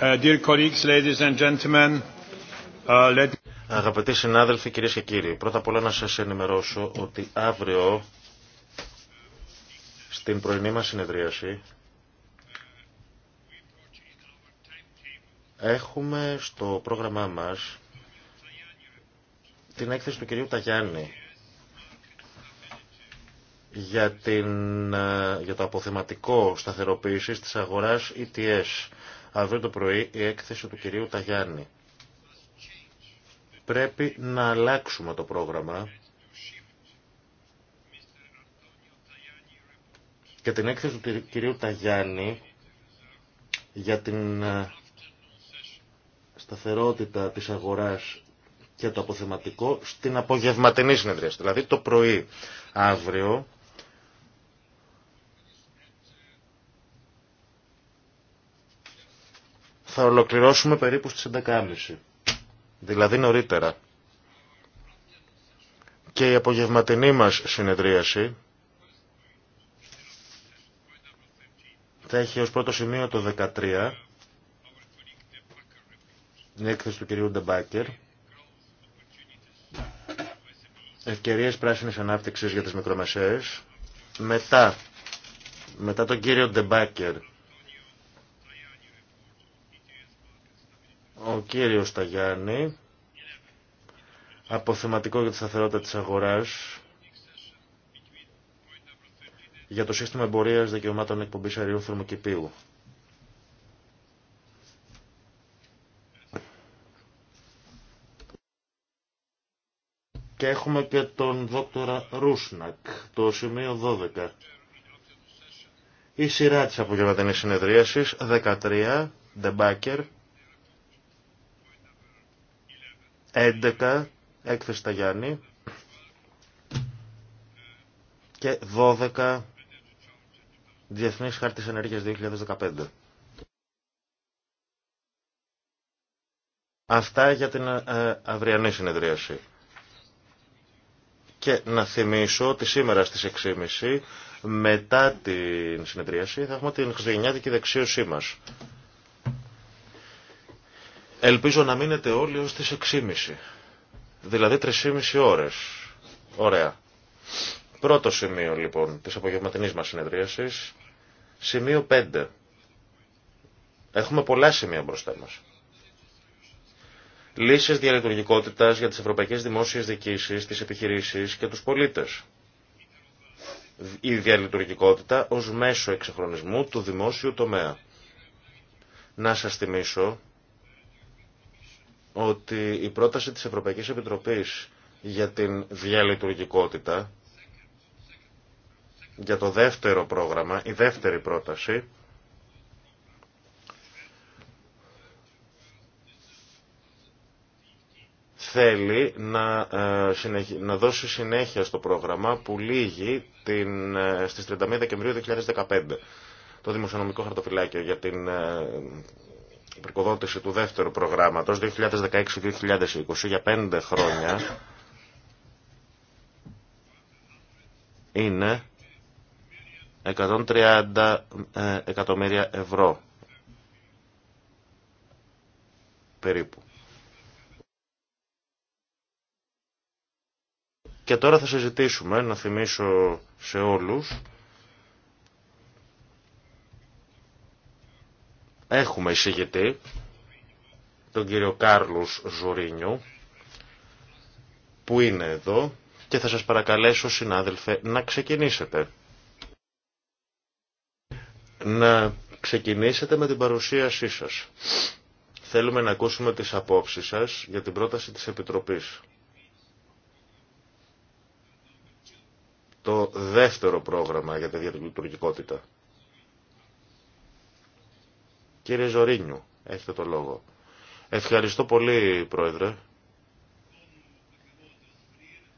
Uh, uh, Αγαπητοί συνάδελφοι, κυρίες και κύριοι, πρώτα απ' όλα να σας ενημερώσω ότι αύριο στην πρωινή μας συνεδρίαση έχουμε στο πρόγραμμά μας την έκθεση του κυρίου Ταγιάννη για, την, ε, για το αποθεματικό σταθεροποίησης της αγοράς ETS Αύριο το πρωί η έκθεση του κυρίου Ταγιάννη. Πρέπει να αλλάξουμε το πρόγραμμα και την έκθεση του κυρίου Ταγιάννη για την ε, σταθερότητα της αγοράς και το αποθεματικό στην απογευματινή συνεδρία, δηλαδή το πρωί αύριο θα ολοκληρώσουμε περίπου στις 11.30, δηλαδή νωρίτερα. Και η απογευματινή μας συνεδρίαση θα έχει ως πρώτο σημείο το 13, η έκθεση του κυρίου Ντεμπάκερ, ευκαιρίες πράσινης ανάπτυξης για τις μικρομεσαίες, μετά, μετά τον κύριο Ντεμπάκερ, ο κύριος Ταγιάννη, αποθεματικό για τη σταθερότητα της αγοράς, για το σύστημα εμπορίας δικαιωμάτων εκπομπής αεριού θερμοκηπίου. Και έχουμε και τον δόκτορα Ρούσνακ, το σημείο 12. Η σειρά της απογευματινής συνεδρίασης, 13, Ντεμπάκερ, 11 έκθεση τα Γιάννη και 12 Διεθνής Χάρτης Ενέργειας 2015. Αυτά για την ε, αυριανή συνεδρίαση. Και να θυμίσω ότι σήμερα στις 6.30 μετά την συνεδρίαση θα έχουμε την χριστουγεννιάτικη δεξίωσή μας. Ελπίζω να μείνετε όλοι ως τις 6.30. Δηλαδή 3.30 ώρες. Ωραία. Πρώτο σημείο λοιπόν της απογευματινής μας συνεδρίασης. Σημείο 5. Έχουμε πολλά σημεία μπροστά μας. Λύσεις διαλειτουργικότητας για τις ευρωπαϊκές δημόσιες διοικήσεις, τις επιχειρήσεις και τους πολίτες. Η διαλειτουργικότητα ως μέσο εξεχρονισμού του δημόσιου τομέα. Να σας θυμίσω ότι η πρόταση της Ευρωπαϊκής Επιτροπής για την διαλειτουργικότητα, για το δεύτερο πρόγραμμα, η δεύτερη πρόταση, θέλει να, ε, να δώσει συνέχεια στο πρόγραμμα που λύγει την, ε, στις 31 Δεκεμβρίου 2015. Το Δημοσιονομικό Χαρτοφυλάκιο για την ε, προκοδότηση του δεύτερου προγράμματος 2016-2020 για πέντε χρόνια είναι 130 ε, εκατομμύρια ευρώ περίπου. Και τώρα θα συζητήσουμε, να θυμίσω σε όλους, Έχουμε εισηγητή, τον κύριο Κάρλους Ζουρίνιου, που είναι εδώ και θα σας παρακαλέσω, συνάδελφε, να ξεκινήσετε. Να ξεκινήσετε με την παρουσίασή σας. Θέλουμε να ακούσουμε τις απόψεις σας για την πρόταση της Επιτροπής. Το δεύτερο πρόγραμμα για τη διαλειτουργικότητα. Κύριε Ζωρίνιου, έχετε το λόγο. Ευχαριστώ πολύ, Πρόεδρε.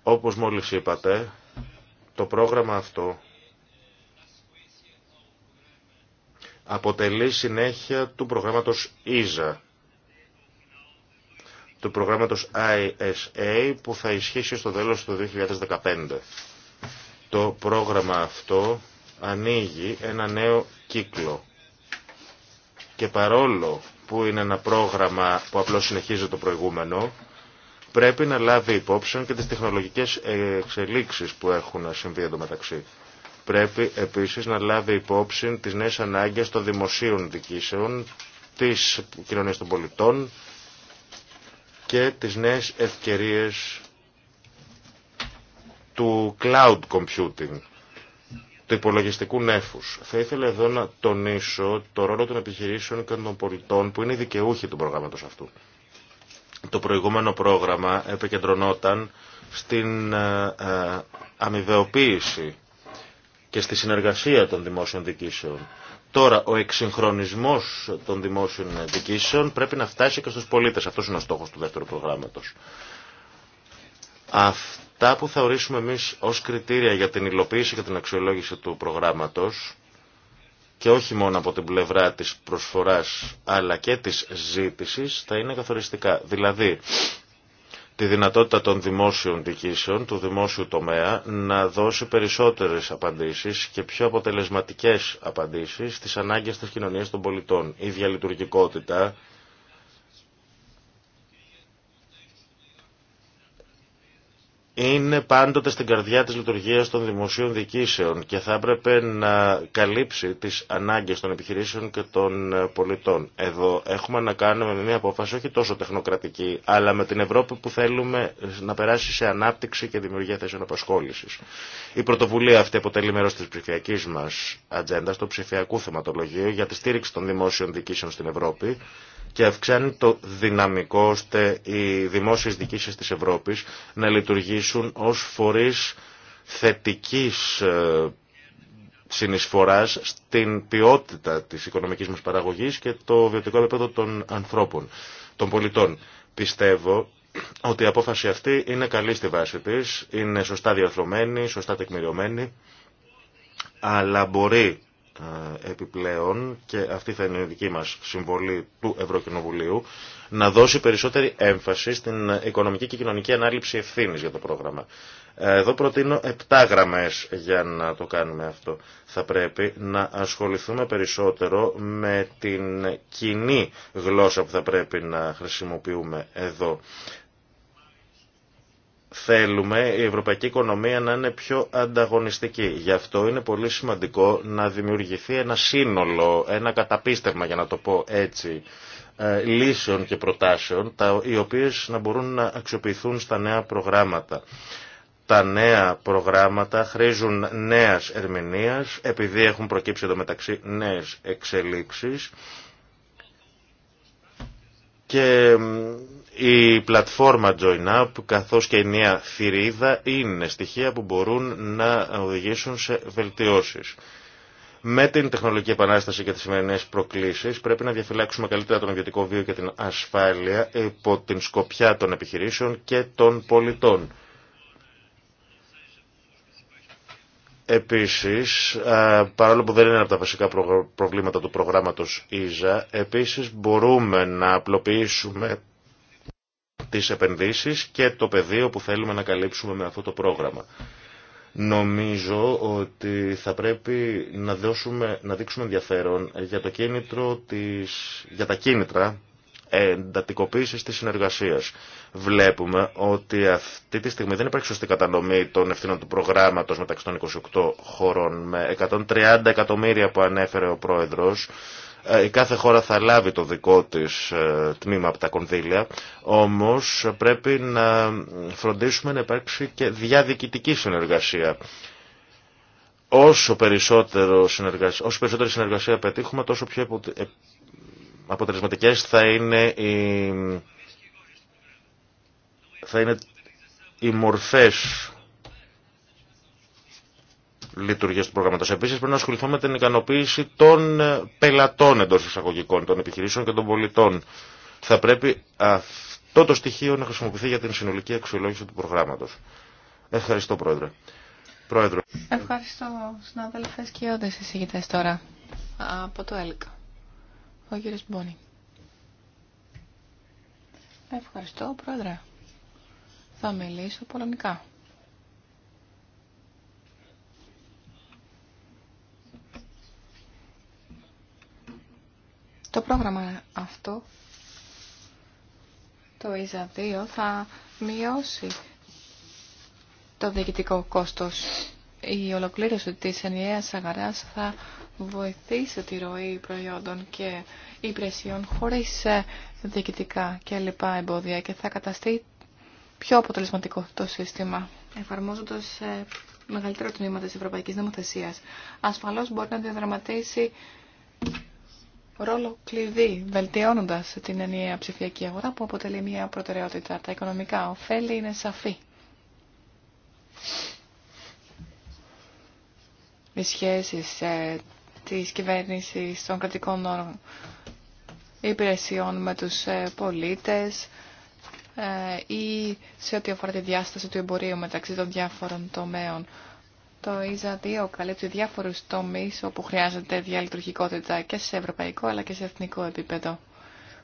Όπως μόλις είπατε, το πρόγραμμα αυτό αποτελεί συνέχεια του προγράμματος ΙΖΑ, του προγράμματος ISA που θα ισχύσει στο τέλος του 2015. Το πρόγραμμα αυτό ανοίγει ένα νέο κύκλο και παρόλο που είναι ένα πρόγραμμα που απλώς συνεχίζει το προηγούμενο, πρέπει να λάβει υπόψη και τις τεχνολογικές εξελίξεις που έχουν συμβεί μεταξύ. Πρέπει επίσης να λάβει υπόψη τις νέες ανάγκες των δημοσίων δικήσεων, της κοινωνίας των πολιτών και τις νέες ευκαιρίες του cloud computing του υπολογιστικού νέφους. Θα ήθελα εδώ να τονίσω το ρόλο των επιχειρήσεων και των πολιτών που είναι οι δικαιούχοι του προγράμματος αυτού. Το προηγούμενο πρόγραμμα επικεντρωνόταν στην ε, ε, αμοιβεοποίηση και στη συνεργασία των δημόσιων δικήσεων. Τώρα, ο εξυγχρονισμός των δημόσιων δικήσεων πρέπει να φτάσει και στους πολίτες. Αυτός είναι ο στόχος του δεύτερου προγράμματος. Τα που θα ορίσουμε εμείς ως κριτήρια για την υλοποίηση και την αξιολόγηση του προγράμματος και όχι μόνο από την πλευρά της προσφοράς αλλά και της ζήτησης θα είναι καθοριστικά. Δηλαδή, τη δυνατότητα των δημόσιων δικήσεων, του δημόσιου τομέα, να δώσει περισσότερες απαντήσεις και πιο αποτελεσματικές απαντήσεις στις ανάγκες της κοινωνίας των πολιτών. Η διαλειτουργικότητα, είναι πάντοτε στην καρδιά της λειτουργίας των δημοσίων διοικήσεων και θα έπρεπε να καλύψει τις ανάγκες των επιχειρήσεων και των πολιτών. Εδώ έχουμε να κάνουμε μια απόφαση όχι τόσο τεχνοκρατική, αλλά με την Ευρώπη που θέλουμε να περάσει σε ανάπτυξη και δημιουργία θέσεων απασχόλησης. Η πρωτοβουλία αυτή αποτελεί μέρος της ψηφιακής μας ατζέντα, του ψηφιακού θεματολογίου για τη στήριξη των δημόσιων διοικήσεων στην Ευρώπη, και αυξάνει το δυναμικό ώστε οι δημόσιες δικήσεις της Ευρώπης να λειτουργήσουν ως φορείς θετικής ε, συνεισφοράς στην ποιότητα της οικονομικής μας παραγωγής και το βιωτικό επίπεδο των ανθρώπων, των πολιτών. Πιστεύω ότι η απόφαση αυτή είναι καλή στη βάση της, είναι σωστά διαφρομένη, σωστά τεκμηριωμένη, αλλά μπορεί ε, επιπλέον και αυτή θα είναι η δική μας συμβολή του Ευρωκοινοβουλίου να δώσει περισσότερη έμφαση στην οικονομική και κοινωνική ανάληψη ευθύνη για το πρόγραμμα. Ε, εδώ προτείνω 7 γραμμές για να το κάνουμε αυτό. Θα πρέπει να ασχοληθούμε περισσότερο με την κοινή γλώσσα που θα πρέπει να χρησιμοποιούμε εδώ. Θέλουμε η ευρωπαϊκή οικονομία να είναι πιο ανταγωνιστική. Γι' αυτό είναι πολύ σημαντικό να δημιουργηθεί ένα σύνολο, ένα καταπίστευμα για να το πω έτσι, ε, λύσεων και προτάσεων, τα, οι οποίες να μπορούν να αξιοποιηθούν στα νέα προγράμματα. Τα νέα προγράμματα χρήζουν νέας ερμηνείας, επειδή έχουν προκύψει εδώ μεταξύ νέες εξελίξεις και η πλατφόρμα Join Up καθώς και η νέα θηρίδα είναι στοιχεία που μπορούν να οδηγήσουν σε βελτιώσεις. Με την τεχνολογική επανάσταση και τις σημερινές προκλήσεις πρέπει να διαφυλάξουμε καλύτερα τον ιδιωτικό βίο και την ασφάλεια υπό την σκοπιά των επιχειρήσεων και των πολιτών. Επίσης, παρόλο που δεν είναι από τα βασικά προβλήματα του προγράμματος ΙΖΑ, επίσης μπορούμε να απλοποιήσουμε τις επενδύσεις και το πεδίο που θέλουμε να καλύψουμε με αυτό το πρόγραμμα. Νομίζω ότι θα πρέπει να, δείξουμε ενδιαφέρον για, για τα κίνητρα εντατικοποίηση της συνεργασίας. Βλέπουμε ότι αυτή τη στιγμή δεν υπάρχει σωστή κατανομή των ευθύνων του προγράμματος μεταξύ των 28 χωρών με 130 εκατομμύρια που ανέφερε ο πρόεδρο ε, η κάθε χώρα θα λάβει το δικό της ε, τμήμα από τα κονδύλια, όμως πρέπει να φροντίσουμε να υπάρξει και διαδικητική συνεργασία. Όσο, περισσότερο συνεργασία, όσο περισσότερη συνεργασία πετύχουμε, τόσο πιο ε, αποτελεσματικές θα είναι οι, θα είναι οι μορφές λειτουργία του προγράμματο. Επίση, πρέπει να ασχοληθούμε με την ικανοποίηση των ε, πελατών εντό εισαγωγικών, των επιχειρήσεων και των πολιτών. Θα πρέπει αυτό το στοιχείο να χρησιμοποιηθεί για την συνολική αξιολόγηση του προγράμματο. Ευχαριστώ, Πρόεδρε. Πρόεδρο. Ευχαριστώ, συνάδελφε και όντε εισηγητέ τώρα από το ΕΛΚΑ. Ο κύριο Μπόνι. Ευχαριστώ, Πρόεδρε. Θα μιλήσω πολωνικά. Το πρόγραμμα αυτό, το ΙΖΑ 2, θα μειώσει το διοικητικό κόστος. Η ολοκλήρωση της ενιαίας αγαράς θα βοηθήσει τη ροή προϊόντων και υπηρεσιών χωρίς ε, διοικητικά και λοιπά εμπόδια και θα καταστεί πιο αποτελεσματικό το σύστημα, εφαρμόζοντας ε, μεγαλύτερο τμήμα της Ευρωπαϊκής Νομοθεσίας. Ασφαλώς μπορεί να διαδραματίσει ρόλο κλειδί, βελτιώνοντα την ενιαία ψηφιακή αγορά που αποτελεί μια προτεραιότητα. Τα οικονομικά ωφέλη είναι σαφή. Οι σχέσεις ε, της κυβέρνησης των κρατικών υπηρεσιών με του ε, πολίτες ε, ή σε ό,τι αφορά τη διάσταση του εμπορίου μεταξύ των διάφορων τομέων το ΙΖΑ 2 καλύπτει διάφορους τομείς όπου χρειάζεται διαλειτουργικότητα και σε ευρωπαϊκό αλλά και σε εθνικό επίπεδο.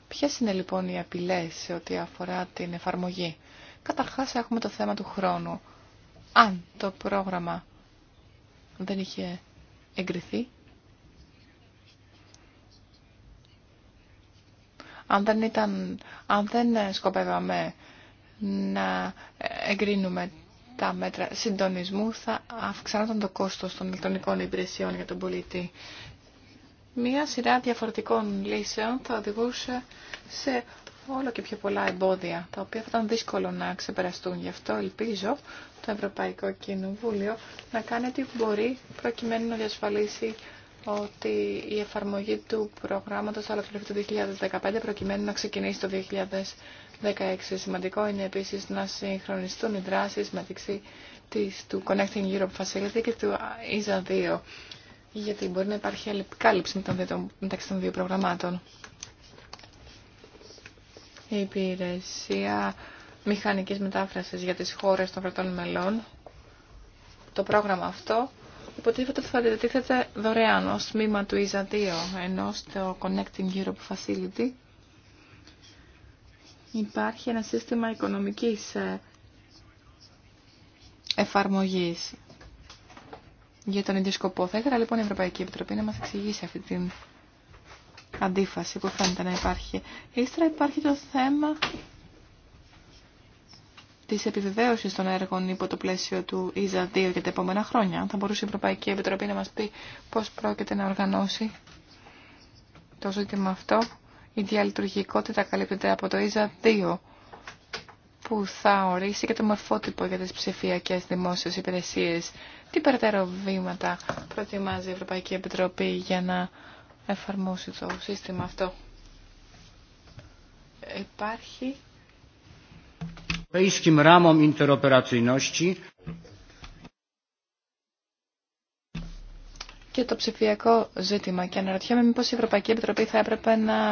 Ποιες είναι λοιπόν οι απειλές σε ό,τι αφορά την εφαρμογή. Καταρχάς έχουμε το θέμα του χρόνου. Αν το πρόγραμμα δεν είχε εγκριθεί, αν δεν, ήταν, αν δεν σκοπεύαμε να εγκρίνουμε τα μέτρα συντονισμού θα αυξάνονταν το κόστος των ηλεκτρονικών υπηρεσιών για τον πολίτη. Μία σειρά διαφορετικών λύσεων θα οδηγούσε σε όλο και πιο πολλά εμπόδια, τα οποία θα ήταν δύσκολο να ξεπεραστούν. Γι' αυτό ελπίζω το Ευρωπαϊκό Κοινοβούλιο να κάνει ό,τι μπορεί προκειμένου να διασφαλίσει ότι η εφαρμογή του προγράμματος θα ολοκληρωθεί το 2015 προκειμένου να ξεκινήσει το 16. Σημαντικό είναι επίσης να συγχρονιστούν οι δράσεις μεταξύ της, του Connecting Europe Facility και του ISA 2, γιατί μπορεί να υπάρχει κάλυψη μεταξύ των δύο προγραμμάτων. Η υπηρεσία μηχανικής μετάφρασης για τις χώρες των κρατών μελών, το πρόγραμμα αυτό, υποτίθεται ότι θα αντιτίθεται δωρεάν ως τμήμα του ISA 2, ενώ στο Connecting Europe Facility υπάρχει ένα σύστημα οικονομικής ε, εφαρμογής για τον ίδιο σκοπό. Θα ήθελα λοιπόν η Ευρωπαϊκή Επιτροπή να μας εξηγήσει αυτή την αντίφαση που φαίνεται να υπάρχει. Ύστερα υπάρχει το θέμα της επιβεβαίωσης των έργων υπό το πλαίσιο του ΙΖΑ 2 για τα επόμενα χρόνια. Θα μπορούσε η Ευρωπαϊκή Επιτροπή να μας πει πώς πρόκειται να οργανώσει το ζήτημα αυτό η διαλειτουργικότητα καλύπτεται από το ΙΖΑ 2 που θα ορίσει και το μορφότυπο για τις ψηφιακές δημόσιες υπηρεσίες. Τι περαιτέρω βήματα προετοιμάζει η Ευρωπαϊκή Επιτροπή για να εφαρμόσει το σύστημα αυτό. Υπάρχει και το ψηφιακό ζήτημα. Και αναρωτιέμαι μήπως η Ευρωπαϊκή Επιτροπή θα έπρεπε να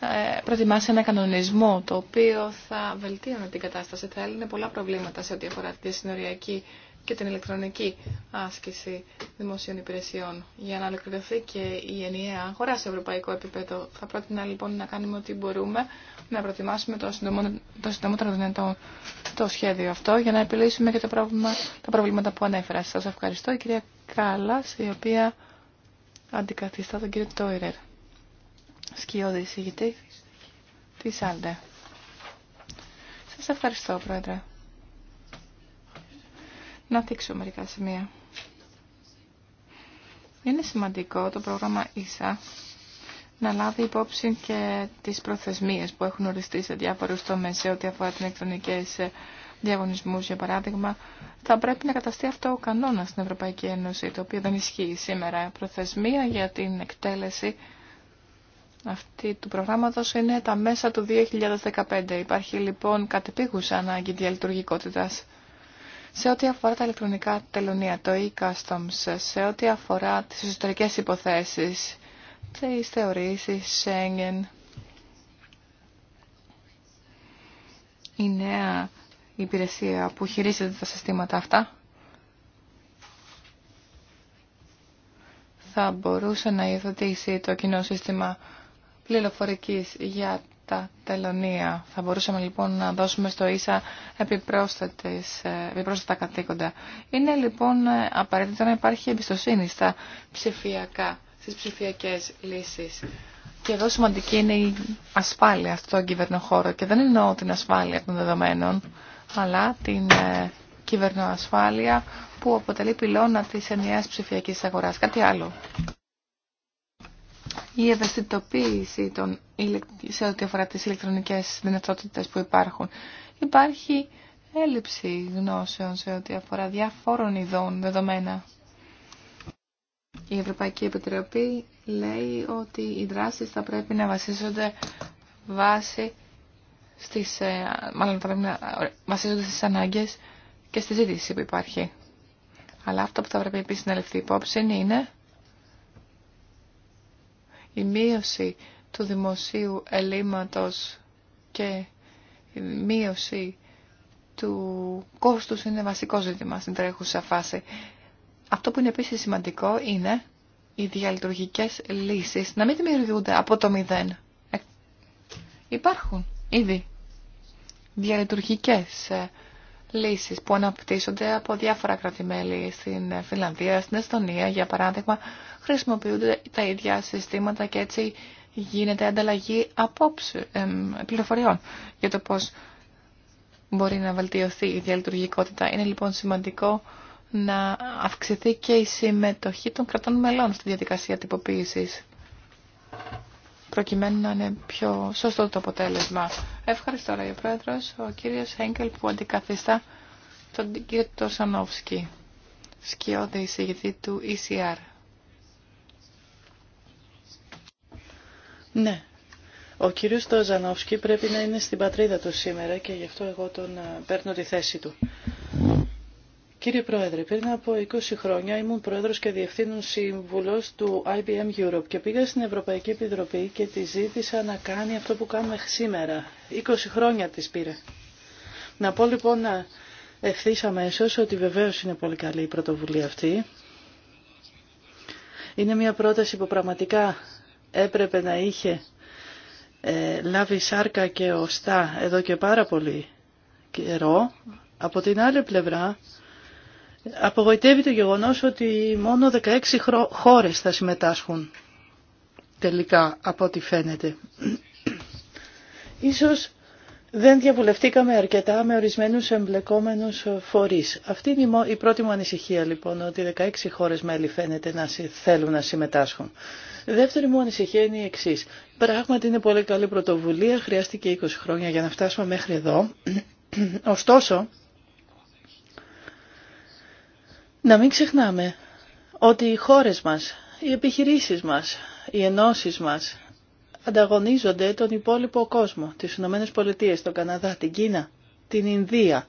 ε, προετοιμάσει ένα κανονισμό το οποίο θα βελτίωνε την κατάσταση. Θα έλυνε πολλά προβλήματα σε ό,τι αφορά τη συνοριακή και την ηλεκτρονική άσκηση δημοσίων υπηρεσιών για να ολοκληρωθεί και η ενιαία αγορά σε ευρωπαϊκό επίπεδο. Θα πρότεινα λοιπόν να κάνουμε ό,τι μπορούμε να προετοιμάσουμε το, συντομότερο δυνατό το σχέδιο αυτό για να επιλύσουμε και το πρόβλημα, τα προβλήματα που ανέφερα. Σας ευχαριστώ η κυρία Κάλλας η οποία αντικαθιστά τον κύριο Τόιρερ, σκιώδη εισηγητή τη Άλντε. Σας ευχαριστώ, Πρόεδρε. Να δείξω μερικά σημεία. Είναι σημαντικό το πρόγραμμα ΙΣΑ να λάβει υπόψη και τις προθεσμίες που έχουν οριστεί σε διάφορους τομείς σε ό,τι αφορά την εκτονικές Διαγωνισμού, για παράδειγμα, θα πρέπει να καταστεί αυτό ο κανόνα στην Ευρωπαϊκή Ένωση, το οποίο δεν ισχύει σήμερα. Προθεσμία για την εκτέλεση αυτή του προγράμματος είναι τα μέσα του 2015. Υπάρχει λοιπόν κατεπίγουσα ανάγκη διαλειτουργικότητας. Σε ό,τι αφορά τα ηλεκτρονικά τελωνία, το e-customs, σε ό,τι αφορά τις εσωτερικές υποθέσεις, τις θεωρήσεις, Schengen, η νέα η υπηρεσία που χειρίζεται τα συστήματα αυτά θα μπορούσε να υιοθετήσει το κοινό σύστημα πληροφορικής για τα τελωνία. Θα μπορούσαμε λοιπόν να δώσουμε στο ίσα ε, επιπρόσθετα κατοίκοντα. Είναι λοιπόν απαραίτητο να υπάρχει εμπιστοσύνη στα ψηφιακά, στις ψηφιακές λύσεις. Και εδώ σημαντική είναι η ασφάλεια στον κυβερνοχώρο και δεν εννοώ την ασφάλεια των δεδομένων αλλά την ε, κυβερνοασφάλεια που αποτελεί πυλώνα της ενιαίας ψηφιακής αγοράς. Κάτι άλλο. Η ευαισθητοποίηση των, σε ό,τι αφορά τις ηλεκτρονικές δυνατότητες που υπάρχουν. Υπάρχει έλλειψη γνώσεων σε ό,τι αφορά διαφόρων ειδών δεδομένα. Η Ευρωπαϊκή Επιτροπή λέει ότι οι δράσεις θα πρέπει να βασίζονται βάσει στις, ε, μάλλον θα πρέπει να στις ανάγκες και στη ζήτηση που υπάρχει. Αλλά αυτό που θα πρέπει επίσης να λεφθεί υπόψη είναι η μείωση του δημοσίου ελλείμματος και η μείωση του κόστους είναι βασικό ζήτημα στην τρέχουσα φάση. Αυτό που είναι επίσης σημαντικό είναι οι διαλειτουργικές λύσεις να μην δημιουργούνται από το μηδέν. Ε, υπάρχουν ήδη διαλειτουργικές ε, λύσεις που αναπτύσσονται από διάφορα κρατημέλη στην ε, Φιλανδία, στην Εστονία για παράδειγμα χρησιμοποιούνται τα ίδια συστήματα και έτσι γίνεται ανταλλαγή απόψε, πληροφοριών για το πώς μπορεί να βελτιωθεί η διαλειτουργικότητα. Είναι λοιπόν σημαντικό να αυξηθεί και η συμμετοχή των κρατών μελών στη διαδικασία τυποποίησης προκειμένου να είναι πιο σωστό το αποτέλεσμα. Ευχαριστώ, ο Πρόεδρος, ο κύριος Χέγκελ που αντικαθιστά τον κύριο Τορσανόφσκι, σκιώδη εισηγητή του ECR. Ναι. Ο κύριος Τοζανόφσκι πρέπει να είναι στην πατρίδα του σήμερα και γι' αυτό εγώ τον ε, παίρνω τη θέση του. Κύριε Πρόεδρε, πριν από 20 χρόνια ήμουν πρόεδρος και διευθύνων σύμβουλος του IBM Europe και πήγα στην Ευρωπαϊκή Επιτροπή και τη ζήτησα να κάνει αυτό που κάνουμε σήμερα. 20 χρόνια τη πήρε. Να πω λοιπόν να ευθύ αμέσω ότι βεβαίω είναι πολύ καλή η πρωτοβουλία αυτή. Είναι μια πρόταση που πραγματικά έπρεπε να είχε ε, λάβει σάρκα και οστά εδώ και πάρα πολύ καιρό. Από την άλλη πλευρά Απογοητεύει το γεγονός ότι μόνο 16 χώρες θα συμμετάσχουν τελικά από ό,τι φαίνεται. Ίσως δεν διαβουλευτήκαμε αρκετά με ορισμένους εμπλεκόμενους φορείς. Αυτή είναι η πρώτη μου ανησυχία λοιπόν, ότι 16 χώρες μέλη φαίνεται να θέλουν να συμμετάσχουν. Δεύτερη μου ανησυχία είναι η εξή. Πράγματι είναι πολύ καλή πρωτοβουλία, χρειάστηκε 20 χρόνια για να φτάσουμε μέχρι εδώ. Ωστόσο, να μην ξεχνάμε ότι οι χώρες μας, οι επιχειρήσεις μας, οι ενώσεις μας ανταγωνίζονται τον υπόλοιπο κόσμο, τις Ηνωμένες Πολιτείες, τον Καναδά, την Κίνα, την Ινδία.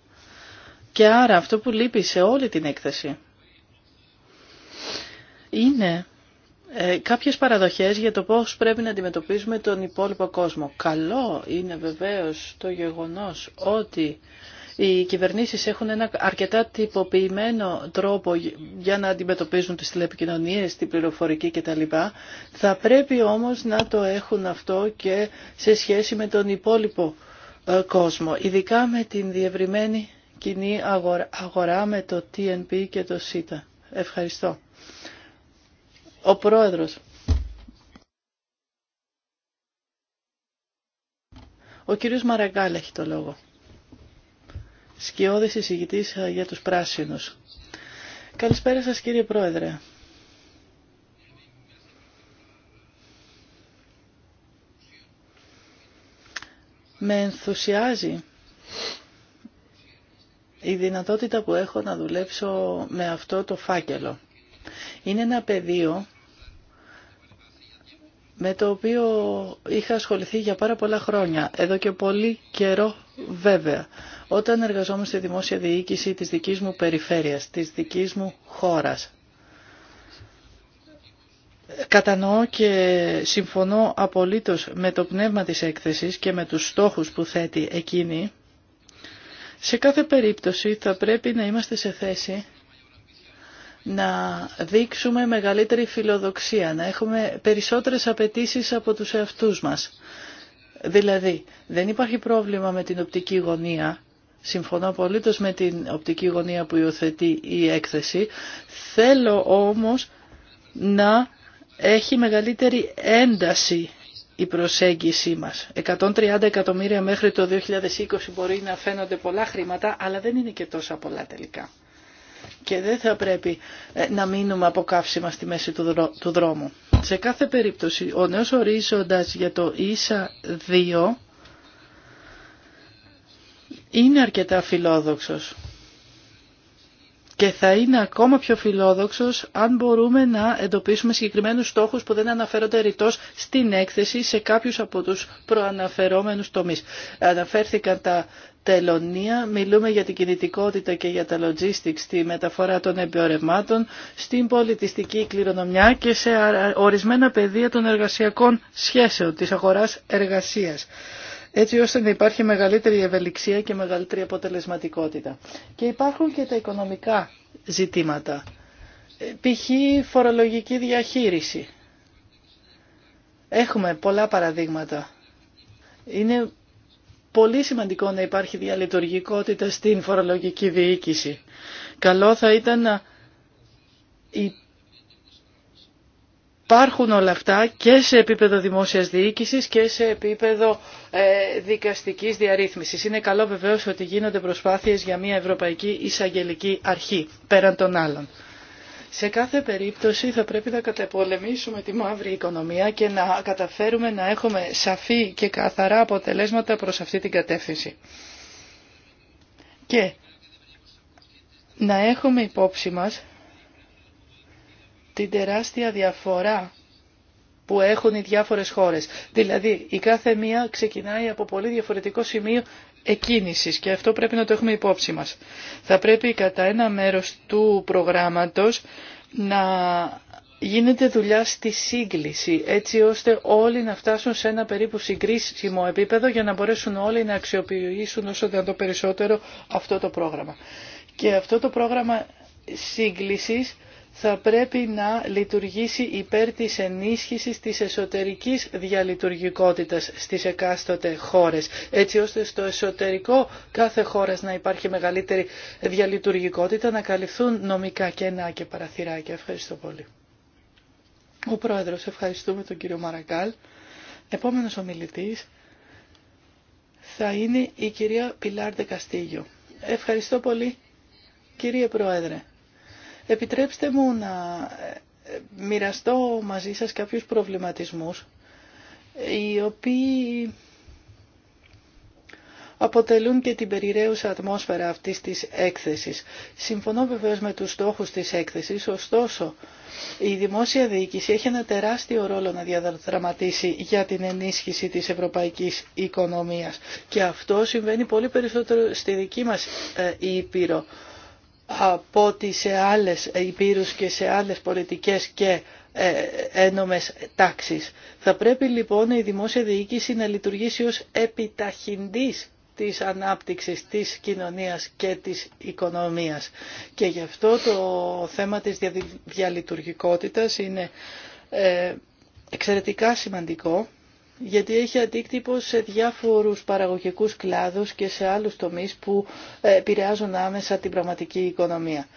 Και άρα αυτό που λείπει σε όλη την έκθεση είναι ε, κάποιες παραδοχές για το πώς πρέπει να αντιμετωπίζουμε τον υπόλοιπο κόσμο. Καλό είναι βεβαίως το γεγονός ότι οι κυβερνήσεις έχουν ένα αρκετά τυποποιημένο τρόπο για να αντιμετωπίζουν τις τηλεπικοινωνίες, την πληροφορική κτλ. Θα πρέπει όμως να το έχουν αυτό και σε σχέση με τον υπόλοιπο ε, κόσμο, ειδικά με την διευρυμένη κοινή αγορά με το TNP και το CETA. Ευχαριστώ. Ο Πρόεδρος. Ο κύριος Μαραγκάλ έχει το λόγο σκιώδης εισηγητής ε, για τους πράσινους. Καλησπέρα σας κύριε Πρόεδρε. Με ενθουσιάζει η δυνατότητα που έχω να δουλέψω με αυτό το φάκελο. Είναι ένα πεδίο με το οποίο είχα ασχοληθεί για πάρα πολλά χρόνια, εδώ και πολύ καιρό Βέβαια, όταν εργαζόμαστε στη δημόσια διοίκηση της δικής μου περιφέρειας, της δικής μου χώρας, Κατανοώ και συμφωνώ απολύτως με το πνεύμα της έκθεσης και με τους στόχους που θέτει εκείνη. Σε κάθε περίπτωση θα πρέπει να είμαστε σε θέση να δείξουμε μεγαλύτερη φιλοδοξία, να έχουμε περισσότερες απαιτήσεις από τους εαυτούς μας. Δηλαδή, δεν υπάρχει πρόβλημα με την οπτική γωνία, Συμφωνώ απολύτως με την οπτική γωνία που υιοθετεί η έκθεση. Θέλω όμως να έχει μεγαλύτερη ένταση η προσέγγιση μας. 130 εκατομμύρια μέχρι το 2020 μπορεί να φαίνονται πολλά χρήματα, αλλά δεν είναι και τόσα πολλά τελικά και δεν θα πρέπει ε, να μείνουμε από καύσιμα στη μέση του δρόμου. Σε κάθε περίπτωση, ο νέος ορίζοντας για το ίσα 2 είναι αρκετά φιλόδοξος και θα είναι ακόμα πιο φιλόδοξο αν μπορούμε να εντοπίσουμε συγκεκριμένους στόχους που δεν αναφέρονται ρητός στην έκθεση σε κάποιους από τους προαναφερόμενου τομείς. Αναφέρθηκαν τα τελωνία, μιλούμε για την κινητικότητα και για τα logistics, τη μεταφορά των εμπορευμάτων, στην πολιτιστική κληρονομιά και σε ορισμένα πεδία των εργασιακών σχέσεων, τη αγορά εργασία έτσι ώστε να υπάρχει μεγαλύτερη ευελιξία και μεγαλύτερη αποτελεσματικότητα. Και υπάρχουν και τα οικονομικά ζητήματα. Ε, π.χ. φορολογική διαχείριση. Έχουμε πολλά παραδείγματα. Είναι πολύ σημαντικό να υπάρχει διαλειτουργικότητα στην φορολογική διοίκηση. Καλό θα ήταν να Υπάρχουν όλα αυτά και σε επίπεδο δημόσιας διοίκησης και σε επίπεδο ε, δικαστικής διαρρύθμισης. Είναι καλό βεβαίως ότι γίνονται προσπάθειες για μια ευρωπαϊκή εισαγγελική αρχή πέραν των άλλων. Σε κάθε περίπτωση θα πρέπει να καταπολεμήσουμε τη μαύρη οικονομία και να καταφέρουμε να έχουμε σαφή και καθαρά αποτελέσματα προς αυτή την κατεύθυνση. Και να έχουμε υπόψη μας την τεράστια διαφορά που έχουν οι διάφορες χώρες. Δηλαδή η κάθε μία ξεκινάει από πολύ διαφορετικό σημείο εκκίνησης και αυτό πρέπει να το έχουμε υπόψη μας. Θα πρέπει κατά ένα μέρος του προγράμματος να γίνεται δουλειά στη σύγκληση έτσι ώστε όλοι να φτάσουν σε ένα περίπου συγκρίσιμο επίπεδο για να μπορέσουν όλοι να αξιοποιήσουν όσο δυνατόν περισσότερο αυτό το πρόγραμμα. Και αυτό το πρόγραμμα σύγκλησης θα πρέπει να λειτουργήσει υπέρ της ενίσχυσης της εσωτερικής διαλειτουργικότητας στις εκάστοτε χώρες, έτσι ώστε στο εσωτερικό κάθε χώρας να υπάρχει μεγαλύτερη διαλειτουργικότητα, να καλυφθούν νομικά κενά και παραθυράκια. Ευχαριστώ πολύ. Ο Πρόεδρος, ευχαριστούμε τον κύριο Μαρακάλ. Επόμενος ομιλητής θα είναι η κυρία Πιλάρ Δεκαστήγιο. Ευχαριστώ πολύ κύριε Πρόεδρε. Επιτρέψτε μου να ε, μοιραστώ μαζί σας κάποιους προβληματισμούς οι οποίοι αποτελούν και την περιραίουσα ατμόσφαιρα αυτής της έκθεσης. Συμφωνώ βεβαίως με τους στόχους της έκθεσης, ωστόσο η δημόσια διοίκηση έχει ένα τεράστιο ρόλο να διαδραματίσει για την ενίσχυση της ευρωπαϊκής οικονομίας και αυτό συμβαίνει πολύ περισσότερο στη δική μας ε, Ήπειρο από ότι σε άλλες υπήρους και σε άλλες πολιτικές και ε, ένομες τάξεις. Θα πρέπει λοιπόν η δημόσια διοίκηση να λειτουργήσει ως επιταχυντής της ανάπτυξης της κοινωνίας και της οικονομίας. Και γι' αυτό το θέμα της διαλειτουργικότητας είναι ε, εξαιρετικά σημαντικό γιατί έχει αντίκτυπο σε διάφορους παραγωγικούς κλάδους και σε άλλους τομείς που επηρεάζουν άμεσα την πραγματική οικονομία.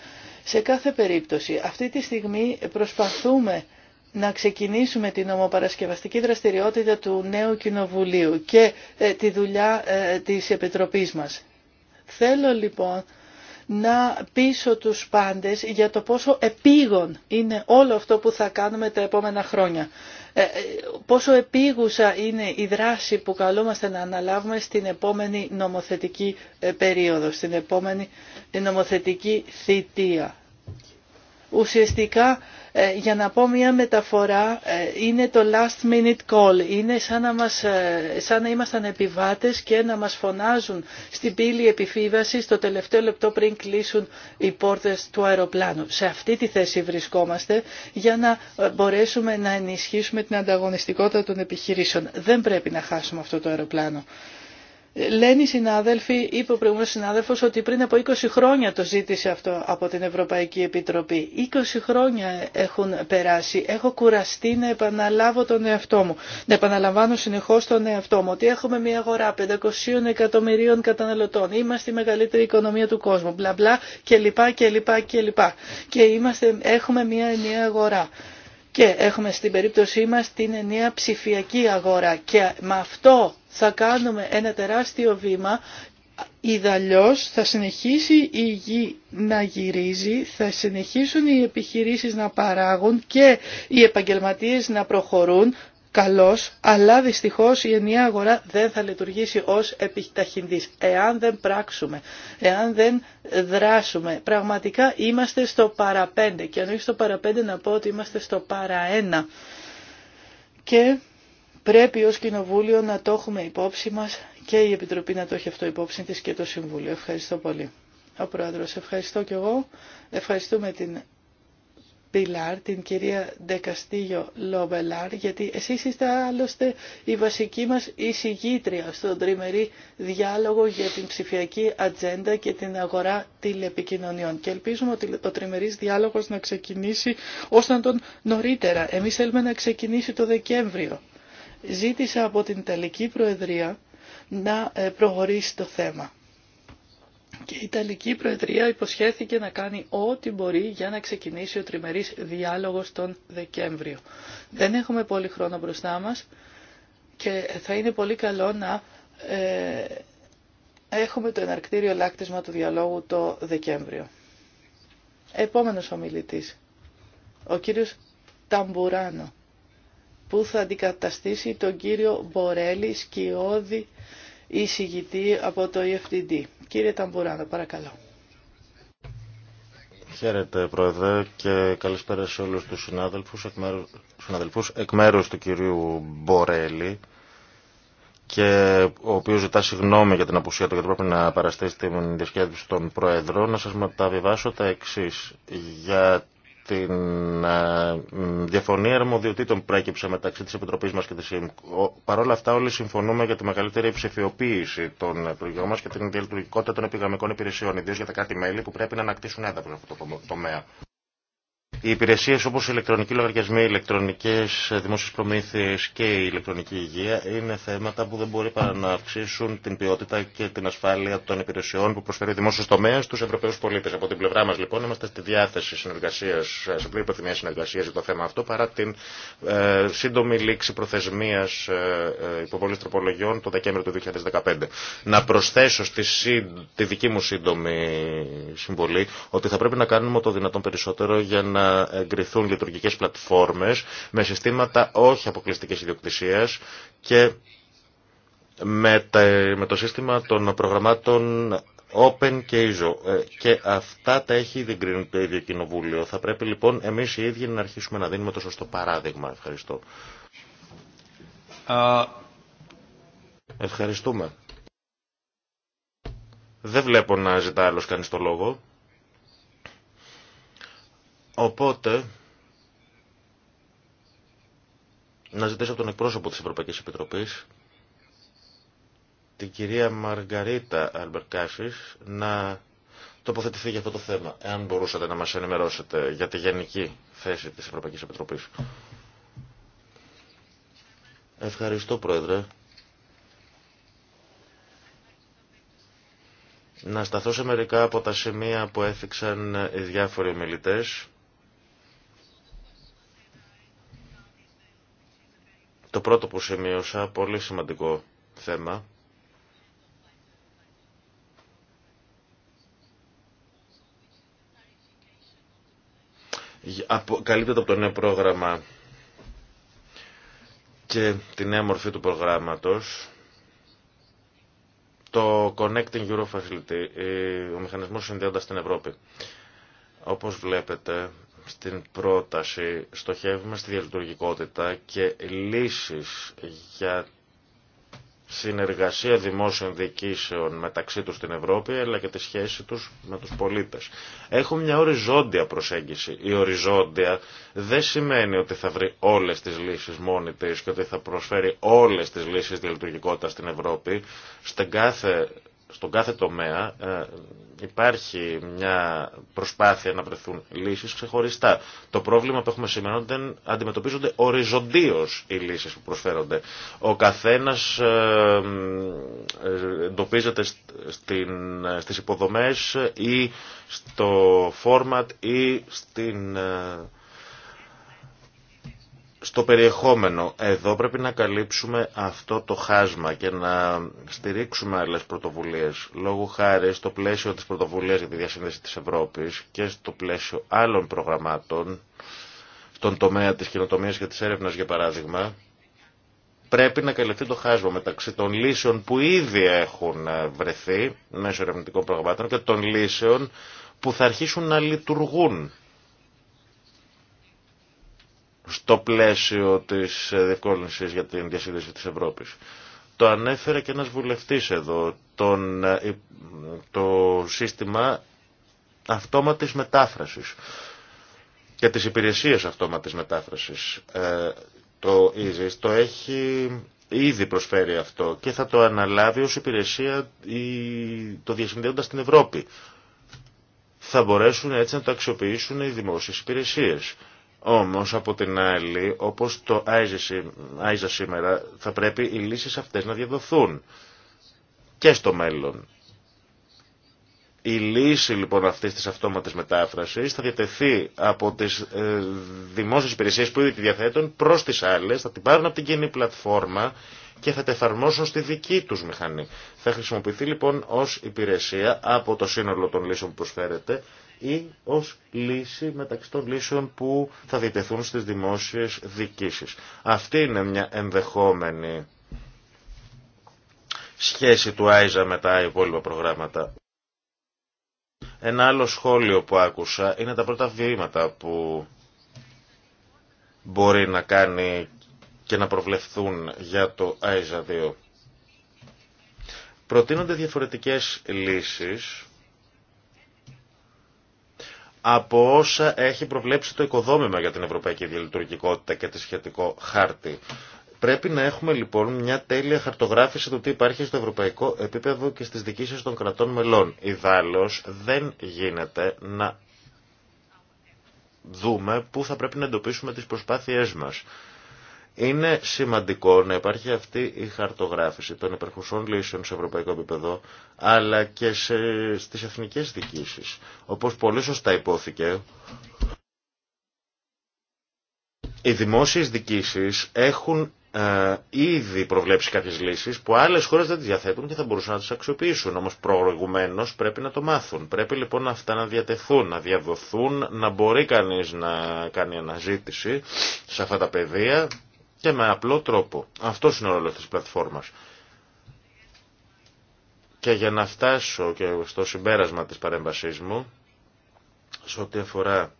Σε κάθε περίπτωση, αυτή τη στιγμή προσπαθούμε να ξεκινήσουμε την ομοπαρασκευαστική δραστηριότητα του νέου Κοινοβουλίου και ε, τη δουλειά ε, της Επιτροπής μας. Θέλω λοιπόν να πείσω τους πάντες για το πόσο επίγον είναι όλο αυτό που θα κάνουμε τα επόμενα χρόνια. Ε, ε, πόσο επίγουσα είναι η δράση που καλούμαστε να αναλάβουμε στην επόμενη νομοθετική ε, περίοδο, στην επόμενη νομοθετική θητεία ουσιαστικά ε, για να πω μια μεταφορά ε, είναι το last minute call. Είναι σαν να, μας, ε, σαν ήμασταν επιβάτες και να μας φωνάζουν στην πύλη επιφύβασης το τελευταίο λεπτό πριν κλείσουν οι πόρτες του αεροπλάνου. Σε αυτή τη θέση βρισκόμαστε για να μπορέσουμε να ενισχύσουμε την ανταγωνιστικότητα των επιχειρήσεων. Δεν πρέπει να χάσουμε αυτό το αεροπλάνο. Λένε οι συνάδελφοι, είπε ο προηγούμενος συνάδελφος, ότι πριν από 20 χρόνια το ζήτησε αυτό από την Ευρωπαϊκή Επιτροπή. 20 χρόνια έχουν περάσει. Έχω κουραστεί να επαναλάβω τον εαυτό μου. Να επαναλαμβάνω συνεχώς τον εαυτό μου. Ότι έχουμε μια αγορά 500 εκατομμυρίων καταναλωτών. Είμαστε η μεγαλύτερη οικονομία του κόσμου. Μπλα μπλα Και, λοιπά και, λοιπά και, και είμαστε, έχουμε μια ενιαία αγορά. Και έχουμε στην περίπτωσή μας την ενιαία ψηφιακή αγορά και με αυτό θα κάνουμε ένα τεράστιο βήμα Ιδαλλιώς θα συνεχίσει η γη να γυρίζει, θα συνεχίσουν οι επιχειρήσεις να παράγουν και οι επαγγελματίες να προχωρούν καλός, αλλά δυστυχώς η ενιαία αγορά δεν θα λειτουργήσει ως επιταχυντής. Εάν δεν πράξουμε, εάν δεν δράσουμε, πραγματικά είμαστε στο παραπέντε. Και αν όχι στο παραπέντε να πω ότι είμαστε στο παραένα. Και πρέπει ως Κοινοβούλιο να το έχουμε υπόψη μας και η Επιτροπή να το έχει αυτό υπόψη της και το Συμβούλιο. Ευχαριστώ πολύ. Ο Πρόεδρος, ευχαριστώ και εγώ. Ευχαριστούμε την Πιλάρ, την κυρία Ντεκαστίγιο Λομπελάρ, γιατί εσείς είστε άλλωστε η βασική μας εισηγήτρια στον τριμερή διάλογο για την ψηφιακή ατζέντα και την αγορά τηλεπικοινωνιών. Και ελπίζουμε ότι ο τριμερής διάλογος να ξεκινήσει ως να τον νωρίτερα. Εμείς θέλουμε να ξεκινήσει το Δεκέμβριο. Ζήτησα από την Ιταλική Προεδρία να ε, προχωρήσει το θέμα. Και η Ιταλική Προεδρία υποσχέθηκε να κάνει ό,τι μπορεί για να ξεκινήσει ο τριμερής διάλογος τον Δεκέμβριο. Δεν έχουμε πολύ χρόνο μπροστά μας και θα είναι πολύ καλό να ε, έχουμε το εναρκτήριο λάκτισμα του διαλόγου το Δεκέμβριο. Επόμενος ομιλητής, ο κύριος Ταμπουράνο, που θα αντικαταστήσει τον κύριο Μπορέλη Σκιώδη εισηγητή από το EFTD. Κύριε Ταμπουράνα, παρακαλώ. Χαίρετε Πρόεδρε και καλησπέρα σε όλους τους συνάδελφους εκ μέρους, συναδελφούς, εκ μέρους του κυρίου Μπορέλη και ο οποίος ζητά συγγνώμη για την απουσία του γιατί πρέπει να παραστεί την διασκέδευση των Προέδρων να σας μεταβιβάσω τα εξής για την διαφωνία αρμοδιοτήτων που πρέκυψε μεταξύ της Επιτροπής μας και της ΕΜΚΟ. Παρόλα αυτά όλοι συμφωνούμε για τη μεγαλύτερη ψηφιοποίηση των υπηρεσιών μας και την διαλειτουργικότητα των επιγραμμικών υπηρεσιών, ιδίως για τα κάτι μέλη που πρέπει να ανακτήσουν σε αυτό το τομέα. Οι υπηρεσίε όπω οι ηλεκτρονικοί λογαριασμοί, οι ηλεκτρονικέ δημόσιε προμήθειε και η ηλεκτρονική υγεία είναι θέματα που δεν μπορεί παρά να αυξήσουν την ποιότητα και την ασφάλεια των υπηρεσιών που προσφέρει ο δημόσιο τομέα στου Ευρωπαίου πολίτε. Από την πλευρά μα λοιπόν είμαστε στη διάθεση συνεργασία, σε πλήρη προθυμία συνεργασία για το θέμα αυτό παρά την ε, σύντομη λήξη προθεσμία ε, ε υποβολή τροπολογιών το Δεκέμβριο του 2015. Να προσθέσω στη, τη δική μου σύντομη συμβολή ότι θα πρέπει να κάνουμε το δυνατόν περισσότερο για να να εγκριθούν λειτουργικέ πλατφόρμες με συστήματα όχι αποκλειστική ιδιοκτησία, και με το σύστημα των προγραμμάτων Open και ISO. Ε, και αυτά τα έχει ήδη το ίδιο κοινοβούλιο. Θα πρέπει λοιπόν εμείς οι ίδιοι να αρχίσουμε να δίνουμε το σωστό παράδειγμα. Ευχαριστώ. Ευχαριστούμε. Δεν βλέπω να ζητά άλλος κανείς το λόγο. Οπότε, να ζητήσω από τον εκπρόσωπο της Ευρωπαϊκής Επιτροπής, την κυρία Μαργαρίτα Αλμπερκάσης, να τοποθετηθεί για αυτό το θέμα, εάν μπορούσατε να μας ενημερώσετε για τη γενική θέση της Ευρωπαϊκής Επιτροπής. Ευχαριστώ, Πρόεδρε. Να σταθώ σε μερικά από τα σημεία που έφυξαν οι διάφοροι ομιλητές Το πρώτο που σημείωσα, πολύ σημαντικό θέμα, καλύπτεται από το νέο πρόγραμμα και τη νέα μορφή του προγράμματος το Connecting Euro Facility, ο μηχανισμός συνδέοντας την Ευρώπη. Όπως βλέπετε, στην πρόταση στοχεύουμε στη διαλειτουργικότητα και λύσεις για συνεργασία δημόσιων διοικήσεων μεταξύ τους στην Ευρώπη αλλά και τη σχέση τους με τους πολίτες. Έχουμε μια οριζόντια προσέγγιση. Η οριζόντια δεν σημαίνει ότι θα βρει όλες τις λύσεις μόνη της και ότι θα προσφέρει όλες τις λύσεις διαλειτουργικότητα στην Ευρώπη. Στην κάθε στον κάθε τομέα ε, υπάρχει μια προσπάθεια να βρεθούν λύσεις ξεχωριστά. Το πρόβλημα που έχουμε σήμερα δεν αντιμετωπίζονται οριζοντίως οι λύσεις που προσφέρονται. Ο καθένας ε, ε, εντοπίζεται στην, στις υποδομές ή στο format ή στην στο περιεχόμενο, εδώ πρέπει να καλύψουμε αυτό το χάσμα και να στηρίξουμε άλλε πρωτοβουλίε. Λόγω χάρη στο πλαίσιο τη πρωτοβουλία για τη διασύνδεση τη Ευρώπη και στο πλαίσιο άλλων προγραμμάτων, στον τομέα τη κοινοτομία και τη έρευνα, για παράδειγμα, πρέπει να καλυφθεί το χάσμα μεταξύ των λύσεων που ήδη έχουν ε, βρεθεί μέσω ερευνητικών προγραμμάτων και των λύσεων που θα αρχίσουν να λειτουργούν στο πλαίσιο της διευκόλυνσης για την διασύνδεση της Ευρώπης. Το ανέφερε και ένας βουλευτής εδώ, τον, ε, το σύστημα αυτόματης μετάφρασης και τις υπηρεσίες αυτόματης μετάφρασης. Ε, το EASY το έχει ήδη προσφέρει αυτό και θα το αναλάβει ως υπηρεσία το διασυνδέοντας την Ευρώπη. Θα μπορέσουν έτσι να το αξιοποιήσουν οι δημόσιες υπηρεσίες. Όμως από την άλλη, όπως το Άιζα σήμερα, θα πρέπει οι λύσεις αυτές να διαδοθούν και στο μέλλον. Η λύση λοιπόν αυτή της αυτόματης μετάφρασης θα διατεθεί από τις ε, δημόσιε υπηρεσίε που ήδη τη διαθέτουν προς τις άλλες, θα την πάρουν από την κοινή πλατφόρμα και θα τα εφαρμόσουν στη δική τους μηχανή. Θα χρησιμοποιηθεί λοιπόν ως υπηρεσία από το σύνολο των λύσεων που προσφέρεται ή ως λύση μεταξύ των λύσεων που θα διτεθούν στις δημόσιες δικήσεις. Αυτή είναι μια ενδεχόμενη σχέση του Άιζα με τα υπόλοιπα προγράμματα. Ένα άλλο σχόλιο που άκουσα είναι τα πρώτα βήματα που μπορεί να κάνει και να προβλεφθούν για το ΆΙΖΑ 2. Προτείνονται διαφορετικές λύσεις από όσα έχει προβλέψει το οικοδόμημα για την ευρωπαϊκή διαλειτουργικότητα και τη σχετικό χάρτη. Πρέπει να έχουμε λοιπόν μια τέλεια χαρτογράφηση του τι υπάρχει στο ευρωπαϊκό επίπεδο και στις δικήσεις των κρατών μελών. Ιδάλλως δεν γίνεται να δούμε πού θα πρέπει να εντοπίσουμε τις προσπάθειές μας. Είναι σημαντικό να υπάρχει αυτή η χαρτογράφηση των υπερχουσών λύσεων σε ευρωπαϊκό επίπεδο, αλλά και σε, στις εθνικές διοικήσεις. Όπως πολύ σωστά υπόθηκε, οι δημόσιες διοικήσεις έχουν ε, ήδη προβλέψει κάποιες λύσεις που άλλες χώρες δεν τις διαθέτουν και θα μπορούσαν να τις αξιοποιήσουν. Όμως προηγουμένως πρέπει να το μάθουν. Πρέπει λοιπόν αυτά να διατεθούν, να διαδοθούν, να μπορεί κανείς να κάνει αναζήτηση σε αυτά τα πεδία και με απλό τρόπο. Αυτό είναι ο ρόλος της πλατφόρμας. Και για να φτάσω και στο συμπέρασμα της παρέμβασής μου, σε ό,τι αφορά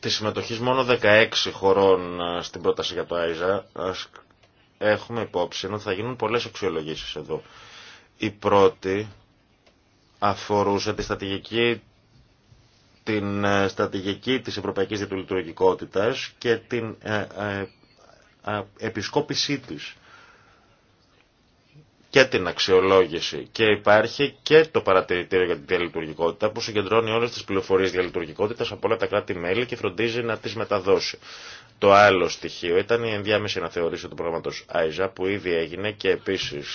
τη συμμετοχή μόνο 16 χωρών ε, στην πρόταση για το ΆΙΖΑ, έχουμε υπόψη ότι θα γίνουν πολλές αξιολογήσεις εδώ. Η πρώτη αφορούσε τη στρατηγική την ε, στρατηγική της Ευρωπαϊκής Διαλειτουργικότητας και την ε, ε, επισκόπησή της και την αξιολόγηση. Και υπάρχει και το παρατηρητήριο για τη διαλειτουργικότητα που συγκεντρώνει όλες τις πληροφορίες διαλειτουργικότητας από όλα τα κράτη-μέλη και φροντίζει να τις μεταδώσει. Το άλλο στοιχείο ήταν η ενδιάμεση αναθεωρήση του προγράμματος ΆΙΖΑ που ήδη έγινε και επίσης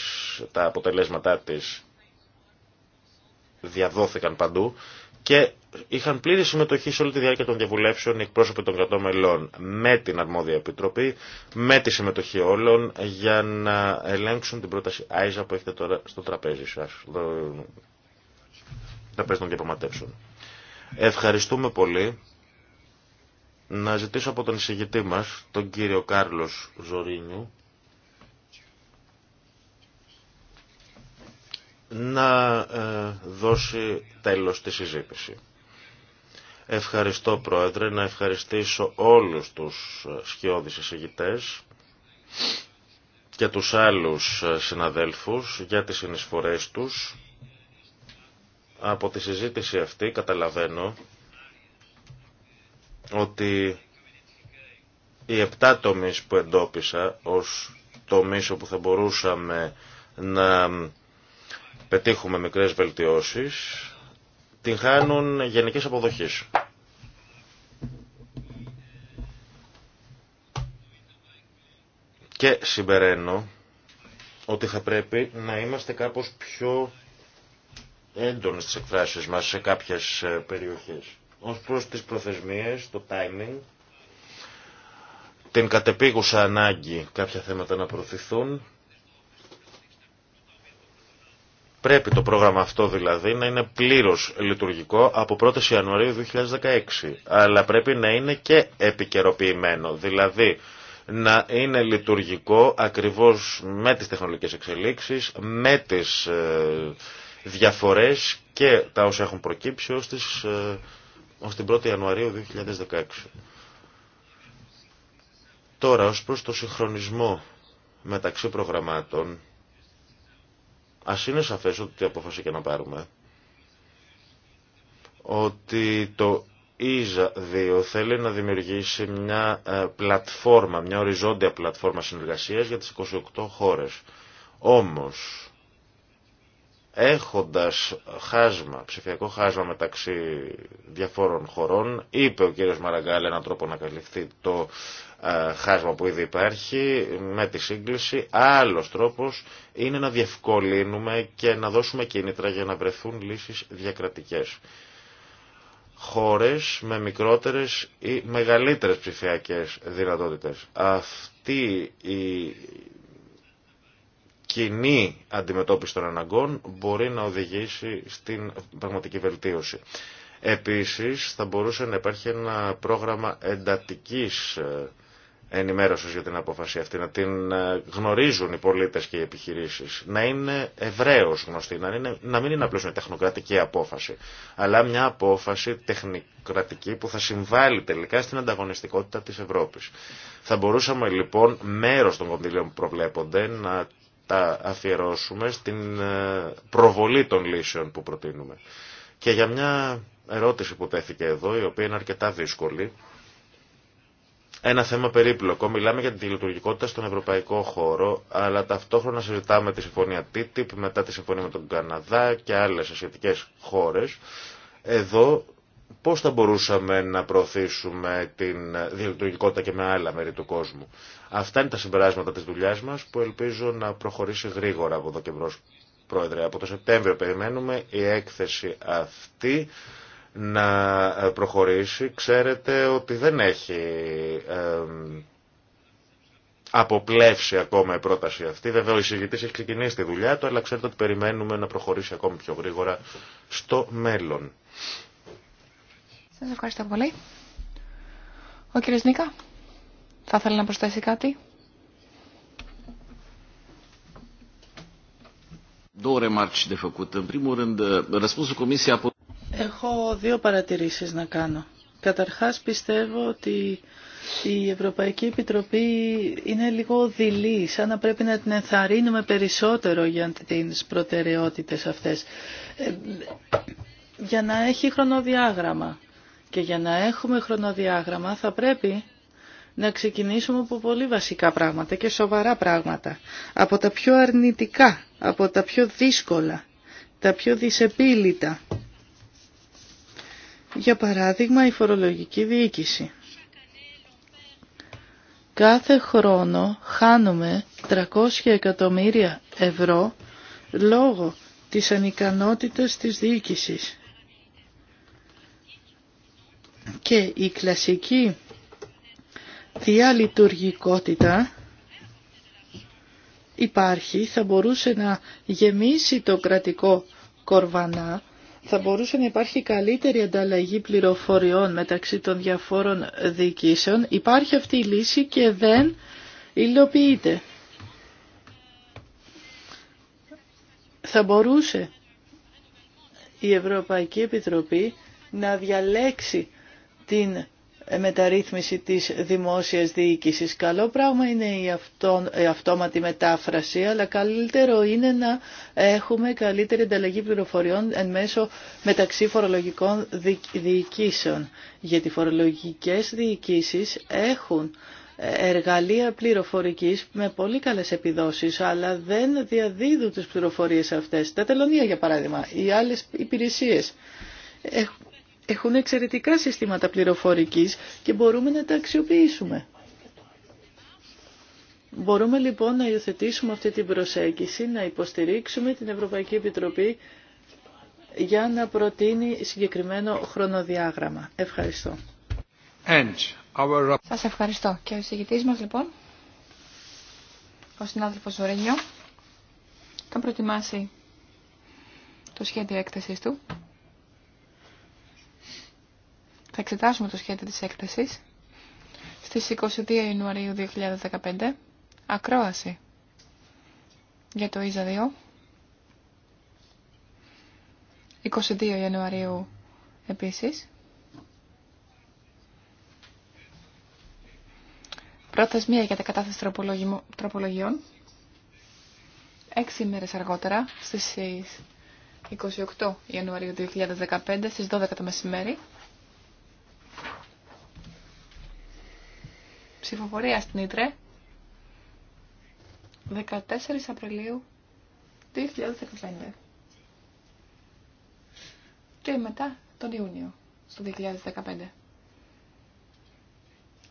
τα αποτελέσματά της διαδόθηκαν παντού και είχαν πλήρη συμμετοχή σε όλη τη διάρκεια των διαβουλεύσεων οι εκπρόσωποι των κρατών μελών με την αρμόδια επιτροπή, με τη συμμετοχή όλων για να ελέγξουν την πρόταση ΆΙΖΑ που έχετε τώρα στο τραπέζι σας, στο τραπέζι των διαπραγματεύσεων. Ευχαριστούμε πολύ. Να ζητήσω από τον εισηγητή μας, τον κύριο Κάρλος Ζωρίνιου, να ε, δώσει τέλος τη συζήτηση. Ευχαριστώ Πρόεδρε, να ευχαριστήσω όλους τους σκιώδεις εισηγητές και τους άλλους συναδέλφους για τις συνεισφορές τους. Από τη συζήτηση αυτή καταλαβαίνω ότι οι επτά τομείς που εντόπισα ως τομείς όπου θα μπορούσαμε να πετύχουμε μικρές βελτιώσεις, την χάνουν γενικές αποδοχές. Και συμπεραίνω ότι θα πρέπει να είμαστε κάπως πιο έντονοι στις εκφράσεις μας σε κάποιες ε, περιοχές. Ως προς τις προθεσμίες, το timing, την κατεπίγουσα ανάγκη κάποια θέματα να προωθηθούν, Πρέπει το πρόγραμμα αυτό δηλαδή να είναι πλήρως λειτουργικό από 1η Ιανουαρίου 2016, αλλά πρέπει να είναι και επικαιροποιημένο, δηλαδή να είναι λειτουργικό ακριβώς με τις τεχνολογικές εξελίξεις, με τις ε, διαφορές και τα όσα έχουν προκύψει ως, ε, την 1η Ιανουαρίου 2016. Τώρα, ως προς το συγχρονισμό μεταξύ προγραμμάτων, Α είναι σαφέ ότι απόφαση και να πάρουμε, ότι το ΙΖΑ 2 θέλει να δημιουργήσει μια ε, πλατφόρμα, μια οριζόντια πλατφόρμα συνεργασία για τις 28 χώρε. Όμως, έχοντας χάσμα, ψηφιακό χάσμα μεταξύ διαφόρων χωρών, είπε ο κύριος Μαραγκάλ έναν τρόπο να καλυφθεί το ε, χάσμα που ήδη υπάρχει με τη σύγκληση. Άλλος τρόπος είναι να διευκολύνουμε και να δώσουμε κίνητρα για να βρεθούν λύσεις διακρατικές. Χώρες με μικρότερες ή μεγαλύτερες ψηφιακές δυνατότητες. Αυτή η μεγαλυτερες ψηφιακες δυνατοτητες αυτη κοινή αντιμετώπιση των αναγκών μπορεί να οδηγήσει στην πραγματική βελτίωση. Επίσης θα μπορούσε να υπάρχει ένα πρόγραμμα εντατικής ε, ενημέρωσης για την απόφαση αυτή, να την ε, γνωρίζουν οι πολίτες και οι επιχειρήσεις, να είναι ευρέως γνωστή, να, είναι, να μην είναι απλώς μια τεχνοκρατική απόφαση, αλλά μια απόφαση τεχνοκρατική που θα συμβάλλει τελικά στην ανταγωνιστικότητα της Ευρώπης. Θα μπορούσαμε λοιπόν μέρος των κονδυλίων που προβλέπονται να τα αφιερώσουμε στην ε, προβολή των λύσεων που προτείνουμε. Και για μια ερώτηση που τέθηκε εδώ, η οποία είναι αρκετά δύσκολη, ένα θέμα περίπλοκο. Μιλάμε για τη λειτουργικότητα στον ευρωπαϊκό χώρο, αλλά ταυτόχρονα συζητάμε τη συμφωνία TTIP, μετά τη συμφωνία με τον Καναδά και άλλες ασιατικές χώρες. Εδώ πώς θα μπορούσαμε να προωθήσουμε την διαλειτουργικότητα και με άλλα μέρη του κόσμου. Αυτά είναι τα συμπεράσματα της δουλειάς μας που ελπίζω να προχωρήσει γρήγορα από εδώ και μπρος, Πρόεδρε. Από το Σεπτέμβριο περιμένουμε η έκθεση αυτή να ε, προχωρήσει. Ξέρετε ότι δεν έχει αποπλέψει ακόμα η πρόταση αυτή. Βέβαια ο εισηγητής έχει ξεκινήσει τη δουλειά του, αλλά ξέρετε ότι περιμένουμε να προχωρήσει ακόμη πιο γρήγορα στο μέλλον. Σας ευχαριστώ πολύ. Ο κύριος Νίκα, θα ήθελε να προσθέσει κάτι. Έχω δύο παρατηρήσεις να κάνω. Καταρχάς πιστεύω ότι η Ευρωπαϊκή Επιτροπή είναι λίγο δειλή, σαν να πρέπει να την ενθαρρύνουμε περισσότερο για τις προτεραιότητες αυτές, ε, για να έχει χρονοδιάγραμμα. Και για να έχουμε χρονοδιάγραμμα θα πρέπει να ξεκινήσουμε από πολύ βασικά πράγματα και σοβαρά πράγματα. Από τα πιο αρνητικά, από τα πιο δύσκολα, τα πιο δυσεπίλητα. Για παράδειγμα η φορολογική διοίκηση. Κάθε χρόνο χάνουμε 300 εκατομμύρια ευρώ λόγω της ανικανότητας της διοίκησης και η κλασική διαλειτουργικότητα υπάρχει, θα μπορούσε να γεμίσει το κρατικό κορβανά, θα μπορούσε να υπάρχει καλύτερη ανταλλαγή πληροφοριών μεταξύ των διαφόρων διοικήσεων. Υπάρχει αυτή η λύση και δεν υλοποιείται. Θα μπορούσε η Ευρωπαϊκή Επιτροπή να διαλέξει την μεταρρύθμιση της δημόσιας διοίκησης. Καλό πράγμα είναι η, αυτόματη μετάφραση, αλλά καλύτερο είναι να έχουμε καλύτερη ανταλλαγή πληροφοριών εν μέσω μεταξύ φορολογικών διοικήσεων. Γιατί φορολογικές διοικήσεις έχουν εργαλεία πληροφορικής με πολύ καλές επιδόσεις, αλλά δεν διαδίδουν τις πληροφορίες αυτές. Τα τελωνία, για παράδειγμα, οι άλλες υπηρεσίες έχουν εξαιρετικά συστήματα πληροφορικής και μπορούμε να τα αξιοποιήσουμε. Μπορούμε λοιπόν να υιοθετήσουμε αυτή την προσέγγιση, να υποστηρίξουμε την Ευρωπαϊκή Επιτροπή για να προτείνει συγκεκριμένο χρονοδιάγραμμα. Ευχαριστώ. Σας ευχαριστώ. Και ο εισηγητής μας λοιπόν, ο συνάδελφος Ζωρένιο, θα προετοιμάσει το σχέδιο έκθεσης του θα εξετάσουμε το σχέδιο της έκθεσης στις 22 Ιανουαρίου 2015. Ακρόαση για το ΙΖΑ 2. 22 Ιανουαρίου επίσης. Προθεσμία για τα κατάθεση τροπολογιών. Έξι μέρες αργότερα, στις 28 Ιανουαρίου 2015, στις 12 το μεσημέρι. Ψηφοφορία στην Ήτρε. 14 Απριλίου 2015. Και μετά τον Ιούνιο στο 2015.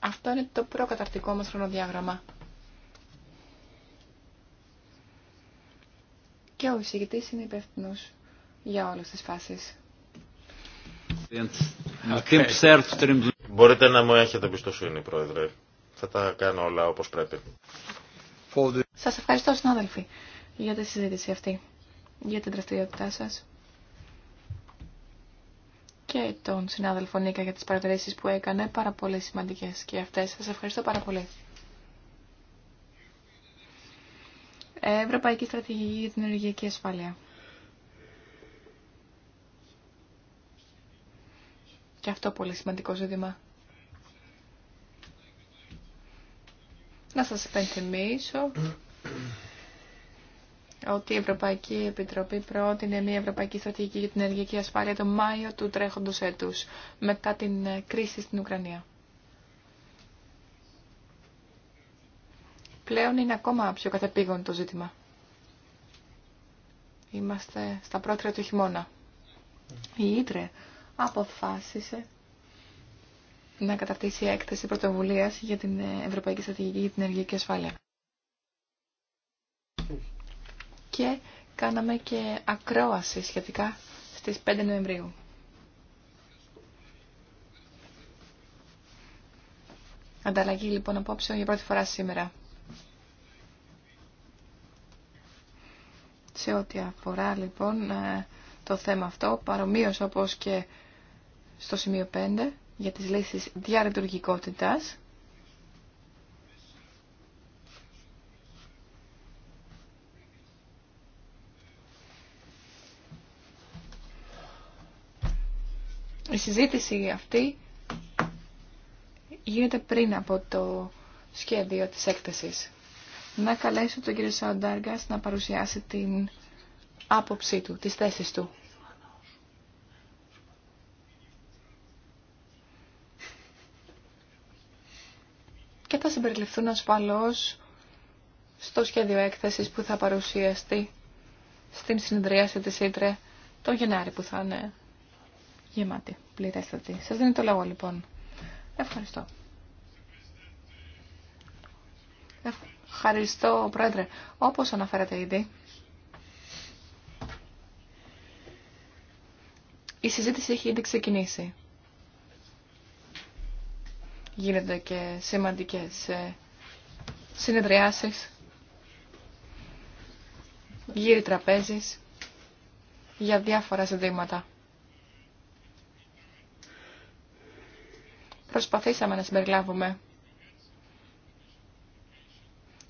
Αυτό είναι το προκαταρτικό μας χρονοδιάγραμμα. Και ο εισηγητής είναι υπεύθυνο για όλες τις φάσεις. Μπορείτε να μου έχετε πιστοσύνη, Πρόεδρε θα τα κάνω όλα όπως πρέπει. Σας ευχαριστώ συνάδελφοι για τη συζήτηση αυτή, για την δραστηριότητά σας και τον συνάδελφο Νίκα για τις παρατηρήσεις που έκανε, πάρα πολύ σημαντικές και αυτές. Σας ευχαριστώ πάρα πολύ. Ευρωπαϊκή Στρατηγική για την Ενεργειακή Ασφάλεια. Και αυτό πολύ σημαντικό ζήτημα. Να σας επενθυμίσω ότι η Ευρωπαϊκή Επιτροπή πρότεινε μια Ευρωπαϊκή Στρατηγική για την Ενεργειακή Ασφάλεια το Μάιο του τρέχοντος έτους, μετά την ε, κρίση στην Ουκρανία. Πλέον είναι ακόμα πιο κατεπήγον το ζήτημα. Είμαστε στα πρότρια του χειμώνα. Η Ήτρε αποφάσισε να καταρτήσει έκθεση πρωτοβουλία για την Ευρωπαϊκή Στρατηγική για την Ενεργειακή Ασφάλεια. Και κάναμε και ακρόαση σχετικά στις 5 Νοεμβρίου. Ανταλλαγή λοιπόν απόψε για πρώτη φορά σήμερα. Σε ό,τι αφορά λοιπόν ε, το θέμα αυτό, παρομοίως όπως και στο σημείο 5, για τις λύσεις διαλειτουργικότητας. Η συζήτηση αυτή γίνεται πριν από το σχέδιο της έκθεσης. Να καλέσω τον κύριο Σαντάργας να παρουσιάσει την άποψή του, τις θέσεις του. θα συμπεριληφθούν ασφαλώς στο σχέδιο έκθεσης που θα παρουσιαστεί στην συνεδρίαση της Ήτρε τον Γενάρη που θα είναι γεμάτη, πληρέστατη. Σας δίνει το λόγο λοιπόν. Ευχαριστώ. Ευχαριστώ, Πρόεδρε. Όπως αναφέρατε ήδη, η συζήτηση έχει ήδη ξεκινήσει. Γίνονται και σημαντικές ε, συνεδριάσεις, γύρι τραπέζις για διάφορα ζητήματα. Προσπαθήσαμε να συμπεριλάβουμε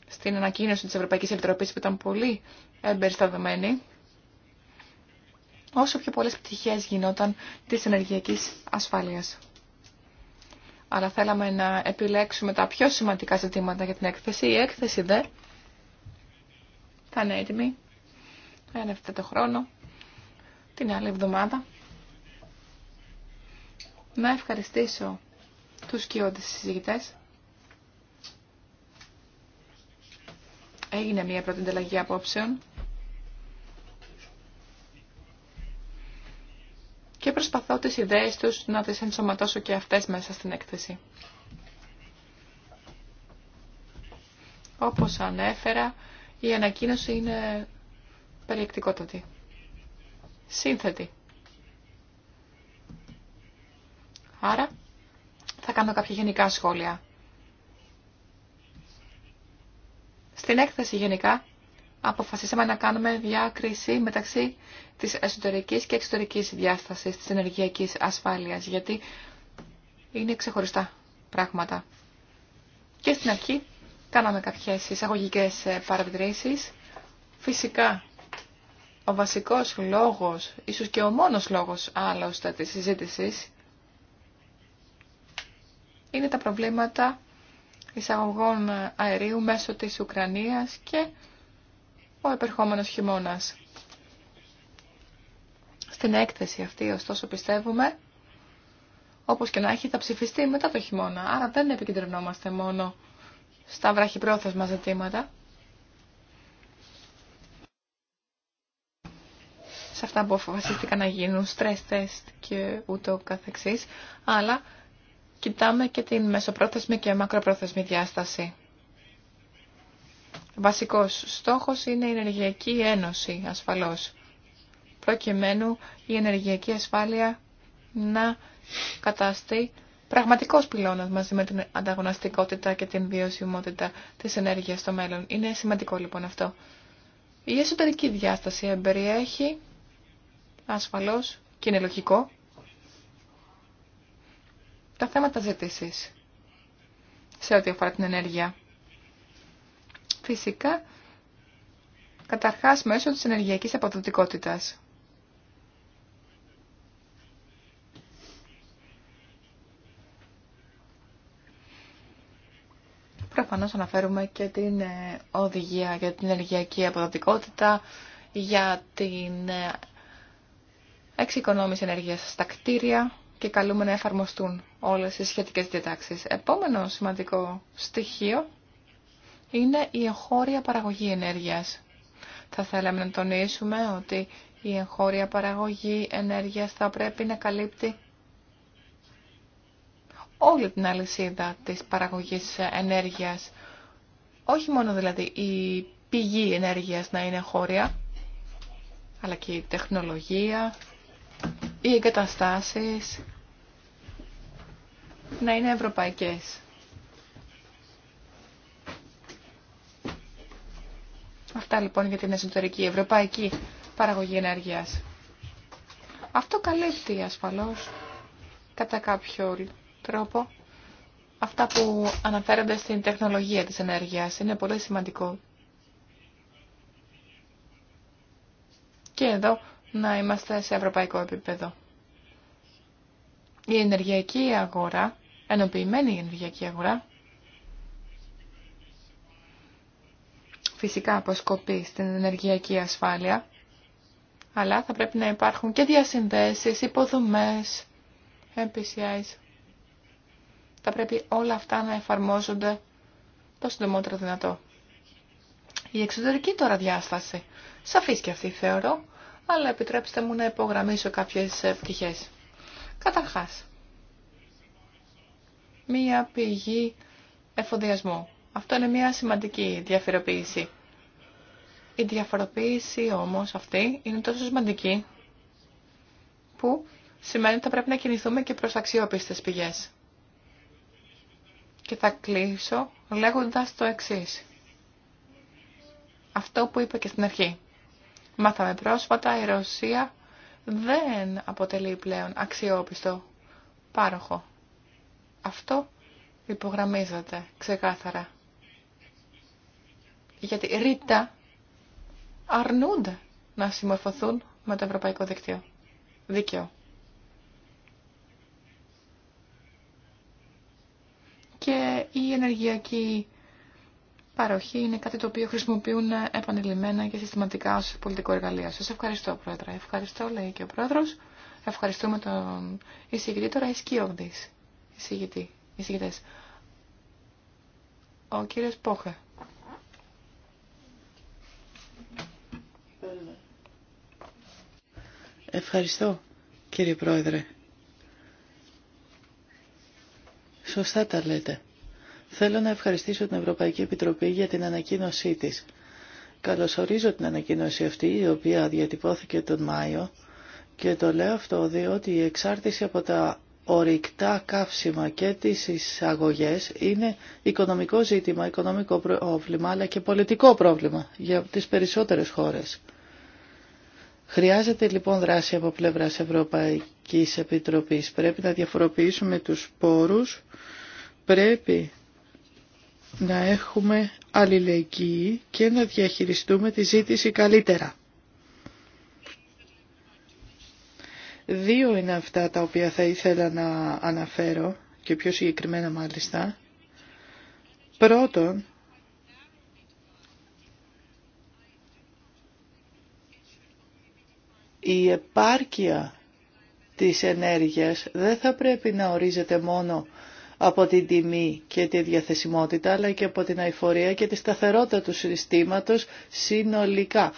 στην ανακοίνωση της Ευρωπαϊκής Επιτροπής που ήταν πολύ εμπεριστατωμένη όσο πιο πολλές πτυχές γινόταν της ενεργειακής ασφάλειας αλλά θέλαμε να επιλέξουμε τα πιο σημαντικά ζητήματα για την έκθεση. Η έκθεση δε θα είναι έτοιμη, Ένα το χρόνο, την άλλη εβδομάδα. Να ευχαριστήσω τους κοιόντες συζητητές. Έγινε μια πρώτη ανταλλαγή απόψεων τις ιδέες τους να τις ενσωματώσω και αυτές μέσα στην έκθεση. Όπως ανέφερα, η ανακοίνωση είναι περιεκτικότατη, σύνθετη. Άρα, θα κάνω κάποια γενικά σχόλια. Στην έκθεση γενικά αποφασίσαμε να κάνουμε διάκριση μεταξύ της εσωτερικής και εξωτερικής διάστασης της ενεργειακής ασφάλειας, γιατί είναι ξεχωριστά πράγματα. Και στην αρχή κάναμε κάποιες εισαγωγικές ε, παρατηρήσεις. Φυσικά, ο βασικός λόγος, ίσως και ο μόνος λόγος άλλωστε της συζήτησης, είναι τα προβλήματα εισαγωγών αερίου μέσω της Ουκρανίας και ο επερχόμενος χειμώνας. Στην έκθεση αυτή, ωστόσο, πιστεύουμε, όπως και να έχει, θα ψηφιστεί μετά το χειμώνα. Άρα δεν επικεντρωνόμαστε μόνο στα βραχυπρόθεσμα ζητήματα. σε αυτά που αποφασίστηκαν να γίνουν, stress test και ούτω καθεξής, αλλά κοιτάμε και την μεσοπρόθεσμη και μακροπρόθεσμη διάσταση βασικός στόχος είναι η ενεργειακή ένωση ασφαλώς, προκειμένου η ενεργειακή ασφάλεια να καταστεί πραγματικός πυλώνας μαζί με την ανταγωνιστικότητα και την βιωσιμότητα της ενέργειας στο μέλλον. Είναι σημαντικό λοιπόν αυτό. Η εσωτερική διάσταση εμπεριέχει ασφαλώς και είναι λογικό τα θέματα ζήτησης σε ό,τι αφορά την ενέργεια φυσικά καταρχάς μέσω της ενεργειακής αποδοτικότητας. Προφανώ αναφέρουμε και την ε, οδηγία για την ενεργειακή αποδοτικότητα, για την ε, εξοικονόμηση ενέργειας στα κτίρια και καλούμε να εφαρμοστούν όλες οι σχετικές διατάξεις. Επόμενο σημαντικό στοιχείο είναι η εγχώρια παραγωγή ενέργειας. Θα θέλαμε να τονίσουμε ότι η εγχώρια παραγωγή ενέργειας θα πρέπει να καλύπτει όλη την αλυσίδα της παραγωγής ενέργειας. Όχι μόνο δηλαδή η πηγή ενέργειας να είναι χώρια, αλλά και η τεχνολογία, οι εγκαταστάσεις να είναι ευρωπαϊκές. αυτά λοιπόν για την εσωτερική ευρωπαϊκή παραγωγή ενέργειας. Αυτό καλύπτει ασφαλώς κατά κάποιο τρόπο αυτά που αναφέρονται στην τεχνολογία της ενέργειας. Είναι πολύ σημαντικό. Και εδώ να είμαστε σε ευρωπαϊκό επίπεδο. Η ενεργειακή αγορά, ενοποιημένη ενεργειακή αγορά, φυσικά αποσκοπεί στην ενεργειακή ασφάλεια, αλλά θα πρέπει να υπάρχουν και διασυνδέσεις, υποδομές, MPCIs. Θα πρέπει όλα αυτά να εφαρμόζονται το συντομότερο δυνατό. Η εξωτερική τώρα διάσταση. Σαφής και αυτή θεωρώ, αλλά επιτρέψτε μου να υπογραμμίσω κάποιες πτυχές. Καταρχάς, μία πηγή εφοδιασμού. Αυτό είναι μια σημαντική διαφοροποίηση. Η διαφοροποίηση όμως αυτή είναι τόσο σημαντική που σημαίνει ότι θα πρέπει να κινηθούμε και προς αξιόπιστες πηγές. Και θα κλείσω λέγοντας το εξής. Αυτό που είπα και στην αρχή. Μάθαμε πρόσφατα η Ρωσία δεν αποτελεί πλέον αξιόπιστο πάροχο. Αυτό υπογραμμίζεται ξεκάθαρα γιατί ρήτα αρνούνται να συμμορφωθούν με το ευρωπαϊκό δικτύο. Δίκαιο. Και η ενεργειακή παροχή είναι κάτι το οποίο χρησιμοποιούν επανειλημμένα και συστηματικά ως πολιτικό εργαλείο. Σας ευχαριστώ, Πρόεδρε. Ευχαριστώ, λέει και ο Πρόεδρος. Ευχαριστούμε τον εισηγητή. Τώρα εισηγητή, εισηγητές. Ο κύριος Πόχε. Ευχαριστώ, κύριε Πρόεδρε. Σωστά τα λέτε. Θέλω να ευχαριστήσω την Ευρωπαϊκή Επιτροπή για την ανακοίνωσή της. Καλωσορίζω την ανακοίνωση αυτή, η οποία διατυπώθηκε τον Μάιο, και το λέω αυτό διότι η εξάρτηση από τα ορυκτά καύσιμα και τις εισαγωγές είναι οικονομικό ζήτημα, οικονομικό πρόβλημα, αλλά και πολιτικό πρόβλημα για τις περισσότερες χώρες. Χρειάζεται λοιπόν δράση από πλευράς Ευρωπαϊκής Επιτροπής. Πρέπει να διαφοροποιήσουμε τους πόρους, πρέπει να έχουμε αλληλεγγύη και να διαχειριστούμε τη ζήτηση καλύτερα. Δύο είναι αυτά τα οποία θα ήθελα να αναφέρω και πιο συγκεκριμένα μάλιστα. Πρώτον, η επάρκεια της ενέργειας δεν θα πρέπει να ορίζεται μόνο από την τιμή και τη διαθεσιμότητα, αλλά και από την αηφορία και τη σταθερότητα του συστήματος συνολικά.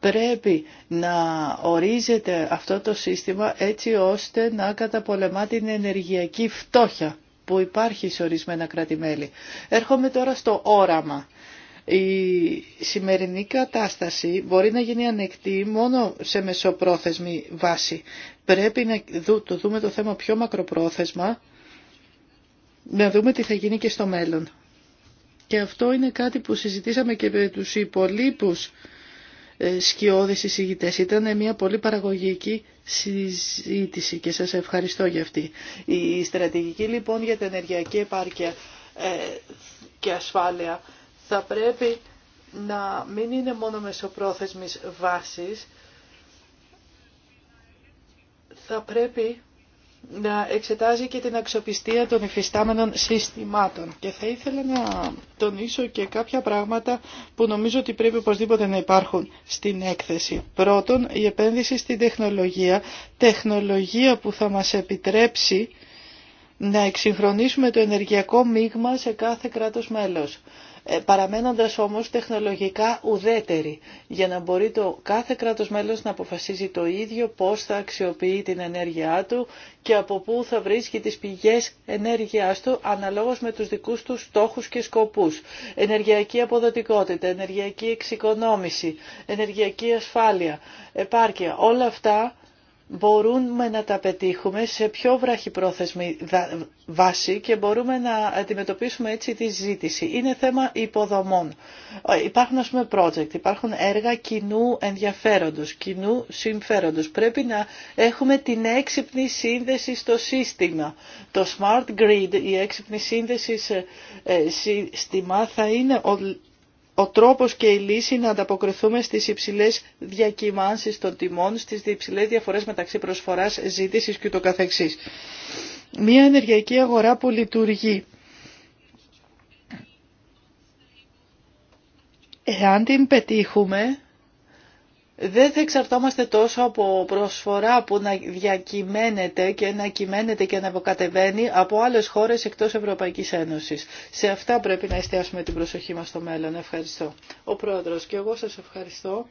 Πρέπει να ορίζεται αυτό το σύστημα έτσι ώστε να καταπολεμά την ενεργειακή φτώχεια που υπάρχει σε ορισμένα κράτη-μέλη. Έρχομαι τώρα στο όραμα. Η σημερινή κατάσταση μπορεί να γίνει ανεκτή μόνο σε μεσοπρόθεσμη βάση. Πρέπει να το δούμε το θέμα πιο μακροπρόθεσμα, να δούμε τι θα γίνει και στο μέλλον. Και αυτό είναι κάτι που συζητήσαμε και με τους υπολείπους ε, σκιώδεις εισηγητές. Ήταν μια πολύ παραγωγική συζήτηση και σας ευχαριστώ για αυτή. Η στρατηγική λοιπόν για την ενεργειακή επάρκεια ε, και ασφάλεια θα πρέπει να μην είναι μόνο μεσοπρόθεσμης βάσης, θα πρέπει να εξετάζει και την αξιοπιστία των υφιστάμενων συστημάτων. Και θα ήθελα να τονίσω και κάποια πράγματα που νομίζω ότι πρέπει οπωσδήποτε να υπάρχουν στην έκθεση. Πρώτον, η επένδυση στην τεχνολογία, τεχνολογία που θα μας επιτρέψει να εξυγχρονίσουμε το ενεργειακό μείγμα σε κάθε κράτος μέλος. Ε, παραμένοντας όμως τεχνολογικά ουδέτεροι, για να μπορεί το κάθε κράτος μέλος να αποφασίζει το ίδιο πώς θα αξιοποιεί την ενέργειά του και από πού θα βρίσκει τις πηγές ενέργειάς του αναλόγως με τους δικούς του στόχους και σκοπούς. Ενεργειακή αποδοτικότητα, ενεργειακή εξοικονόμηση, ενεργειακή ασφάλεια, επάρκεια, όλα αυτά μπορούμε να τα πετύχουμε σε πιο βραχυπρόθεσμη βάση και μπορούμε να αντιμετωπίσουμε έτσι τη ζήτηση. Είναι θέμα υποδομών. Ε, υπάρχουν ας πούμε project, υπάρχουν έργα κοινού ενδιαφέροντος, κοινού συμφέροντος. Πρέπει να έχουμε την έξυπνη σύνδεση στο σύστημα. Το smart grid, η έξυπνη σύνδεση ε, σύστημα θα είναι ο τρόπος και η λύση να ανταποκριθούμε στις υψηλές διακυμάνσεις των τιμών, στις υψηλές διαφορές μεταξύ προσφοράς, ζήτησης και το καθεξής. Μία ενεργειακή αγορά που λειτουργεί. Εάν την πετύχουμε, δεν θα εξαρτώμαστε τόσο από προσφορά που να διακυμαίνεται και να κυμαίνεται και να αποκατεβαίνει από άλλες χώρες εκτός Ευρωπαϊκής Ένωσης. Σε αυτά πρέπει να εστιάσουμε την προσοχή μας στο μέλλον. Ευχαριστώ. Ο Πρόεδρος και εγώ σας ευχαριστώ.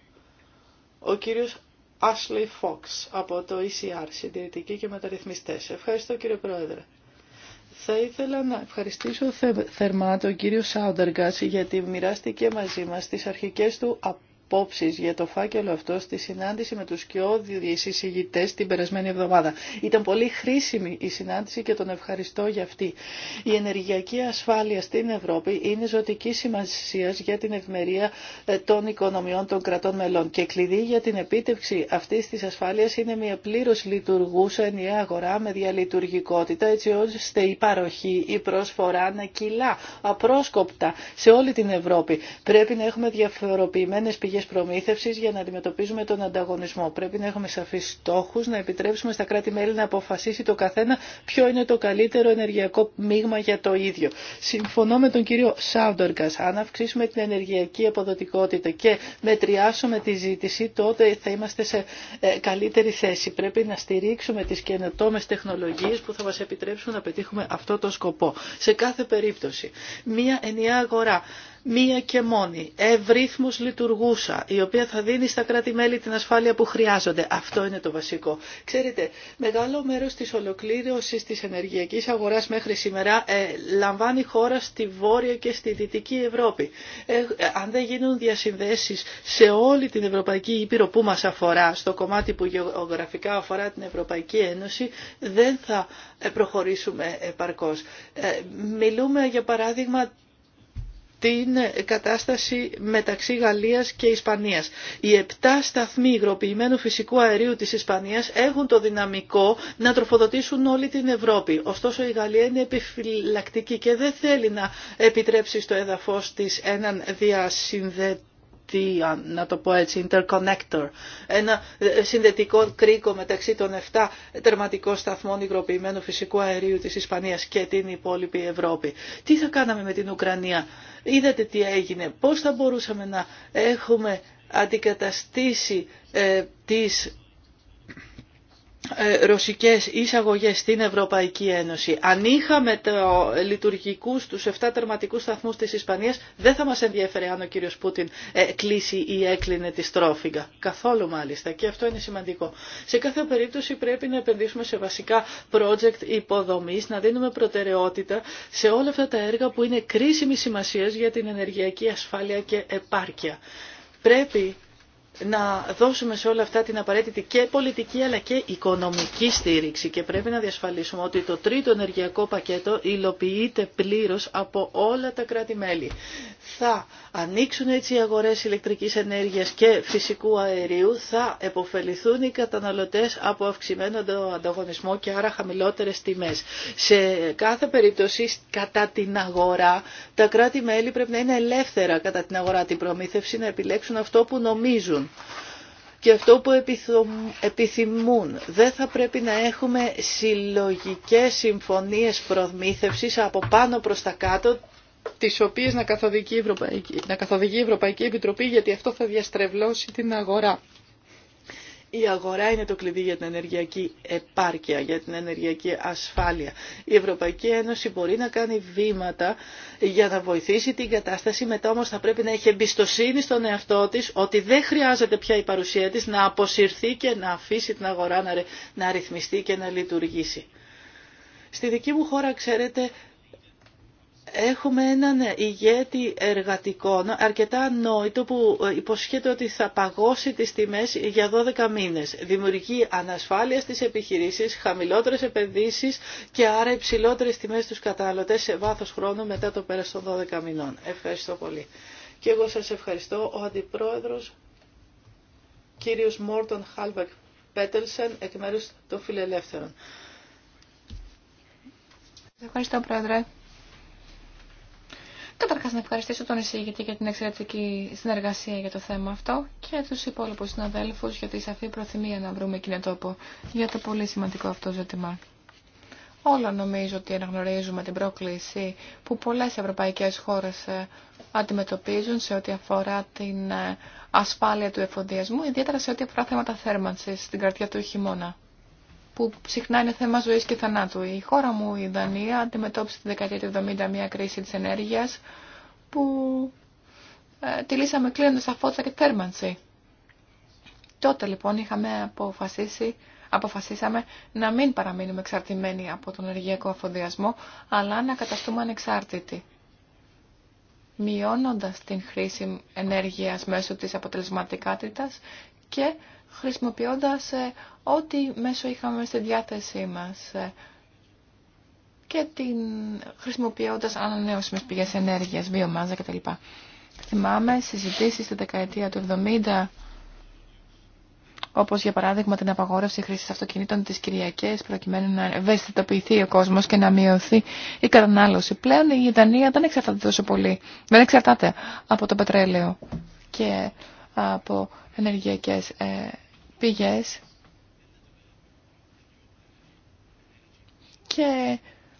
Ο κύριος Ashley Fox από το ECR, Συντηρητικοί και Μεταρρυθμιστές. Ευχαριστώ κύριε Πρόεδρε. Θα ήθελα να ευχαριστήσω θερμά τον κύριο Σάουνταργκας γιατί μοιράστηκε μαζί μας τις αρχικές του για το φάκελο αυτό στη συνάντηση με τους κοιόδιους συζητητές την περασμένη εβδομάδα. Ήταν πολύ χρήσιμη η συνάντηση και τον ευχαριστώ για αυτή. Η ενεργειακή ασφάλεια στην Ευρώπη είναι ζωτική σημασία για την ευμερία ε, των οικονομιών των κρατών μελών και κλειδί για την επίτευξη αυτή τη ασφάλεια είναι μια πλήρω λειτουργούσα ενιαία αγορά με διαλειτουργικότητα έτσι ώστε η παροχή, η προσφορά να κιλά, απρόσκοπτα σε όλη την Ευρώπη. Πρέπει να έχουμε διαφοροποιημένε πηγέ προμήθευσης για να αντιμετωπίζουμε τον ανταγωνισμό. Πρέπει να έχουμε σαφείς στόχους, να επιτρέψουμε στα κράτη-μέλη να αποφασίσει το καθένα ποιο είναι το καλύτερο ενεργειακό μείγμα για το ίδιο. Συμφωνώ με τον κύριο Σάουντοργκας. Αν αυξήσουμε την ενεργειακή αποδοτικότητα και μετριάσουμε τη ζήτηση, τότε θα είμαστε σε ε, καλύτερη θέση. Πρέπει να στηρίξουμε τις καινοτόμε τεχνολογίες που θα μας επιτρέψουν να πετύχουμε αυτό το σκοπό. Σε κάθε περίπτωση, μία ενιαία αγορά μία και μόνη, ευρύθμως λειτουργούσα, η οποία θα δίνει στα κράτη-μέλη την ασφάλεια που χρειάζονται. Αυτό είναι το βασικό. Ξέρετε, μεγάλο μέρος της ολοκλήρωσης της ενεργειακής αγοράς μέχρι σήμερα ε, λαμβάνει χώρα στη Βόρεια και στη Δυτική Ευρώπη. Ε, αν δεν γίνουν διασυνδέσεις σε όλη την Ευρωπαϊκή Ήπειρο που μας αφορά, στο κομμάτι που γεωγραφικά αφορά την Ευρωπαϊκή Ένωση, δεν θα ε, προχωρήσουμε επαρκώς. Μιλούμε για παράδειγμα την κατάσταση μεταξύ Γαλλίας και Ισπανίας. Οι επτά σταθμοί υγροποιημένου φυσικού αερίου της Ισπανίας έχουν το δυναμικό να τροφοδοτήσουν όλη την Ευρώπη. Ωστόσο η Γαλλία είναι επιφυλακτική και δεν θέλει να επιτρέψει στο έδαφος της έναν διασυνδετή τι, να το πω έτσι, interconnector, ένα ε, συνδετικό κρίκο μεταξύ των 7 τερματικών σταθμών υγροποιημένου φυσικού αερίου της Ισπανίας και την υπόλοιπη Ευρώπη. Τι θα κάναμε με την Ουκρανία, είδατε τι έγινε, πώς θα μπορούσαμε να έχουμε αντικαταστήσει ε, τις ε, ρωσικές εισαγωγές στην Ευρωπαϊκή Ένωση. Αν είχαμε το λειτουργικούς τους 7 τερματικούς σταθμούς της Ισπανίας, δεν θα μας ενδιαφέρει αν ο κύριος Πούτιν ε, κλείσει ή έκλεινε τη στρόφιγγα. Καθόλου μάλιστα. Και αυτό είναι σημαντικό. Σε κάθε περίπτωση πρέπει να επενδύσουμε σε βασικά project υποδομής, να δίνουμε προτεραιότητα σε όλα αυτά τα έργα που είναι κρίσιμη σημασία για την ενεργειακή ασφάλεια και επάρκεια. Πρέπει να δώσουμε σε όλα αυτά την απαραίτητη και πολιτική αλλά και οικονομική στήριξη και πρέπει να διασφαλίσουμε ότι το τρίτο ενεργειακό πακέτο υλοποιείται πλήρως από όλα τα κράτη-μέλη θα ανοίξουν έτσι οι αγορές ηλεκτρικής ενέργειας και φυσικού αερίου, θα επωφεληθούν οι καταναλωτές από αυξημένο ανταγωνισμό και άρα χαμηλότερες τιμές. Σε κάθε περίπτωση κατά την αγορά τα κράτη-μέλη πρέπει να είναι ελεύθερα κατά την αγορά την προμήθευση να επιλέξουν αυτό που νομίζουν και αυτό που επιθυμούν. Δεν θα πρέπει να έχουμε συλλογικές συμφωνίες προμήθευσης από πάνω προς τα κάτω τις οποίες να καθοδηγεί, η Ευρωπαϊκή, να καθοδηγεί η Ευρωπαϊκή Επιτροπή γιατί αυτό θα διαστρεβλώσει την αγορά. Η αγορά είναι το κλειδί για την ενεργειακή επάρκεια, για την ενεργειακή ασφάλεια. Η Ευρωπαϊκή Ένωση μπορεί να κάνει βήματα για να βοηθήσει την κατάσταση, μετά όμως θα πρέπει να έχει εμπιστοσύνη στον εαυτό της ότι δεν χρειάζεται πια η παρουσία της να αποσυρθεί και να αφήσει την αγορά να ρυθμιστεί και να λειτουργήσει. Στη δική μου χώρα, ξέρετε, Έχουμε έναν ηγέτη εργατικών αρκετά ανόητο που υποσχέται ότι θα παγώσει τις τιμές για 12 μήνες. Δημιουργεί ανασφάλεια στις επιχειρήσεις, χαμηλότερες επενδύσεις και άρα υψηλότερες τιμές στους καταναλωτές σε βάθος χρόνου μετά το πέρας των 12 μηνών. Ευχαριστώ πολύ. Και εγώ σας ευχαριστώ. Ο Αντιπρόεδρος, κύριος Μόρτον Χάλβεκ Πέτελσεν, εκ μέρους των Φιλελεύθερων. Ευχαριστώ, Πρόεδρε. Καταρχάς να ευχαριστήσω τον εισηγητή για την εξαιρετική συνεργασία για το θέμα αυτό και τους υπόλοιπους συναδέλφους για τη σαφή προθυμία να βρούμε τόπο για το πολύ σημαντικό αυτό ζήτημα. Όλα νομίζω ότι αναγνωρίζουμε την πρόκληση που πολλές ευρωπαϊκές χώρες ε, αντιμετωπίζουν σε ό,τι αφορά την ε, ασφάλεια του εφοδιασμού, ιδιαίτερα σε ό,τι αφορά θέματα θέρμανσης στην καρδιά του χειμώνα που συχνά είναι θέμα ζωής και θανάτου. Η χώρα μου, η Δανία, αντιμετώπισε τη δεκαετία του 70 μια κρίση της ενέργειας που ε, τη λύσαμε κλείνοντας τα φώτα και θέρμανση. Τότε λοιπόν είχαμε αποφασίσει, αποφασίσαμε να μην παραμείνουμε εξαρτημένοι από τον ενεργειακό αφοδιασμό, αλλά να καταστούμε ανεξάρτητοι μειώνοντας την χρήση ενέργειας μέσω της αποτελεσματικότητας και χρησιμοποιώντας ε, ό,τι μέσο είχαμε στη διάθεσή μας ε, και την, χρησιμοποιώντας ανανεώσιμες πηγές ενέργειας, βιομάζα κτλ. Θυμάμαι συζητήσεις στη δεκαετία του 70 όπως για παράδειγμα την απαγόρευση χρήσης αυτοκινήτων τις Κυριακές προκειμένου να ευαισθητοποιηθεί ο κόσμος και να μειωθεί η κατανάλωση. Πλέον η Ιδανία δεν εξαρτάται τόσο πολύ, δεν εξαρτάται από το πετρέλαιο και από ενεργειακές ε, πηγές και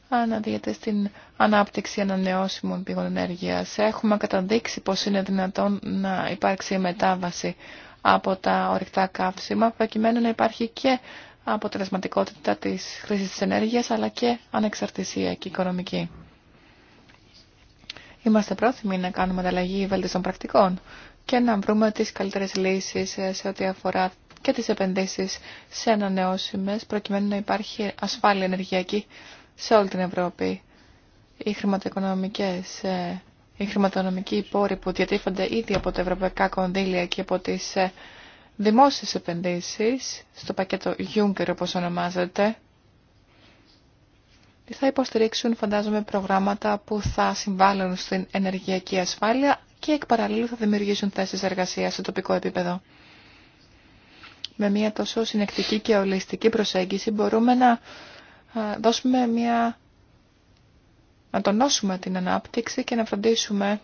αναδύεται στην ανάπτυξη ανανεώσιμων πηγών ενέργειας. Έχουμε καταδείξει πως είναι δυνατόν να υπάρξει μετάβαση από τα ορυκτά καύσιμα, προκειμένου να υπάρχει και αποτελεσματικότητα της χρήσης της ενέργειας, αλλά και ανεξαρτησία και οικονομική. Είμαστε πρόθυμοι να κάνουμε ανταλλαγή βέλτιστων πρακτικών και να βρούμε τις καλύτερες λύσεις σε ό,τι αφορά και τις επενδύσεις σε ανανεώσιμες προκειμένου να υπάρχει ασφάλεια ενεργειακή σε όλη την Ευρώπη. Οι χρηματοοικονομικές, ε, οι χρηματοοικονομικοί πόροι που διατύφονται ήδη από τα ευρωπαϊκά κονδύλια και από τις ε, δημόσιες επενδύσεις, στο πακέτο Juncker όπως ονομάζεται, θα υποστηρίξουν φαντάζομαι προγράμματα που θα συμβάλλουν στην ενεργειακή ασφάλεια και εκ παραλλήλου θα δημιουργήσουν θέσεις εργασίας σε τοπικό επίπεδο με μια τόσο συνεκτική και ολιστική προσέγγιση μπορούμε να δώσουμε μια να τονώσουμε την ανάπτυξη και να φροντίσουμε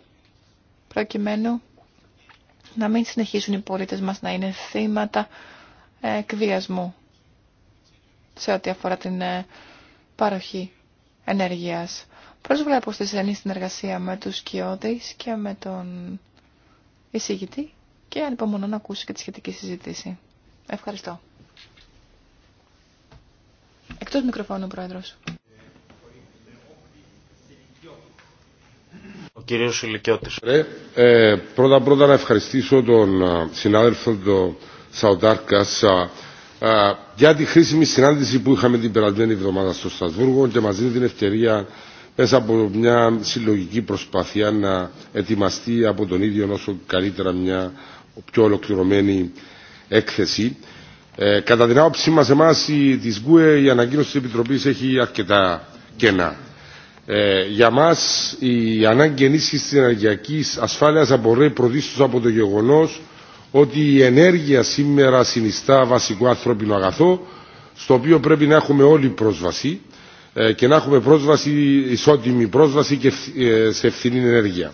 προκειμένου να μην συνεχίσουν οι πολίτες μας να είναι θύματα εκβιασμού σε ό,τι αφορά την ε, παροχή ενέργειας. βλέπω στη στενή συνεργασία με τους Κιώδης και με τον εισηγητή και ανυπομονώ να ακούσω και τη σχετική συζήτηση. Ευχαριστώ. Εκτός μικροφώνου, Πρόεδρος. Ο κύριος Ηλικιώτης. Ε, πρώτα πρώτα να ευχαριστήσω τον ε, συνάδελφο του Σαουτάρκας ε, για τη χρήσιμη συνάντηση που είχαμε την περασμένη εβδομάδα στο Στασβούργο και μας δίνει την ευκαιρία μέσα από μια συλλογική προσπάθεια να ετοιμαστεί από τον ίδιο όσο καλύτερα μια πιο ολοκληρωμένη έκθεση. Ε, κατά την άποψή μα, η της ΓΚΟΕ η ανακοίνωση τη Επιτροπή έχει αρκετά κενά. Ε, για μα, η ανάγκη ενίσχυση τη ενεργειακή ασφάλεια απορρέει πρωτίστω από το γεγονό ότι η ενέργεια σήμερα συνιστά βασικό ανθρώπινο αγαθό, στο οποίο πρέπει να έχουμε όλη πρόσβαση ε, και να έχουμε πρόσβαση, ισότιμη πρόσβαση και ε, σε ευθυνή ενέργεια.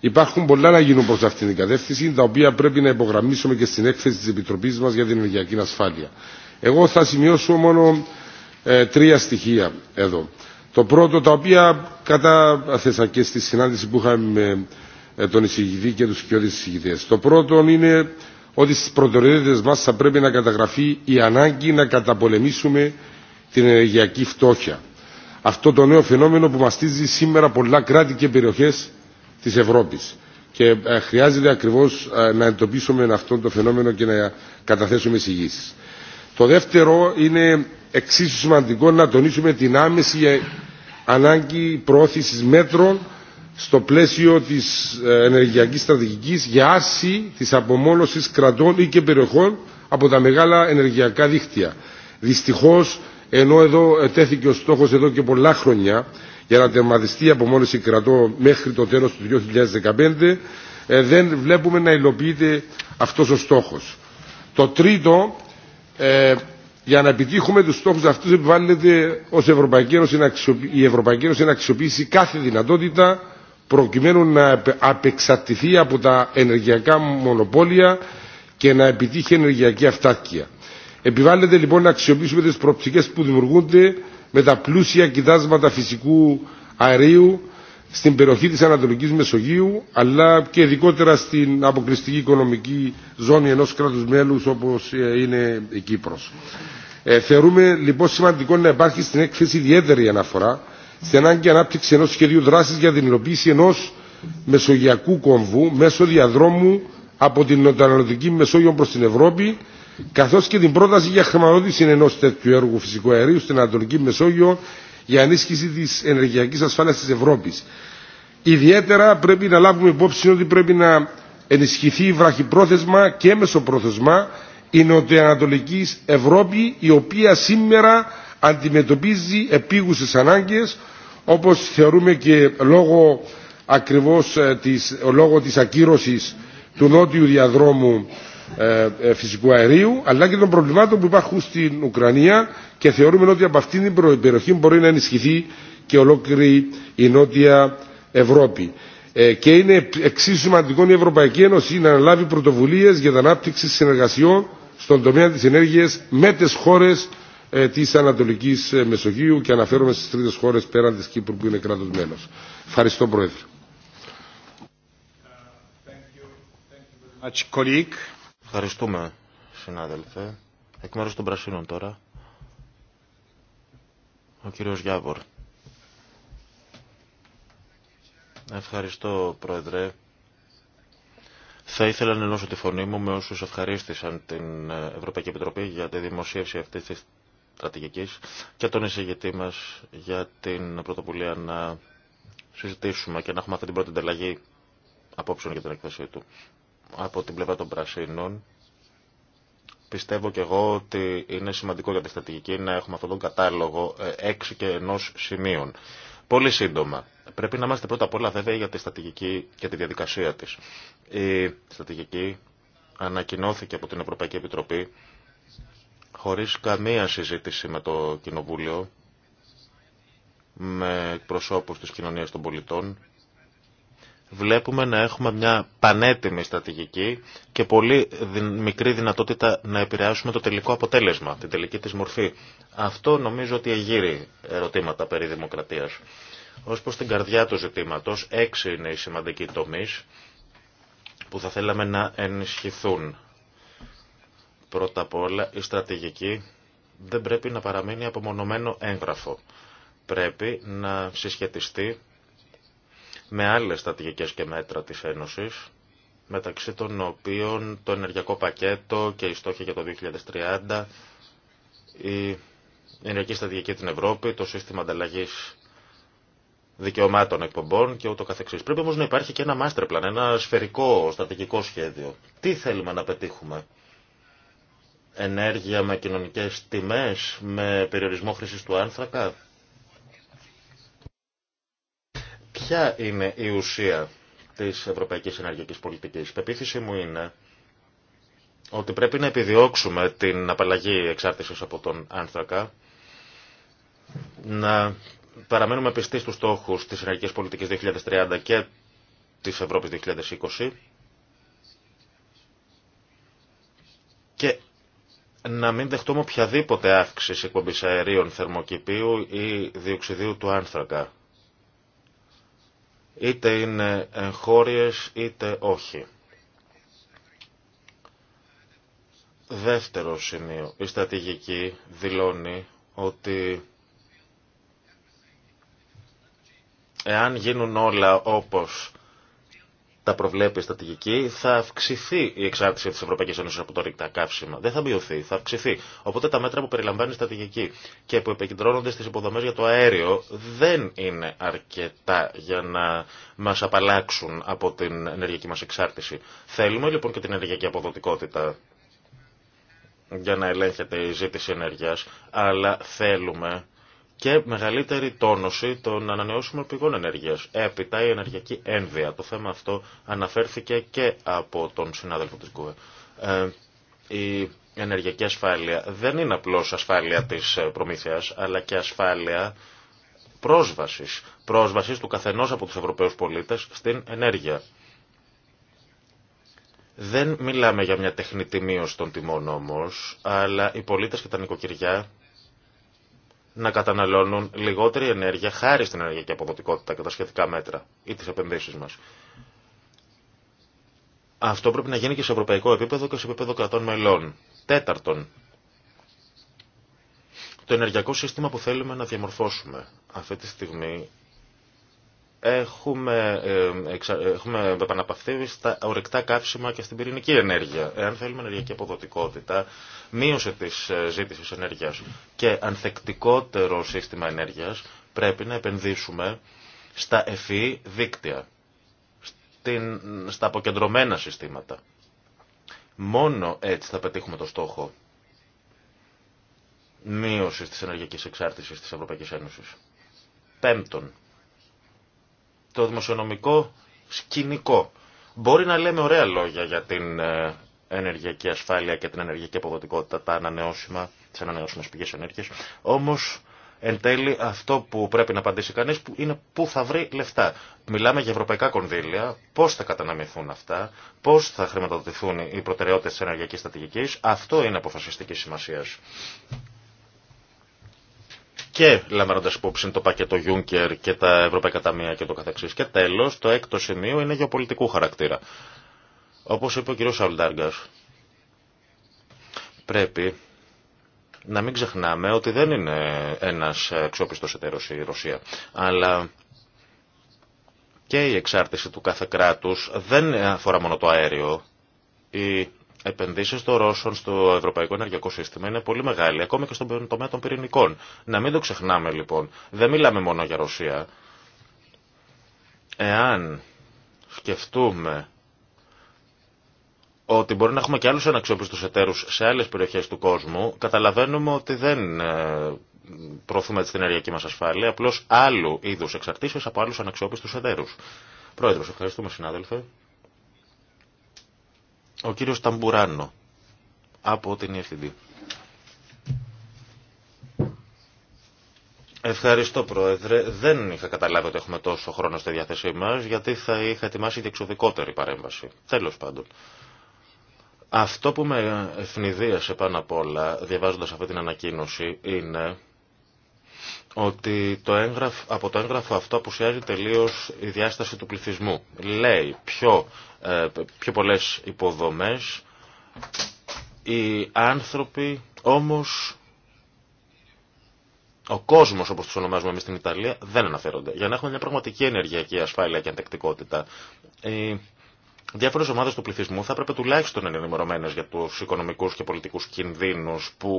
Υπάρχουν πολλά να γίνουν προ αυτήν την κατεύθυνση, τα οποία πρέπει να υπογραμμίσουμε και στην έκθεση τη Επιτροπή μα για την ενεργειακή ασφάλεια. Εγώ θα σημειώσω μόνο ε, τρία στοιχεία εδώ. Το πρώτο, τα οποία κατάθεσα και στη συνάντηση που είχαμε με ε, τον εισηγητή και του κοιόδη εισηγητέ. Το πρώτο είναι ότι στι προτεραιότητε μα θα πρέπει να καταγραφεί η ανάγκη να καταπολεμήσουμε την ενεργειακή φτώχεια. Αυτό το νέο φαινόμενο που μαστίζει σήμερα πολλά κράτη και περιοχέ της Ευρώπης. Και ε, χρειάζεται ακριβώς ε, να εντοπίσουμε αυτό το φαινόμενο και να καταθέσουμε εισηγήσει. Το δεύτερο είναι εξίσου σημαντικό να τονίσουμε την άμεση ανάγκη προώθησης μέτρων στο πλαίσιο της ε, ενεργειακής στρατηγικής για άρση της απομόνωσης κρατών ή και περιοχών από τα μεγάλα ενεργειακά δίκτυα. Δυστυχώς, ενώ εδώ τέθηκε ο στόχος εδώ και πολλά χρόνια, για να τερματιστεί από απομόνωση κρατώ μέχρι το τέλος του 2015 ε, δεν βλέπουμε να υλοποιείται αυτός ο στόχος. Το τρίτο, ε, για να επιτύχουμε τους στόχους αυτούς επιβάλλεται ως Ευρωπαϊκή η Ευρωπαϊκή Ένωση να αξιοποιήσει κάθε δυνατότητα προκειμένου να απεξαρτηθεί από τα ενεργειακά μονοπόλια και να επιτύχει ενεργειακή αυτάρκεια. Επιβάλλεται λοιπόν να αξιοποιήσουμε τις προοπτικές που δημιουργούνται με τα πλούσια κοιτάσματα φυσικού αερίου στην περιοχή της Ανατολικής Μεσογείου αλλά και ειδικότερα στην αποκλειστική οικονομική ζώνη ενός κράτους μέλους όπως ε, είναι η Κύπρος. Ε, θεωρούμε λοιπόν σημαντικό να υπάρχει στην έκθεση ιδιαίτερη αναφορά στην ανάγκη ανάπτυξη ενός σχεδίου δράσης για την υλοποίηση ενός μεσογειακού κόμβου μέσω διαδρόμου από την Ανατολική Μεσόγειο προς την Ευρώπη καθώς και την πρόταση για χρηματοδότηση ενός τέτοιου έργου φυσικού αερίου στην Ανατολική Μεσόγειο για ενίσχυση της ενεργειακής ασφάλειας της Ευρώπης. Ιδιαίτερα πρέπει να λάβουμε υπόψη ότι πρέπει να ενισχυθεί βραχυπρόθεσμα και μεσοπρόθεσμα η νοτιοανατολική Ευρώπη η οποία σήμερα αντιμετωπίζει επίγουσες ανάγκες όπως θεωρούμε και λόγω ακριβώς ε, της, λόγω της ακύρωσης του νότιου διαδρόμου ε, ε, φυσικού αερίου αλλά και των προβλημάτων που υπάρχουν στην Ουκρανία και θεωρούμε ότι από αυτήν την περιοχή μπορεί να ενισχυθεί και ολόκληρη η Νότια Ευρώπη. Ε, και είναι εξίσου σημαντικό η Ευρωπαϊκή Ένωση να αναλάβει πρωτοβουλίε για την ανάπτυξη συνεργασιών στον τομέα τη ενέργεια με τι χώρε τη Ανατολική Μεσογείου και αναφέρομαι στι τρίτε χώρε πέραν τη Κύπρου που είναι κράτο μέλο. Ευχαριστώ, Πρόεδρε. Ευχαριστούμε, συνάδελφε. Εκ μέρους των Πρασίνων τώρα, ο κύριος Γιάβορ. Ευχαριστώ, Πρόεδρε. Θα ήθελα να ενώσω τη φωνή μου με όσους ευχαρίστησαν την ε, Ευρωπαϊκή Επιτροπή για τη δημοσίευση αυτής της στρατηγικής και τον εισηγητή μας για την πρωτοβουλία να συζητήσουμε και να έχουμε αυτή την πρώτη ανταλλαγή απόψεων για την έκθεσή του από την πλευρά των πρασίνων. Πιστεύω και εγώ ότι είναι σημαντικό για τη στρατηγική να έχουμε αυτόν τον κατάλογο ε, έξι και ενό σημείων. Πολύ σύντομα. Πρέπει να είμαστε πρώτα απ' όλα βέβαια για τη στρατηγική και τη διαδικασία της. Η στρατηγική ανακοινώθηκε από την Ευρωπαϊκή Επιτροπή χωρίς καμία συζήτηση με το Κοινοβούλιο, με προσώπους της κοινωνίας των πολιτών, βλέπουμε να έχουμε μια πανέτοιμη στρατηγική και πολύ μικρή δυνατότητα να επηρεάσουμε το τελικό αποτέλεσμα, την τελική της μορφή. Αυτό νομίζω ότι εγείρει ερωτήματα περί δημοκρατίας. Ως προς την καρδιά του ζητήματος, έξι είναι οι σημαντικοί τομείς που θα θέλαμε να ενισχυθούν. Πρώτα απ' όλα, η στρατηγική δεν πρέπει να παραμείνει απομονωμένο έγγραφο. Πρέπει να συσχετιστεί με άλλες στρατηγικές και μέτρα της Ένωσης, μεταξύ των οποίων το ενεργειακό πακέτο και η στόχοι για το 2030, η ενεργειακή στρατηγική την Ευρώπη, το σύστημα ανταλλαγή δικαιωμάτων εκπομπών και ούτω καθεξής. Πρέπει όμως να υπάρχει και ένα master plan, ένα σφαιρικό στρατηγικό σχέδιο. Τι θέλουμε να πετύχουμε. Ενέργεια με κοινωνικές τιμές, με περιορισμό χρήσης του άνθρακα, Ποια είναι η ουσία της ευρωπαϊκής ενεργειακής πολιτικής. Η πεποίθηση μου είναι ότι πρέπει να επιδιώξουμε την απαλλαγή εξάρτησης από τον άνθρακα, να παραμένουμε πιστοί στους στόχους της ενεργειακής πολιτικής 2030 και της Ευρώπης 2020 και να μην δεχτούμε οποιαδήποτε αύξηση εκπομπής αερίων θερμοκηπίου ή διοξιδίου του άνθρακα είτε είναι εγχώριες είτε όχι. Δεύτερο σημείο. Η στρατηγική δηλώνει ότι εάν γίνουν όλα όπως τα προβλέπει η στρατηγική, θα αυξηθεί η εξάρτηση τη Ευρωπαϊκή Ένωση από το ρηκτά καύσιμα. Δεν θα μειωθεί, θα αυξηθεί. Οπότε τα μέτρα που περιλαμβάνει η στρατηγική και που επικεντρώνονται στι υποδομέ για το αέριο δεν είναι αρκετά για να μα απαλλάξουν από την ενεργειακή μα εξάρτηση. Θέλουμε λοιπόν και την ενεργειακή αποδοτικότητα για να ελέγχεται η ζήτηση ενέργειας, αλλά θέλουμε και μεγαλύτερη τόνωση των ανανεώσιμων πηγών ενέργειας. Έπειτα η ενεργειακή ένδυα. Το θέμα αυτό αναφέρθηκε και από τον συνάδελφο της ΚΟΕ. Ε, η ενεργειακή ασφάλεια δεν είναι απλώς ασφάλεια της ε, προμήθειας, αλλά και ασφάλεια πρόσβασης. Πρόσβασης του καθενός από τους Ευρωπαίους πολίτες στην ενέργεια. Δεν μιλάμε για μια τεχνητή μείωση των τιμών όμως, αλλά οι πολίτες και τα νοικοκυριά να καταναλώνουν λιγότερη ενέργεια χάρη στην ενεργειακή αποδοτικότητα και τα σχετικά μέτρα ή τι επενδύσει μας. Αυτό πρέπει να γίνει και σε ευρωπαϊκό επίπεδο και σε επίπεδο κρατών μελών. Τέταρτον, το ενεργειακό σύστημα που θέλουμε να διαμορφώσουμε. Αυτή τη στιγμή έχουμε, ε, ε, έχουμε επαναπαυθεί στα ορεκτά καύσιμα και στην πυρηνική ενέργεια. Εάν θέλουμε ενεργειακή αποδοτικότητα, μείωση της ε, ζήτησης ενέργειας και ανθεκτικότερο σύστημα ενέργειας, πρέπει να επενδύσουμε στα ευφυή e δίκτυα, στην, στα αποκεντρωμένα συστήματα. Μόνο έτσι θα πετύχουμε το στόχο μείωση της ενεργειακής εξάρτησης της Ευρωπαϊκής Ένωσης. Πέμπτον, το δημοσιονομικό σκηνικό. Μπορεί να λέμε ωραία λόγια για την ε, ενεργειακή ασφάλεια και την ενεργειακή αποδοτικότητα, τα ανανεώσιμα, τις ανανεώσιμες πηγές ενέργειας, όμως Εν τέλει, αυτό που πρέπει να απαντήσει που είναι πού θα βρει λεφτά. Μιλάμε για ευρωπαϊκά κονδύλια, πώς θα καταναμηθούν αυτά, πώ θα χρηματοδοτηθούν οι προτεραιότητε τη ενεργειακή στρατηγικής, Αυτό είναι αποφασιστική σημασία και λαμβάνοντα υπόψη το πακέτο Juncker και τα Ευρωπαϊκά Ταμεία και το καθεξής. Και τέλο το έκτο σημείο είναι γεωπολιτικού χαρακτήρα. Όπω είπε ο κ. Σαλντάργκα, πρέπει να μην ξεχνάμε ότι δεν είναι ένα εξόπιστο εταίρο η Ρωσία, αλλά και η εξάρτηση του κάθε κράτου δεν αφορά μόνο το αέριο. Η επενδύσει των Ρώσων στο ευρωπαϊκό ενεργειακό σύστημα είναι πολύ μεγάλη, ακόμα και στον τομέα των πυρηνικών. Να μην το ξεχνάμε λοιπόν. Δεν μιλάμε μόνο για Ρωσία. Εάν σκεφτούμε ότι μπορεί να έχουμε και άλλους αναξιόπιστους εταίρους σε άλλες περιοχές του κόσμου, καταλαβαίνουμε ότι δεν ε, προωθούμε την ενεργειακή μας ασφάλεια, απλώς άλλου είδους εξαρτήσεις από άλλους αναξιόπιστους εταίρους. Πρόεδρος, ευχαριστούμε συνάδελφε. Ο κύριος Ταμπουράνο από την EFTD. Ευχαριστώ, Πρόεδρε. Δεν είχα καταλάβει ότι έχουμε τόσο χρόνο στη διάθεσή μα, γιατί θα είχα ετοιμάσει διεξοδικότερη παρέμβαση. Τέλος πάντων. Αυτό που με ευνηδίασε πάνω απ' όλα, διαβάζοντας αυτή την ανακοίνωση, είναι ότι το από το έγγραφο αυτό αποουσιάζει τελείως η διάσταση του πληθυσμού. Λέει πιο, ε, πιο πολλές υποδομές, οι άνθρωποι όμως ο κόσμο, όπω του ονομάζουμε εμεί στην Ιταλία, δεν αναφέρονται. Για να έχουμε μια πραγματική ενεργειακή ασφάλεια και αντεκτικότητα, οι διάφορε ομάδε του πληθυσμού θα έπρεπε τουλάχιστον να είναι ενημερωμένε για του οικονομικού και πολιτικού κινδύνου που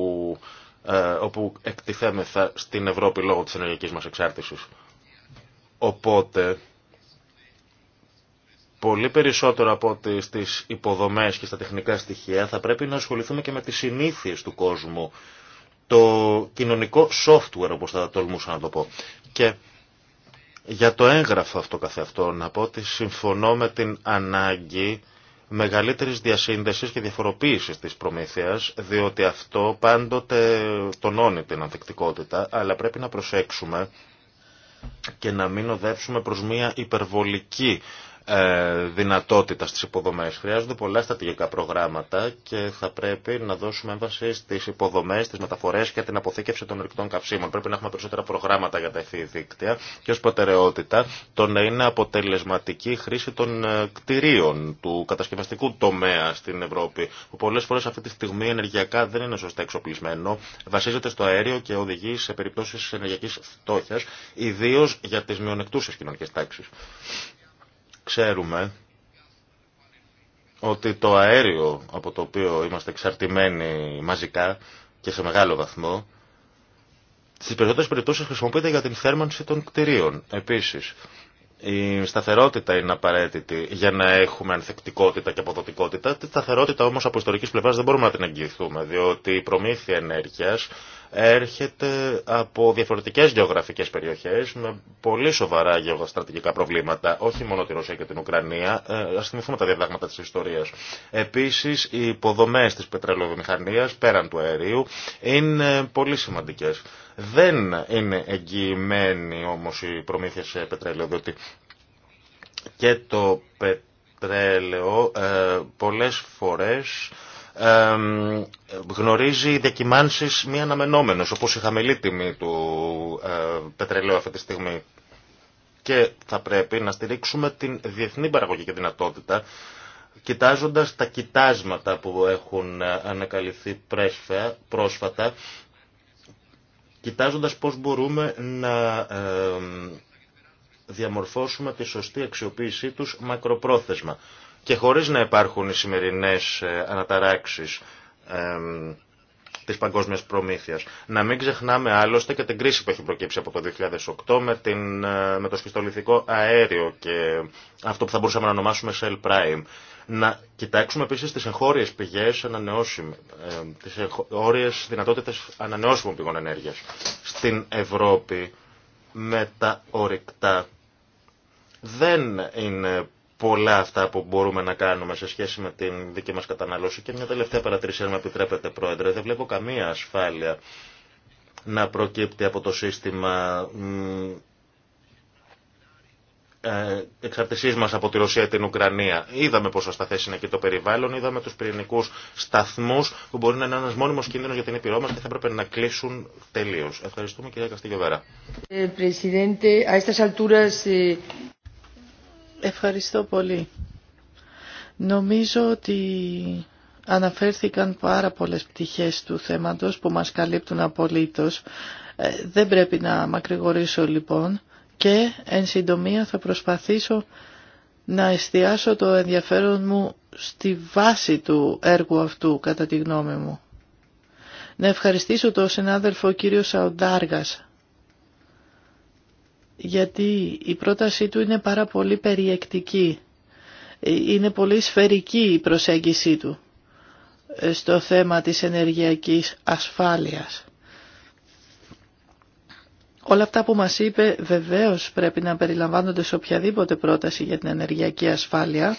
ε, όπου εκτιθέμεθα στην Ευρώπη λόγω της ενεργειακής μας εξάρτησης. Οπότε, πολύ περισσότερο από ότι στις υποδομές και στα τεχνικά στοιχεία θα πρέπει να ασχοληθούμε και με τις συνήθειες του κόσμου. Το κοινωνικό software, όπως θα τολμούσα να το πω. Και για το έγγραφο αυτό καθεαυτό, να πω ότι συμφωνώ με την ανάγκη μεγαλύτερης διασύνδεσης και διαφοροποίησης της προμήθειας, διότι αυτό πάντοτε τονώνει την ανθεκτικότητα, αλλά πρέπει να προσέξουμε και να μην οδεύσουμε προς μια υπερβολική ε, δυνατότητα στις υποδομές. Χρειάζονται πολλά στρατηγικά προγράμματα και θα πρέπει να δώσουμε έμβαση στις υποδομές, στις μεταφορές και την αποθήκευση των ρηκτών καυσίμων. Πρέπει να έχουμε περισσότερα προγράμματα για τα ευθύ δίκτυα και ως προτεραιότητα το να είναι αποτελεσματική χρήση των ε, κτηρίων του κατασκευαστικού τομέα στην Ευρώπη που πολλές φορές αυτή τη στιγμή ενεργειακά δεν είναι σωστά εξοπλισμένο, βασίζεται στο αέριο και οδηγεί σε περιπτώσεις ενεργειακής φτώχεια, ιδίω για τις μειονεκτούσες κοινωνικέ τάξεις. Ξέρουμε ότι το αέριο από το οποίο είμαστε εξαρτημένοι μαζικά και σε μεγάλο βαθμό, στις περισσότερες περιπτώσεις χρησιμοποιείται για την θέρμανση των κτηρίων. Επίσης, η σταθερότητα είναι απαραίτητη για να έχουμε ανθεκτικότητα και αποδοτικότητα. Τη σταθερότητα όμως από ιστορικής πλευράς δεν μπορούμε να την εγγυηθούμε, διότι η προμήθεια ενέργειας έρχεται από διαφορετικές γεωγραφικές περιοχές με πολύ σοβαρά γεωστρατηγικά προβλήματα, όχι μόνο τη Ρωσία και την Ουκρανία. Ε, ας θυμηθούμε τα διαδάγματα της ιστορίας. Επίσης, οι υποδομές της πετρελαιοβιομηχανίας πέραν του αερίου είναι πολύ σημαντικές. Δεν είναι εγγυημένη όμως η προμήθεια σε πετρέλαιο, διότι και το πετρέλαιο ε, πολλές φορές γνωρίζει διακυμάνσεις μη αναμενόμενος όπως η χαμηλή τιμή του ε, πετρελαίου αυτή τη στιγμή. Και θα πρέπει να στηρίξουμε την διεθνή παραγωγική δυνατότητα, κοιτάζοντας τα κοιτάσματα που έχουν ε, ανακαλυφθεί πρόσφατα, κοιτάζοντας πώς μπορούμε να διαμορφώσουμε τη σωστή αξιοποίησή τους μακροπρόθεσμα και χωρίς να υπάρχουν οι σημερινές ε, αναταράξεις της παγκόσμιας προμήθειας. Να μην ξεχνάμε άλλωστε και την κρίση που έχει προκύψει από το 2008 με, την, ε, με το σχιστολιθικό αέριο και αυτό που θα μπορούσαμε να ονομάσουμε Shell Prime. Να κοιτάξουμε επίσης τις εγχώριες πηγές, ε, τις εγχώριες δυνατότητες ανανεώσιμων πηγών ενέργειας. Στην Ευρώπη με τα ορυκτά δεν είναι πολλά αυτά που μπορούμε να κάνουμε σε σχέση με την δική μας κατανάλωση. Και μια τελευταία παρατηρήση, αν με επιτρέπετε πρόεδρε, δεν βλέπω καμία ασφάλεια να προκύπτει από το σύστημα ε, εξαρτησής μας από τη Ρωσία και την Ουκρανία. Είδαμε πόσο ασταθές είναι εκεί το περιβάλλον, είδαμε τους πυρηνικούς σταθμούς που μπορεί να είναι ένας μόνιμος κίνδυνος για την Επιρώμα μας και θα έπρεπε να κλείσουν τελείως. Ευχαριστούμε κυρία Καστήγιο Βέρα. Ε, Ευχαριστώ πολύ. Νομίζω ότι αναφέρθηκαν πάρα πολλές πτυχές του θέματος που μας καλύπτουν απολύτως. Ε, δεν πρέπει να μακρηγορήσω λοιπόν και εν συντομία θα προσπαθήσω να εστιάσω το ενδιαφέρον μου στη βάση του έργου αυτού κατά τη γνώμη μου. Να ευχαριστήσω τον συνάδελφο κύριο Σαοντάργας γιατί η πρότασή του είναι πάρα πολύ περιεκτική. Ε, είναι πολύ σφαιρική η προσέγγιση του ε, στο θέμα της ενεργειακής ασφάλειας. Όλα αυτά που μας είπε βεβαίως πρέπει να περιλαμβάνονται σε οποιαδήποτε πρόταση για την ενεργειακή ασφάλεια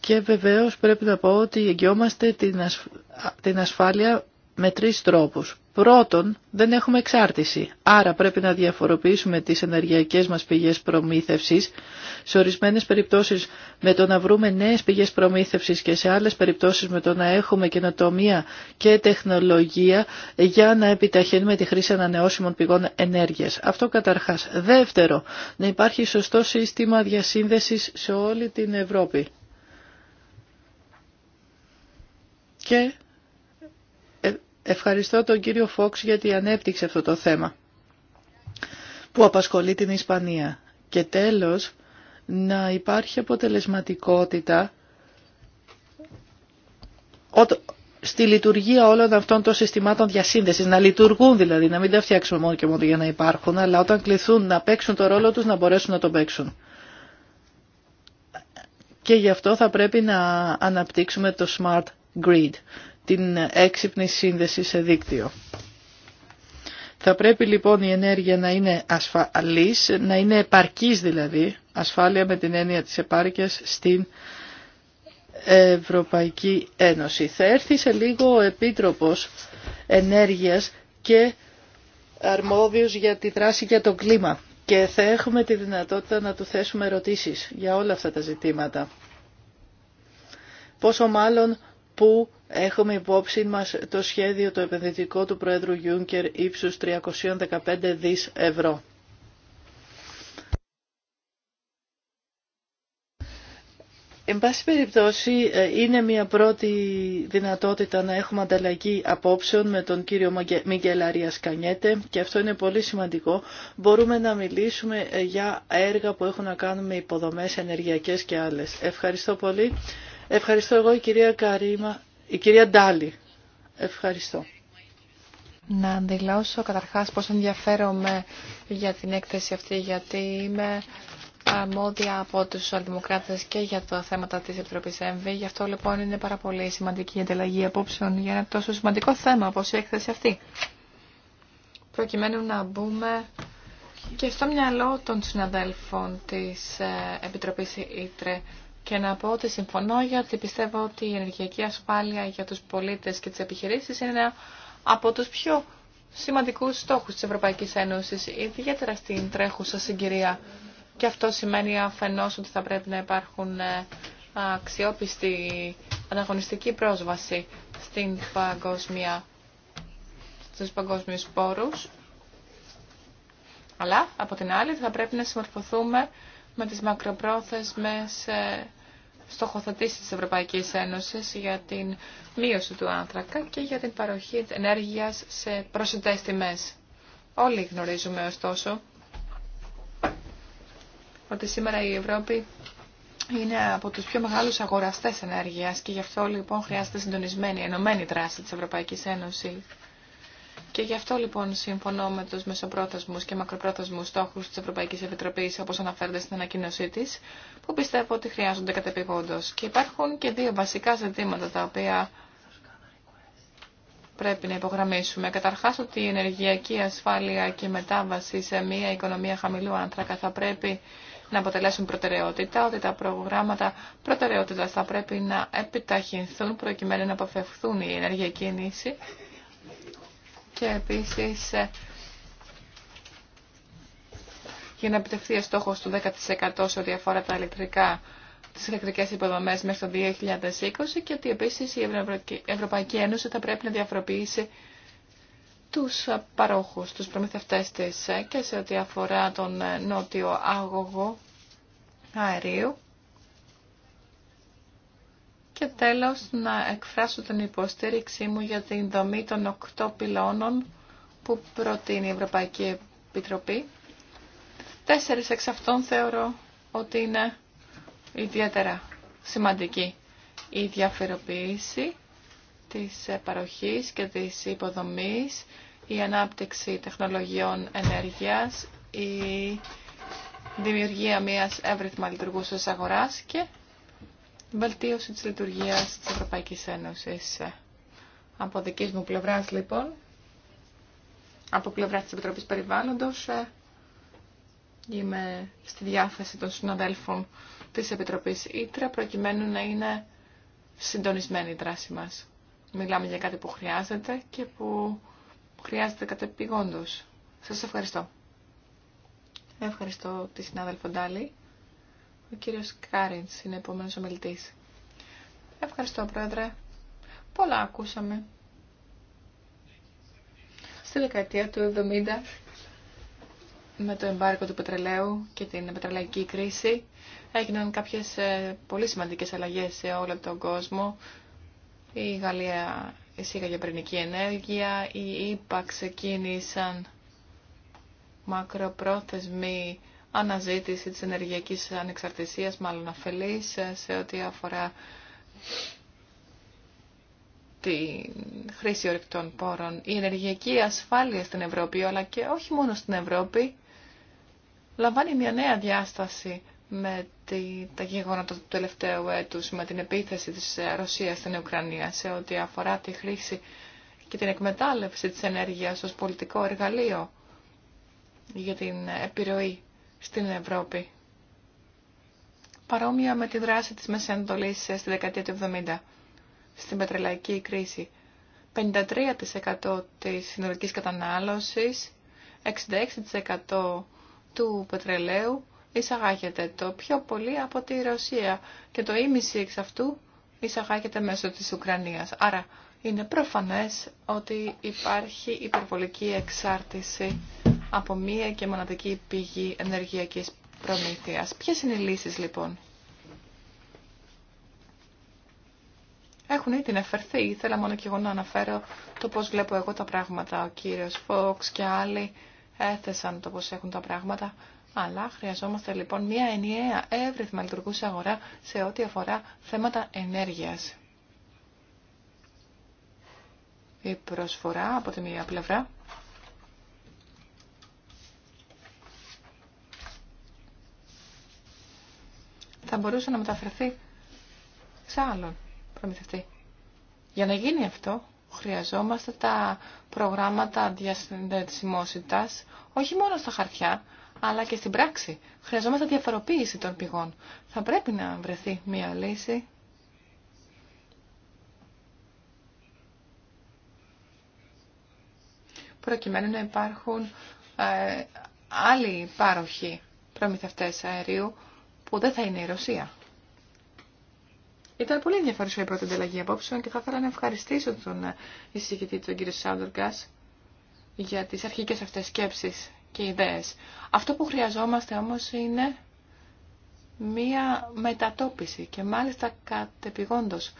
και βεβαίως πρέπει να πω ότι εγγυόμαστε την ασφάλεια με τρεις τρόπους. Πρώτον, δεν έχουμε εξάρτηση, άρα πρέπει να διαφοροποιήσουμε τις ενεργειακές μας πηγές προμήθευσης. Σε ορισμένες περιπτώσεις με το να βρούμε νέες πηγές προμήθευσης και σε άλλες περιπτώσεις με το να έχουμε καινοτομία και τεχνολογία για να επιταχύνουμε τη χρήση ανανεώσιμων πηγών ενέργειας. Αυτό καταρχάς. Δεύτερο, να υπάρχει σωστό σύστημα διασύνδεσης σε όλη την Ευρώπη. Και Ευχαριστώ τον κύριο Φόξ γιατί ανέπτυξε αυτό το θέμα που απασχολεί την Ισπανία. Και τέλος, να υπάρχει αποτελεσματικότητα στη λειτουργία όλων αυτών των συστημάτων διασύνδεσης, να λειτουργούν δηλαδή, να μην τα φτιάξουμε μόνο και μόνο για να υπάρχουν, αλλά όταν κληθούν να παίξουν το ρόλο τους να μπορέσουν να το παίξουν. Και γι' αυτό θα πρέπει να αναπτύξουμε το smart grid την έξυπνη σύνδεση σε δίκτυο. Θα πρέπει λοιπόν η ενέργεια να είναι ασφαλής, να είναι επαρκής δηλαδή, ασφάλεια με την έννοια της επάρκειας στην Ευρωπαϊκή Ένωση. Θα έρθει σε λίγο ο Επίτροπος Ενέργειας και αρμόδιος για τη δράση για το κλίμα και θα έχουμε τη δυνατότητα να του θέσουμε ερωτήσεις για όλα αυτά τα ζητήματα. Πόσο μάλλον που έχουμε υπόψη μας το σχέδιο το επενδυτικό του Πρόεδρου Γιούνκερ ύψους 315 δις ευρώ. Εν πάση περιπτώσει, ε, είναι μια πρώτη δυνατότητα να έχουμε ανταλλαγή απόψεων με τον κύριο Μιγκελάρια Κανιέτε και αυτό είναι πολύ σημαντικό. Μπορούμε να μιλήσουμε ε, για έργα που έχουν να κάνουν με υποδομές ενεργειακές και άλλες. Ευχαριστώ πολύ. Ευχαριστώ εγώ η κυρία Καρίμα, η κυρία Ντάλη. Ευχαριστώ. Να δηλώσω καταρχάς πως ενδιαφέρομαι για την έκθεση αυτή, γιατί είμαι αρμόδια από τους σοσιαλδημοκράτες και για τα θέματα της Επιτροπής ΕΜΒΗ. Γι' αυτό λοιπόν είναι πάρα πολύ σημαντική η ανταλλαγή απόψεων για ένα τόσο σημαντικό θέμα όπως η έκθεση αυτή. Προκειμένου να μπούμε και στο μυαλό των συναδέλφων της ε, Επιτροπής ΙΤΡΕ και να πω ότι συμφωνώ γιατί πιστεύω ότι η ενεργειακή ασφάλεια για τους πολίτες και τις επιχειρήσεις είναι από τους πιο σημαντικούς στόχους της Ευρωπαϊκής Ένωσης, ιδιαίτερα στην τρέχουσα συγκυρία. Και αυτό σημαίνει αφενός ότι θα πρέπει να υπάρχουν ε, αξιόπιστη αναγωνιστική πρόσβαση στην παγκόσμια, στους παγκόσμιους πόρους. Αλλά, από την άλλη, θα πρέπει να συμμορφωθούμε με τις μακροπρόθεσμες ε, στοχοθετήσεις της Ευρωπαϊκής Ένωσης για την μείωση του άνθρακα και για την παροχή ενέργειας σε προσιτές τιμές. Όλοι γνωρίζουμε ωστόσο ότι σήμερα η Ευρώπη είναι από τους πιο μεγάλους αγοραστές ενέργειας και γι' αυτό λοιπόν χρειάζεται συντονισμένη, ενωμένη δράση της Ευρωπαϊκής Ένωσης και γι' αυτό λοιπόν συμφωνώ με τους μέσοπρόθεσμου και μακροπρόθεσμου στόχους της Ευρωπαϊκής Επιτροπής όπως αναφέρεται στην ανακοίνωσή της που πιστεύω ότι χρειάζονται κατεπηγόντως. Και υπάρχουν και δύο βασικά ζητήματα τα οποία πρέπει να υπογραμμίσουμε. Καταρχάς ότι η ενεργειακή ασφάλεια και η μετάβαση σε μια οικονομία χαμηλού άνθρακα θα πρέπει να αποτελέσουν προτεραιότητα, ότι τα προγράμματα προτεραιότητας θα πρέπει να επιταχυνθούν προκειμένου να αποφευχθούν η ενεργειακή νήση και επίσης ε, για να επιτευχθεί ο στόχος του 10% σε ό,τι αφορά τα ηλεκτρικά, τις ηλεκτρικές υποδομές μέχρι το 2020 και ότι επίσης η Ευρωπαϊκή Ένωση θα πρέπει να διαφοροποιήσει τους παρόχους, τους προμηθευτές της ε, και σε ό,τι αφορά τον ε, νότιο άγωγο αερίου και τέλος να εκφράσω την υποστήριξή μου για την δομή των οκτώ πυλώνων που προτείνει η Ευρωπαϊκή Επιτροπή. Τέσσερις εξ αυτών θεωρώ ότι είναι ιδιαίτερα σημαντική. Η διαφεροποίηση της παροχής και της υποδομής, η ανάπτυξη τεχνολογιών ενέργειας, η δημιουργία μιας εύρυθμα λειτουργούσης αγοράς και βελτίωση της λειτουργίας της Ευρωπαϊκής Ένωσης. Από δική μου πλευρά, λοιπόν, από πλευρά της Επιτροπής Περιβάλλοντος, ε, είμαι στη διάθεση των συναδέλφων της Επιτροπής Ήτρα, προκειμένου να είναι συντονισμένη η δράση μας. Μιλάμε για κάτι που χρειάζεται και που χρειάζεται κατεπηγόντως. Σας ευχαριστώ. Ευχαριστώ τη συνάδελφο Ντάλη. Ο κύριο Κάριν, είναι επόμενος ομιλητή. Ευχαριστώ, Πρόεδρε. Πολλά ακούσαμε. Στη δεκαετία του 70, με το εμπάρκο του πετρελαίου και την πετρελαϊκή κρίση, έγιναν κάποιες ε, πολύ σημαντικές αλλαγές σε όλο τον κόσμο. Η Γαλλία εισήγαγε πρινική ενέργεια, οι ΙΠΑ ξεκίνησαν μακροπρόθεσμοι αναζήτηση της ενεργειακής ανεξαρτησίας, μάλλον αφελής, σε ό,τι αφορά τη χρήση ορεικτών πόρων. Η ενεργειακή ασφάλεια στην Ευρώπη, αλλά και όχι μόνο στην Ευρώπη, λαμβάνει μια νέα διάσταση με τη, τα γεγονότα του τελευταίου έτους, με την επίθεση της Ρωσίας στην Ουκρανία σε ό,τι αφορά τη χρήση και την εκμετάλλευση της ενέργειας ως πολιτικό εργαλείο για την επιρροή στην Ευρώπη. Παρόμοια με τη δράση της Ανατολής ε, στη δεκαετία του 70, στην πετρελαϊκή κρίση. 53% της συνολικής κατανάλωσης, 66% του πετρελαίου εισαγάγεται το πιο πολύ από τη Ρωσία και το ίμιση εξ αυτού εισαγάγεται μέσω της Ουκρανίας. Άρα είναι προφανές ότι υπάρχει υπερβολική εξάρτηση από μία και μοναδική πηγή ενεργειακής προμήθειας. Ποιες είναι οι λύσεις λοιπόν. Έχουν ήδη αναφερθεί. Ήθελα μόνο και εγώ να αναφέρω το πώς βλέπω εγώ τα πράγματα. Ο κύριος Φόξ και άλλοι έθεσαν το πώς έχουν τα πράγματα. Αλλά χρειαζόμαστε λοιπόν μια ενιαία εύρυθμα λειτουργούσα αγορά σε ό,τι αφορά θέματα ενέργειας. Η προσφορά από τη μία πλευρά θα μπορούσε να μεταφερθεί σε άλλον προμηθευτή. Για να γίνει αυτό, χρειαζόμαστε τα προγράμματα διασυνδεσιμότητας, όχι μόνο στα χαρτιά, αλλά και στην πράξη. Χρειαζόμαστε διαφοροποίηση των πηγών. Θα πρέπει να βρεθεί μία λύση. προκειμένου να υπάρχουν ε, άλλοι πάροχοι προμηθευτές αερίου, που δεν θα είναι η Ρωσία. Ήταν πολύ ενδιαφέρουσα η πρώτη ανταλλαγή απόψεων και θα ήθελα να ευχαριστήσω τον ε, εισηγητή τον κύριο Σάντορκα, για τις αρχικέ αυτές σκέψεις και ιδέες. Αυτό που χρειαζόμαστε όμω είναι μία μετατόπιση και μάλιστα κατεπηγόντως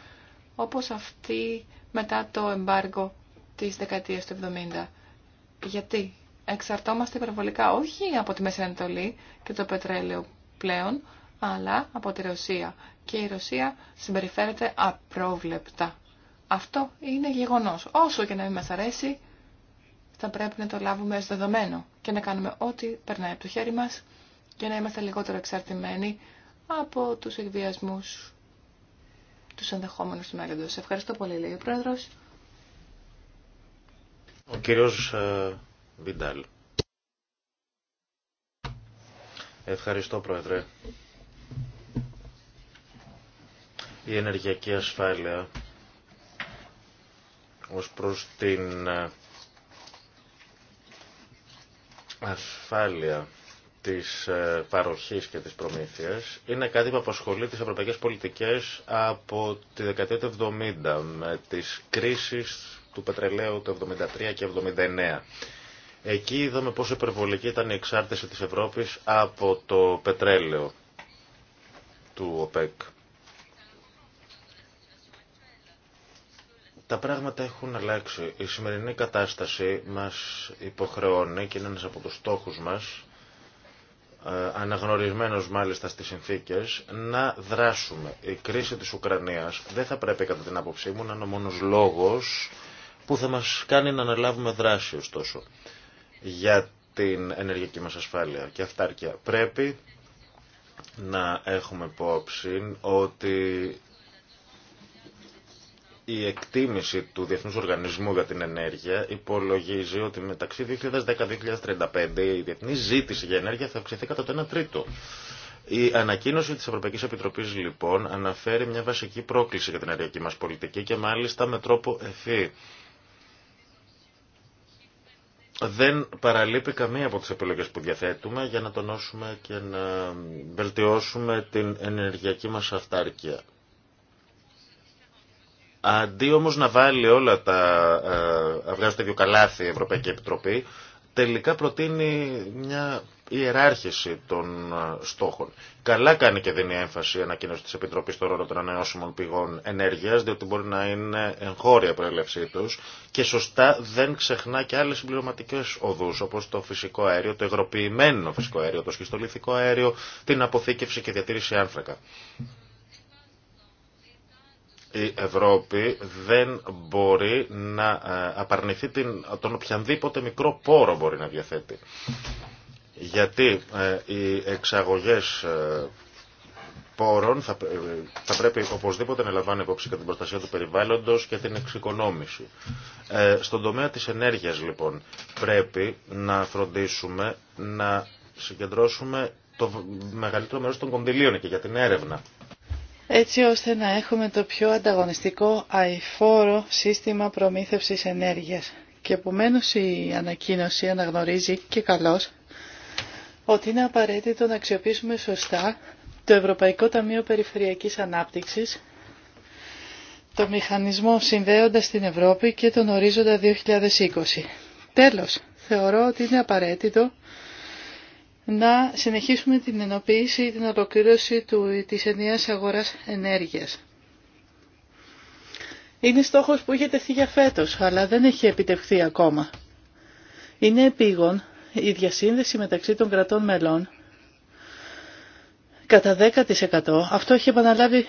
όπως αυτή μετά το εμπάργκο της δεκαετίας του 70. Γιατί εξαρτώμαστε υπερβολικά όχι από τη Μέση Ανατολή και το πετρέλαιο πλέον, αλλά από τη Ρωσία. Και η Ρωσία συμπεριφέρεται απρόβλεπτα. Αυτό είναι γεγονός. Όσο και να μην μας αρέσει, θα πρέπει να το λάβουμε ως δεδομένο και να κάνουμε ό,τι περνάει από το χέρι μας και να είμαστε λιγότερο εξαρτημένοι από τους εκβιασμούς τους ενδεχόμενου του μέλλοντος. Ευχαριστώ πολύ, λέει ο Πρόεδρος. Ε, Βιντάλ. Ευχαριστώ, Πρόεδρε. Η ενεργειακή ασφάλεια ως προς την ε, ασφάλεια της ε, παροχής και της προμήθειας είναι κάτι που απασχολεί τις ευρωπαϊκές πολιτικές από τη δεκαετία του 70 με τις κρίσεις του πετρελαίου του 73 και 79 Εκεί είδαμε πόσο υπερβολική ήταν η εξάρτηση της Ευρώπης από το πετρέλαιο του ΟΠΕΚ. Τα πράγματα έχουν αλλάξει. Η σημερινή κατάσταση μας υποχρεώνει και είναι ένας από τους στόχους μας, ε, αναγνωρισμένος μάλιστα στις συνθήκες, να δράσουμε. Η κρίση της Ουκρανίας δεν θα πρέπει κατά την άποψή μου να είναι ο μόνος λόγος που θα μας κάνει να αναλάβουμε δράση ωστόσο για την ενεργειακή μας ασφάλεια και αυτάρκεια. Πρέπει να έχουμε υπόψη ότι η εκτίμηση του Διεθνούς Οργανισμού για την Ενέργεια υπολογίζει ότι μεταξύ 2010-2035 η διεθνή ζήτηση για ενέργεια θα αυξηθεί κατά το 1 τρίτο. Η ανακοίνωση της Ευρωπαϊκής Επιτροπής λοιπόν αναφέρει μια βασική πρόκληση για την ενεργειακή μας πολιτική και μάλιστα με τρόπο ευθύ δεν παραλείπει καμία από τις επιλογές που διαθέτουμε για να τονώσουμε και να βελτιώσουμε την ενεργειακή μας αυτάρκεια. Αντί όμως να βάλει όλα τα ε, αυγά στο ίδιο καλάθι η Ευρωπαϊκή Επιτροπή, τελικά προτείνει μια η ιεράρχηση των ε, στόχων. Καλά κάνει και δίνει έμφαση η ανακοίνωση τη Επιτροπή στο ρόλο των ανανεώσιμων πηγών ενέργεια, διότι μπορεί να είναι εγχώρια προέλευσή του και σωστά δεν ξεχνά και άλλε συμπληρωματικέ οδού, όπω το φυσικό αέριο, το υγροποιημένο φυσικό αέριο, το σχιστολιθικό αέριο, την αποθήκευση και διατήρηση άνθρακα. Η Ευρώπη δεν μπορεί να ε, απαρνηθεί την, τον οποιανδήποτε μικρό πόρο μπορεί να διαθέτει γιατί ε, οι εξαγωγές ε, πόρων θα, ε, θα πρέπει οπωσδήποτε να λαμβάνουν υπόψη και την προστασία του περιβάλλοντος και την εξοικονόμηση. Ε, στον τομέα της ενέργειας λοιπόν πρέπει να φροντίσουμε να συγκεντρώσουμε το μεγαλύτερο μέρος των κονδυλίων και για την έρευνα. Έτσι ώστε να έχουμε το πιο ανταγωνιστικό αηφόρο σύστημα προμήθευσης ενέργειας. Και επομένως η ανακοίνωση αναγνωρίζει και καλώς ότι είναι απαραίτητο να αξιοποιήσουμε σωστά το Ευρωπαϊκό Ταμείο Περιφερειακής Ανάπτυξης, το Μηχανισμό Συνδέοντας την Ευρώπη και τον Ορίζοντα 2020. Τέλος, θεωρώ ότι είναι απαραίτητο να συνεχίσουμε την ενοποίηση ή την ολοκλήρωση του, της ενιαίας αγοράς ενέργειας. Είναι στόχος που είχε τεθεί για φέτος, αλλά δεν έχει επιτευχθεί ακόμα. Είναι επίγον η διασύνδεση μεταξύ των κρατών μελών κατά 10%. Αυτό έχει επαναλάβει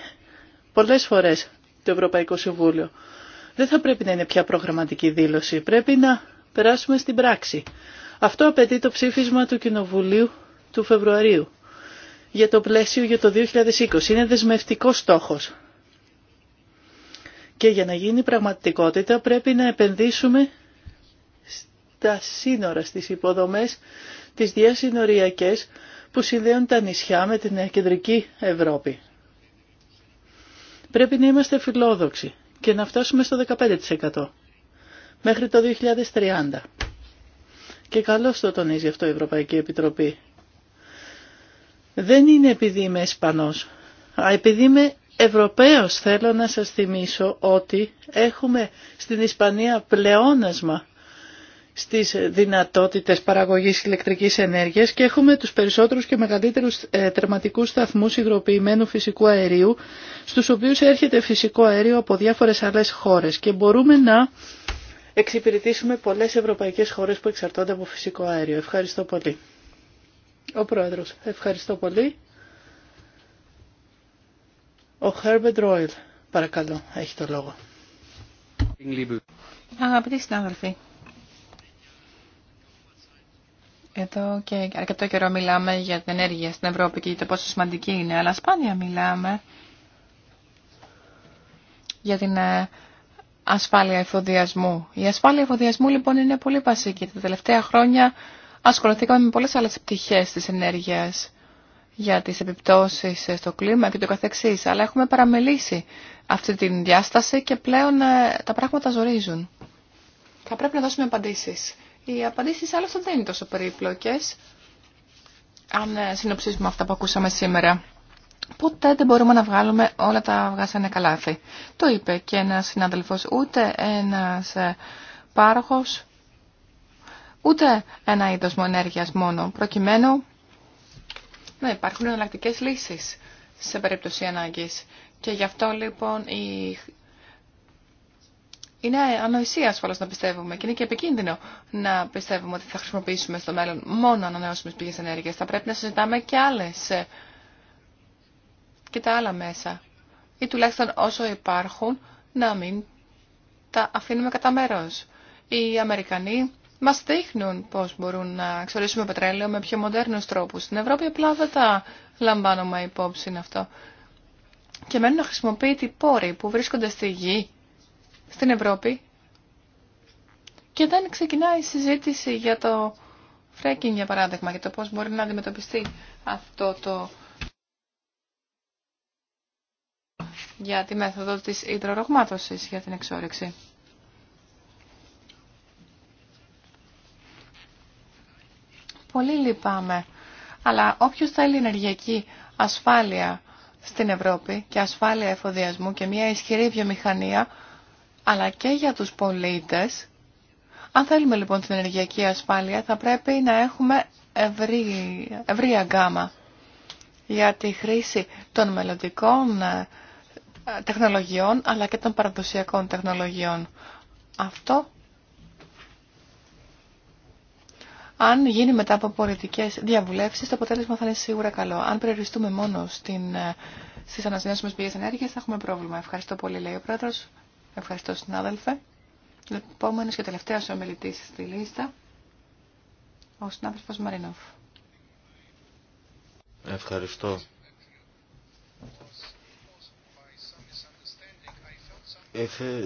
πολλές φορές το Ευρωπαϊκό Συμβούλιο. Δεν θα πρέπει να είναι πια προγραμματική δήλωση. Πρέπει να περάσουμε στην πράξη. Αυτό απαιτεί το ψήφισμα του Κοινοβουλίου του Φεβρουαρίου για το πλαίσιο για το 2020. Είναι δεσμευτικός στόχος. Και για να γίνει πραγματικότητα πρέπει να επενδύσουμε τα σύνορα, στις υποδομές, τις διασυνοριακές που συνδέουν τα νησιά με την κεντρική Ευρώπη. Πρέπει να είμαστε φιλόδοξοι και να φτάσουμε στο 15% μέχρι το 2030. Και καλώς το τονίζει αυτό η Ευρωπαϊκή Επιτροπή. Δεν είναι επειδή είμαι Ισπανός, αλλά επειδή είμαι Ευρωπαίος θέλω να σας θυμίσω ότι έχουμε στην Ισπανία πλεόνασμα στις δυνατότητες παραγωγής ηλεκτρικής ενέργειας και έχουμε τους περισσότερους και μεγαλύτερους ε, τερματικούς σταθμούς υγροποιημένου φυσικού αερίου στους οποίους έρχεται φυσικό αέριο από διάφορες άλλες χώρες και μπορούμε να εξυπηρετήσουμε πολλές ευρωπαϊκές χώρες που εξαρτώνται από φυσικό αέριο. Ευχαριστώ πολύ. Ο Πρόεδρος, ευχαριστώ πολύ. Ο Herbert Ρόιλ, παρακαλώ, έχει το λόγο. Αγαπητοί συνάδελφοι, Εδώ και αρκετό καιρό μιλάμε για την ενέργεια στην Ευρώπη και για το πόσο σημαντική είναι, αλλά σπάνια μιλάμε για την ε, ασφάλεια εφοδιασμού. Η ασφάλεια εφοδιασμού λοιπόν είναι πολύ βασική. Τα τελευταία χρόνια ασχοληθήκαμε με πολλές άλλες πτυχές της ενέργειας για τις επιπτώσεις ε, στο κλίμα και το καθεξής, αλλά έχουμε παραμελήσει αυτή την διάσταση και πλέον ε, τα πράγματα ζορίζουν. Θα πρέπει να δώσουμε απαντήσεις οι απαντήσει άλλωστε δεν είναι τόσο περίπλοκες, αν ε, συνοψίσουμε αυτά που ακούσαμε σήμερα. Ποτέ δεν μπορούμε να βγάλουμε όλα τα αυγά σε ένα καλάθι. Το είπε και ένα συνάδελφο, ε, ούτε ένα πάροχο, ούτε ένα είδο μονέργειας μόνο, προκειμένου να υπάρχουν εναλλακτικέ λύσεις σε περίπτωση ανάγκης. Και γι' αυτό λοιπόν η είναι ανοησία ασφαλώ να πιστεύουμε και είναι και επικίνδυνο να πιστεύουμε ότι θα χρησιμοποιήσουμε στο μέλλον μόνο ανανεώσιμε πηγέ ενέργεια. Θα πρέπει να συζητάμε και άλλε ε, και τα άλλα μέσα. Ή τουλάχιστον όσο υπάρχουν να μην τα αφήνουμε κατά μέρο. Οι Αμερικανοί μα δείχνουν πώ μπορούν να εξορίσουμε πετρέλαιο με πιο μοντέρνου τρόπου. Στην Ευρώπη απλά δεν τα λαμβάνουμε υπόψη αυτό. Και μένουν να χρησιμοποιείται οι πόροι που βρίσκονται στη γη στην Ευρώπη και δεν ξεκινάει η συζήτηση για το φρέκινγκ για παράδειγμα, για το πώς μπορεί να αντιμετωπιστεί αυτό το για τη μέθοδο της υδρορογμάτωσης για την εξόρυξη. Πολύ λυπάμαι, αλλά όποιος θέλει ενεργειακή ασφάλεια στην Ευρώπη και ασφάλεια εφοδιασμού και μια ισχυρή βιομηχανία αλλά και για τους πολίτες. Αν θέλουμε λοιπόν την ενεργειακή ασφάλεια θα πρέπει να έχουμε ευρύ, ευρία γκάμα για τη χρήση των μελλοντικών ε, τεχνολογιών αλλά και των παραδοσιακών τεχνολογιών. Αυτό αν γίνει μετά από πολιτικές διαβουλεύσεις το αποτέλεσμα θα είναι σίγουρα καλό. Αν περιοριστούμε μόνο στι ε, στις πηγέ πηγές ενέργειας θα έχουμε πρόβλημα. Ευχαριστώ πολύ λέει ο Πρόεδρος. Ευχαριστώ συνάδελφε. Επόμενο και τελευταίος ομιλητής στη λίστα, ο συνάδελφος Μαρινόφ. Ευχαριστώ.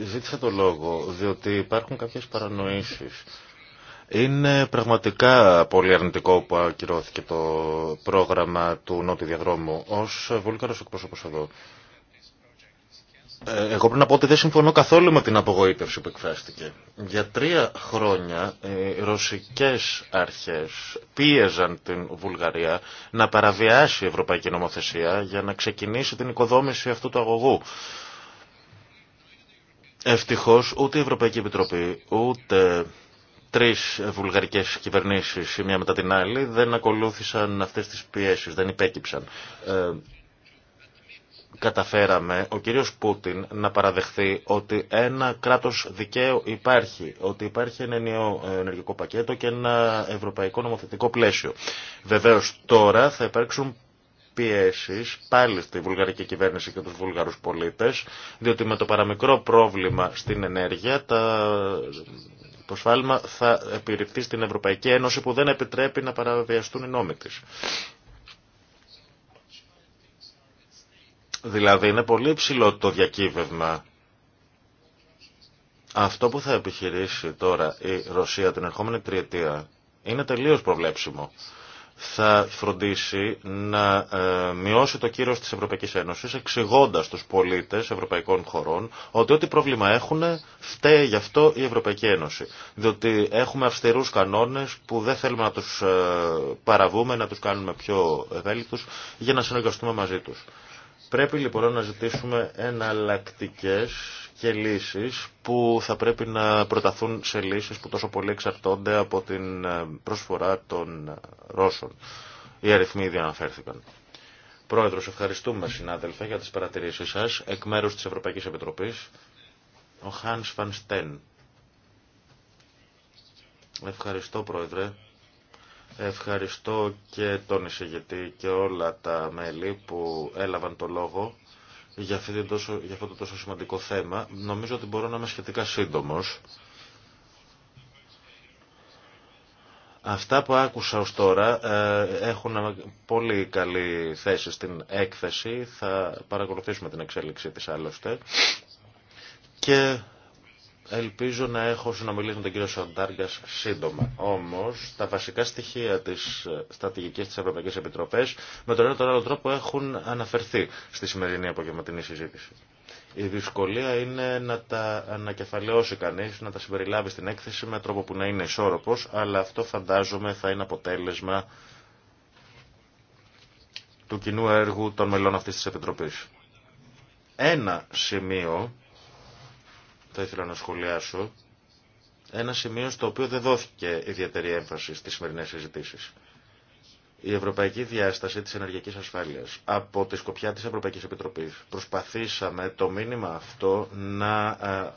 Ζήτησα το λόγο, διότι υπάρχουν κάποιες παρανοήσεις. Είναι πραγματικά πολύ αρνητικό που ακυρώθηκε το πρόγραμμα του Νότιου Διαδρόμου. Ως βούλγαρος εκπρόσωπος εδώ ε, εγώ πρέπει να πω ότι δεν συμφωνώ καθόλου με την απογοήτευση που εκφράστηκε. Για τρία χρόνια ε, οι ρωσικές αρχές πίεζαν την Βουλγαρία να παραβιάσει η ευρωπαϊκή νομοθεσία για να ξεκινήσει την οικοδόμηση αυτού του αγωγού. Ευτυχώς ούτε η Ευρωπαϊκή Επιτροπή ούτε τρεις βουλγαρικές κυβερνήσεις η μία μετά την άλλη δεν ακολούθησαν αυτές τις πιέσεις, δεν υπέκυψαν. Ε, καταφέραμε ο κύριος Πούτιν να παραδεχθεί ότι ένα κράτος δικαίου υπάρχει, ότι υπάρχει ένα νέο ενεργικό πακέτο και ένα ευρωπαϊκό νομοθετικό πλαίσιο. Βεβαίως τώρα θα υπάρξουν πιέσεις πάλι στη βουλγαρική κυβέρνηση και τους βουλγαρούς πολίτες, διότι με το παραμικρό πρόβλημα στην ενέργεια τα το σφάλμα θα επιρριφθεί στην Ευρωπαϊκή Ένωση που δεν επιτρέπει να παραβιαστούν οι νόμοι της. Δηλαδή είναι πολύ υψηλό το διακύβευμα. Αυτό που θα επιχειρήσει τώρα η Ρωσία την ερχόμενη τριετία είναι τελείως προβλέψιμο. Θα φροντίσει να ε, μειώσει το κύρος της Ευρωπαϊκής Ένωσης εξηγώντα τους πολίτες ευρωπαϊκών χωρών ότι ό,τι πρόβλημα έχουν φταίει γι' αυτό η Ευρωπαϊκή Ένωση. Διότι έχουμε αυστηρούς κανόνες που δεν θέλουμε να τους ε, παραβούμε, να τους κάνουμε πιο ευέλικτους για να συνεργαστούμε μαζί τους. Πρέπει λοιπόν να ζητήσουμε εναλλακτικέ και λύσεις που θα πρέπει να προταθούν σε λύσεις που τόσο πολύ εξαρτώνται από την ε, προσφορά των ε, Ρώσων. Οι αριθμοί ήδη αναφέρθηκαν. Πρόεδρος, ευχαριστούμε συνάδελφε για τις παρατηρήσεις σας. Εκ μέρους της Ευρωπαϊκής Επιτροπής, ο Χάνς Φανστέν. Ευχαριστώ πρόεδρε. Ευχαριστώ και τον εισηγητή και όλα τα μέλη που έλαβαν το λόγο για, για αυτό το τόσο σημαντικό θέμα. Νομίζω ότι μπορώ να είμαι σχετικά σύντομος. Αυτά που άκουσα ως τώρα ε, έχουν πολύ καλή θέση στην έκθεση. Θα παρακολουθήσουμε την εξέλιξη της άλλωστε. Και Ελπίζω να έχω συνομιλήσει με τον κύριο Σοντάργα σύντομα. Όμω, τα βασικά στοιχεία τη ε, στρατηγική τη Ευρωπαϊκή Επιτροπή με τον ένα τον άλλο τρόπο έχουν αναφερθεί στη σημερινή απογευματινή συζήτηση. Η δυσκολία είναι να τα ανακεφαλαιώσει κανεί, να τα συμπεριλάβει στην έκθεση με τρόπο που να είναι ισόρροπο, αλλά αυτό φαντάζομαι θα είναι αποτέλεσμα του κοινού έργου των μελών αυτή τη Επιτροπή. Ένα σημείο θα ήθελα να σχολιάσω ένα σημείο στο οποίο δεν δόθηκε ιδιαίτερη έμφαση στις σημερινές συζητήσει. Η ευρωπαϊκή διάσταση της ενεργειακής ασφάλειας από τη σκοπιά της Ευρωπαϊκής Επιτροπής προσπαθήσαμε το μήνυμα αυτό να ε,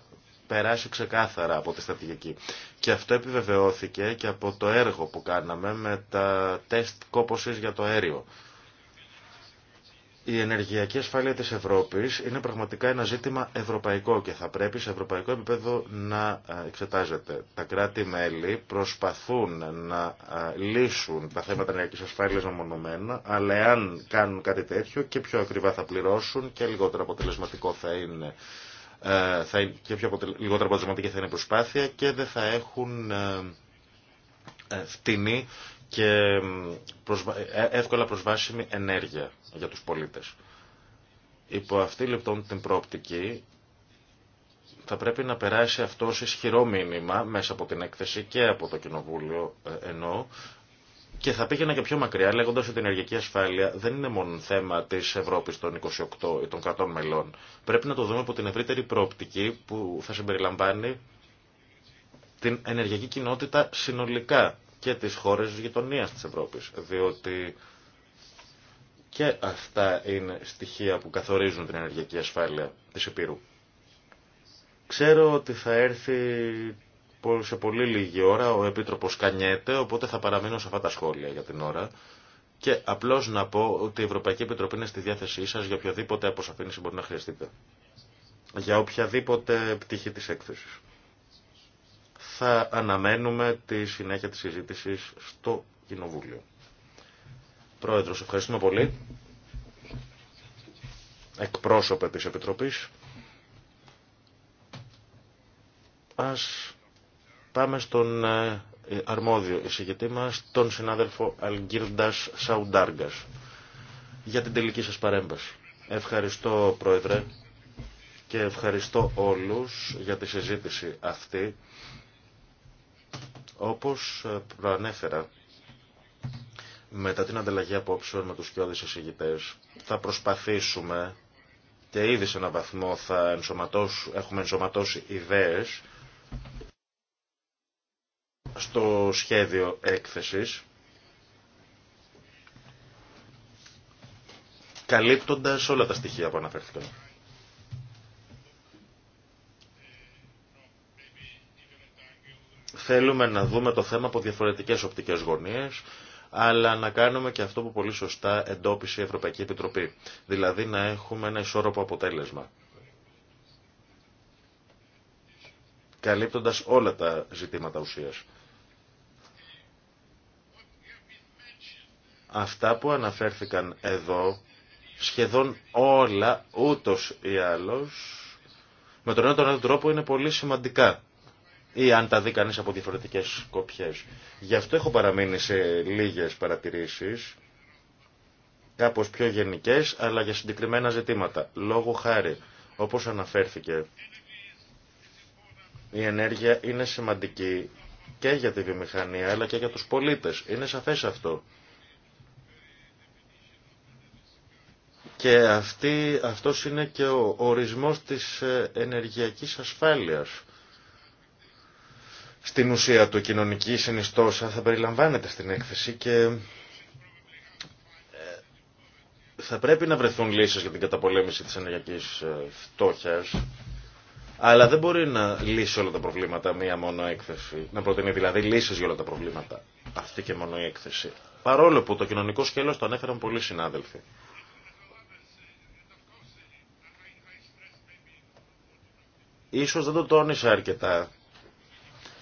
περάσει ξεκάθαρα από τη στρατηγική. Και αυτό επιβεβαιώθηκε και από το έργο που κάναμε με τα τεστ κόπωσης για το αέριο η ενεργειακή ασφάλεια της Ευρώπης είναι πραγματικά ένα ζήτημα ευρωπαϊκό και θα πρέπει σε ευρωπαϊκό επίπεδο να ε, εξετάζεται. Τα κράτη-μέλη προσπαθούν να ε, λύσουν τα θέματα ενεργειακής ασφάλειας μονομενα, αλλά εάν κάνουν κάτι τέτοιο και πιο ακριβά θα πληρώσουν και λιγότερο αποτελεσματικό θα είναι ε, θα και πιο λιγότερο αποτελεσματική θα είναι προσπάθεια και δεν θα έχουν φτηνή και εύκολα προσβάσιμη ενέργεια για τους πολίτες. Υπό αυτή λοιπόν την πρόπτικη θα πρέπει να περάσει αυτό ισχυρό μήνυμα μέσα από την έκθεση και από το Κοινοβούλιο ε, ενώ και θα πήγαινα και πιο μακριά λέγοντα ότι η ενεργειακή ασφάλεια δεν είναι μόνο θέμα τη Ευρώπη των 28 ή των 100 μελών. Πρέπει να το δούμε από την ευρύτερη πρόπτικη που θα συμπεριλαμβάνει την ενεργειακή κοινότητα συνολικά και τι χώρε γειτονία τη Ευρώπη. Διότι και αυτά είναι στοιχεία που καθορίζουν την ενεργειακή ασφάλεια της Επίρου. Ξέρω ότι θα έρθει σε πολύ λίγη ώρα ο Επίτροπος Κανιέται, οπότε θα παραμείνω σε αυτά τα σχόλια για την ώρα. Και απλώς να πω ότι η Ευρωπαϊκή Επιτροπή είναι στη διάθεσή σας για οποιαδήποτε αποσαφήνιση μπορεί να χρειαστείτε. Για οποιαδήποτε πτυχή της έκθεσης. Θα αναμένουμε τη συνέχεια της συζήτησης στο Κοινοβούλιο. Πρόεδρος, ευχαριστούμε πολύ. Εκπρόσωπε της Επιτροπής. Ας πάμε στον ε, αρμόδιο εισηγητή μας, τον συνάδελφο Αλγκύρντας Σαουντάργας, για την τελική σας παρέμβαση. Ευχαριστώ, Πρόεδρε, και ευχαριστώ όλους για τη συζήτηση αυτή. Όπως ε, προανέφερα, μετά την ανταλλαγή απόψεων με τους κοιόδης εισηγητές θα προσπαθήσουμε και ήδη σε έναν βαθμό θα ενσωματώσου, έχουμε ενσωματώσει ιδέες στο σχέδιο έκθεσης καλύπτοντας όλα τα στοιχεία που αναφέρθηκαν. Θέλουμε να δούμε το θέμα από διαφορετικές οπτικές γωνίες αλλά να κάνουμε και αυτό που πολύ σωστά εντόπισε η Ευρωπαϊκή Επιτροπή. Δηλαδή να έχουμε ένα ισόρροπο αποτέλεσμα. Καλύπτοντας όλα τα ζητήματα ουσίας. Αυτά που αναφέρθηκαν εδώ, σχεδόν όλα, ούτως ή άλλως, με τον ένα τον άλλο τρόπο είναι πολύ σημαντικά ή αν τα δει κανεί από διαφορετικέ κοπιές. Γι' αυτό έχω παραμείνει σε λίγε παρατηρήσει, κάπω πιο γενικέ, αλλά για συγκεκριμένα ζητήματα. Λόγω χάρη, όπως αναφέρθηκε, η ενέργεια είναι σημαντική και για τη βιομηχανία, αλλά και για του πολίτε. Είναι σαφέ αυτό. Και αυτή, αυτός είναι και ο ορισμός της ε, ενεργειακής ασφάλειας στην ουσία του κοινωνική συνιστόσα θα περιλαμβάνεται στην έκθεση και ε, θα πρέπει να βρεθούν λύσεις για την καταπολέμηση της ενεργειακής ε, φτώχειας αλλά δεν μπορεί να λύσει όλα τα προβλήματα μία μόνο έκθεση. Να προτείνει δηλαδή λύσεις για όλα τα προβλήματα. Αυτή και μόνο η έκθεση. Παρόλο που το κοινωνικό σκέλος το ανέφεραν πολλοί συνάδελφοι. Ίσως δεν το τόνισα αρκετά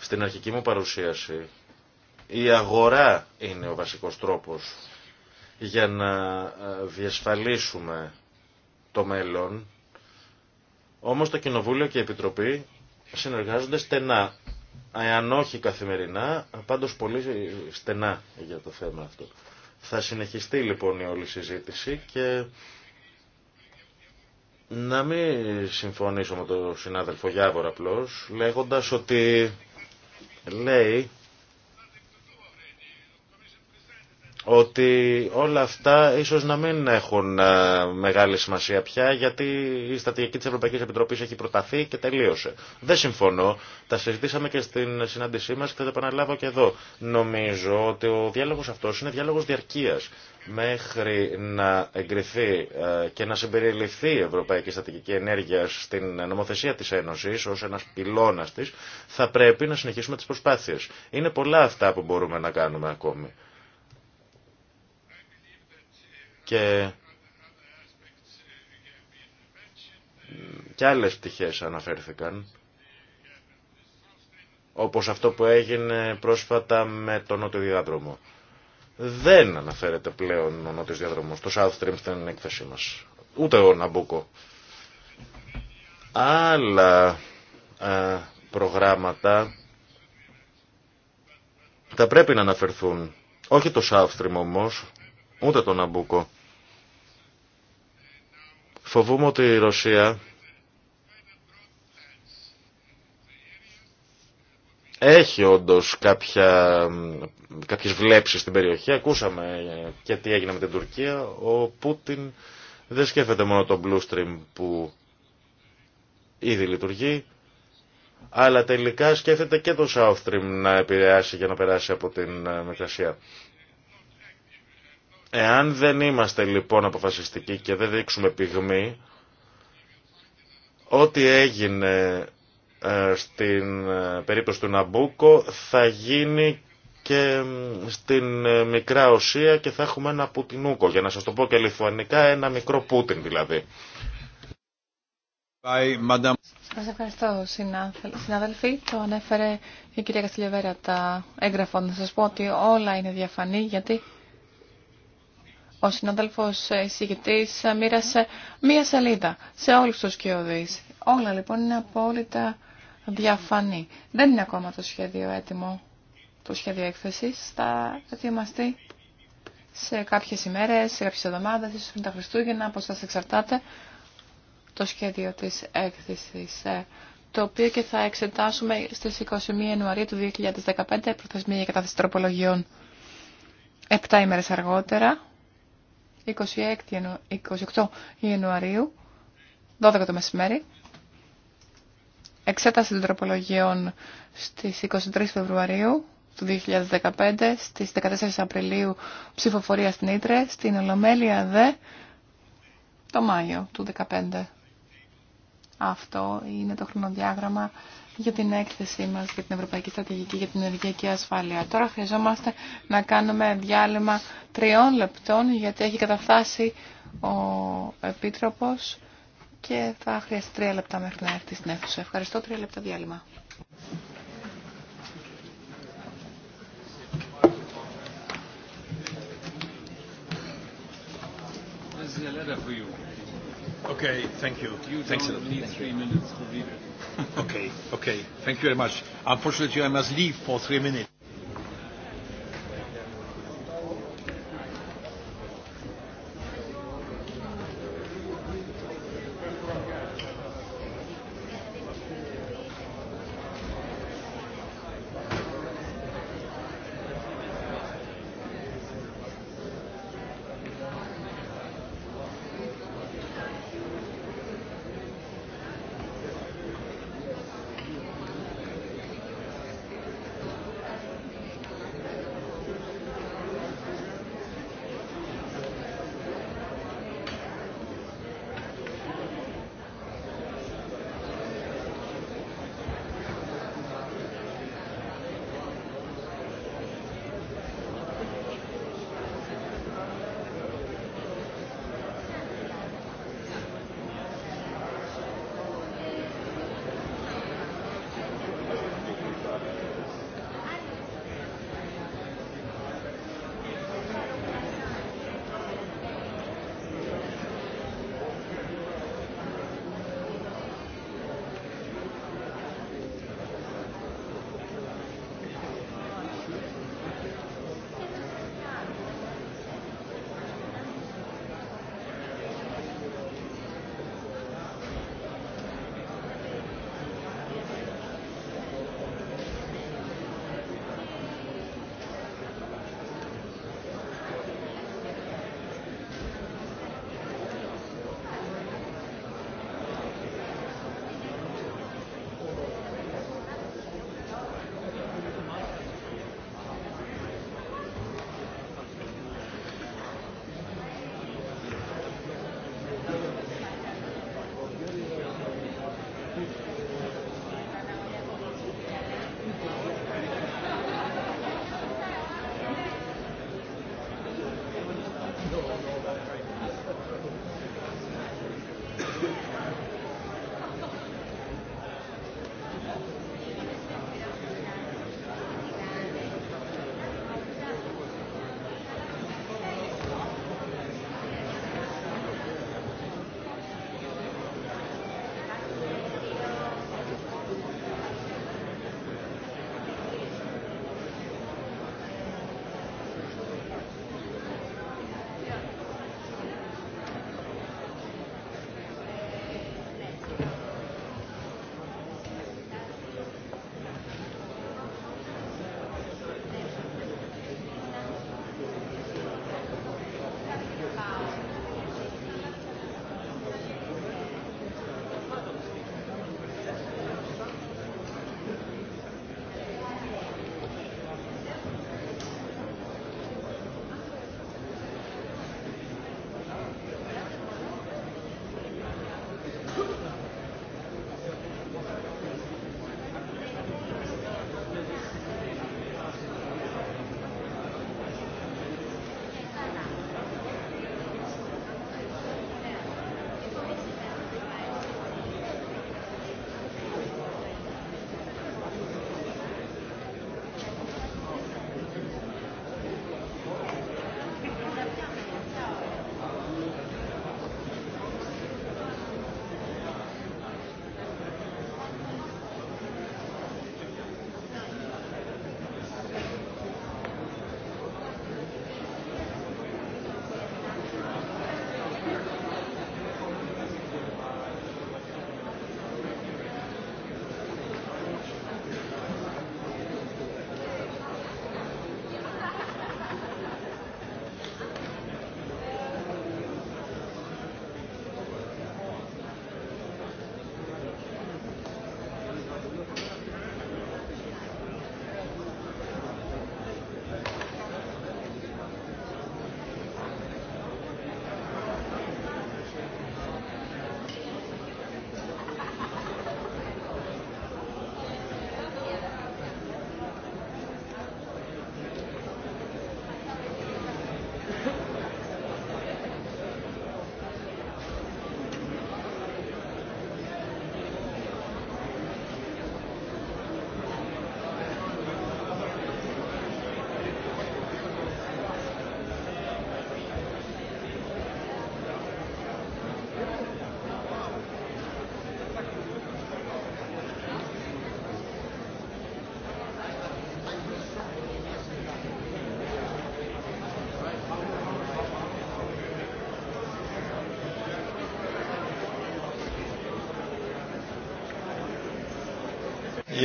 στην αρχική μου παρουσίαση, η αγορά είναι ο βασικός τρόπος για να ε, διασφαλίσουμε το μέλλον. Όμως το Κοινοβούλιο και η Επιτροπή συνεργάζονται στενά, αν όχι καθημερινά, πάντως πολύ στενά για το θέμα αυτό. Θα συνεχιστεί λοιπόν η όλη συζήτηση και να μην συμφωνήσω με τον συνάδελφο Γιάβορα απλώς, λέγοντας ότι λέει ότι όλα αυτά ίσως να μην έχουν ε, μεγάλη σημασία πια γιατί η στρατηγική της Ευρωπαϊκής Επιτροπής έχει προταθεί και τελείωσε. Δεν συμφωνώ. Τα συζητήσαμε και στην συνάντησή μας και θα τα επαναλάβω και εδώ. Νομίζω ότι ο διάλογος αυτός είναι διάλογος διαρκείας μέχρι να εγκριθεί ε, και να συμπεριληφθεί η Ευρωπαϊκή Στατική Ενέργεια στην νομοθεσία της Ένωσης ως ένας πυλώνας της, θα πρέπει να συνεχίσουμε τις προσπάθειες. Είναι πολλά αυτά που μπορούμε να κάνουμε ακόμη. Και, και άλλες πτυχές αναφέρθηκαν, όπως αυτό που έγινε πρόσφατα με τον νότιο διάδρομο. Δεν αναφέρεται πλέον ο νότιος διάδρομος, το South Stream στην έκθεσή μας. Ούτε ο Ναμπούκο. Άλλα α, ε, προγράμματα θα πρέπει να αναφερθούν. Όχι το South Stream όμως, ούτε το Ναμπούκο. Φοβούμαι ότι η Ρωσία έχει όντως κάποια, κάποιες στην περιοχή. Ακούσαμε και τι έγινε με την Τουρκία. Ο Πούτιν δεν σκέφτεται μόνο τον Blue Stream που ήδη λειτουργεί, αλλά τελικά σκέφτεται και το South Stream να επηρεάσει για να περάσει από την ε, Μικρασία. Εάν δεν είμαστε λοιπόν αποφασιστικοί και δεν δείξουμε πυγμή, ό,τι έγινε ε, στην ε, περίπτωση του Ναμπούκο θα γίνει και στην ε, μικρά ουσία και θα έχουμε ένα Πουτινούκο, για να σας το πω και λιθουανικά, ένα μικρό Πούτιν δηλαδή. Σας ευχαριστώ συνάδελφοι. Το ανέφερε η κυρία Καστιλιαβέρα τα έγγραφα. Να σας πω ότι όλα είναι διαφανή γιατί ο συνάδελφος εισηγητής μοίρασε μία σελίδα σε όλους τους κοιοδείς. Όλα λοιπόν είναι απόλυτα διαφανή. Δεν είναι ακόμα το σχέδιο έτοιμο, το σχέδιο έκθεσης. Θα ετοιμαστεί σε κάποιες ημέρες, σε κάποιες εβδομάδες, ίσως πριν τα Χριστούγεννα, πώς σας εξαρτάται το σχέδιο της έκθεσης ε, το οποίο και θα εξετάσουμε στις 21 Ιανουαρίου του 2015 προθεσμία για κατάθεση τροπολογιών. Επτά ημέρες αργότερα 28 Ιανουαρίου, 12 το μεσημέρι. Εξέταση των τροπολογιών στις 23 Φεβρουαρίου του 2015, στις 14 Απριλίου ψηφοφορία στην Ήτρε, στην Ολομέλεια ΔΕ το Μάιο του 2015. Αυτό είναι το χρονοδιάγραμμα για την έκθεσή μας για την Ευρωπαϊκή Στρατηγική για την Ενεργειακή Ασφάλεια. Τώρα χρειαζόμαστε να κάνουμε διάλειμμα τριών λεπτών γιατί έχει καταφτάσει ο Επίτροπος και θα χρειαστεί τρία λεπτά μέχρι να έρθει στην αίθουσα. Ευχαριστώ. Τρία λεπτά διάλειμμα. Okay, thank you. You Thanks don't need three minutes to leave okay, okay. Thank you very much. Unfortunately, I must leave for three minutes.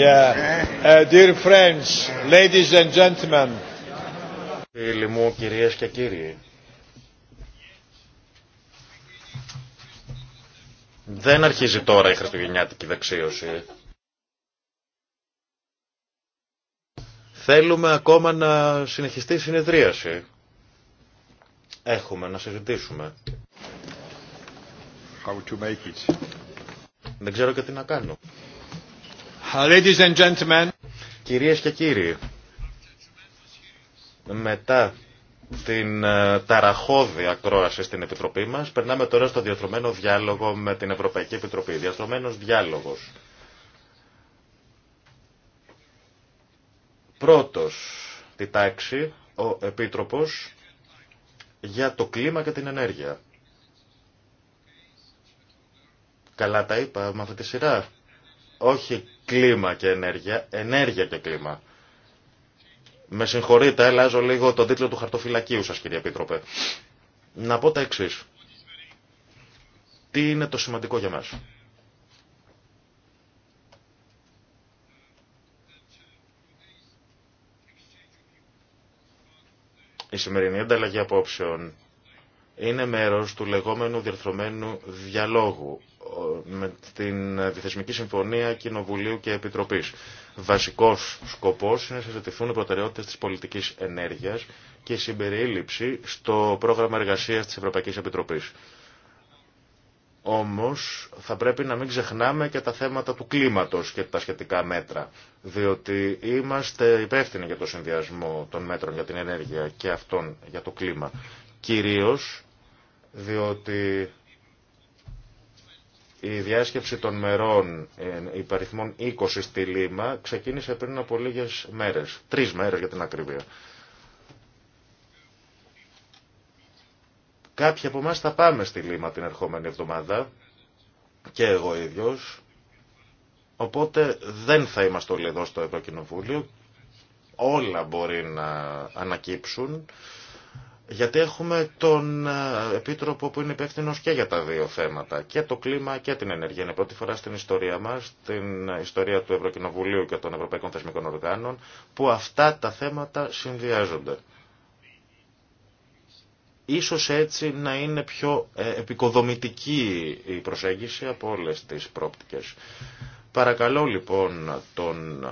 Yeah. Uh, dear friends, ladies and gentlemen. Φίλοι μου, κυρίες και κύριοι. Δεν αρχίζει τώρα η χριστουγεννιάτικη δεξίωση. Θέλουμε ακόμα να συνεχιστεί η συνεδρίαση. Έχουμε να συζητήσουμε. Δεν ξέρω και τι να κάνω. Ladies and gentlemen. Κυρίες και κύριοι, μετά την ε, ταραχώδη ακρόαση στην Επιτροπή μας, περνάμε τώρα στο διαστρωμένο διάλογο με την Ευρωπαϊκή Επιτροπή. Διαστρωμένος διάλογος. Πρώτος τη τάξη, ο Επίτροπος για το κλίμα και την ενέργεια. Καλά τα είπα με αυτή τη σειρά. Όχι κλίμα και ενέργεια, ενέργεια και κλίμα. Με συγχωρείτε, αλλάζω λίγο τον τίτλο του χαρτοφυλακίου σας, κύριε Επίτροπε. Να πω τα εξής. Τι είναι το σημαντικό για μας. Η σημερινή ανταλλαγή απόψεων είναι μέρος του λεγόμενου διερθρωμένου διαλόγου με την διθεσμική συμφωνία Κοινοβουλίου και Επιτροπής. Βασικός σκοπός είναι να συζητηθούν οι προτεραιότητες της πολιτικής ενέργειας και η συμπερίληψη στο πρόγραμμα εργασίας της Ευρωπαϊκής Επιτροπής. Όμως θα πρέπει να μην ξεχνάμε και τα θέματα του κλίματος και τα σχετικά μέτρα, διότι είμαστε υπεύθυνοι για το συνδυασμό των μέτρων για την ενέργεια και αυτών για το κλίμα. Κυρίως διότι η διάσκεψη των μερών υπαριθμών 20 στη Λίμα ξεκίνησε πριν από λίγες μέρες, τρεις μέρες για την ακρίβεια. Κάποιοι από εμά θα πάμε στη Λίμα την ερχόμενη εβδομάδα και εγώ ίδιος. Οπότε δεν θα είμαστε όλοι εδώ στο Ευρωκοινοβούλιο. Όλα μπορεί να ανακύψουν. Γιατί έχουμε τον ε, Επίτροπο που είναι υπεύθυνο και για τα δύο θέματα, και το κλίμα και την ενέργεια. Είναι πρώτη φορά στην ιστορία μα, στην ιστορία του Ευρωκοινοβουλίου και των Ευρωπαϊκών Θεσμικών Οργάνων, που αυτά τα θέματα συνδυάζονται. Ίσως έτσι να είναι πιο ε, επικοδομητική η προσέγγιση από όλες τις πρόπτικες. Παρακαλώ λοιπόν τον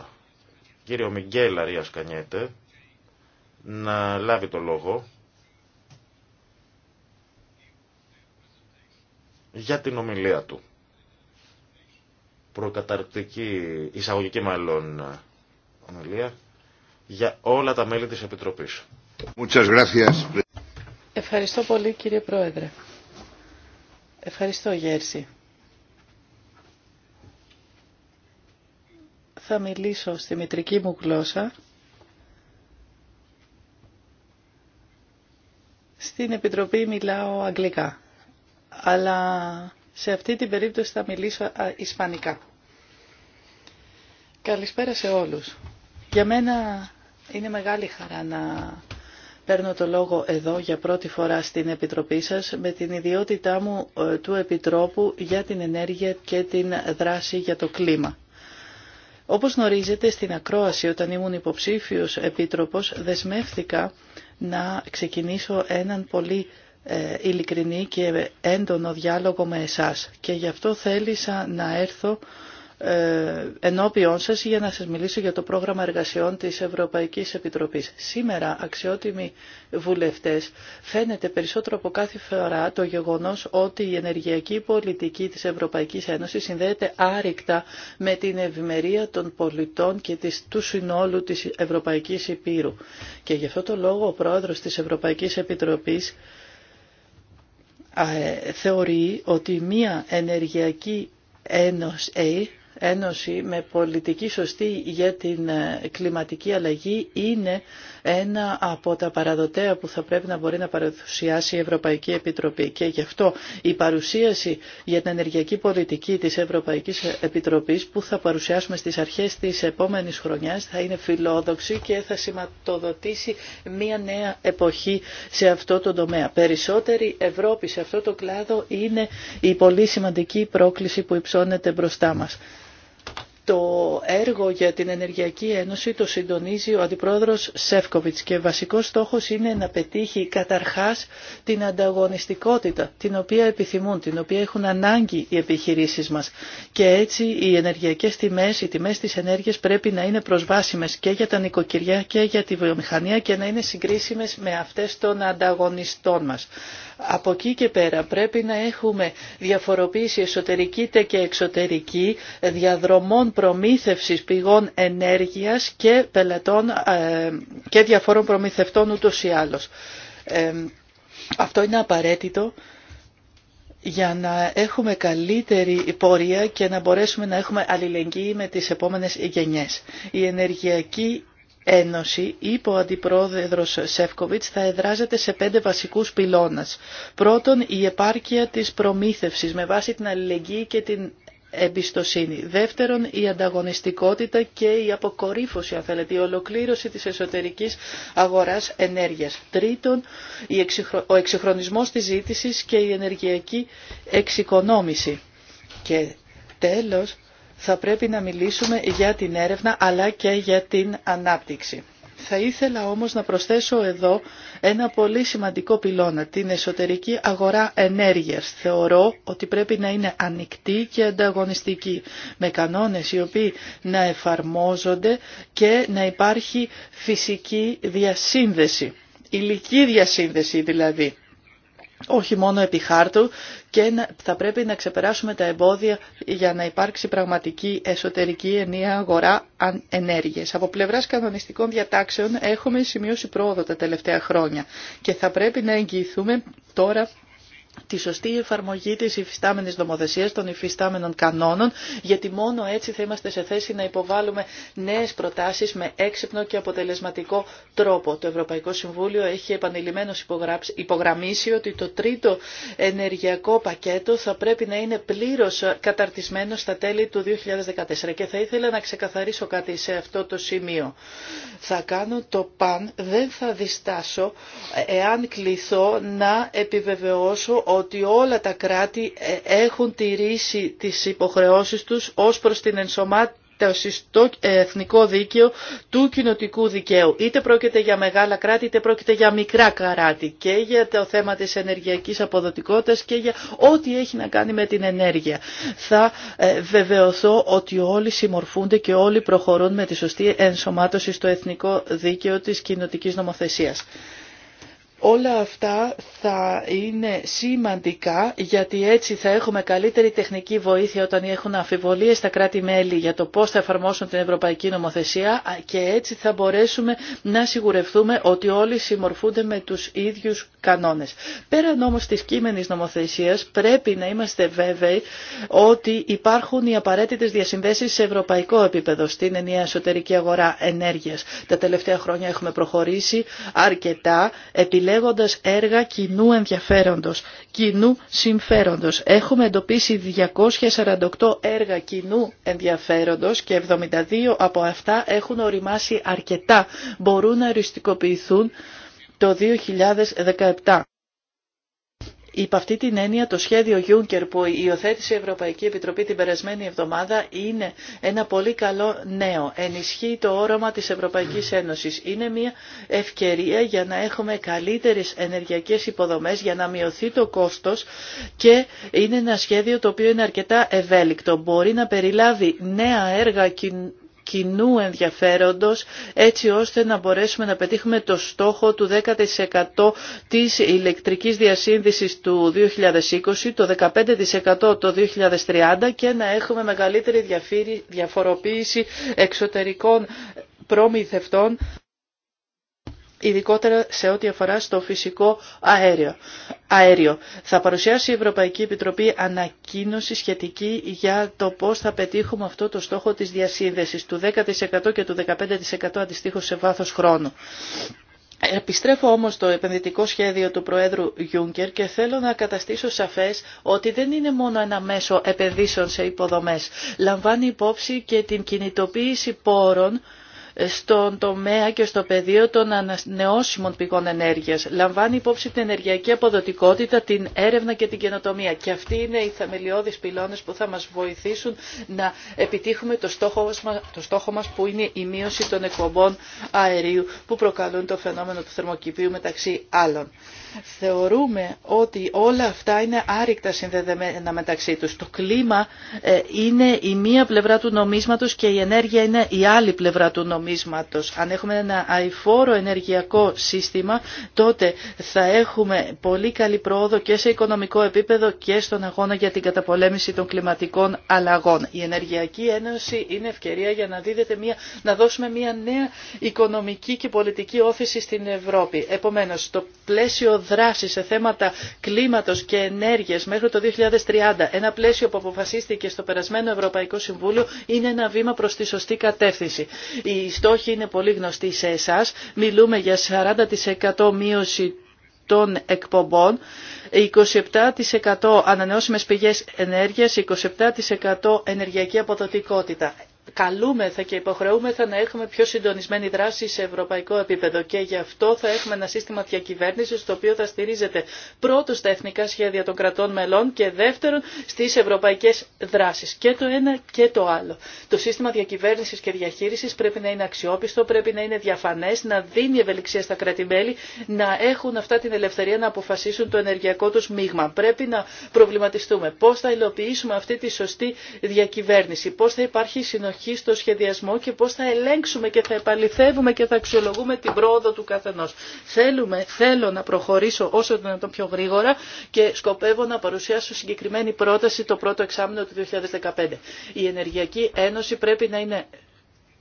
κύριο Μιγγέλα Κανιέτε να λάβει το λόγο για την ομιλία του. Προκαταρκτική, εισαγωγική μάλλον ομιλία για όλα τα μέλη της Επιτροπής. Ευχαριστώ πολύ κύριε Πρόεδρε. Ευχαριστώ Γέρση. Θα μιλήσω στη μητρική μου γλώσσα. Στην Επιτροπή μιλάω αγγλικά αλλά σε αυτή την περίπτωση θα μιλήσω ισπανικά. Καλησπέρα σε όλους. Για μένα είναι μεγάλη χαρά να παίρνω το λόγο εδώ για πρώτη φορά στην Επιτροπή σας με την ιδιότητά μου ε, του Επιτρόπου για την ενέργεια και την δράση για το κλίμα. Όπως γνωρίζετε, στην Ακρόαση, όταν ήμουν υποψήφιος Επίτροπος, δεσμεύτηκα να ξεκινήσω έναν πολύ ε, ειλικρινή και έντονο διάλογο με εσάς και γι' αυτό θέλησα να έρθω ε, ενώπιόν σας για να σας μιλήσω για το πρόγραμμα εργασιών της Ευρωπαϊκής Επιτροπής. Σήμερα, αξιότιμοι βουλευτές, φαίνεται περισσότερο από κάθε φορά το γεγονός ότι η ενεργειακή πολιτική της Ευρωπαϊκής Ένωσης συνδέεται άρρηκτα με την ευημερία των πολιτών και της, του συνόλου της Ευρωπαϊκής Υπήρου. Και γι' αυτό το λόγο ο πρόεδρος της Ευρωπαϊκής Επιτροπής ε, θεωρεί ότι μία ενεργειακή ένωση Ένωση με πολιτική σωστή για την ε, κλιματική αλλαγή είναι ένα από τα παραδοτέα που θα πρέπει να μπορεί να παρουσιάσει η Ευρωπαϊκή Επιτροπή. Και γι' αυτό η παρουσίαση για την ενεργειακή πολιτική της Ευρωπαϊκής Επιτροπής που θα παρουσιάσουμε στις αρχές της επόμενης χρονιάς θα είναι φιλόδοξη και θα σηματοδοτήσει μια νέα εποχή σε αυτό το τομέα. Περισσότερη Ευρώπη σε αυτό το κλάδο είναι η πολύ σημαντική πρόκληση που υψώνεται μπροστά μας. Το έργο για την Ενεργειακή Ένωση το συντονίζει ο Αντιπρόεδρος Σεύκοβιτς και βασικός στόχος είναι να πετύχει καταρχάς την ανταγωνιστικότητα την οποία επιθυμούν, την οποία έχουν ανάγκη οι επιχειρήσεις μας. Και έτσι οι ενεργειακές τιμές, οι τιμές της ενέργειας πρέπει να είναι προσβάσιμες και για τα νοικοκυριά και για τη βιομηχανία και να είναι συγκρίσιμες με αυτές των ανταγωνιστών μας. Από εκεί και πέρα πρέπει να έχουμε διαφοροποίηση εσωτερική και εξωτερική διαδρομών προμήθευσης πηγών ενέργειας και ε, και διαφόρων προμηθευτών ούτως ή άλλως. Ε, αυτό είναι απαραίτητο για να έχουμε καλύτερη πορεία και να μπορέσουμε να έχουμε αλληλεγγύη με τις επόμενες γενιές. Η Ενεργειακή Ένωση, είπε ο Αντιπρόεδρος Σεύκοβιτς, θα εδράζεται σε πέντε βασικούς πυλώνας. Πρώτον, η επάρκεια της προμήθευσης με βάση την αλληλεγγύη και την εμπιστοσύνη. Δεύτερον, η ανταγωνιστικότητα και η αποκορύφωση, αν θέλετε, η ολοκλήρωση της εσωτερικής αγοράς ενέργειας. Τρίτον, ο εξυγχρονισμός της ζήτησης και η ενεργειακή εξοικονόμηση. Και τέλος, θα πρέπει να μιλήσουμε για την έρευνα αλλά και για την ανάπτυξη. Θα ήθελα όμως να προσθέσω εδώ ένα πολύ σημαντικό πυλώνα, την εσωτερική αγορά ενέργειας. Θεωρώ ότι πρέπει να είναι ανοιχτή και ανταγωνιστική, με κανόνες οι οποίοι να εφαρμόζονται και να υπάρχει φυσική διασύνδεση, ηλική διασύνδεση δηλαδή όχι μόνο επί χάρτου και θα πρέπει να ξεπεράσουμε τα εμπόδια για να υπάρξει πραγματική εσωτερική ενιαία αγορά ενέργεια. Από πλευράς κανονιστικών διατάξεων έχουμε σημειώσει πρόοδο τα τελευταία χρόνια και θα πρέπει να εγγυηθούμε τώρα τη σωστή εφαρμογή της υφιστάμενης νομοθεσίας, των υφιστάμενων κανόνων, γιατί μόνο έτσι θα είμαστε σε θέση να υποβάλουμε νέες προτάσεις με έξυπνο και αποτελεσματικό τρόπο. Το Ευρωπαϊκό Συμβούλιο έχει επανειλημμένως υπογραμμίσει ότι το τρίτο ενεργειακό πακέτο θα πρέπει να είναι πλήρως καταρτισμένο στα τέλη του 2014 και θα ήθελα να ξεκαθαρίσω κάτι σε αυτό το σημείο. Θα κάνω το παν, δεν θα διστάσω εάν κληθώ να επιβεβαιώσω ότι όλα τα κράτη ε, έχουν τηρήσει τις υποχρεώσεις τους ως προς την ενσωμάτωση στο ε, εθνικό δίκαιο του κοινοτικού δικαίου. Είτε πρόκειται για μεγάλα κράτη, είτε πρόκειται για μικρά κράτη και για το θέμα της ενεργειακής αποδοτικότητας και για ό,τι έχει να κάνει με την ενέργεια. Θα ε, βεβαιωθώ ότι όλοι συμμορφούνται και όλοι προχωρούν με τη σωστή ενσωμάτωση στο εθνικό δίκαιο της κοινοτικής νομοθεσίας. Όλα αυτά θα είναι σημαντικά γιατί έτσι θα έχουμε καλύτερη τεχνική βοήθεια όταν έχουν αμφιβολίες τα κράτη-μέλη για το πώς θα εφαρμόσουν την Ευρωπαϊκή Νομοθεσία και έτσι θα μπορέσουμε να σιγουρευτούμε ότι όλοι συμμορφούνται με τους ίδιους κανόνες. Πέραν όμως της κείμενης νομοθεσίας πρέπει να είμαστε βέβαιοι ότι υπάρχουν οι απαραίτητες διασυνδέσεις σε ευρωπαϊκό επίπεδο στην ενιαία εσωτερική αγορά ενέργειας. Τα τελευταία χρόνια έχουμε προχωρήσει αρκετά, επιλέγοντας έργα κοινού ενδιαφέροντος, κοινού συμφέροντος. Έχουμε εντοπίσει 248 έργα κοινού ενδιαφέροντος και 72 από αυτά έχουν οριμάσει αρκετά, μπορούν να οριστικοποιηθούν το 2017. Υπ' αυτή την έννοια το σχέδιο Juncker που υιοθέτησε η Ευρωπαϊκή Επιτροπή την περασμένη εβδομάδα είναι ένα πολύ καλό νέο. Ενισχύει το όραμα της Ευρωπαϊκής Ένωσης. Είναι μια ευκαιρία για να έχουμε καλύτερες ενεργειακές υποδομές, για να μειωθεί το κόστος και είναι ένα σχέδιο το οποίο είναι αρκετά ευέλικτο. Μπορεί να περιλάβει νέα έργα κοινού ενδιαφέροντος έτσι ώστε να μπορέσουμε να πετύχουμε το στόχο του 10% της ηλεκτρικής διασύνδεσης του 2020, το 15% το 2030 και να έχουμε μεγαλύτερη διαφοροποίηση εξωτερικών προμηθευτών ειδικότερα σε ό,τι αφορά στο φυσικό αέριο. αέριο. Θα παρουσιάσει η Ευρωπαϊκή Επιτροπή ανακοίνωση σχετική για το πώς θα πετύχουμε αυτό το στόχο της διασύνδεσης του 10% και του 15% αντιστοίχως σε βάθος χρόνου. Επιστρέφω όμως στο επενδυτικό σχέδιο του Προέδρου Γιούγκερ και θέλω να καταστήσω σαφές ότι δεν είναι μόνο ένα μέσο επενδύσεων σε υποδομές. Λαμβάνει υπόψη και την κινητοποίηση πόρων στον τομέα και στο πεδίο των ανανεώσιμων πηγών ενέργειας. Λαμβάνει υπόψη την ενεργειακή αποδοτικότητα, την έρευνα και την καινοτομία. Και αυτοί είναι οι θεμελιώδεις πυλώνες που θα μας βοηθήσουν να επιτύχουμε το στόχο μας, το στόχο μας που είναι η μείωση των εκπομπών αερίου που προκαλούν το φαινόμενο του θερμοκηπίου μεταξύ άλλων θεωρούμε ότι όλα αυτά είναι άρρηκτα συνδεδεμένα μεταξύ τους. Το κλίμα ε, είναι η μία πλευρά του νομίσματος και η ενέργεια είναι η άλλη πλευρά του νομίσματος. Αν έχουμε ένα αηφόρο ενεργειακό σύστημα, τότε θα έχουμε πολύ καλή πρόοδο και σε οικονομικό επίπεδο και στον αγώνα για την καταπολέμηση των κλιματικών αλλαγών. Η Ενεργειακή Ένωση είναι ευκαιρία για να, μια, να δώσουμε μια νέα οικονομική και πολιτική όθηση στην Ευρώπη. Επομένως, το πλαίσιο δράση σε θέματα κλίματος και ενέργειας μέχρι το 2030, ένα πλαίσιο που αποφασίστηκε στο περασμένο Ευρωπαϊκό Συμβούλιο, είναι ένα βήμα προς τη σωστή κατεύθυνση. Οι στόχοι είναι πολύ γνωστοί σε εσάς. Μιλούμε για 40% μείωση των εκπομπών, 27% ανανεώσιμες πηγές ενέργειας, 27% ενεργειακή αποδοτικότητα καλούμεθα και υποχρεούμεθα να έχουμε πιο συντονισμένη δράση σε ευρωπαϊκό επίπεδο και γι' αυτό θα έχουμε ένα σύστημα διακυβέρνησης το οποίο θα στηρίζεται πρώτο στα εθνικά σχέδια των κρατών μελών και δεύτερον στις ευρωπαϊκές δράσεις. Και το ένα και το άλλο. Το σύστημα διακυβέρνησης και διαχείρισης πρέπει να είναι αξιόπιστο, πρέπει να είναι διαφανές, να δίνει ευελιξία στα κράτη-μέλη, να έχουν αυτά την ελευθερία να αποφασίσουν το ενεργειακό τους μείγμα. Πρέπει να προβληματιστούμε πώς θα υλοποιήσουμε αυτή τη σωστή διακυβέρνηση, πώς θα υπάρχει συνοχή αρχή στο σχεδιασμό και πώς θα ελέγξουμε και θα επαληθεύουμε και θα αξιολογούμε την πρόοδο του καθενός. Θέλουμε, θέλω να προχωρήσω όσο το δυνατόν πιο γρήγορα και σκοπεύω να παρουσιάσω συγκεκριμένη πρόταση το πρώτο εξάμεινο του 2015. Η Ενεργειακή Ένωση πρέπει να είναι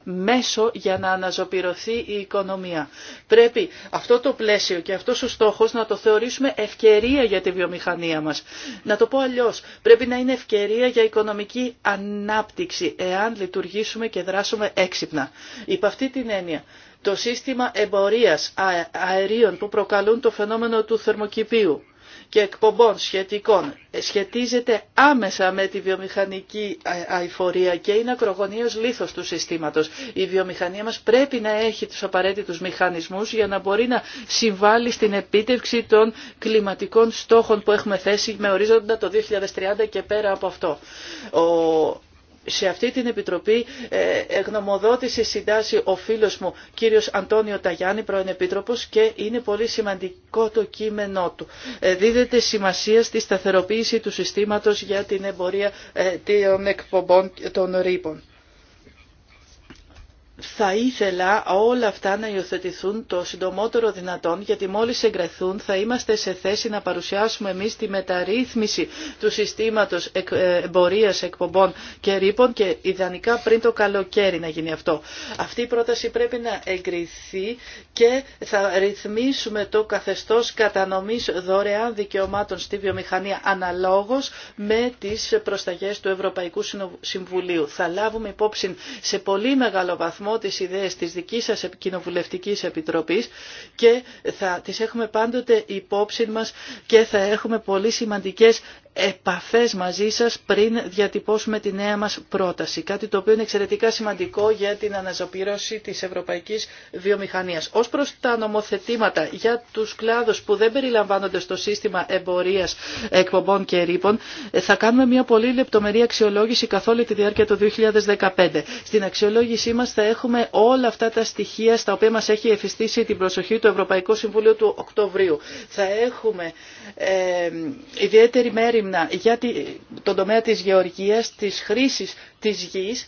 μέσο για να αναζωπηρωθεί η οικονομία. Πρέπει αυτό το πλαίσιο και αυτός ο στόχος να το θεωρήσουμε ευκαιρία για τη βιομηχανία μας. Να το πω αλλιώς, πρέπει να είναι ευκαιρία για οικονομική ανάπτυξη εάν λειτουργήσουμε και δράσουμε έξυπνα. Υπ' αυτή την έννοια, το σύστημα εμπορίας αερίων που προκαλούν το φαινόμενο του θερμοκηπίου και εκπομπών σχετικών ε, σχετίζεται άμεσα με τη βιομηχανική ε, αηφορία και είναι ακρογωνίως λίθος του συστήματος. Η βιομηχανία μας πρέπει να έχει τους απαραίτητους μηχανισμούς για να μπορεί να συμβάλλει στην επίτευξη των κλιματικών στόχων που έχουμε θέσει με ορίζοντα το 2030 και πέρα από αυτό. Ο σε αυτή την Επιτροπή ε, εγνωμοδότησε συντάσσει ο φίλος μου κύριος Αντώνιο Ταγιάννη, πρώην και είναι πολύ σημαντικό το κείμενό του. Ε, δίδεται σημασία στη σταθεροποίηση του συστήματος για την εμπορία ε, των εκπομπών των ρήπων θα ήθελα όλα αυτά να υιοθετηθούν το συντομότερο δυνατόν, γιατί μόλις εγκρεθούν θα είμαστε σε θέση να παρουσιάσουμε εμείς τη μεταρρύθμιση του συστήματος ε, εμπορίας εκπομπών και ρήπων και ιδανικά πριν το καλοκαίρι να γίνει αυτό. Αυτή η πρόταση πρέπει να εγκριθεί και θα ρυθμίσουμε το καθεστώς κατανομής δωρεάν δικαιωμάτων στη βιομηχανία αναλόγως με τις προσταγές του Ευρωπαϊκού Συμβουλίου. Θα λάβουμε υπόψη σε πολύ μεγάλο βαθμό βαθμό τις ιδέες της δικής σας κοινοβουλευτικής επιτροπής και θα τις έχουμε πάντοτε υπόψη μας και θα έχουμε πολύ σημαντικές επαφές μαζί σας πριν διατυπώσουμε τη νέα μας πρόταση. Κάτι το οποίο είναι εξαιρετικά σημαντικό για την αναζωπήρωση της ευρωπαϊκής βιομηχανίας. Ως προς τα νομοθετήματα για τους κλάδους που δεν περιλαμβάνονται στο σύστημα εμπορίας εκπομπών και ρήπων, ε, θα κάνουμε μια πολύ λεπτομερή αξιολόγηση καθ' όλη τη διάρκεια του 2015. Στην αξιολόγησή μας θα έχουμε όλα αυτά τα στοιχεία στα οποία μας έχει εφιστήσει την προσοχή του Ευρωπαϊκού Συμβουλίου του Οκτωβρίου. Θα έχουμε ε, ιδιαίτερη μέρη γιατί για τον τομέα της γεωργίας, της χρήσης της γης,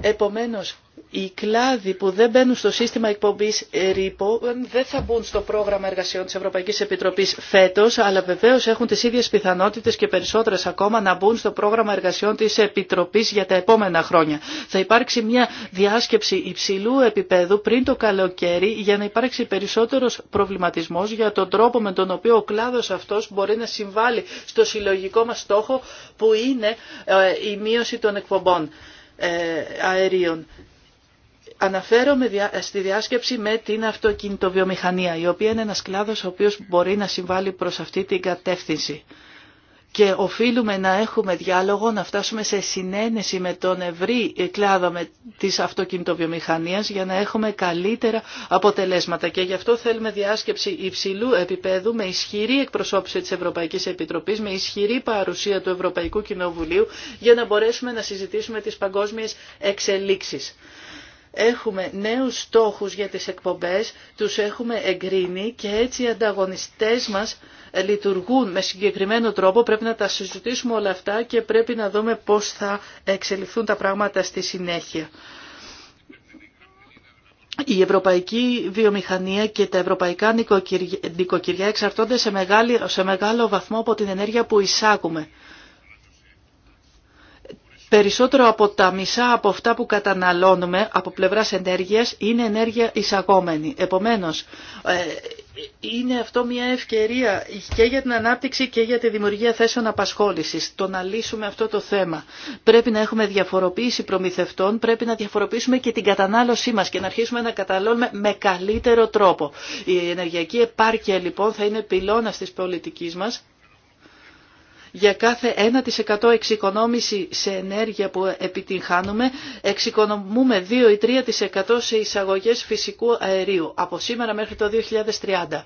Επομένως, οι κλάδοι που δεν μπαίνουν στο σύστημα εκπομπής ρήπο ε, δεν θα μπουν στο πρόγραμμα εργασιών της Ευρωπαϊκής Επιτροπής φέτος, αλλά βεβαίως έχουν τις ίδιες πιθανότητες και περισσότερες ακόμα να μπουν στο πρόγραμμα εργασιών της Επιτροπής για τα επόμενα χρόνια. Θα υπάρξει μια διάσκεψη υψηλού επίπεδου πριν το καλοκαίρι για να υπάρξει περισσότερος προβληματισμός για τον τρόπο με τον οποίο ο κλάδος αυτός μπορεί να συμβάλλει στο συλλογικό μας στόχο που είναι ε, η μείωση των εκπομπών. Ε, αερίων. Αναφέρομαι στη διάσκεψη με την αυτοκινητοβιομηχανία, η οποία είναι ένας κλάδος ο οποίος μπορεί να συμβάλλει προς αυτή την κατεύθυνση και οφείλουμε να έχουμε διάλογο, να φτάσουμε σε συνένεση με τον ευρύ κλάδο με της αυτοκινητοβιομηχανίας για να έχουμε καλύτερα αποτελέσματα. Και γι' αυτό θέλουμε διάσκεψη υψηλού επίπεδου με ισχυρή εκπροσώπηση της Ευρωπαϊκής Επιτροπής, με ισχυρή παρουσία του Ευρωπαϊκού Κοινοβουλίου για να μπορέσουμε να συζητήσουμε τις παγκόσμιες εξελίξεις έχουμε νέους στόχους για τις εκπομπές, τους έχουμε εγκρίνει και έτσι οι ανταγωνιστές μας λειτουργούν με συγκεκριμένο τρόπο. Πρέπει να τα συζητήσουμε όλα αυτά και πρέπει να δούμε πώς θα εξελιχθούν τα πράγματα στη συνέχεια. Η ευρωπαϊκή βιομηχανία και τα ευρωπαϊκά νοικοκυριά εξαρτώνται σε μεγάλο βαθμό από την ενέργεια που εισάγουμε. Περισσότερο από τα μισά από αυτά που καταναλώνουμε από πλευράς ενέργειας είναι ενέργεια εισαγόμενη. Επομένως, ε, είναι αυτό μια ευκαιρία και για την ανάπτυξη και για τη δημιουργία θέσεων απασχόλησης. Το να λύσουμε αυτό το θέμα. Πρέπει να έχουμε διαφοροποίηση προμηθευτών, πρέπει να διαφοροποιήσουμε και την κατανάλωσή μας και να αρχίσουμε να καταναλώνουμε με καλύτερο τρόπο. Η ενεργειακή επάρκεια λοιπόν θα είναι πυλώνας της πολιτικής μας για κάθε 1% εξοικονόμηση σε ενέργεια που επιτυγχάνουμε, εξοικονομούμε 2 ή 3% σε εισαγωγές φυσικού αερίου από σήμερα μέχρι το 2030.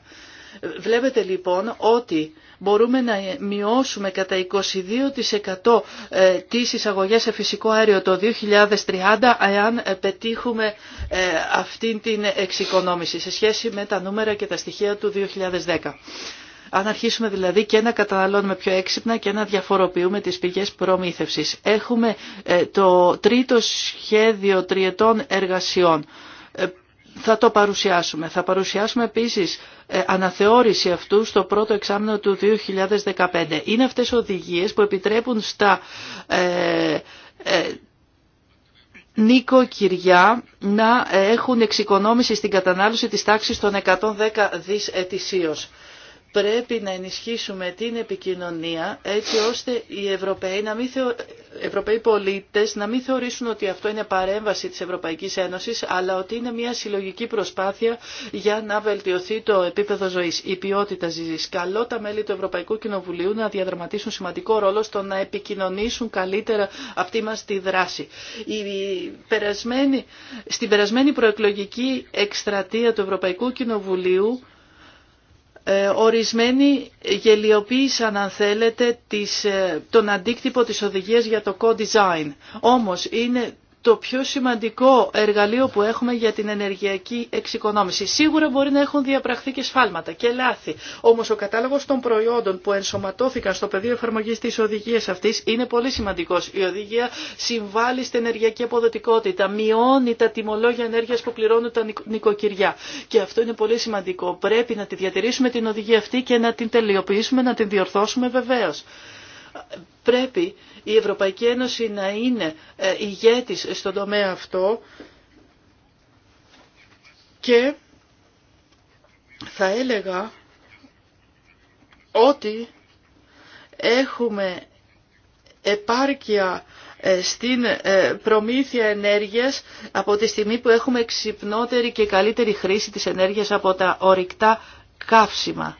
Βλέπετε λοιπόν ότι μπορούμε να μειώσουμε κατά 22% ε, τις εισαγωγές σε φυσικό αέριο το 2030 εάν ε, πετύχουμε ε, αυτή την εξοικονόμηση σε σχέση με τα νούμερα και τα στοιχεία του 2010. Αν αρχίσουμε δηλαδή και να καταναλώνουμε πιο έξυπνα και να διαφοροποιούμε τις πηγές προμήθευσης. Έχουμε ε, το τρίτο σχέδιο τριετών εργασιών. Ε, θα το παρουσιάσουμε. Θα παρουσιάσουμε επίσης ε, αναθεώρηση αυτού στο πρώτο εξάμεινο του 2015. Είναι αυτές οδηγίες που επιτρέπουν στα ε, ε, νοικοκυριά να έχουν εξοικονόμηση στην κατανάλωση της τάξης των 110 δις ετησίως πρέπει να ενισχύσουμε την επικοινωνία έτσι ώστε οι Ευρωπαίοι, να μην θεω... Ευρωπαίοι πολίτες να μην θεωρήσουν ότι αυτό είναι παρέμβαση της Ευρωπαϊκής Ένωσης αλλά ότι είναι μια συλλογική προσπάθεια για να βελτιωθεί το επίπεδο ζωής, η ποιότητα ζωής. Καλό τα μέλη του Ευρωπαϊκού Κοινοβουλίου να διαδραματίσουν σημαντικό ρόλο στο να επικοινωνήσουν καλύτερα αυτή μας τη δράση. Η περασμένη... Στην περασμένη προεκλογική εκστρατεία του Ευρωπαϊκού Κοινοβουλίου ε, ορισμένοι γελιοποίησαν αν θέλετε ε, τον αντίκτυπο της οδηγίας για το co-design. Όμως είναι το πιο σημαντικό εργαλείο που έχουμε για την ενεργειακή εξοικονόμηση. Σίγουρα μπορεί να έχουν διαπραχθεί και σφάλματα και λάθη. Όμως ο κατάλογος των προϊόντων που ενσωματώθηκαν στο πεδίο εφαρμογής της οδηγίας αυτής είναι πολύ σημαντικός. Η οδηγία συμβάλλει στην ενεργειακή αποδοτικότητα, μειώνει τα τιμολόγια ενέργειας που πληρώνουν τα νοικοκυριά. Και αυτό είναι πολύ σημαντικό. Πρέπει να τη διατηρήσουμε την οδηγία αυτή και να την τελειοποιήσουμε, να την διορθώσουμε βεβαίω. Πρέπει η Ευρωπαϊκή Ένωση να είναι ε, ηγέτης στον τομέα αυτό και θα έλεγα ότι έχουμε επάρκεια ε, στην ε, προμήθεια ενέργειας από τη στιγμή που έχουμε ξυπνότερη και καλύτερη χρήση της ενέργειας από τα ορυκτά καύσιμα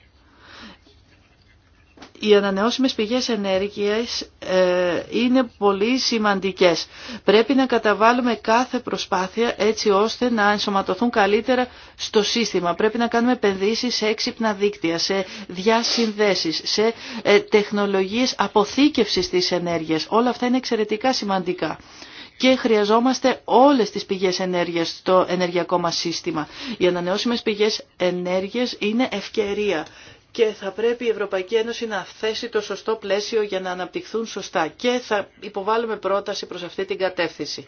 οι ανανεώσιμες πηγές ενέργειας ε, είναι πολύ σημαντικές. Πρέπει να καταβάλουμε κάθε προσπάθεια έτσι ώστε να ενσωματωθούν καλύτερα στο σύστημα. Πρέπει να κάνουμε επενδύσεις σε έξυπνα δίκτυα, σε διασυνδέσεις, σε ε, τεχνολογίες αποθήκευσης της ενέργειας. Όλα αυτά είναι εξαιρετικά σημαντικά και χρειαζόμαστε όλες τις πηγές ενέργειας στο ενεργειακό μας σύστημα. Οι ανανεώσιμες πηγές ενέργειας είναι ευκαιρία και θα πρέπει η Ευρωπαϊκή Ένωση να θέσει το σωστό πλαίσιο για να αναπτυχθούν σωστά και θα υποβάλουμε πρόταση προς αυτή την κατεύθυνση.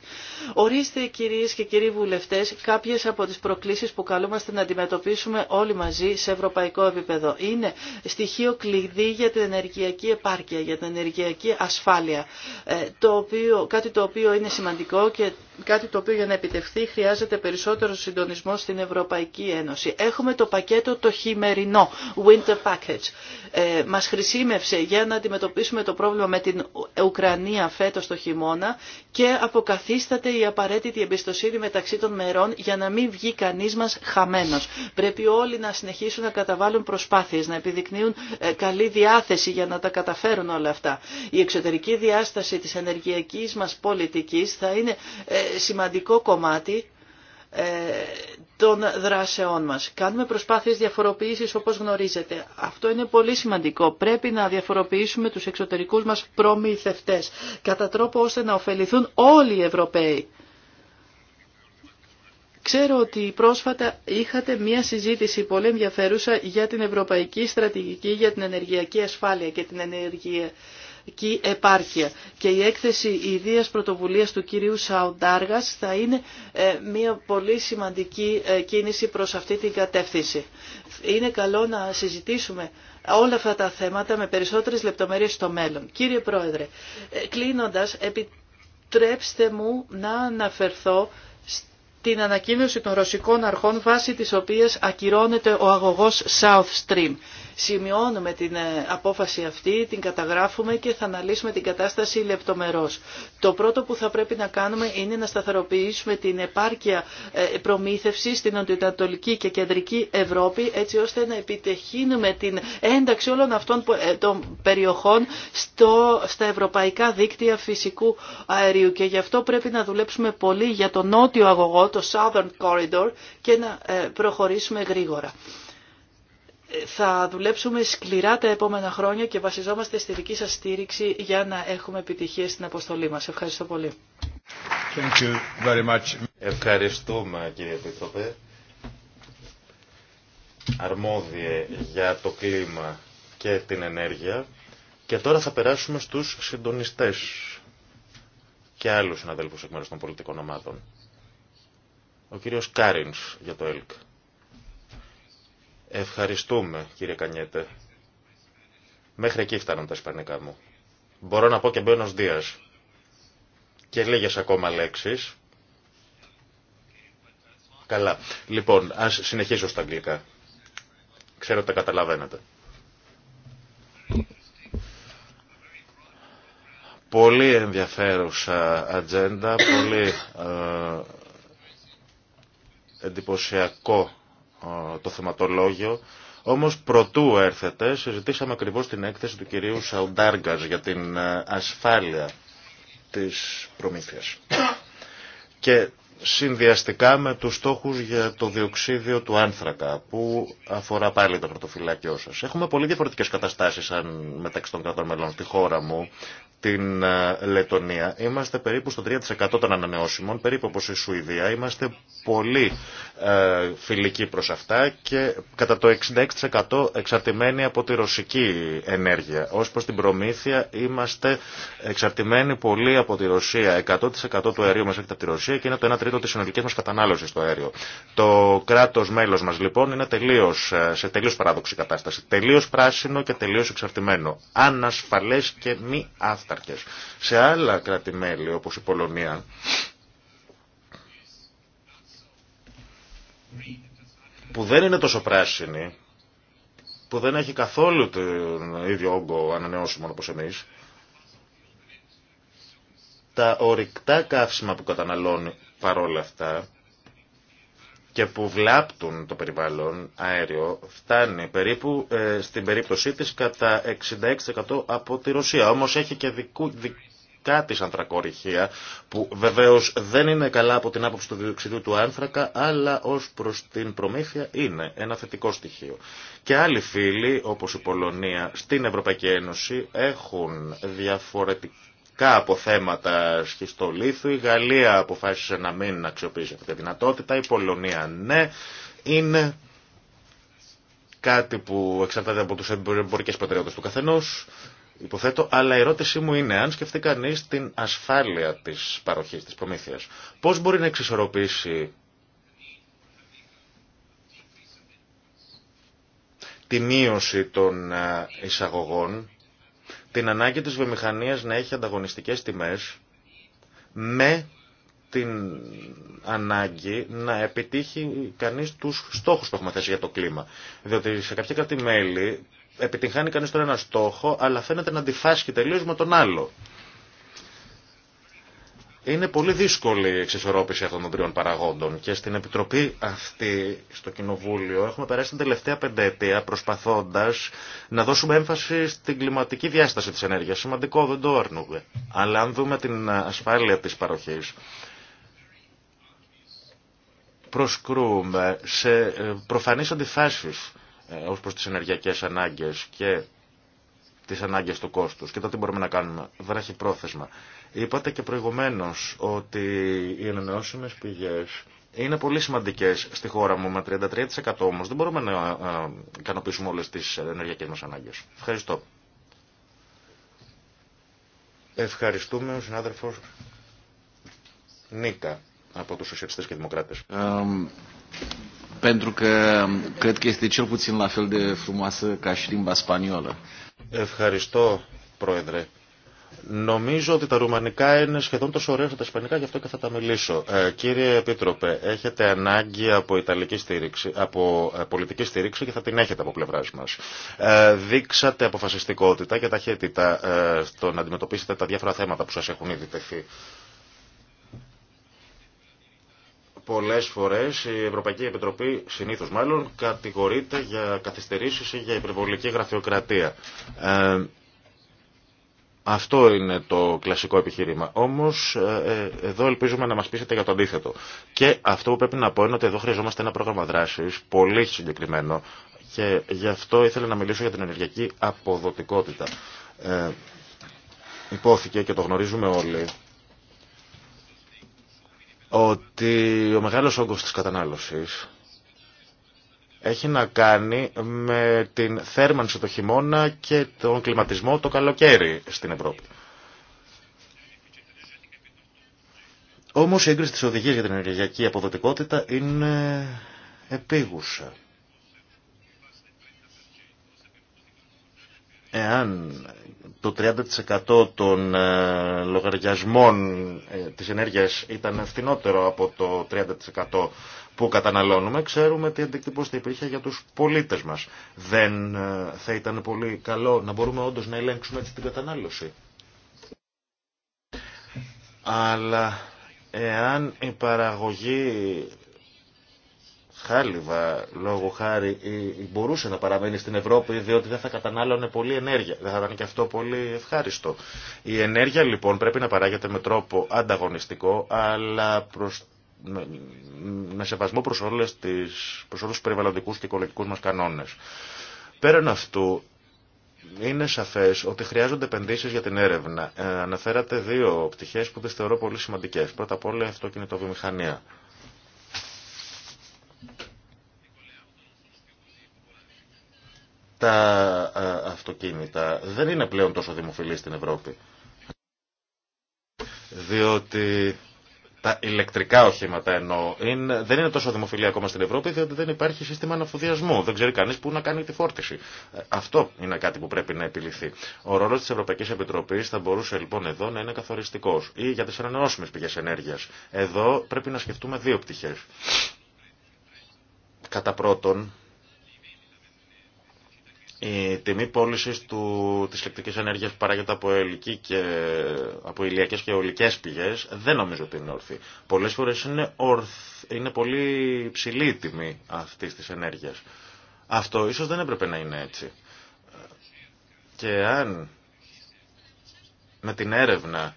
Ορίστε κυρίες και κύριοι βουλευτές κάποιες από τις προκλήσεις που καλούμαστε να αντιμετωπίσουμε όλοι μαζί σε ευρωπαϊκό επίπεδο. Είναι στοιχείο κλειδί για την ενεργειακή επάρκεια, για την ενεργειακή ασφάλεια, ε, το οποίο, κάτι το οποίο είναι σημαντικό και κάτι το οποίο για να επιτευχθεί χρειάζεται περισσότερο συντονισμό στην Ευρωπαϊκή Ένωση. Έχουμε το πακέτο το χειμερινό, το package ε, μας χρησιμεύσε για να αντιμετωπίσουμε το πρόβλημα με την Ουκρανία φέτος το χειμώνα και αποκαθίσταται η απαραίτητη εμπιστοσύνη μεταξύ των μερών για να μην βγει κανείς μας χαμένος. Πρέπει όλοι να συνεχίσουν να καταβάλουν προσπάθειες, να επιδεικνύουν ε, καλή διάθεση για να τα καταφέρουν όλα αυτά. Η εξωτερική διάσταση της ενεργειακής μας πολιτικής θα είναι ε, σημαντικό κομμάτι ε, των δράσεών μας. Κάνουμε προσπάθειες διαφοροποίησης όπως γνωρίζετε. Αυτό είναι πολύ σημαντικό. Πρέπει να διαφοροποιήσουμε τους εξωτερικούς μας προμηθευτές κατά τρόπο ώστε να ωφεληθούν όλοι οι Ευρωπαίοι. Ξέρω ότι πρόσφατα είχατε μία συζήτηση πολύ ενδιαφέρουσα για την Ευρωπαϊκή Στρατηγική για την Ενεργειακή Ασφάλεια και την ενεργειακή και επάρκεια. Και η έκθεση ιδίας πρωτοβουλίας του κυρίου Σαουντάργας θα είναι ε, μια πολύ σημαντική ε, κίνηση προς αυτή την κατεύθυνση. Είναι καλό να συζητήσουμε όλα αυτά τα θέματα με περισσότερες λεπτομέρειες στο μέλλον. Κύριε Πρόεδρε, ε, κλείνοντας, επιτρέψτε μου να αναφερθώ την ανακοίνωση των ρωσικών αρχών βάσει της οποίας ακυρώνεται ο αγωγός South Stream. Σημειώνουμε την ε, απόφαση αυτή, την καταγράφουμε και θα αναλύσουμε την κατάσταση λεπτομερώς. Το πρώτο που θα πρέπει να κάνουμε είναι να σταθεροποιήσουμε την επάρκεια ε, προμήθευση στην Ανατολική και Κεντρική Ευρώπη έτσι ώστε να επιτεχύνουμε την ένταξη όλων αυτών ε, των περιοχών στο, στα ευρωπαϊκά δίκτυα φυσικού αερίου και γι' αυτό πρέπει να δουλέψουμε πολύ για τον νότιο αγωγό, το Southern Corridor και να προχωρήσουμε γρήγορα θα δουλέψουμε σκληρά τα επόμενα χρόνια και βασιζόμαστε στη δική σας στήριξη για να έχουμε επιτυχία στην αποστολή μας. Ευχαριστώ πολύ. Thank you very much. Ευχαριστούμε κύριε Επίτροπε. Αρμόδιε για το κλίμα και την ενέργεια. Και τώρα θα περάσουμε στους συντονιστές και άλλους συναδέλφους εκ μέρους των πολιτικών ομάδων. Ο κύριος Κάριν για το ΕΛΚ. Ευχαριστούμε, κύριε Κανιέτε. Μέχρι εκεί φτάνουν τα σπανικά μου. Μπορώ να πω και μπαίνω δία. Και λίγες ακόμα λέξεις. Καλά. Λοιπόν, ας συνεχίσω στα αγγλικά. Ξέρω ότι τα καταλαβαίνετε. Πολύ ενδιαφέρουσα ατζέντα, πολύ ε, εντυπωσιακό το θεματολόγιο. Όμως προτού έρθετε, συζητήσαμε ακριβώς την έκθεση του κυρίου Σαουντάργκας για την ε, ασφάλεια της προμήθειας. Και συνδυαστικά με τους στόχους για το διοξίδιο του άνθρακα που αφορά πάλι το πρωτοφυλάκιό σας. Έχουμε πολύ διαφορετικές καταστάσεις αν μεταξύ των κρατών μελών στη χώρα μου την ε, Λετωνία είμαστε περίπου στο 3% των ανανεώσιμων, περίπου όπως η Σουηδία. Είμαστε πολύ ε, φιλικοί προς αυτά και κατά το 66% εξαρτημένοι από τη ρωσική ενέργεια. Ως προς την προμήθεια είμαστε εξαρτημένοι πολύ από τη Ρωσία. 100% του αερίου μας έρχεται από τη Ρωσία και είναι το 1 τρίτο της συνολικής μας κατανάλωσης στο αέριο. Το κράτος μέλος μας λοιπόν είναι τελείως, ε, σε τελείως παράδοξη κατάσταση. Τελείως πράσινο και τελείως εξαρτημένο. Ανασφαλές και μη αυτά σε άλλα κράτη-μέλη, όπως η Πολωνία, που δεν είναι τόσο πράσινη, που δεν έχει καθόλου τον ίδιο όγκο ανανεώσιμο όπως εμείς, τα ορυκτά καύσιμα που καταναλώνει παρόλα αυτά και που βλάπτουν το περιβάλλον αέριο φτάνει περίπου ε, στην περίπτωσή της κατά 66% από τη Ρωσία. Όμως έχει και δικά της ανθρακορυχία που βεβαίως δεν είναι καλά από την άποψη του διοξιδίου του άνθρακα αλλά ως προς την προμήθεια είναι ένα θετικό στοιχείο. Και άλλοι φίλοι όπως η Πολωνία στην Ευρωπαϊκή Ένωση έχουν διαφορετικό βασικά αποθέματα σχιστολήθου Η Γαλλία αποφάσισε να μην αξιοποιήσει αυτή τη δυνατότητα. Η Πολωνία ναι. Είναι κάτι που εξαρτάται από τους εμπορικές πατριώτες του καθενός, υποθέτω, αλλά η ερώτησή μου είναι αν σκεφτεί κανείς την ασφάλεια της παροχής, της προμήθειας. Πώς μπορεί να εξισορροπήσει τη μείωση των ε, εισαγωγών την ανάγκη της βιομηχανίας να έχει ανταγωνιστικές τιμές με την ανάγκη να επιτύχει κανείς τους στόχους που έχουμε θέσει για το κλίμα. Διότι σε κάποια κράτη-μέλη επιτυγχάνει κανείς τον ένα στόχο, αλλά φαίνεται να αντιφάσκει τελείως με τον άλλο. Είναι πολύ δύσκολη η εξισορρόπηση αυτών των τριών παραγόντων και στην Επιτροπή αυτή, στο Κοινοβούλιο, έχουμε περάσει την τελευταία πενταετία προσπαθώντα να δώσουμε έμφαση στην κλιματική διάσταση της ενέργειας, Σημαντικό, δεν το αρνούμε. Αλλά αν δούμε την ασφάλεια τη παροχή, προσκρούμε σε ε, προφανείς αντιφάσεις ε, ως προς τις ενεργειακές ανάγκες και τις ανάγκες του κόστους και το τι μπορούμε να κάνουμε πρόθεσμα Είπατε και προηγουμένως ότι οι ενενεώσιμες πηγές είναι πολύ σημαντικές στη χώρα μου με 33% όμως δεν μπορούμε να ε, ικανοποιήσουμε όλες τις ενεργειακές μας ανάγκες. Ευχαριστώ. Ευχαριστούμε ο συνάδελφος Νίκα από τους Σοσιαλιστές και Δημοκράτες. Pentru că cred că este cel puțin la fel de frumoasă ca și limba spaniolă. Ευχαριστώ, Πρόεδρε. Νομίζω ότι τα ρουμανικά είναι σχεδόν τόσο ωραία όσο τα ισπανικά, γι' αυτό και θα τα μιλήσω. Ε, κύριε Επίτροπε, έχετε ανάγκη από, ιταλική στήριξη, από ε, πολιτική στήριξη και θα την έχετε από πλευρά μα. Ε, δείξατε αποφασιστικότητα και ταχύτητα ε, στο να αντιμετωπίσετε τα διάφορα θέματα που σα έχουν ήδη τεθεί πολλές φορές η Ευρωπαϊκή Επιτροπή, συνήθως μάλλον, κατηγορείται για καθυστερήσεις ή για υπερβολική γραφειοκρατία. Ε, αυτό είναι το κλασικό επιχείρημα. Όμως ε, ε, εδώ ελπίζουμε να μας πείσετε για το αντίθετο. Και αυτό που πρέπει να πω είναι ότι εδώ χρειαζόμαστε ένα πρόγραμμα δράσης, πολύ συγκεκριμένο, και γι' αυτό ήθελα να μιλήσω για την ενεργειακή αποδοτικότητα. Ε, υπόθηκε και το γνωρίζουμε όλοι ότι ο μεγάλος όγκος της κατανάλωσης έχει να κάνει με την θέρμανση το χειμώνα και τον κλιματισμό το καλοκαίρι στην Ευρώπη. Όμως η έγκριση της οδηγίας για την ενεργειακή αποδοτικότητα είναι επίγουσα. Εάν το 30% των ε, λογαριασμών ε, της ενέργειας ήταν φθηνότερο από το 30% που καταναλώνουμε, ξέρουμε τι αντικτύπωση θα υπήρχε για τους πολίτες μας. Δεν ε, θα ήταν πολύ καλό να μπορούμε όντως να ελέγξουμε έτσι την κατανάλωση. Αλλά εάν η παραγωγή χάλιβα λόγω χάρη μπορούσε να παραμένει στην Ευρώπη διότι δεν θα κατανάλωνε πολύ ενέργεια. Δεν θα ήταν και αυτό πολύ ευχάριστο. Η ενέργεια λοιπόν πρέπει να παράγεται με τρόπο ανταγωνιστικό αλλά προς με σεβασμό προς, όλες τις, προς όλους τους περιβαλλοντικούς και οικολογικούς μας κανόνες. Πέραν αυτού, είναι σαφές ότι χρειάζονται επενδύσει για την έρευνα. Ε, αναφέρατε δύο πτυχές που τις θεωρώ πολύ σημαντικές. Πρώτα απ' όλα η αυτοκινητοβιομηχανία. τα ε, αυτοκίνητα δεν είναι πλέον τόσο δημοφιλή στην Ευρώπη. Διότι τα ηλεκτρικά οχήματα εννοώ είναι, δεν είναι τόσο δημοφιλή ακόμα στην Ευρώπη διότι δεν υπάρχει σύστημα αναφοδιασμού. Δεν ξέρει κανεί πού να κάνει τη φόρτιση. Ε, αυτό είναι κάτι που πρέπει να επιληθεί. Ο ρόλο τη Ευρωπαϊκή Επιτροπή θα μπορούσε λοιπόν εδώ να είναι καθοριστικό ή για τι ανανεώσιμε πηγέ ενέργεια. Εδώ πρέπει να σκεφτούμε δύο πτυχέ. Κατά πρώτον, η τιμή πώληση τη ηλεκτρική ενέργεια που παράγεται από, και, από ηλιακέ και ολικέ πηγέ δεν νομίζω ότι είναι όρθη. Πολλέ φορέ είναι, είναι πολύ ψηλή η τιμή αυτή τη ενέργεια. Αυτό ίσω δεν έπρεπε να είναι έτσι. Και αν με την έρευνα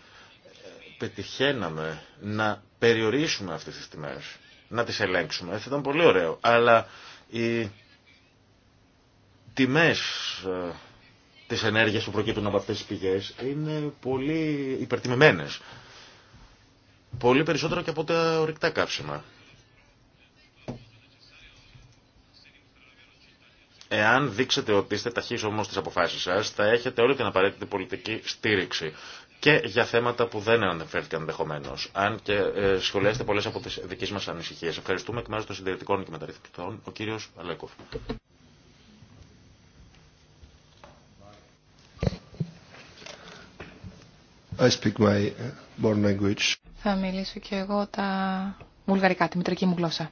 πετυχαίναμε να περιορίσουμε αυτές τις τιμές, να τις ελέγξουμε, θα ήταν πολύ ωραίο. Αλλά η τιμές ε, της ενέργειας που προκύπτουν από αυτές τις πηγές είναι πολύ υπερτιμημένες. Πολύ περισσότερο και από τα ορυκτά καύσιμα. Εάν δείξετε ότι είστε ταχύς όμως στις αποφάσεις σας, θα έχετε όλη την απαραίτητη πολιτική στήριξη και για θέματα που δεν αναφέρθηκαν ενδεχομένω. Αν και ε, σχολιάσετε πολλέ από τι δικέ μα ανησυχίε. Ευχαριστούμε εκ μέρου των συντηρητικών και μεταρρυθμιστών, ο κύριο Αλέκοφ. I speak my uh, Θα μιλήσω και εγώ τα βουλγαρικά, τη μητρική μου γλώσσα.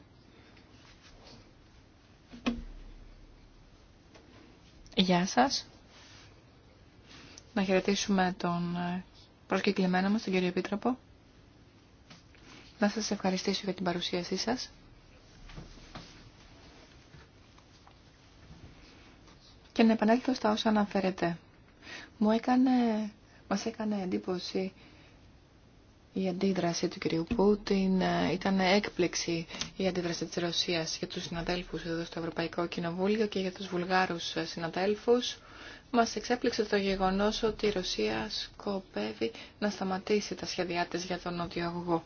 Γεια σας. Να χαιρετήσουμε τον ε, προσκεκλημένο μας, τον κύριο Επίτροπο. Να σας ευχαριστήσω για την παρουσίασή σας. Και να επανέλθω στα όσα αναφέρετε. Μου έκανε Μα έκανε εντύπωση η αντίδραση του κυρίου Πούτιν. Ε, ήταν έκπληξη η αντίδραση τη Ρωσία για του συναδέλφου εδώ στο Ευρωπαϊκό Κοινοβούλιο και για του βουλγάρους ε, συναδέλφου. Μα εξέπληξε το γεγονό ότι η Ρωσία σκοπεύει να σταματήσει τα σχέδιά τη για τον νότιο αγωγό.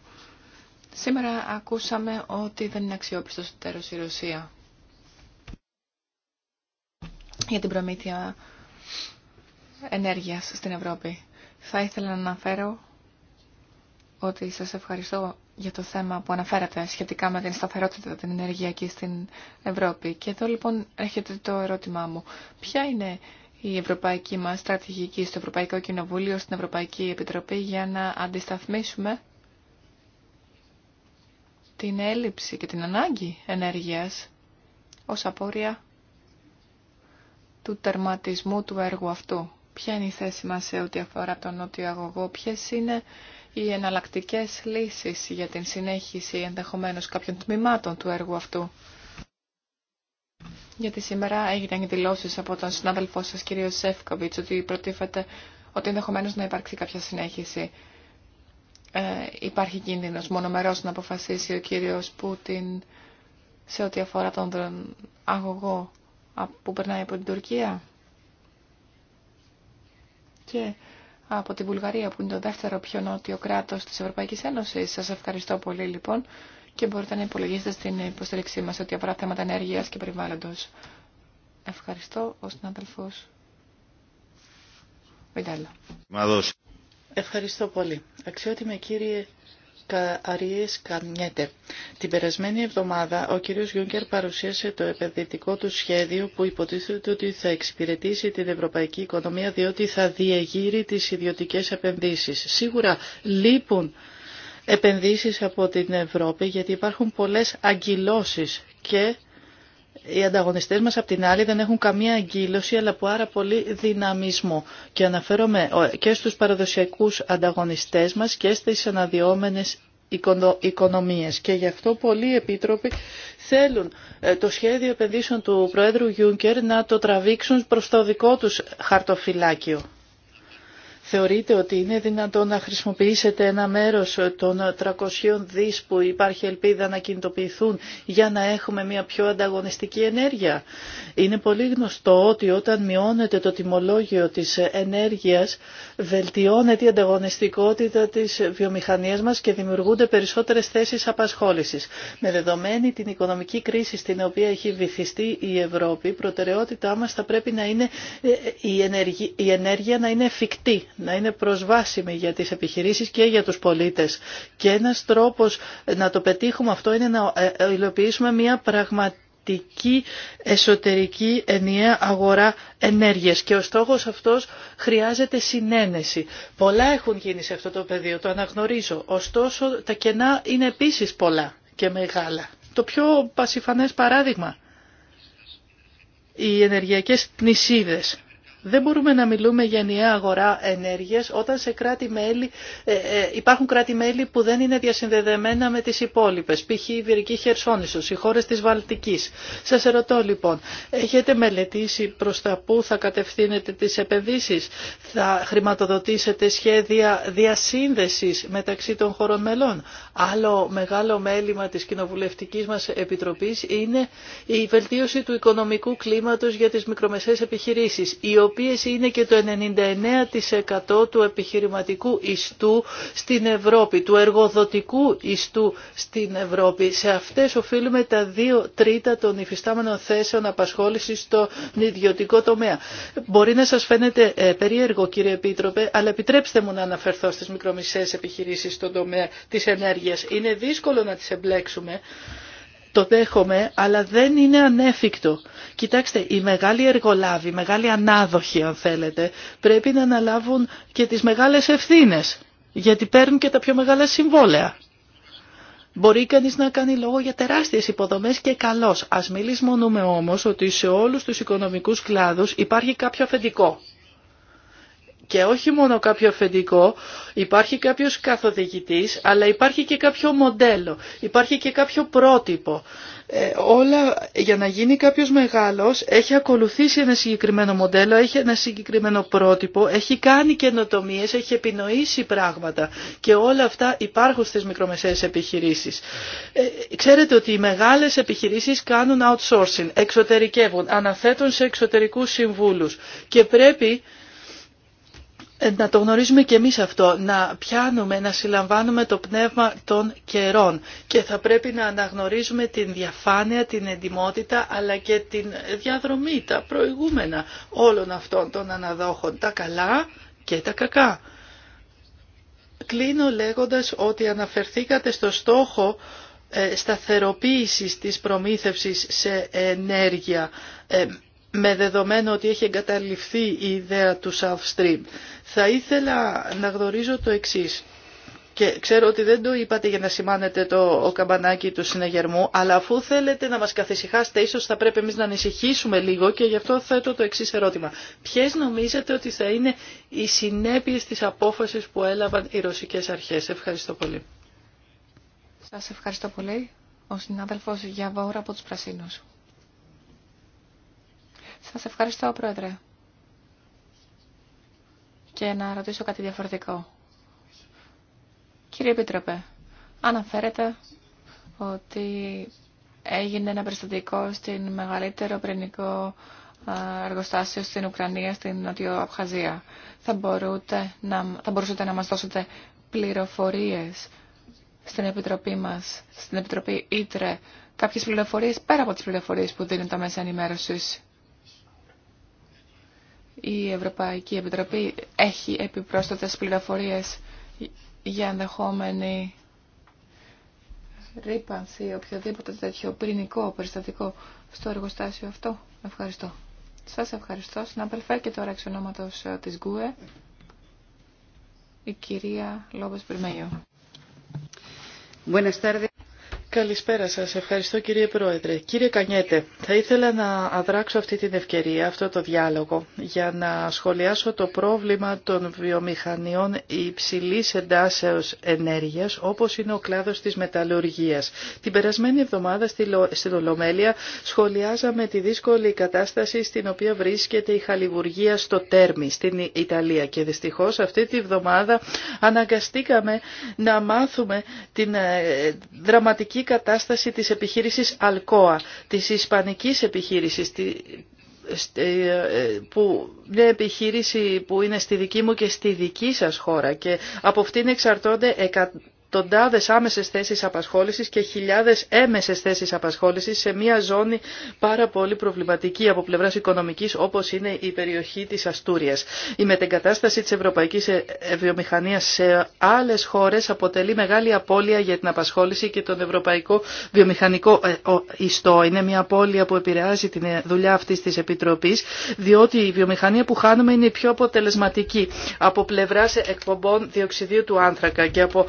Σήμερα ακούσαμε ότι δεν είναι αξιόπιστος τέλο η Ρωσία για την προμήθεια ενέργειας στην Ευρώπη. Θα ήθελα να αναφέρω ότι σας ευχαριστώ για το θέμα που αναφέρατε σχετικά με την σταθερότητα την ενεργειακή στην Ευρώπη. Και εδώ λοιπόν έρχεται το ερώτημά μου. Ποια είναι η ευρωπαϊκή μας στρατηγική στο Ευρωπαϊκό Κοινοβούλιο, στην Ευρωπαϊκή Επιτροπή για να αντισταθμίσουμε την έλλειψη και την ανάγκη ενέργειας ως απόρρια του τερματισμού του έργου αυτού. Ποια είναι η θέση μας σε ό,τι αφορά τον νότιο αγωγό, ποιες είναι οι εναλλακτικέ λύσεις για την συνέχιση ενδεχομένως κάποιων τμήματων του έργου αυτού. Γιατί σήμερα έγιναν δηλώσεις από τον συνάδελφό σας κύριο Σεύκοβιτς ότι προτίθεται ότι ενδεχομένως να υπάρξει κάποια συνέχιση. Ε, υπάρχει κίνδυνος μονομερός να αποφασίσει ο κύριος Πούτιν σε ό,τι αφορά τον αγωγό που περνάει από την Τουρκία και από τη Βουλγαρία που είναι το δεύτερο πιο νότιο κράτος της Ευρωπαϊκής Ένωσης. Σας ευχαριστώ πολύ λοιπόν και μπορείτε να υπολογίσετε στην υποστήριξή μας ότι αφορά θέματα ενέργειας και περιβάλλοντος. Ευχαριστώ ο συνάδελφος Βιντάλλα. Ευχαριστώ πολύ. Αξιότιμε κύριε Καρίες Κανιέτε. Την περασμένη εβδομάδα ο κύριος Γιούγκερ παρουσίασε το επενδυτικό του σχέδιο που υποτίθεται ότι θα εξυπηρετήσει την ευρωπαϊκή οικονομία διότι θα διεγείρει τις ιδιωτικές επενδύσεις. Σίγουρα λείπουν επενδύσεις από την Ευρώπη γιατί υπάρχουν πολλές αγκυλώσεις και οι ανταγωνιστές μας απ' την άλλη δεν έχουν καμία αγκύλωση αλλά άρα πολύ δυναμισμό. Και αναφέρομαι ε, και στους παραδοσιακούς ανταγωνιστές μας και στις αναδυόμενες οικονομίες. Και γι' αυτό πολλοί επίτροποι θέλουν ε, το σχέδιο επενδύσεων του Προέδρου Γιούνκερ να το τραβήξουν προς το δικό τους χαρτοφυλάκιο. Θεωρείτε ότι είναι δυνατόν να χρησιμοποιήσετε ένα μέρος των 300 δις που υπάρχει ελπίδα να κινητοποιηθούν για να έχουμε μια πιο ανταγωνιστική ενέργεια. Είναι πολύ γνωστό ότι όταν μειώνεται το τιμολόγιο της ενέργειας βελτιώνεται η ανταγωνιστικότητα της βιομηχανίας μας και δημιουργούνται περισσότερες θέσεις απασχόλησης. Με δεδομένη την οικονομική κρίση στην οποία έχει βυθιστεί η Ευρώπη, η προτεραιότητά μας θα πρέπει να είναι ε, ε, η ενέργεια να είναι εφικτή να είναι προσβάσιμη για τις επιχειρήσεις και για τους πολίτες. Και ένας τρόπος να το πετύχουμε αυτό είναι να ε, ε, υλοποιήσουμε μια πραγματική εσωτερική ενιαία αγορά ενέργειας και ο στόχος αυτός χρειάζεται συνένεση. Πολλά έχουν γίνει σε αυτό το πεδίο, το αναγνωρίζω. Ωστόσο τα κενά είναι επίσης πολλά και μεγάλα. Το πιο πασιφανές παράδειγμα, οι ενεργειακές νησίδες. Δεν μπορούμε να μιλούμε για ενιαία αγορά ενέργειας όταν σε κράτη ε, ε, υπάρχουν κράτη-μέλη που δεν είναι διασυνδεδεμένα με τις υπόλοιπες, π.χ. η Βυρική Χερσόνησος, οι χώρες της Βαλτικής. Σας ερωτώ λοιπόν, έχετε μελετήσει προς τα πού θα κατευθύνετε τις επενδύσεις, θα χρηματοδοτήσετε σχέδια διασύνδεσης μεταξύ των χωρών μελών. Άλλο μεγάλο μέλημα της κοινοβουλευτικής μας επιτροπής είναι η βελτίωση του οικονομικού κλίματος για τις μικρομεσαίες επιχειρήσεις, οποίες είναι και το 99% του επιχειρηματικού ιστού στην Ευρώπη, του εργοδοτικού ιστού στην Ευρώπη. Σε αυτές οφείλουμε τα δύο τρίτα των υφιστάμενων θέσεων απασχόλησης στον ιδιωτικό τομέα. Μπορεί να σας φαίνεται ε, περίεργο κύριε Επίτροπε, αλλά επιτρέψτε μου να αναφερθώ στις μικρομισές επιχειρήσεις στον τομέα της ενέργειας. Είναι δύσκολο να τις εμπλέξουμε. Το δέχομαι, αλλά δεν είναι ανέφικτο. Κοιτάξτε, οι μεγάλοι εργολάβοι, οι μεγάλοι ανάδοχοι αν θέλετε, πρέπει να αναλάβουν και τις μεγάλες ευθύνες, γιατί παίρνουν και τα πιο μεγάλα συμβόλαια. Μπορεί κανείς να κάνει λόγο για τεράστιες υποδομές και καλώς. Ας μιλήσουμε όμως ότι σε όλους τους οικονομικούς κλάδους υπάρχει κάποιο αφεντικό. Και όχι μόνο κάποιο αφεντικό, υπάρχει κάποιος καθοδηγητής, αλλά υπάρχει και κάποιο μοντέλο, υπάρχει και κάποιο πρότυπο. Ε, όλα για να γίνει κάποιος μεγάλος έχει ακολουθήσει ένα συγκεκριμένο μοντέλο, έχει ένα συγκεκριμένο πρότυπο, έχει κάνει καινοτομίε, έχει επινοήσει πράγματα και όλα αυτά υπάρχουν στις μικρομεσαίες επιχειρήσεις. Ε, ξέρετε ότι οι μεγάλες επιχειρήσεις κάνουν outsourcing, εξωτερικεύουν, αναθέτουν σε εξωτερικούς συμβούλους και πρέπει ε, να το γνωρίζουμε και εμείς αυτό, να πιάνουμε, να συλλαμβάνουμε το πνεύμα των καιρών και θα πρέπει να αναγνωρίζουμε την διαφάνεια, την εντιμότητα αλλά και την διαδρομή, τα προηγούμενα όλων αυτών των αναδόχων, τα καλά και τα κακά. Κλείνω λέγοντας ότι αναφερθήκατε στο στόχο ε, σταθεροποίησης της προμήθευσης σε ενέργεια ε, με δεδομένο ότι έχει εγκαταλειφθεί η ιδέα του South Stream. Θα ήθελα να γνωρίζω το εξής. Και ξέρω ότι δεν το είπατε για να σημάνετε το ο καμπανάκι του συναγερμού, αλλά αφού θέλετε να μας καθησυχάσετε, ίσως θα πρέπει εμείς να ανησυχήσουμε λίγο και γι' αυτό θέτω το εξής ερώτημα. Ποιες νομίζετε ότι θα είναι οι συνέπειες της απόφασης που έλαβαν οι ρωσικές αρχές. Ευχαριστώ πολύ. Σας ευχαριστώ πολύ. Ο συνάδελφος Γιαβόρα από τους Πρασίνους. Σας ευχαριστώ, Πρόεδρε και να ρωτήσω κάτι διαφορετικό. Κύριε Επίτροπε, αναφέρετε ότι έγινε ένα περιστατικό στην μεγαλύτερο πυρηνικό εργοστάσιο στην Ουκρανία, στην Νότιο Αυχαζία. Θα, μπορούτε να, θα μπορούσατε να μας δώσετε πληροφορίες στην Επιτροπή μας, στην Επιτροπή Ήτρε, κάποιες πληροφορίες πέρα από τις πληροφορίες που δίνουν τα μέσα ενημέρωσης η Ευρωπαϊκή Επιτροπή έχει επιπρόσθετες πληροφορίες για ενδεχόμενη ρήπανση ή οποιοδήποτε τέτοιο πυρηνικό περιστατικό στο εργοστάσιο αυτό. Ευχαριστώ. Σας ευχαριστώ. Συνάδελφε και τώρα εξ ονόματος ε, της ΓΚΟΕ, η κυρία Λόμπες Πριμέγιο. Καλησπέρα σας. Ευχαριστώ κύριε Πρόεδρε. Κύριε Κανιέτε, θα ήθελα να αδράξω αυτή την ευκαιρία, αυτό το διάλογο, για να σχολιάσω το πρόβλημα των βιομηχανιών υψηλής εντάσεως ενέργειας, όπως είναι ο κλάδος της μεταλλουργίας. Την περασμένη εβδομάδα στην Ολομέλεια σχολιάζαμε τη δύσκολη κατάσταση στην οποία βρίσκεται η χαλιβουργία στο Τέρμι, στην Ιταλία. Και δυστυχώς αυτή τη εβδομάδα αναγκαστήκαμε να μάθουμε την ε, δραματική η κατάσταση της επιχείρησης Αλκόα, της ισπανικής επιχείρησης, ε, που μια επιχείρηση που είναι στη δική μου και στη δική σας χώρα και από αυτήν εξαρτώνται Τοντάδε άμεσε θέσεις απασχόληση και χιλιάδε έμεσε θέσει απασχόληση σε μια ζώνη πάρα πολύ προβληματική από πλευρά οικονομική όπω είναι η περιοχή τη Αστούρια. Η μετεγκατάσταση τη Ευρωπαϊκή ε- Βιομηχανία σε άλλε χώρε αποτελεί μεγάλη απώλεια για την απασχόληση και τον ευρωπαϊκό βιομηχανικό ε, ιστό. Είναι μια απώλεια που επηρεάζει τη ε, δουλειά αυτή τη επιτροπή, διότι η βιομηχανία που χάνουμε είναι η πιο αποτελεσματική από πλευρά εκπομπών διοξιδίου του άνθρακα και από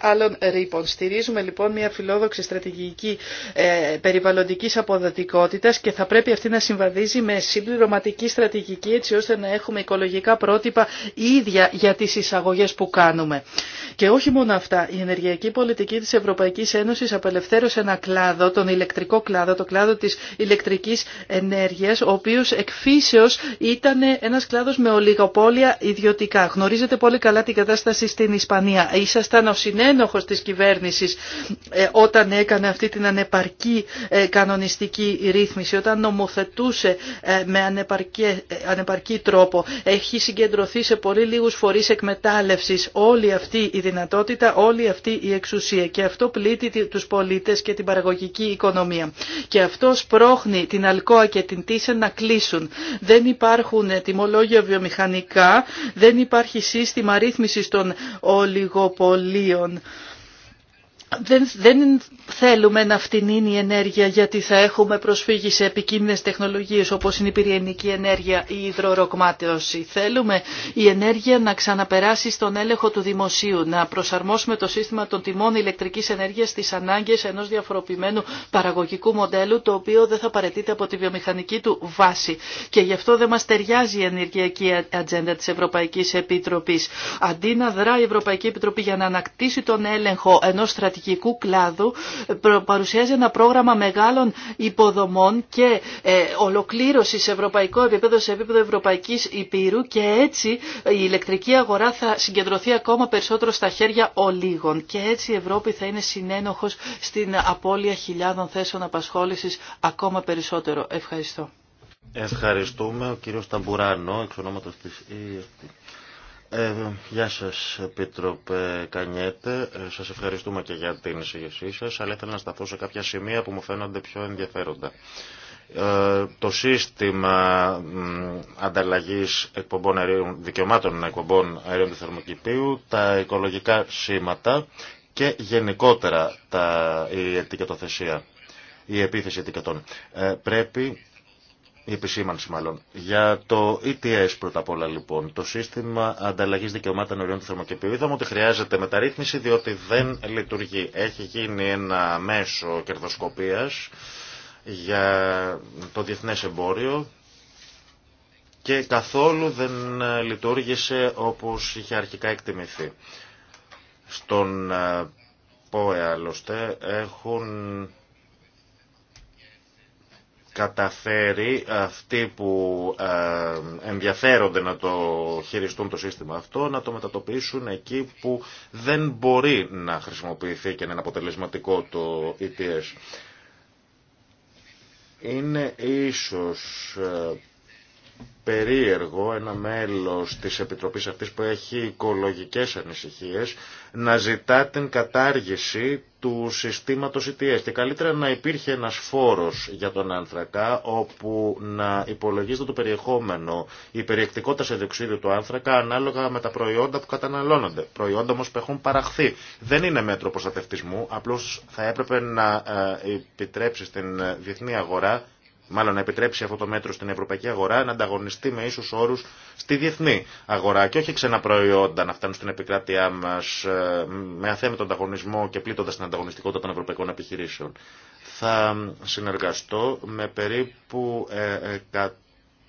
άλλων ρήπων. Στηρίζουμε λοιπόν μια φιλόδοξη στρατηγική ε, περιβαλλοντική αποδοτικότητα και θα πρέπει αυτή να συμβαδίζει με συμπληρωματική στρατηγική έτσι ώστε να έχουμε οικολογικά πρότυπα ίδια για τι εισαγωγέ που κάνουμε. Και όχι μόνο αυτά, η ενεργειακή πολιτική τη Ευρωπαϊκή Ένωση απελευθέρωσε ένα κλάδο, τον ηλεκτρικό κλάδο, το κλάδο τη ηλεκτρική ενέργεια, ο οποίο εκφύσεως ήταν ένα κλάδο με ολιγοπόλια ιδιωτικά. Γνωρίζετε πολύ καλά την κατάσταση στην Ισπανία. Ήσασταν συνένοχος της κυβέρνησης ε, όταν έκανε αυτή την ανεπαρκή ε, κανονιστική ρύθμιση, όταν νομοθετούσε ε, με ανεπαρκή, ανεπαρκή τρόπο. Έχει συγκεντρωθεί σε πολύ λίγους φορείς εκμετάλλευσης όλη αυτή η δυνατότητα, όλη αυτή η εξουσία και αυτό πλήττει τους πολίτες και την παραγωγική οικονομία. Και αυτό σπρώχνει την Αλκόα και την Τίσεν να κλείσουν. Δεν υπάρχουν τιμολόγια βιομηχανικά, δεν υπάρχει σύστημα ρύθμισης των ολιγοπολίων στοιχείων δεν, δεν θέλουμε να φτηνίνει η ενέργεια γιατί θα έχουμε προσφύγει σε επικίνδυνες τεχνολογίες όπως είναι η πυριανική ενέργεια ή η υδροροκμάτωση. Θέλουμε η υδροροκματεωση θελουμε η ενεργεια να ξαναπεράσει στον έλεγχο του δημοσίου, να προσαρμόσουμε το σύστημα των τιμών ηλεκτρικής ενέργειας στις ανάγκες ενός διαφοροποιημένου παραγωγικού μοντέλου το οποίο δεν θα παρετείται από τη βιομηχανική του βάση. Και γι' αυτό δεν μας ταιριάζει η ενεργειακή ατζέντα της Ευρωπαϊκής Επιτροπής. Αντί να δρά η Ευρωπαϊκή Επιτροπή για να ανακτήσει τον έλεγχο ενός στρατηγικού επιχειρηματικού κλάδου παρουσιάζει ένα πρόγραμμα μεγάλων υποδομών και ε, ολοκλήρωση σε ευρωπαϊκό επίπεδο, σε επίπεδο Ευρωπαϊκής Υπήρου και έτσι η ηλεκτρική αγορά θα συγκεντρωθεί ακόμα περισσότερο στα χέρια ολίγων και έτσι η Ευρώπη θα είναι συνένοχο στην απώλεια χιλιάδων θέσεων απασχόλησης ακόμα περισσότερο. Ευχαριστώ. Ευχαριστούμε ο κύριος Ταμπουράνο, εξ ΕΕ. Ε, γεια σας, Επίτροπε Κανιέτε. Ε, σας ευχαριστούμε και για την εισηγησή σας, αλλά ήθελα να σταθώ σε κάποια σημεία που μου φαίνονται πιο ενδιαφέροντα. Ε, το σύστημα ανταλλαγής εκπομπών αερίων, δικαιωμάτων εκπομπών αερίων του θερμοκηπίου, τα οικολογικά σήματα και γενικότερα τα, η ετικετοθεσία, η επίθεση ετικετών. πρέπει η επισήμανση μάλλον. Για το ETS πρώτα απ' όλα λοιπόν, το σύστημα ανταλλαγής δικαιωμάτων οριών του θερμοκηπίου. Είδαμε ότι χρειάζεται μεταρρύθμιση διότι δεν λειτουργεί. Έχει γίνει ένα μέσο κερδοσκοπίας για το διεθνές εμπόριο και καθόλου δεν λειτουργήσε όπως είχε αρχικά εκτιμηθεί. Στον ε, ΠΟΕ άλλωστε έχουν καταφέρει αυτοί που ε, ενδιαφέρονται να το χειριστούν το σύστημα αυτό να το μετατοπίσουν εκεί που δεν μπορεί να χρησιμοποιηθεί και να είναι αποτελεσματικό το ETS. Είναι ίσως ε, περίεργο ένα μέλος της Επιτροπής αυτής που έχει οικολογικές ανησυχίες να ζητά την κατάργηση του συστήματος ETS και καλύτερα να υπήρχε ένας φόρος για τον άνθρακα όπου να υπολογίζεται το περιεχόμενο η περιεκτικότητα σε διοξίδιο του άνθρακα ανάλογα με τα προϊόντα που καταναλώνονται. Προϊόντα όμως που έχουν παραχθεί. Δεν είναι μέτρο προστατευτισμού, απλώς θα έπρεπε να ε, επιτρέψει στην ε, διεθνή αγορά μάλλον να επιτρέψει αυτό το μέτρο στην ευρωπαϊκή αγορά να ανταγωνιστεί με ίσους όρους στη διεθνή αγορά και όχι ξένα προϊόντα να φτάνουν στην επικράτειά μας ε, με αθέμητο ανταγωνισμό και πλήττοντας την ανταγωνιστικότητα των ευρωπαϊκών επιχειρήσεων. Θα συνεργαστώ με περίπου ε, ε,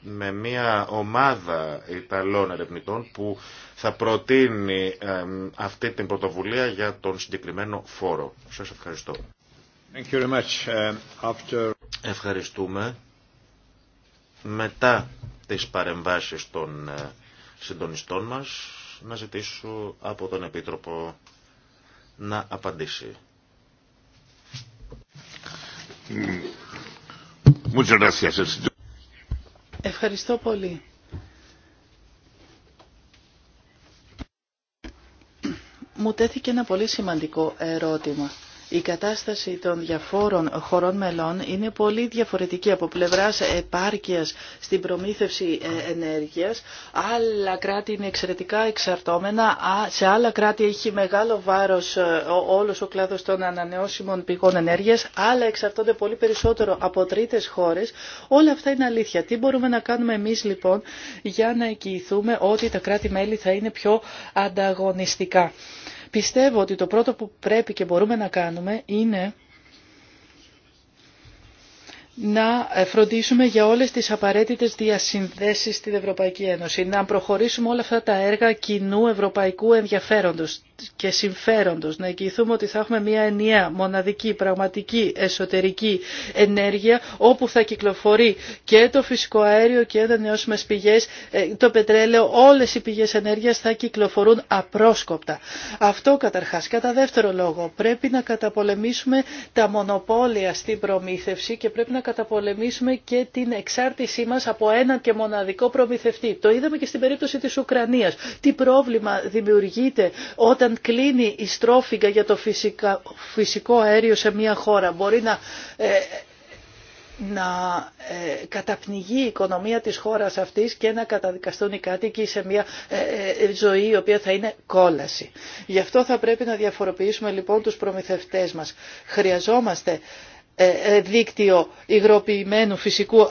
με μια ομάδα Ιταλών ερευνητών που θα προτείνει αυτή την πρωτοβουλία για τον συγκεκριμένο φόρο. Σας ευχαριστώ. Uh, Ευχαριστούμε. Μετά τις παρεμβάσεις των ε, συντονιστών μας, να ζητήσω από τον Επίτροπο να απαντήσει. Mm. Ευχαριστώ πολύ. Μου τέθηκε ένα πολύ σημαντικό ερώτημα η κατάσταση των διαφόρων χωρών μελών είναι πολύ διαφορετική από πλευράς επάρκειας στην προμήθευση ε, ενέργειας. Άλλα κράτη είναι εξαιρετικά εξαρτώμενα, σε άλλα κράτη έχει μεγάλο βάρος ε, όλος ο κλάδος των ανανεώσιμων πηγών ενέργειας, άλλα εξαρτώνται πολύ περισσότερο από τρίτες χώρες. Όλα αυτά είναι αλήθεια. Τι μπορούμε να κάνουμε εμείς λοιπόν για να εγγυηθούμε ότι τα κράτη-μέλη θα είναι πιο ανταγωνιστικά. Πιστεύω ότι το πρώτο που πρέπει και μπορούμε να κάνουμε είναι να ε, φροντίσουμε για όλες τις απαραίτητες διασυνδέσεις στην Ευρωπαϊκή Ένωση, να προχωρήσουμε όλα αυτά τα έργα κοινού ευρωπαϊκού ενδιαφέροντος και συμφέροντος, να εγγυηθούμε ότι θα έχουμε μια ενιαία, μοναδική, πραγματική, εσωτερική ενέργεια, όπου θα κυκλοφορεί και το φυσικό αέριο και τα νεώσιμες πηγές, ε, το πετρέλαιο, όλες οι πηγές ενέργειας θα κυκλοφορούν απρόσκοπτα. Αυτό καταρχάς. Κατά δεύτερο λόγο, πρέπει να καταπολεμήσουμε τα μονοπόλια στην προμήθευση και πρέπει καταπολεμήσουμε και την εξάρτησή μας από έναν και μοναδικό προμηθευτή. Το είδαμε και στην περίπτωση της Ουκρανίας. Τι πρόβλημα δημιουργείται όταν κλείνει η στρόφιγγα για το φυσικό αέριο σε μια χώρα. Μπορεί να... Ε, να ε, καταπνιγεί η οικονομία της χώρας αυτής και να καταδικαστούν οι κάτοικοι σε μια ε, ζωή η οποία θα είναι κόλαση. Γι' αυτό θα πρέπει να διαφοροποιήσουμε λοιπόν τους προμηθευτές μας. Χρειαζόμαστε ε, ε, δίκτυο υγροποιημένου φυσικού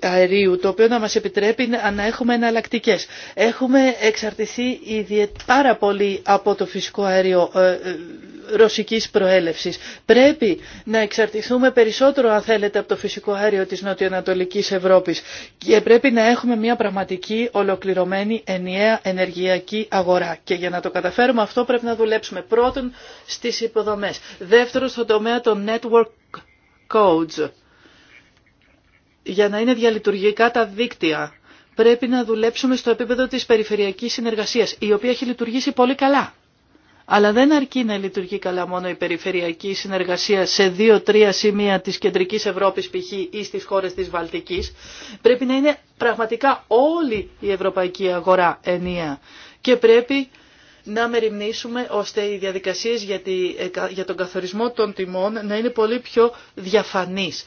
αερίου το οποίο να μας επιτρέπει να έχουμε εναλλακτικέ. Έχουμε εξαρτηθεί πάρα πολύ από το φυσικό αέριο ε, ρωσικής προέλευσης. Πρέπει να εξαρτηθούμε περισσότερο αν θέλετε από το φυσικό αέριο της νοτιοανατολικής Ευρώπης και πρέπει να έχουμε μια πραγματική ολοκληρωμένη ενιαία ενεργειακή αγορά και για να το καταφέρουμε αυτό πρέπει να δουλέψουμε πρώτον στις υποδομές, δεύτερον στον τομέα των network codes για να είναι διαλειτουργικά τα δίκτυα. Πρέπει να δουλέψουμε στο επίπεδο της περιφερειακής συνεργασίας, η οποία έχει λειτουργήσει πολύ καλά. Αλλά δεν αρκεί να λειτουργεί καλά μόνο η περιφερειακή συνεργασία σε δύο-τρία σημεία της κεντρικής Ευρώπης π.χ. ή στις χώρες της Βαλτικής. Πρέπει να είναι πραγματικά όλη η ευρωπαϊκή αγορά ενία και πρέπει να μεριμνήσουμε ώστε οι διαδικασίες για, τη, ε, για τον καθορισμό των τιμών να είναι πολύ πιο διαφανείς.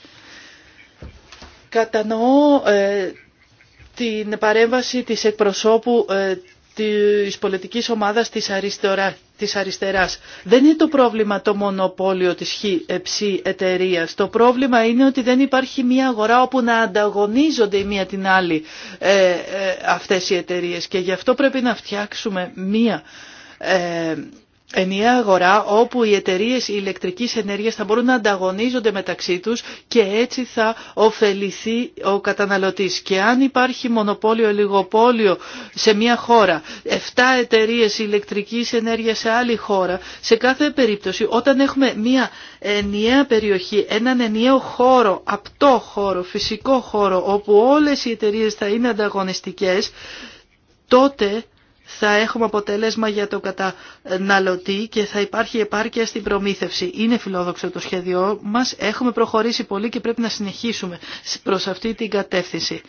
Κατανοώ ε, την παρέμβαση της εκπροσώπου ε, της πολιτικής ομάδας της, αριστερά, της αριστεράς. Δεν είναι το πρόβλημα το μονοπόλιο της ΧΕΨΗ εταιρεία. Το πρόβλημα είναι ότι δεν υπάρχει μια αγορά όπου να ανταγωνίζονται η μία την άλλη ε, ε αυτές οι εταιρείε. Και γι' αυτό πρέπει να φτιάξουμε μια... Ε, ενιαία αγορά όπου οι εταιρείες ηλεκτρικής ενέργειας θα μπορούν να ανταγωνίζονται μεταξύ τους και έτσι θα ωφεληθεί ο καταναλωτής. Και αν υπάρχει μονοπόλιο, λιγοπόλιο σε μια χώρα, 7 εταιρείες ηλεκτρικής ενέργειας σε άλλη χώρα, σε κάθε περίπτωση όταν έχουμε μια ενιαία περιοχή, έναν ενιαίο χώρο, απτό χώρο, φυσικό χώρο όπου όλες οι εταιρείες θα είναι ανταγωνιστικές, τότε θα έχουμε αποτέλεσμα για το καταναλωτή και θα υπάρχει επάρκεια στην προμήθευση. Είναι φιλόδοξο το σχέδιό μας, έχουμε προχωρήσει πολύ και πρέπει να συνεχίσουμε προς αυτή την κατεύθυνση.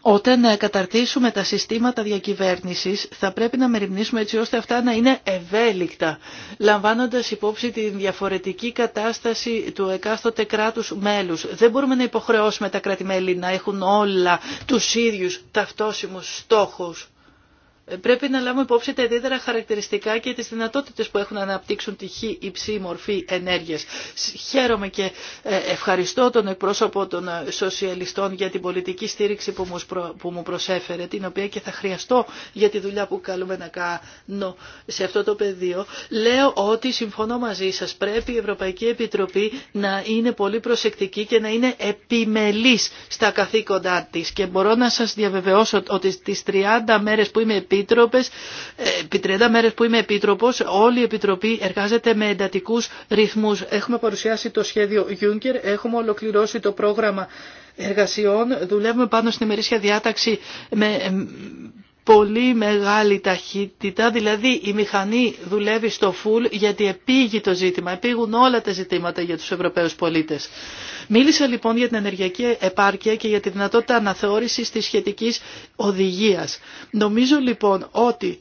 Όταν καταρτήσουμε τα συστήματα διακυβέρνησης θα πρέπει να μεριμνήσουμε έτσι ώστε αυτά να είναι ευέλικτα, λαμβάνοντας υπόψη την διαφορετική κατάσταση του εκάστοτε κράτους μέλους. Δεν μπορούμε να υποχρεώσουμε τα κράτη-μέλη να έχουν όλα τους ίδιους ταυτόσιμους στόχους πρέπει να λάβουμε υπόψη τα ιδιαίτερα χαρακτηριστικά και τις δυνατότητες που έχουν να αναπτύξουν τη χή υψή μορφή ενέργειας. Χαίρομαι και ε, ευχαριστώ τον εκπρόσωπο των ε, σοσιαλιστών για την πολιτική στήριξη που μου προσέφερε, την οποία και θα χρειαστώ για τη δουλειά που καλούμε να κάνω σε αυτό το πεδίο. Λέω ότι συμφωνώ μαζί σας, πρέπει η Ευρωπαϊκή Επιτροπή να είναι πολύ προσεκτική και να είναι επιμελής στα καθήκοντά της. Και μπορώ να σας διαβεβαιώσω ότι στις 30 μέρες που είμαι επίτροπες, ε, επί 30 μέρες που είμαι επίτροπος, όλη η Επιτροπή εργάζεται με εντατικού ρυθμούς. Έχουμε παρουσιάσει το σχέδιο Juncker, έχουμε ολοκληρώσει το πρόγραμμα εργασιών, δουλεύουμε πάνω στην ημερήσια διάταξη με πολύ μεγάλη ταχύτητα, δηλαδή η μηχανή δουλεύει στο φουλ γιατί επήγει το ζήτημα, επήγουν όλα τα ζητήματα για τους Ευρωπαίους πολίτες. Μίλησε λοιπόν για την ενεργειακή επάρκεια και για τη δυνατότητα αναθεώρησης της σχετικής οδηγίας. Νομίζω λοιπόν ότι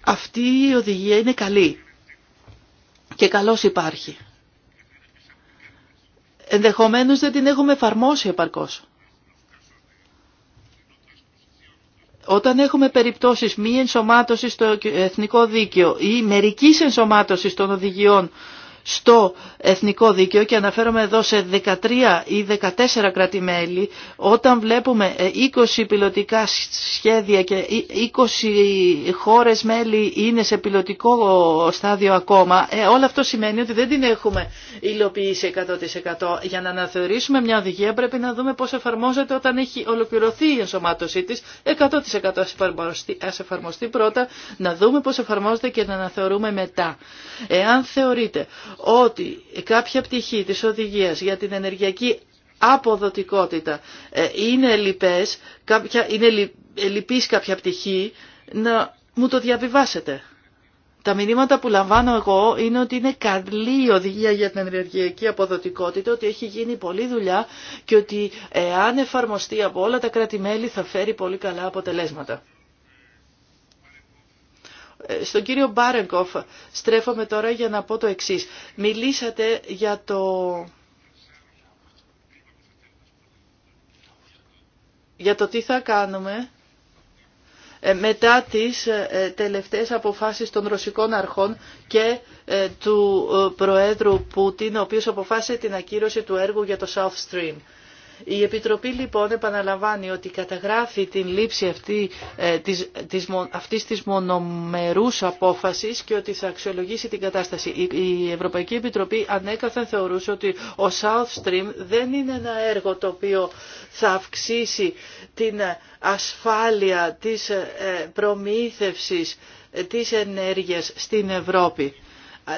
αυτή η οδηγία είναι καλή και καλώς υπάρχει. Ενδεχομένως δεν την έχουμε εφαρμόσει επαρκώς. Όταν έχουμε περιπτώσεις μη ενσωμάτωσης στο εθνικό δίκαιο ή μερικής ενσωμάτωσης των οδηγιών στο εθνικό δίκαιο και αναφέρομαι εδώ σε 13 ή 14 κρατημέλη όταν βλέπουμε 20 ε, πιλωτικά σχέδια και 20 ε, χώρες μέλη είναι σε πιλωτικό στάδιο ακόμα ε, όλο αυτό σημαίνει ότι δεν την έχουμε υλοποιήσει 100% για να αναθεωρήσουμε μια οδηγία πρέπει να δούμε πώς εφαρμόζεται όταν έχει ολοκληρωθεί η ενσωμάτωσή της 100% ας εφαρμοστεί πρώτα να δούμε πώς εφαρμόζεται και να αναθεωρούμε μετά εάν θεωρείτε ότι κάποια πτυχή της οδηγίας για την ενεργειακή αποδοτικότητα ε, είναι λυπές, κάποια, είναι ε, λυπής κάποια πτυχή, να μου το διαβιβάσετε. Τα μηνύματα που λαμβάνω εγώ είναι ότι είναι καλή η οδηγία για την ενεργειακή αποδοτικότητα, ότι έχει γίνει πολλή δουλειά και ότι εάν εφαρμοστεί από όλα τα κράτη-μέλη θα φέρει πολύ καλά αποτελέσματα. Στον κύριο Μπάρεγκοφ στρέφομαι τώρα για να πω το εξής. Μιλήσατε για το... για το τι θα κάνουμε ε, μετά τις ε, ε, τελευταίες αποφάσεις των ρωσικών αρχών και του Προέδρου Πούτιν, ο οποίος αποφάσισε την ακύρωση του έργου για το South Stream. Η Επιτροπή λοιπόν επαναλαμβάνει ότι καταγράφει την λήψη αυτή, ε, της, αυτής της μονομερούς απόφασης και ότι θα αξιολογήσει την κατάσταση. Η, η Ευρωπαϊκή Επιτροπή ανέκαθεν θεωρούσε ότι ο South Stream δεν είναι ένα έργο το οποίο θα αυξήσει την ασφάλεια της ε, ε, προμήθευσης της ενέργειας στην Ευρώπη.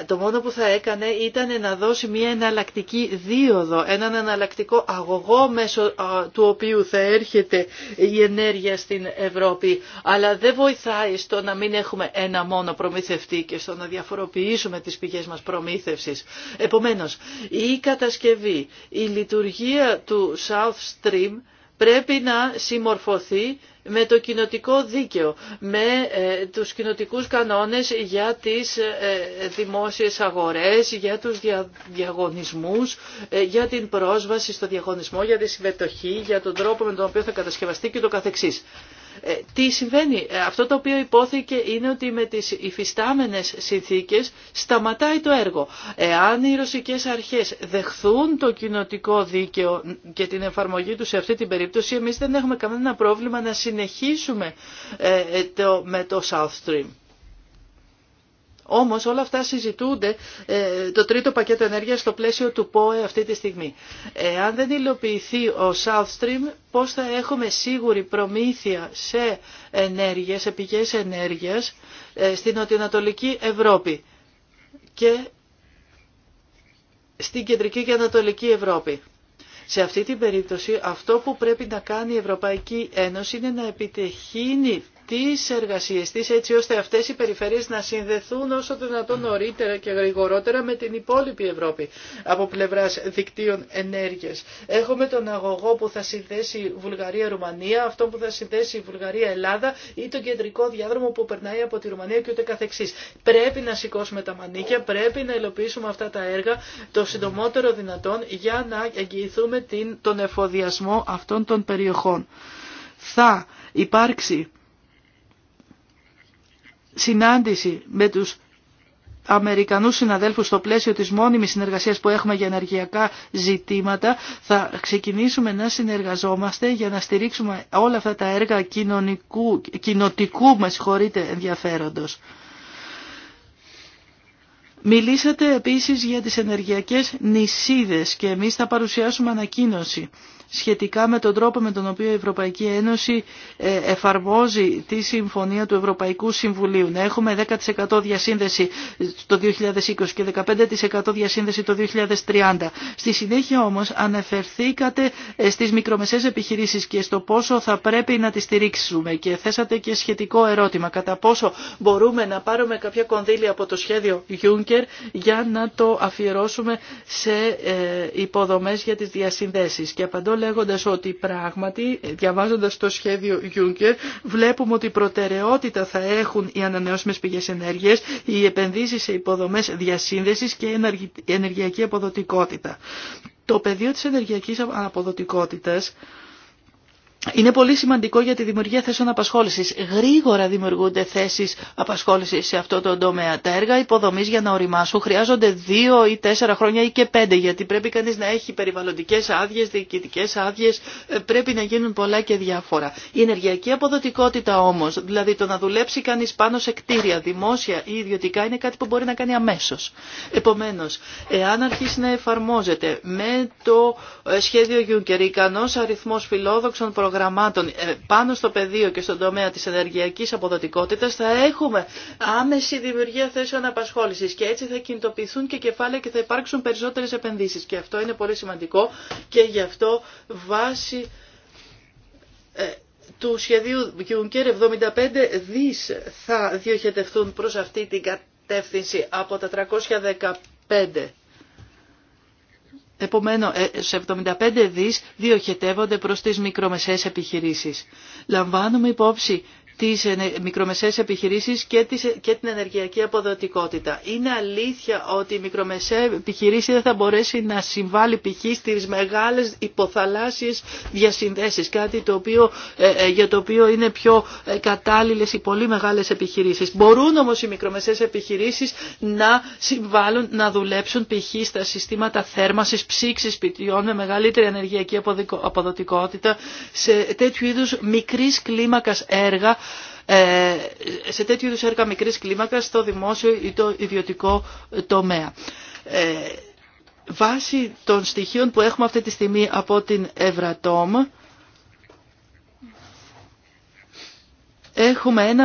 Το μόνο που θα έκανε ήταν να δώσει μια εναλλακτική δίωδο, έναν εναλλακτικό αγωγό μέσω του οποίου θα έρχεται η ενέργεια στην Ευρώπη. Αλλά δεν βοηθάει στο να μην έχουμε ένα μόνο προμηθευτή και στο να διαφοροποιήσουμε τις πηγές μας προμήθευσης. Επομένως, η κατασκευή, η λειτουργία του South Stream πρέπει να συμμορφωθεί με το κοινοτικό δίκαιο, με ε, τους κοινοτικούς κανόνες για τις ε, δημόσιες αγορές, για τους δια, διαγωνισμούς, ε, για την πρόσβαση στο διαγωνισμό, για τη συμμετοχή, για τον τρόπο με τον οποίο θα κατασκευαστεί και το καθεξής. Ε, τι συμβαίνει. Ε, αυτό το οποίο υπόθηκε είναι ότι με τις υφιστάμενες συνθήκες σταματάει το έργο. Εάν οι ρωσικές αρχές δεχθούν το κοινοτικό δίκαιο και την εφαρμογή του σε αυτή την περίπτωση, εμείς δεν έχουμε κανένα πρόβλημα να συνεχίσουμε ε, με το South Stream. Όμως όλα αυτά συζητούνται ε, το τρίτο πακέτο ενέργειας στο πλαίσιο του ΠΟΕ αυτή τη στιγμή. Ε, αν δεν υλοποιηθεί ο South Stream, πώς θα έχουμε σίγουρη προμήθεια σε ενέργειες, σε πηγές ενέργειας ε, στην νοτιοανατολική Ευρώπη και στην κεντρική και ανατολική Ευρώπη. Σε αυτή την περίπτωση αυτό που πρέπει να κάνει η Ευρωπαϊκή Ένωση είναι να επιτεχύνει τις εργασίες της έτσι ώστε αυτές οι περιφέρειες να συνδεθούν όσο δυνατόν νωρίτερα και γρηγορότερα με την υπόλοιπη Ευρώπη από πλευράς δικτύων ενέργειας. Έχουμε τον αγωγό που θα συνδέσει Βουλγαρία-Ρουμανία, αυτό που θα συνδέσει Βουλγαρία-Ελλάδα ή τον κεντρικό διάδρομο που περνάει από τη Ρουμανία και ούτε καθεξής. Πρέπει να σηκώσουμε τα μανίκια, πρέπει να υλοποιήσουμε αυτά τα έργα το συντομότερο δυνατόν για να εγγυηθούμε τον εφοδιασμό αυτών των περιοχών. Θα υπάρξει συνάντηση με τους Αμερικανούς συναδέλφους στο πλαίσιο της μόνιμης συνεργασίας που έχουμε για ενεργειακά ζητήματα θα ξεκινήσουμε να συνεργαζόμαστε για να στηρίξουμε όλα αυτά τα έργα κοινωνικού, κοινοτικού με ενδιαφέροντος. Μιλήσατε επίσης για τις ενεργειακές νησίδες και εμείς θα παρουσιάσουμε ανακοίνωση σχετικά με τον τρόπο με τον οποίο η Ευρωπαϊκή Ένωση ε, εφαρμόζει τη Συμφωνία του Ευρωπαϊκού Συμβουλίου. Να έχουμε 10% διασύνδεση το 2020 και 15% διασύνδεση το 2030. Στη συνέχεια όμως αναφερθήκατε ε, στις μικρομεσαίες επιχειρήσεις και στο πόσο θα πρέπει να τις στηρίξουμε και θέσατε και σχετικό ερώτημα κατά πόσο μπορούμε να πάρουμε κάποια κονδύλια από το σχέδιο Juncker για να το αφιερώσουμε σε ε, υποδομές για τις διασυνδέσεις. Και λέγοντας ότι πράγματι, διαβάζοντας το σχέδιο Juncker, βλέπουμε ότι προτεραιότητα θα έχουν οι ανανεώσιμες πηγές ενέργειας, οι επενδύσεις σε υποδομές διασύνδεσης και ενεργειακή αποδοτικότητα. Το πεδίο της ενεργειακής αποδοτικότητας είναι πολύ σημαντικό για τη δημιουργία θέσεων απασχόλησης. Γρήγορα δημιουργούνται θέσεις απασχόλησης σε αυτό το τομέα. Τα έργα υποδομής για να οριμάσουν χρειάζονται δύο ή τέσσερα χρόνια ή και πέντε, γιατί πρέπει κανείς να έχει περιβαλλοντικές άδειες, διοικητικές άδειες, ε, πρέπει να γίνουν πολλά και διάφορα. Η ενεργειακή αποδοτικότητα όμως, δηλαδή το να δουλέψει κανείς πάνω σε κτίρια, δημόσια ή ιδιωτικά, είναι κάτι που μπορεί να κάνει αμέσως. Επομένως, εάν αρχίσει να εφαρμόζεται με το ε, σχέδιο Juncker αριθμός φιλόδοξων προγραμμάτων ε, πάνω στο πεδίο και στον τομέα της ενεργειακής αποδοτικότητας θα έχουμε άμεση δημιουργία θέσεων απασχόλησης και έτσι θα κινητοποιηθούν και κεφάλαια και θα υπάρξουν περισσότερες επενδύσεις και αυτό είναι πολύ σημαντικό και γι' αυτό βάση ε, του σχεδίου Juncker 75 δις θα διοχετευτούν προς αυτή την κατεύθυνση από τα 315 επομένω ε, σε 75 δις διοχετεύονται προς τις μικρομεσαίες επιχειρήσεις. Λαμβάνουμε υπόψη τις ε, μικρομεσαίες επιχειρήσεις και, την ενεργειακή αποδοτικότητα. Είναι αλήθεια ότι η μικρομεσαία επιχειρήση δεν θα μπορέσει να συμβάλλει π.χ. στις μεγάλες υποθαλάσσιες διασυνδέσεις, κάτι το οποίο, ε, ε, για το οποίο είναι πιο κατάλληλες οι πολύ μεγάλες επιχειρήσεις. Μπορούν όμως οι μικρομεσαίες επιχειρήσεις να συμβάλλουν, να δουλέψουν π.χ. στα συστήματα θέρμασης, ψήξης σπιτιών με μεγαλύτερη ενεργειακή αποδοτικότητα σε τέτοιου είδους μικρής κλίμακας έργα ε, σε τέτοιου είδους έργα μικρής κλίμακας στο δημόσιο ή το ιδιωτικό τομέα. Ε, βάσει των στοιχείων που έχουμε αυτή τη στιγμή από την Ευρατόμ, έχουμε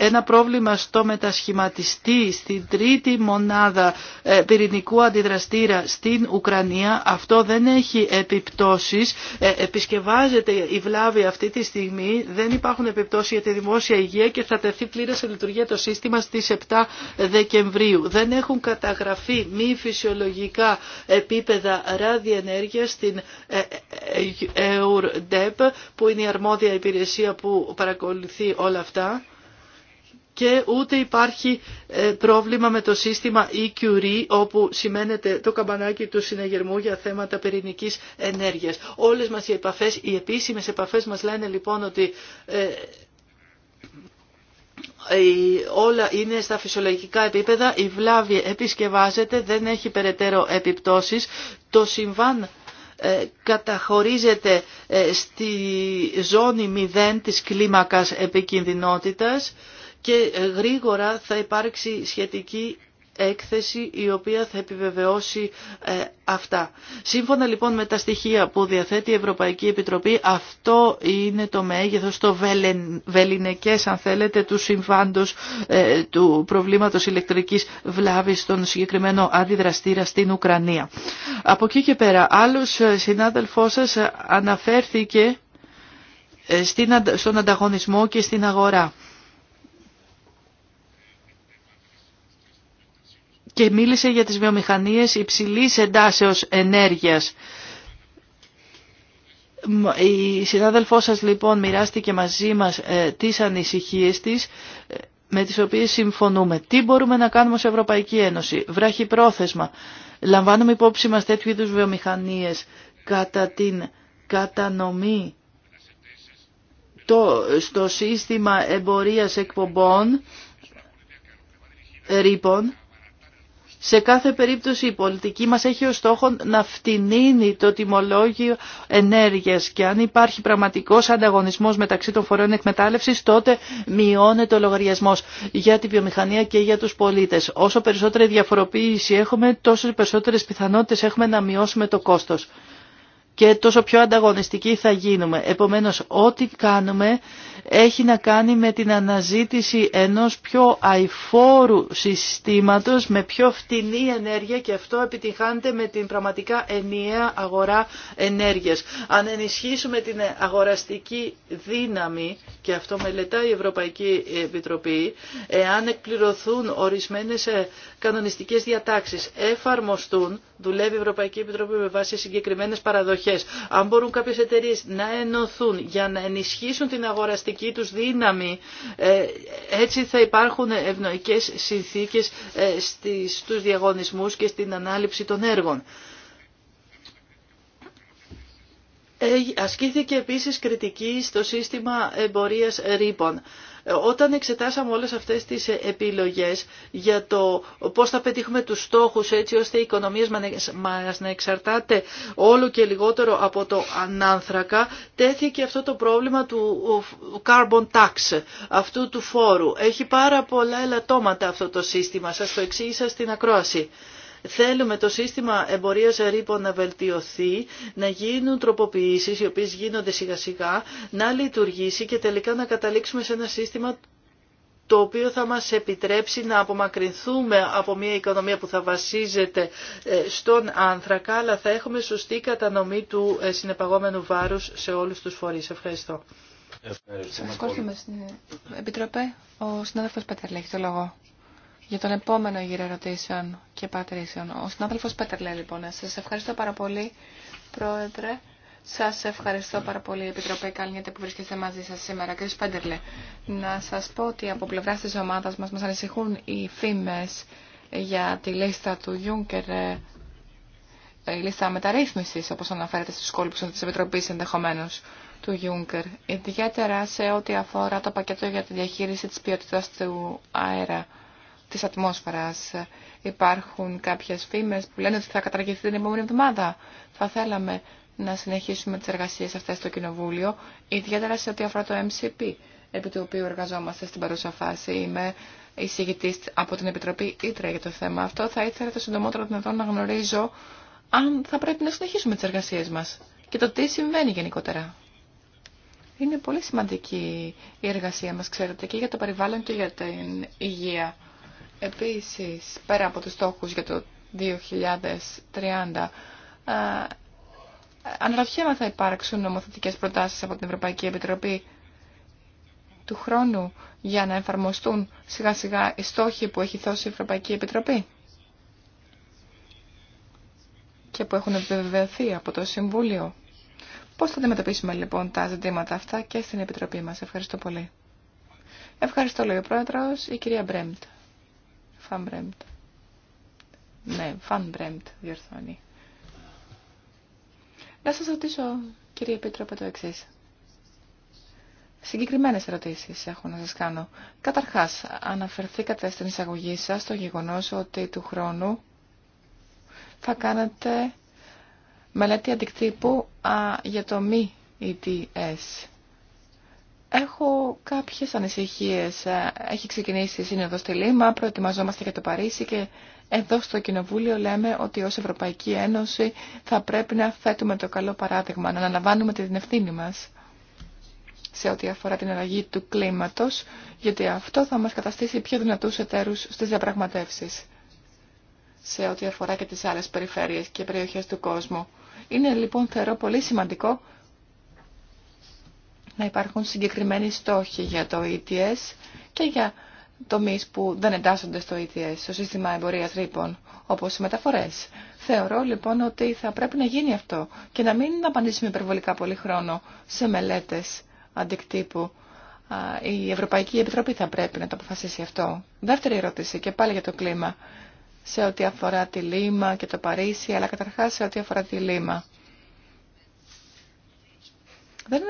ένα, πρόβλημα στο μετασχηματιστή, στην τρίτη μονάδα ε, πυρηνικού αντιδραστήρα στην Ουκρανία. Αυτό δεν έχει επιπτώσεις. Ε, επισκευάζεται η βλάβη αυτή τη στιγμή. Δεν υπάρχουν επιπτώσεις για τη δημόσια υγεία και θα τεθεί πλήρως σε λειτουργία το σύστημα στις 7 Δεκεμβρίου. Δεν έχουν καταγραφεί μη φυσιολογικά επίπεδα ραδιενέργειας στην ε, EURDEP που είναι η αρμόδια υπηρεσία που παρακολουθεί όλα όλα αυτά και ούτε υπάρχει ε, πρόβλημα με το σύστημα EQRE e, όπου σημαίνεται το καμπανάκι του συναγερμού για θέματα πυρηνικής ενέργειας. Όλες μας οι επαφές, οι επίσημες επαφές μας λένε λοιπόν ότι ε, όλα είναι στα φυσιολογικά επίπεδα, η βλάβη επισκευάζεται, δεν έχει περαιτέρω επιπτώσεις. Το συμβάν ε, καταχωρίζεται ε, στη ζώνη μηδέν της κλίμακας επικινδυνότητας και ε, γρήγορα θα υπάρξει σχετική έκθεση η οποία θα επιβεβαιώσει ε, αυτά. Σύμφωνα λοιπόν με τα στοιχεία που διαθέτει η Ευρωπαϊκή Επιτροπή, αυτό είναι το μέγεθος, το βεληνικές αν θέλετε, του συμβάντος ε, του προβλήματος ηλεκτρικής βλάβης στον συγκεκριμένο αντιδραστήρα στην Ουκρανία. Από εκεί και πέρα, άλλος ε, συνάδελφός σας αναφέρθηκε στον ανταγωνισμό και στην αγορά. και μίλησε για τις βιομηχανίες υψηλής εντάσεως ενέργειας. Η συνάδελφός σας λοιπόν μοιράστηκε μαζί μας ε, τις ανησυχίες της ε, με τις οποίες συμφωνούμε. Τι μπορούμε να κάνουμε ως Ευρωπαϊκή Ένωση. Βράχει πρόθεσμα. Λαμβάνουμε υπόψη μας τέτοιου είδους βιομηχανίες κατά την κατανομή το, στο σύστημα εμπορίας εκπομπών, ρήπων, σε κάθε περίπτωση η πολιτική μας έχει ως στόχο να φτηνίνει το τιμολόγιο ενέργειας και αν υπάρχει πραγματικός ανταγωνισμός μεταξύ των φορέων εκμετάλλευσης τότε μειώνεται ο λογαριασμός για τη βιομηχανία και για τους πολίτες. Όσο περισσότερη διαφοροποίηση έχουμε τόσο περισσότερες πιθανότητες έχουμε να μειώσουμε το κόστος και τόσο πιο ανταγωνιστικοί θα γίνουμε. Επομένως, ό,τι κάνουμε έχει να κάνει με την αναζήτηση ενός πιο αηφόρου συστήματος με πιο φτηνή ενέργεια και αυτό επιτυχάνεται με την πραγματικά ενιαία αγορά ενέργειας. Αν ενισχύσουμε την αγοραστική δύναμη και αυτό μελετά η Ευρωπαϊκή Επιτροπή, εάν εκπληρωθούν ορισμένες ε, κανονιστικές διατάξεις εφαρμοστούν, δουλεύει η Ευρωπαϊκή Επιτροπή με βάση συγκεκριμένες παραδοχές. Αν μπορούν κάποιε εταιρείε να ενωθούν για να ενισχύσουν την αγοραστική τους δύναμη, ε, έτσι θα υπάρχουν ευνοϊκές συνθήκες ε, στους διαγωνισμούς και στην ανάληψη των έργων. Ε, ασκήθηκε επίσης κριτική στο σύστημα εμπορίας ρήπων. Ε, όταν εξετάσαμε όλες αυτές τις ε, επιλογές για το πώς θα πετύχουμε τους στόχους έτσι ώστε η οικονομία μας να εξαρτάται όλο και λιγότερο από το ανάνθρακα, τέθηκε αυτό το πρόβλημα του carbon tax, αυτού του φόρου. Έχει πάρα πολλά ελαττώματα αυτό το σύστημα, σας το εξήγησα στην ακρόαση. Θέλουμε το σύστημα εμπορίας ρήπων να βελτιωθεί, να γίνουν τροποποιήσεις οι οποίες γίνονται σιγά σιγά, να λειτουργήσει και τελικά να καταλήξουμε σε ένα σύστημα το οποίο θα μας επιτρέψει να απομακρυνθούμε από μια οικονομία που θα βασίζεται ε, στον άνθρακα, αλλά θα έχουμε σωστή κατανομή του ε, συνεπαγόμενου βάρους σε όλους τους φορείς. Ευχαριστώ. Ο συνάδελφος για τον επόμενο γύρο ερωτήσεων και πατρίσεων. Ο συνάδελφος Πέτερλε, λοιπόν. σα ευχαριστώ πάρα πολύ, Πρόεδρε. Σα ευχαριστώ πάρα πολύ, Επιτροπή Καλνιέτε, που βρίσκεστε μαζί σα σήμερα. Κύριε Πέντερλε, να σα πω ότι από πλευρά τη ομάδα μα μα ανησυχούν οι φήμε για τη λίστα του Juncker, ε, η λίστα μεταρρύθμιση, όπω αναφέρεται στου κόλπου τη Επιτροπή ενδεχομένω του Γιούγκερ, ιδιαίτερα σε ό,τι αφορά το πακέτο για τη διαχείριση τη ποιότητα του αέρα της ατμόσφαιρας. Υπάρχουν κάποιες φήμες που λένε ότι θα καταργηθεί την επόμενη εβδομάδα. Θα θέλαμε να συνεχίσουμε τις εργασίες αυτές στο Κοινοβούλιο, ιδιαίτερα σε ό,τι αφορά το MCP, επί του οποίου εργαζόμαστε στην παρούσα φάση. Είμαι εισηγητής από την Επιτροπή Ήτρα για το θέμα αυτό. Θα ήθελα το συντομότερο δυνατόν να γνωρίζω αν θα πρέπει να συνεχίσουμε τις εργασίες μας και το τι συμβαίνει γενικότερα. Είναι πολύ σημαντική η εργασία μας, ξέρετε, και για το περιβάλλον και για την υγεία. Επίσης, πέρα από τους στόχους για το 2030, ε, αναρωτιέμαι θα υπάρξουν νομοθετικές προτάσεις από την Ευρωπαϊκή Επιτροπή του χρόνου για να εφαρμοστούν σιγά σιγά οι στόχοι που έχει δώσει η Ευρωπαϊκή Επιτροπή και που έχουν επιβεβαιωθεί από το Συμβούλιο. Πώς θα αντιμετωπίσουμε λοιπόν τα ζητήματα αυτά και στην Επιτροπή μας. Ευχαριστώ πολύ. Ευχαριστώ λέει ο Πρόεδρος, η κυρία Μπρέμπτ. Bremt. Ναι, Φανμπρέμπτ διορθώνει. Να σας ρωτήσω, κύριε Επίτροπε, το εξής. Συγκεκριμένες ερωτήσεις έχω να σας κάνω. Καταρχάς, αναφερθήκατε στην εισαγωγή σας το γεγονός ότι του χρόνου θα κάνετε μελέτη αντικτύπου α, για το μη ETS. Έχω κάποιες ανησυχίες. Έχει ξεκινήσει η Σύνοδο στη Λίμα, προετοιμαζόμαστε για το Παρίσι και εδώ στο Κοινοβούλιο λέμε ότι ως Ευρωπαϊκή Ένωση θα πρέπει να θέτουμε το καλό παράδειγμα, να αναλαμβάνουμε την ευθύνη μας σε ό,τι αφορά την αλλαγή του κλίματος, γιατί αυτό θα μας καταστήσει πιο δυνατούς εταίρους στις διαπραγματεύσεις σε ό,τι αφορά και τις άλλες περιφέρειες και περιοχές του κόσμου. Είναι λοιπόν θεωρώ πολύ σημαντικό να υπάρχουν συγκεκριμένοι στόχοι για το ETS και για τομεί που δεν εντάσσονται στο ETS, στο σύστημα εμπορία ρήπων, όπω οι μεταφορέ. Θεωρώ λοιπόν ότι θα πρέπει να γίνει αυτό και να μην απαντήσουμε υπερβολικά πολύ χρόνο σε μελέτε αντικτύπου. Η Ευρωπαϊκή Επιτροπή θα πρέπει να το αποφασίσει αυτό. Δεύτερη ερώτηση και πάλι για το κλίμα. Σε ό,τι αφορά τη Λίμα και το Παρίσι, αλλά καταρχάς σε ό,τι αφορά τη Λίμα. Δεν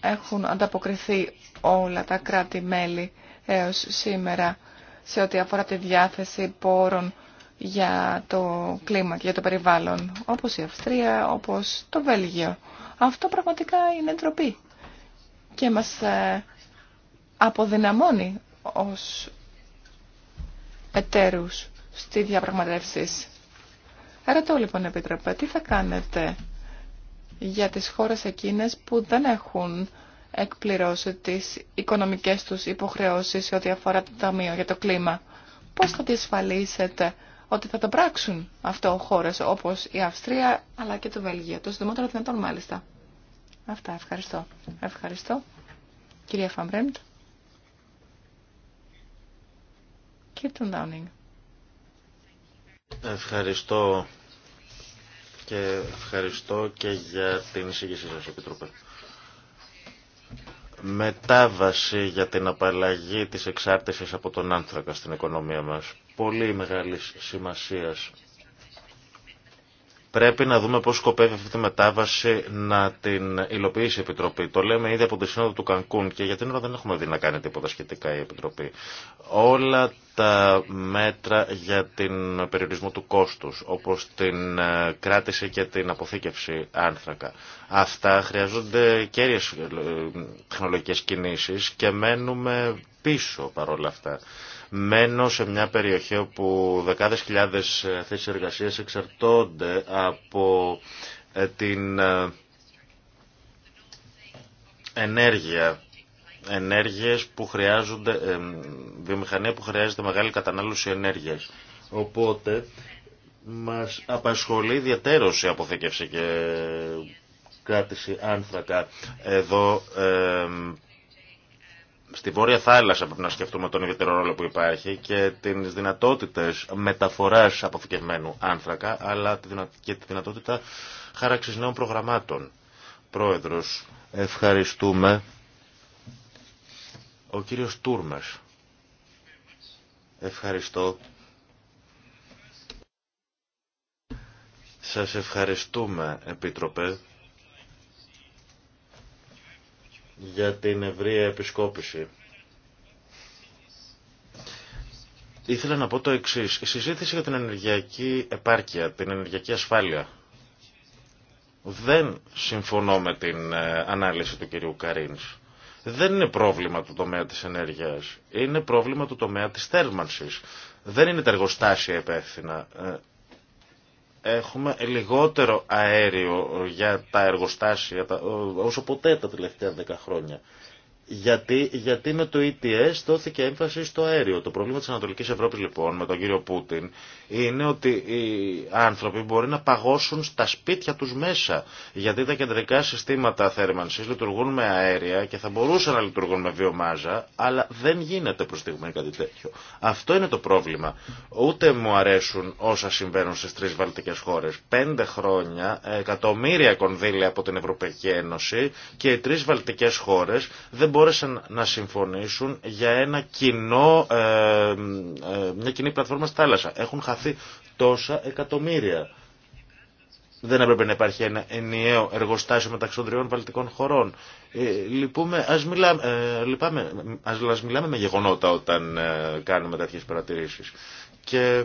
έχουν ανταποκριθεί όλα τα κράτη-μέλη έως σήμερα σε ό,τι αφορά τη διάθεση πόρων για το κλίμα και για το περιβάλλον, όπως η Αυστρία, όπως το Βέλγιο. Αυτό πραγματικά είναι ντροπή και μας ε, αποδυναμώνει ως εταίρους στη διαπραγματεύσεις. Ρωτώ λοιπόν, Επίτροπε, τι θα κάνετε για τις χώρες εκείνες που δεν έχουν εκπληρώσει τις οικονομικές τους υποχρεώσεις σε ό,τι αφορά το Ταμείο για το κλίμα. Πώς θα διασφαλίσετε ότι θα το πράξουν αυτό χώρες όπως η Αυστρία αλλά και το Βέλγιο, το συντομότερο δυνατόν μάλιστα. Αυτά, ευχαριστώ. Ευχαριστώ. Κυρία Φαμπρέμπτ. Κύριε Ευχαριστώ και ευχαριστώ και για την εισήγησή σας, Επιτροπέ. Μετάβαση για την απαλλαγή της εξάρτησης από τον άνθρακα στην οικονομία μας. Πολύ μεγάλης σημασίας Πρέπει να δούμε πώς σκοπεύει αυτή τη μετάβαση να την υλοποιήσει η Επιτροπή. Το λέμε ήδη από τη Σύνοδο του Κανκούν και για την ώρα δεν έχουμε δει να κάνει τίποτα σχετικά η Επιτροπή. Όλα τα μέτρα για την περιορισμό του κόστους, όπως την ε, κράτηση και την αποθήκευση άνθρακα. Αυτά χρειάζονται κέρυε τεχνολογικέ κινήσει και μένουμε πίσω παρόλα αυτά. Μένω σε μια περιοχή όπου δεκάδες χιλιάδες ε, θέσεις εργασίας εξαρτώνται από ε, την ε, ενέργεια ενέργειες που χρειάζονται, βιομηχανία που χρειάζεται μεγάλη κατανάλωση ενέργειας. Οπότε μας απασχολεί ιδιαίτερως η αποθήκευση και κράτηση άνθρακα. Εδώ στη Βόρεια Θάλασσα πρέπει να σκεφτούμε τον ιδιαίτερο ρόλο που υπάρχει και τις δυνατότητες μεταφοράς αποθηκευμένου άνθρακα, αλλά και τη δυνατότητα χάραξης νέων προγραμμάτων. Πρόεδρος, ευχαριστούμε. Ο κύριος Τούρμας. Ευχαριστώ. Σας ευχαριστούμε, Επίτροπε για την ευρία επισκόπηση. Ήθελα να πω το εξή. Η συζήτηση για την ενεργειακή επάρκεια, την ενεργειακή ασφάλεια. Δεν συμφωνώ με την ε, ανάλυση του κυρίου Καρίνς. Δεν είναι πρόβλημα του τομέα της ενέργειας. Είναι πρόβλημα του τομέα της θέρμανσης. Δεν είναι τα εργοστάσια υπεύθυνα. Ε, έχουμε λιγότερο αέριο για τα εργοστάσια όσο ποτέ τα τελευταία δέκα χρόνια. Γιατί, γιατί με το ETS δόθηκε έμφαση στο αέριο. Το πρόβλημα της Ανατολικής Ευρώπης λοιπόν με τον κύριο Πούτιν είναι ότι οι άνθρωποι μπορεί να παγώσουν στα σπίτια τους μέσα. Γιατί τα κεντρικά συστήματα θέρμανσης λειτουργούν με αέρια και θα μπορούσαν να λειτουργούν με βιομάζα, αλλά δεν γίνεται προς στιγμή κάτι τέτοιο. Αυτό είναι το πρόβλημα. Ούτε μου αρέσουν όσα συμβαίνουν στις τρεις βαλτικές χώρες. Πέντε χρόνια, εκατομμύρια κονδύλια από την Ευρωπαϊκή Ένωση και οι τρεις βαλτικές χώρες δεν μπόρεσαν να συμφωνήσουν για ένα κοινό, ε, ε, μια κοινή πλατφόρμα στη θάλασσα. Έχουν χαθεί τόσα εκατομμύρια. Δεν έπρεπε να υπάρχει ένα ενιαίο εργοστάσιο μεταξύ των τριών βαλτικών χωρών. Ε, λυπούμε, ας μιλάμε, ε, λυπάμαι, ας, μιλάμε με γεγονότα όταν κάνουμε τέτοιε παρατηρήσεις. Και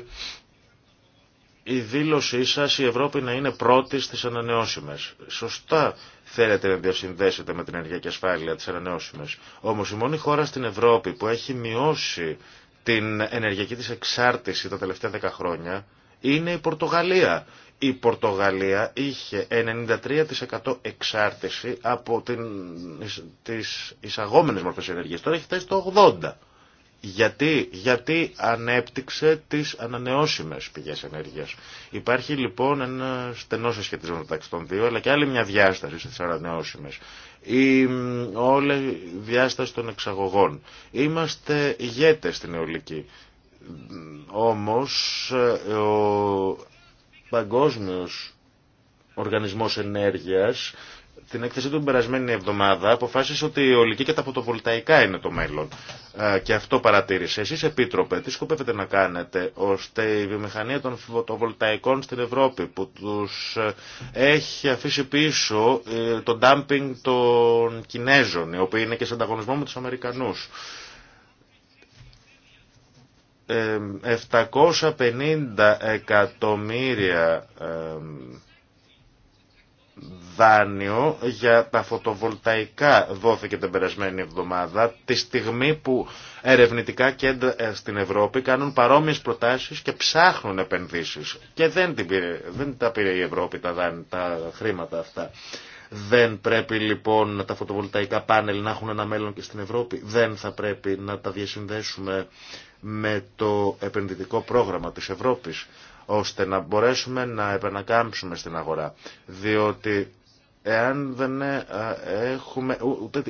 η δήλωσή σας η Ευρώπη να είναι πρώτη στις ανανεώσιμες. Σωστά θέλετε να διασυνδέσετε με την ενεργειακή ασφάλεια τις ανανεώσιμες. Όμως η μόνη χώρα στην Ευρώπη που έχει μειώσει την ενεργειακή της εξάρτηση τα τελευταία 10 χρόνια είναι η Πορτογαλία. Η Πορτογαλία είχε 93% εξάρτηση από τι τις εισαγόμενες μορφές Τώρα έχει φτάσει το 80%. Γιατί, γιατί ανέπτυξε τις ανανεώσιμες πηγές ενέργειας. Υπάρχει λοιπόν ένα στενό συσχετισμό μεταξύ των δύο, αλλά και άλλη μια διάσταση στις ανανεώσιμες. Η όλη διάσταση των εξαγωγών. Είμαστε ηγέτες στην αιωλική. Όμως ε, ο παγκόσμιος οργανισμός ενέργειας την έκθεση του την περασμένη εβδομάδα αποφάσισε ότι η ολική και τα φωτοβολταϊκά είναι το μέλλον. Ε, και αυτό παρατήρησε. Εσεί, Επίτροπε, τι σκοπεύετε να κάνετε ώστε η βιομηχανία των φωτοβολταϊκών στην Ευρώπη που του ε, έχει αφήσει πίσω ε, το ντάμπινγκ των Κινέζων, οι οποίοι είναι και σε ανταγωνισμό με του Αμερικανού. 750 εκατομμύρια δάνειο για τα φωτοβολταϊκά δόθηκε την περασμένη εβδομάδα τη στιγμή που ερευνητικά κέντρα ε, στην Ευρώπη κάνουν παρόμοιες προτάσεις και ψάχνουν επενδύσεις και δεν, δεν τα πήρε η Ευρώπη τα, τα χρήματα αυτά. Δεν πρέπει λοιπόν τα φωτοβολταϊκά πάνελ να έχουν ένα μέλλον και στην Ευρώπη. Δεν θα πρέπει να τα διασυνδέσουμε με το επενδυτικό πρόγραμμα της Ευρώπης ώστε να μπορέσουμε να επανακάμψουμε στην αγορά. Διότι εάν δεν ε, έχουμε ούτε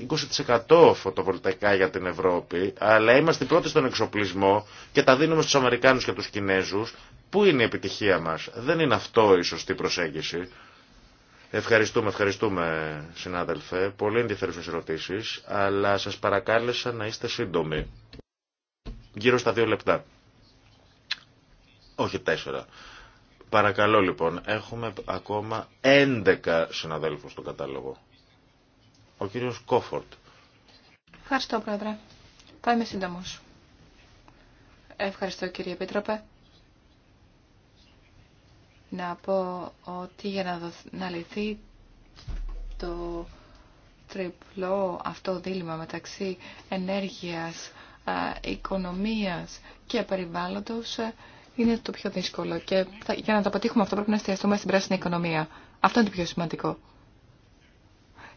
20% φωτοβολταϊκά για την Ευρώπη, αλλά είμαστε πρώτοι στον εξοπλισμό και τα δίνουμε στους Αμερικάνους και τους Κινέζους, πού είναι η επιτυχία μας. Δεν είναι αυτό η σωστή προσέγγιση. Ευχαριστούμε, ευχαριστούμε συνάδελφε. Πολύ ενδιαφέρουσες ερωτήσεις, αλλά σας παρακάλεσα να είστε σύντομοι. Γύρω στα δύο λεπτά όχι τέσσερα. Παρακαλώ λοιπόν, έχουμε ακόμα 11 συναδέλφους στο κατάλογο. Ο κύριος Κόφορτ. Ευχαριστώ πρόεδρε. Θα είμαι σύντομος. Ευχαριστώ κύριε Επίτροπε. Να πω ότι για να, δοθ... να λυθεί το τριπλό αυτό δίλημα μεταξύ ενέργειας, οικονομίας και περιβάλλοντος είναι το πιο δύσκολο. Και για να το αποτύχουμε αυτό πρέπει να εστιαστούμε στην πράσινη οικονομία. Αυτό είναι το πιο σημαντικό.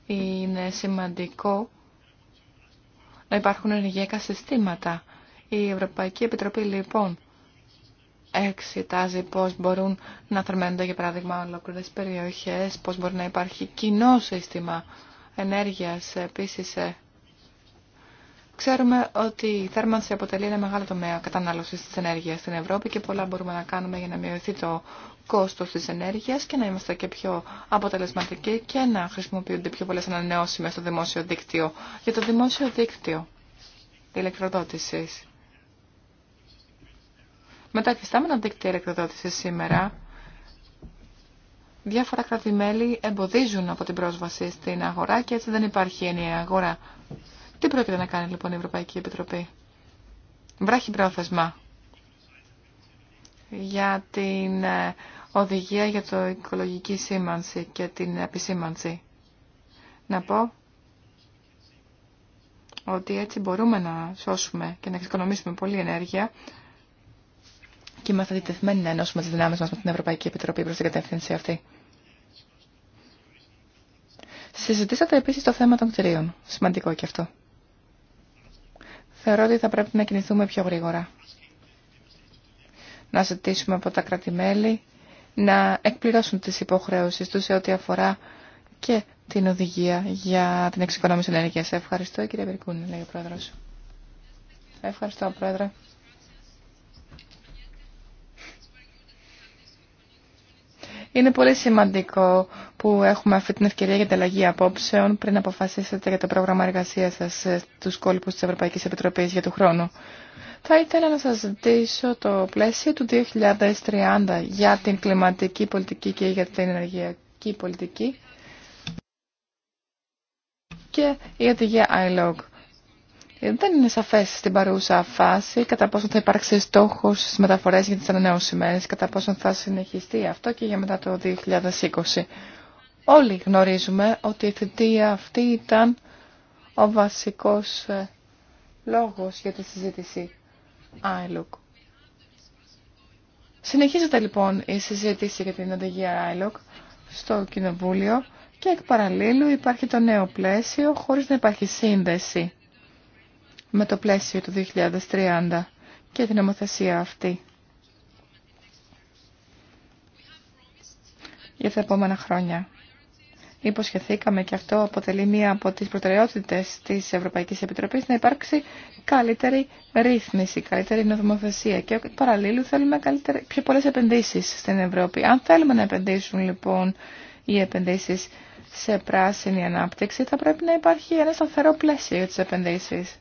Είναι σημαντικό να υπάρχουν ενεργειακά συστήματα. Η Ευρωπαϊκή Επιτροπή λοιπόν εξετάζει πώς μπορούν να θερμαίνονται για παράδειγμα ολόκληρες περιοχές, πώς μπορεί να υπάρχει κοινό σύστημα ενέργειας επίσης ε, Ξέρουμε ότι η θέρμανση αποτελεί ένα μεγάλο τομέα κατανάλωσης της ενέργειας στην Ευρώπη και πολλά μπορούμε να κάνουμε για να μειωθεί το κόστος της ενέργειας και να είμαστε και πιο αποτελεσματικοί και να χρησιμοποιούνται πιο πολλές ανανεώσιμες στο δημόσιο δίκτυο. Για το δημόσιο δίκτυο ηλεκτροδότησης. Με τα εφιστάμενα δίκτυα ηλεκτροδότησης σήμερα, διάφορα κρατημέλη εμποδίζουν από την πρόσβαση στην αγορά και έτσι δεν υπάρχει ενιαία αγορά τι πρόκειται να κάνει λοιπόν η Ευρωπαϊκή Επιτροπή. Βράχει πρόθεσμα για την ε, οδηγία για το οικολογική σήμανση και την επισήμανση. Να πω ότι έτσι μπορούμε να σώσουμε και να εξοικονομήσουμε πολλή ενέργεια και είμαστε διτεθμένοι να ενώσουμε τις δυνάμεις μας με την Ευρωπαϊκή Επιτροπή προς την κατεύθυνση αυτή. Συζητήσατε επίσης το θέμα των κτηρίων. Σημαντικό και αυτό θεωρώ ότι θα πρέπει να κινηθούμε πιο γρήγορα. Να ζητήσουμε από τα κρατημέλη να εκπληρώσουν τις υποχρέωσεις τους σε ό,τι αφορά και την οδηγία για την εξοικονόμηση ενέργειας. Ευχαριστώ κύριε Βερικούνη, λέει ο Πρόεδρος. Ευχαριστώ Πρόεδρε. Είναι πολύ σημαντικό που έχουμε αυτή την ευκαιρία για αλλαγή απόψεων πριν αποφασίσετε για το πρόγραμμα εργασία σα στου κόλπου τη Ευρωπαϊκή Επιτροπή για το χρόνο. Θα ήθελα να σας ζητήσω το πλαίσιο του 2030 για την κλιματική πολιτική και για την ενεργειακή πολιτική και για τη ΓΕΑΙΛΟΚ. Ε, δεν είναι σαφέ στην παρούσα φάση κατά πόσο θα υπάρξει στόχο στι μεταφορέ για τι ανανεώσιμε, κατά πόσο θα συνεχιστεί αυτό και για μετά το 2020. Όλοι γνωρίζουμε ότι η θητεία αυτή ήταν ο βασικό ε, λόγο για τη συζήτηση ILOC. Συνεχίζεται λοιπόν η συζήτηση για την οδηγία ILOC στο Κοινοβούλιο και εκ παραλλήλου υπάρχει το νέο πλαίσιο χωρίς να υπάρχει σύνδεση με το πλαίσιο του 2030 και την νομοθεσία αυτή. Για τα επόμενα χρόνια. Υποσχεθήκαμε και αυτό αποτελεί μία από τις προτεραιότητες της Ευρωπαϊκής Επιτροπής να υπάρξει καλύτερη ρύθμιση, καλύτερη νομοθεσία και παραλλήλου θέλουμε καλύτερη, πιο πολλές επενδύσεις στην Ευρώπη. Αν θέλουμε να επενδύσουν λοιπόν οι επενδύσεις σε πράσινη ανάπτυξη θα πρέπει να υπάρχει ένα σταθερό πλαίσιο για τις επενδύσεις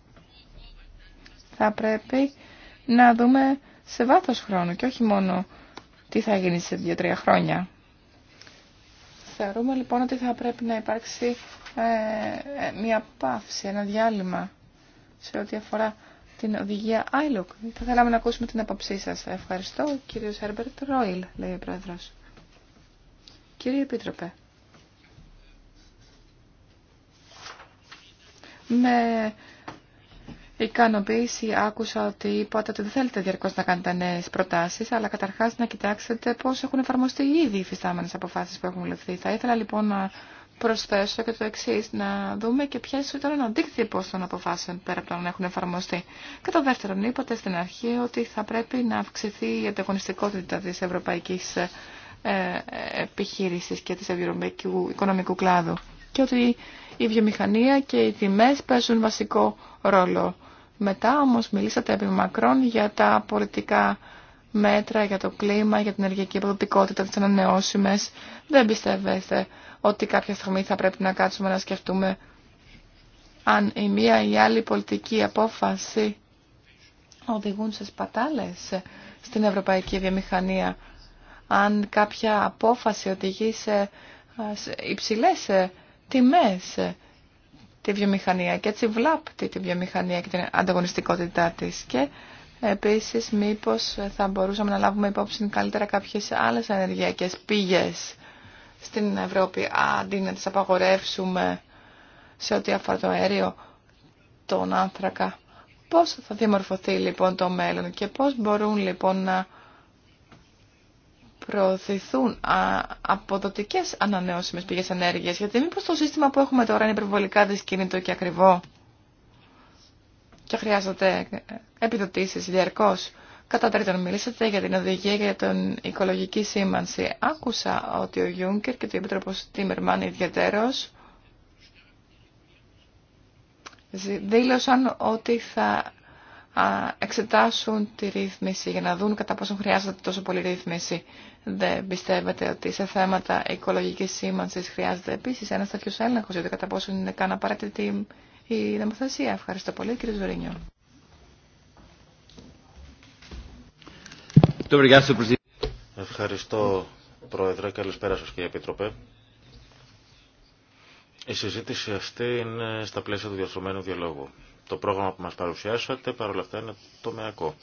θα πρέπει να δούμε σε βάθος χρόνου και όχι μόνο τι θα γίνει σε δύο-τρία χρόνια. Θεωρούμε λοιπόν ότι θα πρέπει να υπάρξει ε, ε, μια παύση, ένα διάλειμμα σε ό,τι αφορά την οδηγία ILOC. Θα θέλαμε να ακούσουμε την απόψή σας. Ευχαριστώ, κύριος Herbert Ρόιλ, λέει ο πρόεδρος. Κύριε Επίτροπε, με ικανοποίηση άκουσα ότι είπατε ότι δεν θέλετε διαρκώ να κάνετε νέε προτάσει, αλλά καταρχά να κοιτάξετε πώ έχουν εφαρμοστεί ήδη οι φυστάμενε αποφάσει που έχουν ληφθεί. Θα ήθελα λοιπόν να προσθέσω και το εξή, να δούμε και ποιε ήταν ο αντίκτυπο των αποφάσεων πέρα από το να έχουν εφαρμοστεί. Και Κατά δεύτερον, είπατε στην αρχή ότι θα πρέπει να αυξηθεί η ανταγωνιστικότητα τη ευρωπαϊκή ε, ε, επιχείρηση και τη ευρωπαϊκού οικονομικού κλάδου και ότι η βιομηχανία και οι τιμέ παίζουν βασικό ρόλο. Μετά όμως μιλήσατε επί μακρόν για τα πολιτικά μέτρα, για το κλίμα, για την ενεργειακή αποδοτικότητα, τις ανανεώσιμες. Δεν πιστεύετε ότι κάποια στιγμή θα πρέπει να κάτσουμε να σκεφτούμε αν η μία ή η άλλη πολιτική απόφαση οδηγούν σε σπατάλες στην ευρωπαϊκή βιομηχανία. Αν κάποια απόφαση οδηγεί σε υψηλές τιμές τη βιομηχανία και έτσι βλάπτει τη βιομηχανία και την ανταγωνιστικότητά της και επίσης μήπως θα μπορούσαμε να λάβουμε υπόψη καλύτερα κάποιες άλλες ενεργειακές πήγες στην Ευρώπη αντί να τις απαγορεύσουμε σε ό,τι αφορά το αέριο, τον άνθρακα. Πώς θα διαμορφωθεί λοιπόν το μέλλον και πώς μπορούν λοιπόν να προωθηθούν αποδοτικές ανανεώσιμες πηγές ενέργειας, γιατί μήπως το σύστημα που έχουμε τώρα είναι υπερβολικά δυσκίνητο και ακριβό και χρειάζονται ε, επιδοτήσεις διαρκώς. Κατά τρίτον, μιλήσατε για την οδηγία για την οικολογική σήμανση. Άκουσα ότι ο Γιούγκερ και το Επίτροπο Τίμερμαν ιδιαίτερο δήλωσαν ότι θα εξετάσουν τη ρύθμιση για να δουν κατά πόσο χρειάζεται τόσο πολύ ρύθμιση. Δεν πιστεύετε ότι σε θέματα οικολογικής σήμανσης χρειάζεται επίσης ένας τέτοιος έλεγχος, γιατί κατά πόσο είναι καν απαραίτητη η νομοθεσία. Ευχαριστώ πολύ κύριε Ζωρίνιο. Ευχαριστώ Πρόεδρε, καλησπέρα σας κύριε Επίτροπε. Η συζήτηση αυτή είναι στα πλαίσια του διαστρωμένου διαλόγου. Το πρόγραμμα που μας παρουσιάσατε παρόλα αυτά είναι τομεακό.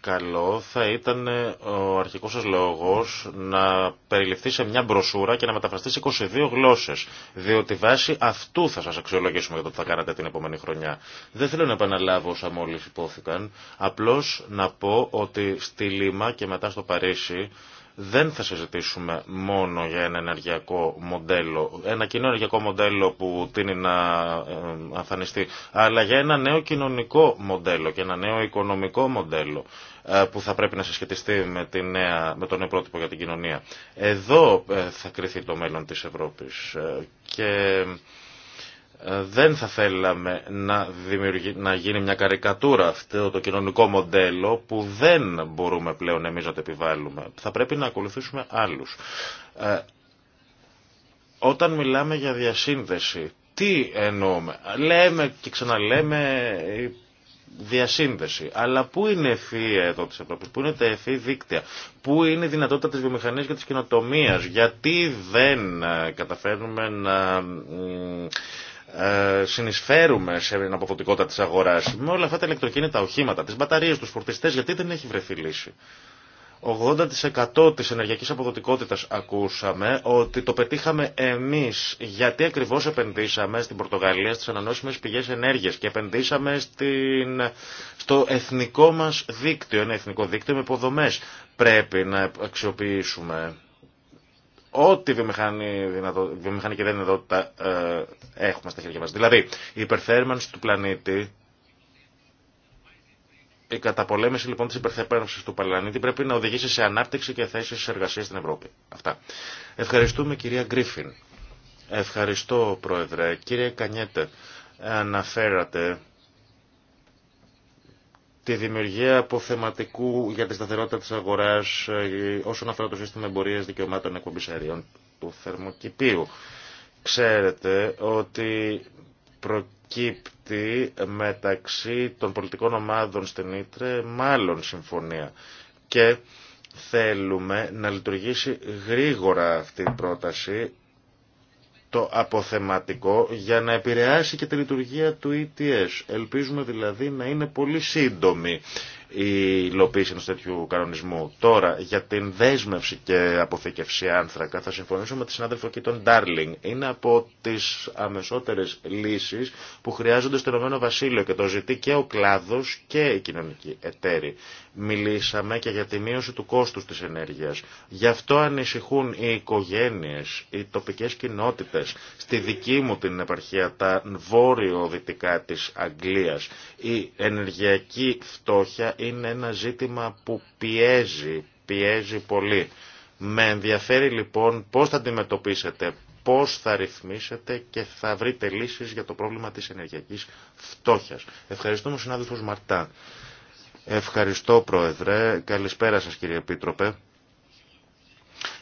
Καλό θα ήταν ε, ο αρχικός σας λόγος να περιληφθεί σε μια μπροσούρα και να μεταφραστεί σε 22 γλώσσες, διότι βάσει αυτού θα σας αξιολογήσουμε για το τι θα κάνατε την επόμενη χρονιά. Δεν θέλω να επαναλάβω όσα μόλις υπόθηκαν, απλώς να πω ότι στη Λίμα και μετά στο Παρίσι δεν θα συζητήσουμε μόνο για ένα ενεργειακό μοντέλο, ένα κοινό ενεργειακό μοντέλο που τίνει να αφανιστεί, ε, αλλά για ένα νέο κοινωνικό μοντέλο και ένα νέο οικονομικό μοντέλο ε, που θα πρέπει να συσχετιστεί με, τη με τον νέο πρότυπο για την κοινωνία. Εδώ ε, θα κρυθεί το μέλλον της Ευρώπης και ε, δεν θα θέλαμε να, να γίνει μια καρικατούρα αυτό το κοινωνικό μοντέλο που δεν μπορούμε πλέον εμείς να το επιβάλλουμε. Θα πρέπει να ακολουθήσουμε άλλους. Ε, όταν μιλάμε για διασύνδεση, τι εννοούμε. Λέμε και ξαναλέμε διασύνδεση. Αλλά πού είναι ευφύ εδώ της Ευρώπη, πού είναι τα ευθύ δίκτυα, πού είναι η δυνατότητα τη βιομηχανία και τη κοινοτομία, γιατί δεν ε, καταφέρνουμε να ε, συνεισφέρουμε σε την αποδοτικότητα της αγοράς με όλα αυτά τα ηλεκτροκίνητα οχήματα, τι μπαταρίε, του φορτιστέ, γιατί δεν έχει βρεθεί λύση. 80% της ενεργειακής αποδοτικότητας ακούσαμε ότι το πετύχαμε εμείς γιατί ακριβώς επενδύσαμε στην Πορτογαλία στις ανανόσιμες πηγές ενέργειας και επενδύσαμε στο εθνικό μας δίκτυο, ένα εθνικό δίκτυο με υποδομές πρέπει να αξιοποιήσουμε ό,τι βιομηχανική δυνατότητα ε, έχουμε στα χέρια μας. Δηλαδή, η υπερθέρμανση του πλανήτη, η καταπολέμηση λοιπόν της υπερθέρμανσης του πλανήτη πρέπει να οδηγήσει σε ανάπτυξη και θέσεις εργασίας στην Ευρώπη. Αυτά. Ευχαριστούμε κυρία Γκρίφιν. Ευχαριστώ πρόεδρε. Κύριε Κανιέτε, αναφέρατε τη δημιουργία αποθεματικού για τη σταθερότητα της αγοράς ε, όσον αφορά το σύστημα εμπορίας δικαιωμάτων εκπομπής αερίων του θερμοκηπίου. Ξέρετε ότι προκύπτει μεταξύ των πολιτικών ομάδων στην Ήτρε μάλλον συμφωνία και θέλουμε να λειτουργήσει γρήγορα αυτή η πρόταση το αποθεματικό για να επηρεάσει και τη λειτουργία του ETS. Ελπίζουμε δηλαδή να είναι πολύ σύντομη η υλοποίηση ενό τέτοιου κανονισμού. Τώρα, για την δέσμευση και αποθήκευση άνθρακα, θα συμφωνήσω με τη συνάδελφο και τον Ντάρλινγκ. Είναι από τις αμεσότερες λύσεις... που χρειάζονται στο Ηνωμένο Βασίλειο και το ζητεί και ο κλάδος... και οι κοινωνικοί εταίροι. Μιλήσαμε και για τη μείωση του κόστου της ενέργειας. Γι' αυτό ανησυχούν οι οικογένειε, οι τοπικέ κοινότητε, στη δική μου την επαρχία, τα βόρειο-δυτικά τη Αγγλία. Η ενεργειακή φτώχεια είναι ένα ζήτημα που πιέζει, πιέζει πολύ. Με ενδιαφέρει λοιπόν πώς θα αντιμετωπίσετε, πώς θα ρυθμίσετε και θα βρείτε λύσεις για το πρόβλημα της ενεργειακής φτώχειας. Ευχαριστούμε συνάδελφος Μαρτά. Ευχαριστώ Πρόεδρε. Καλησπέρα σας κύριε Επίτροπε.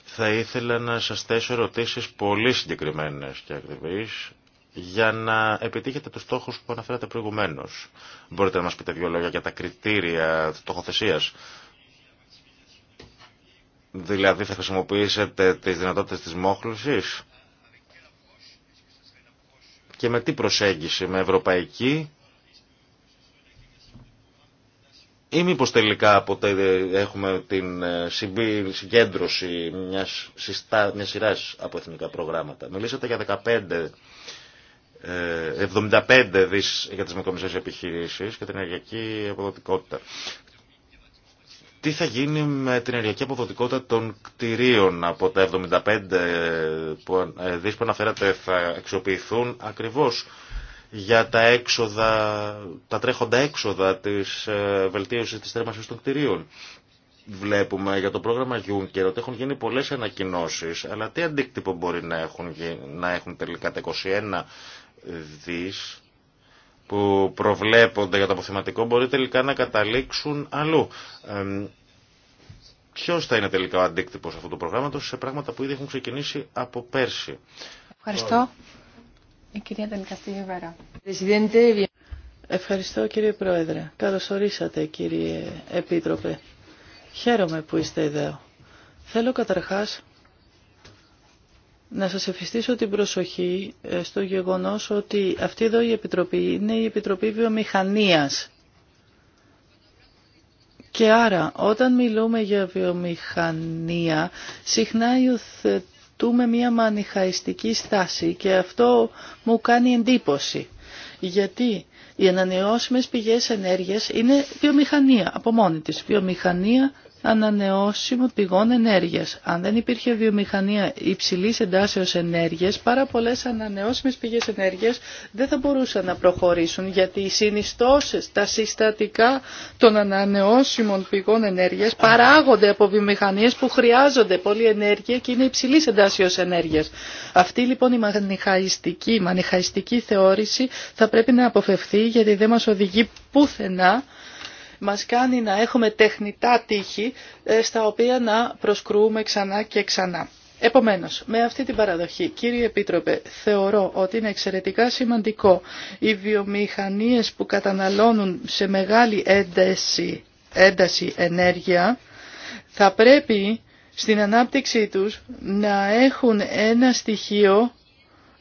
Θα ήθελα να σας θέσω ερωτήσεις πολύ συγκεκριμένες και ακριβείς για να επιτύχετε τους στόχους που αναφέρατε προηγουμένως. Μπορείτε να μας πείτε δύο λόγια για τα κριτήρια στοχοθεσίας. Δηλαδή θα χρησιμοποιήσετε τις δυνατότητες της μόχλωσης και με τι προσέγγιση, με ευρωπαϊκή ή μήπω τελικά ποτέ έχουμε την ε, συγκέντρωση μιας, συστά, σειράς από εθνικά προγράμματα. Μιλήσατε για 15 75 ε, δις για τις μικρομεσαίες επιχειρήσεις και την ενεργειακή αποδοτικότητα. Τι θα γίνει με την ενεργειακή αποδοτικότητα των κτηρίων από τα 75 που, ε, δις που αναφέρατε θα αξιοποιηθούν ακριβώς για τα, έξοδα, τα τρέχοντα έξοδα της ε, βελτίωσης της θέρμανσης των κτηρίων. Βλέπουμε για το πρόγραμμα Juncker ότι έχουν γίνει πολλές ανακοινώσεις, αλλά τι αντίκτυπο μπορεί να έχουν, να έχουν τελικά τα 21 που προβλέπονται για το αποθυματικό μπορεί τελικά να καταλήξουν αλλού. Ε, Ποιο θα είναι τελικά ο αντίκτυπο αυτού του προγράμματο σε πράγματα που ήδη έχουν ξεκινήσει από πέρσι. Ευχαριστώ. Η κυρία Βέρα. Ευχαριστώ κύριε Πρόεδρε. Καλώς ορίσατε κύριε Επίτροπε. Χαίρομαι που είστε εδώ. Θέλω καταρχάς να σας ευχηστήσω την προσοχή ε, στο γεγονός ότι αυτή εδώ η Επιτροπή είναι η Επιτροπή Βιομηχανίας. Και άρα όταν μιλούμε για βιομηχανία συχνά υιοθετούμε μία μανιχαϊστική στάση και αυτό μου κάνει εντύπωση. Γιατί οι ανανεώσιμες πηγές ενέργειας είναι βιομηχανία από μόνη της. Βιομηχανία ανανεώσιμων πηγών ενέργειας. Αν δεν υπήρχε βιομηχανία υψηλής εντάσεως ενέργειας, πάρα πολλές ανανεώσιμες πηγές ενέργειας δεν θα μπορούσαν να προχωρήσουν, γιατί οι συνιστώσεις, τα συστατικά των ανανεώσιμων πηγών ενέργειας παράγονται από βιομηχανίες που χρειάζονται πολλή ενέργεια και είναι υψηλής εντάσεως ενέργειας. Αυτή λοιπόν η μανιχαϊστική, η μανιχαϊστική θεώρηση θα πρέπει να αποφευθεί, γιατί δεν μας οδηγεί πουθενά μας κάνει να έχουμε τεχνητά τείχη ε, στα οποία να προσκρούμε ξανά και ξανά. Επομένως, με αυτή την παραδοχή, κύριε Επίτροπε, θεωρώ ότι είναι εξαιρετικά σημαντικό οι βιομηχανίες που καταναλώνουν σε μεγάλη ένταση, ένταση ενέργεια θα πρέπει στην ανάπτυξή τους να έχουν ένα στοιχείο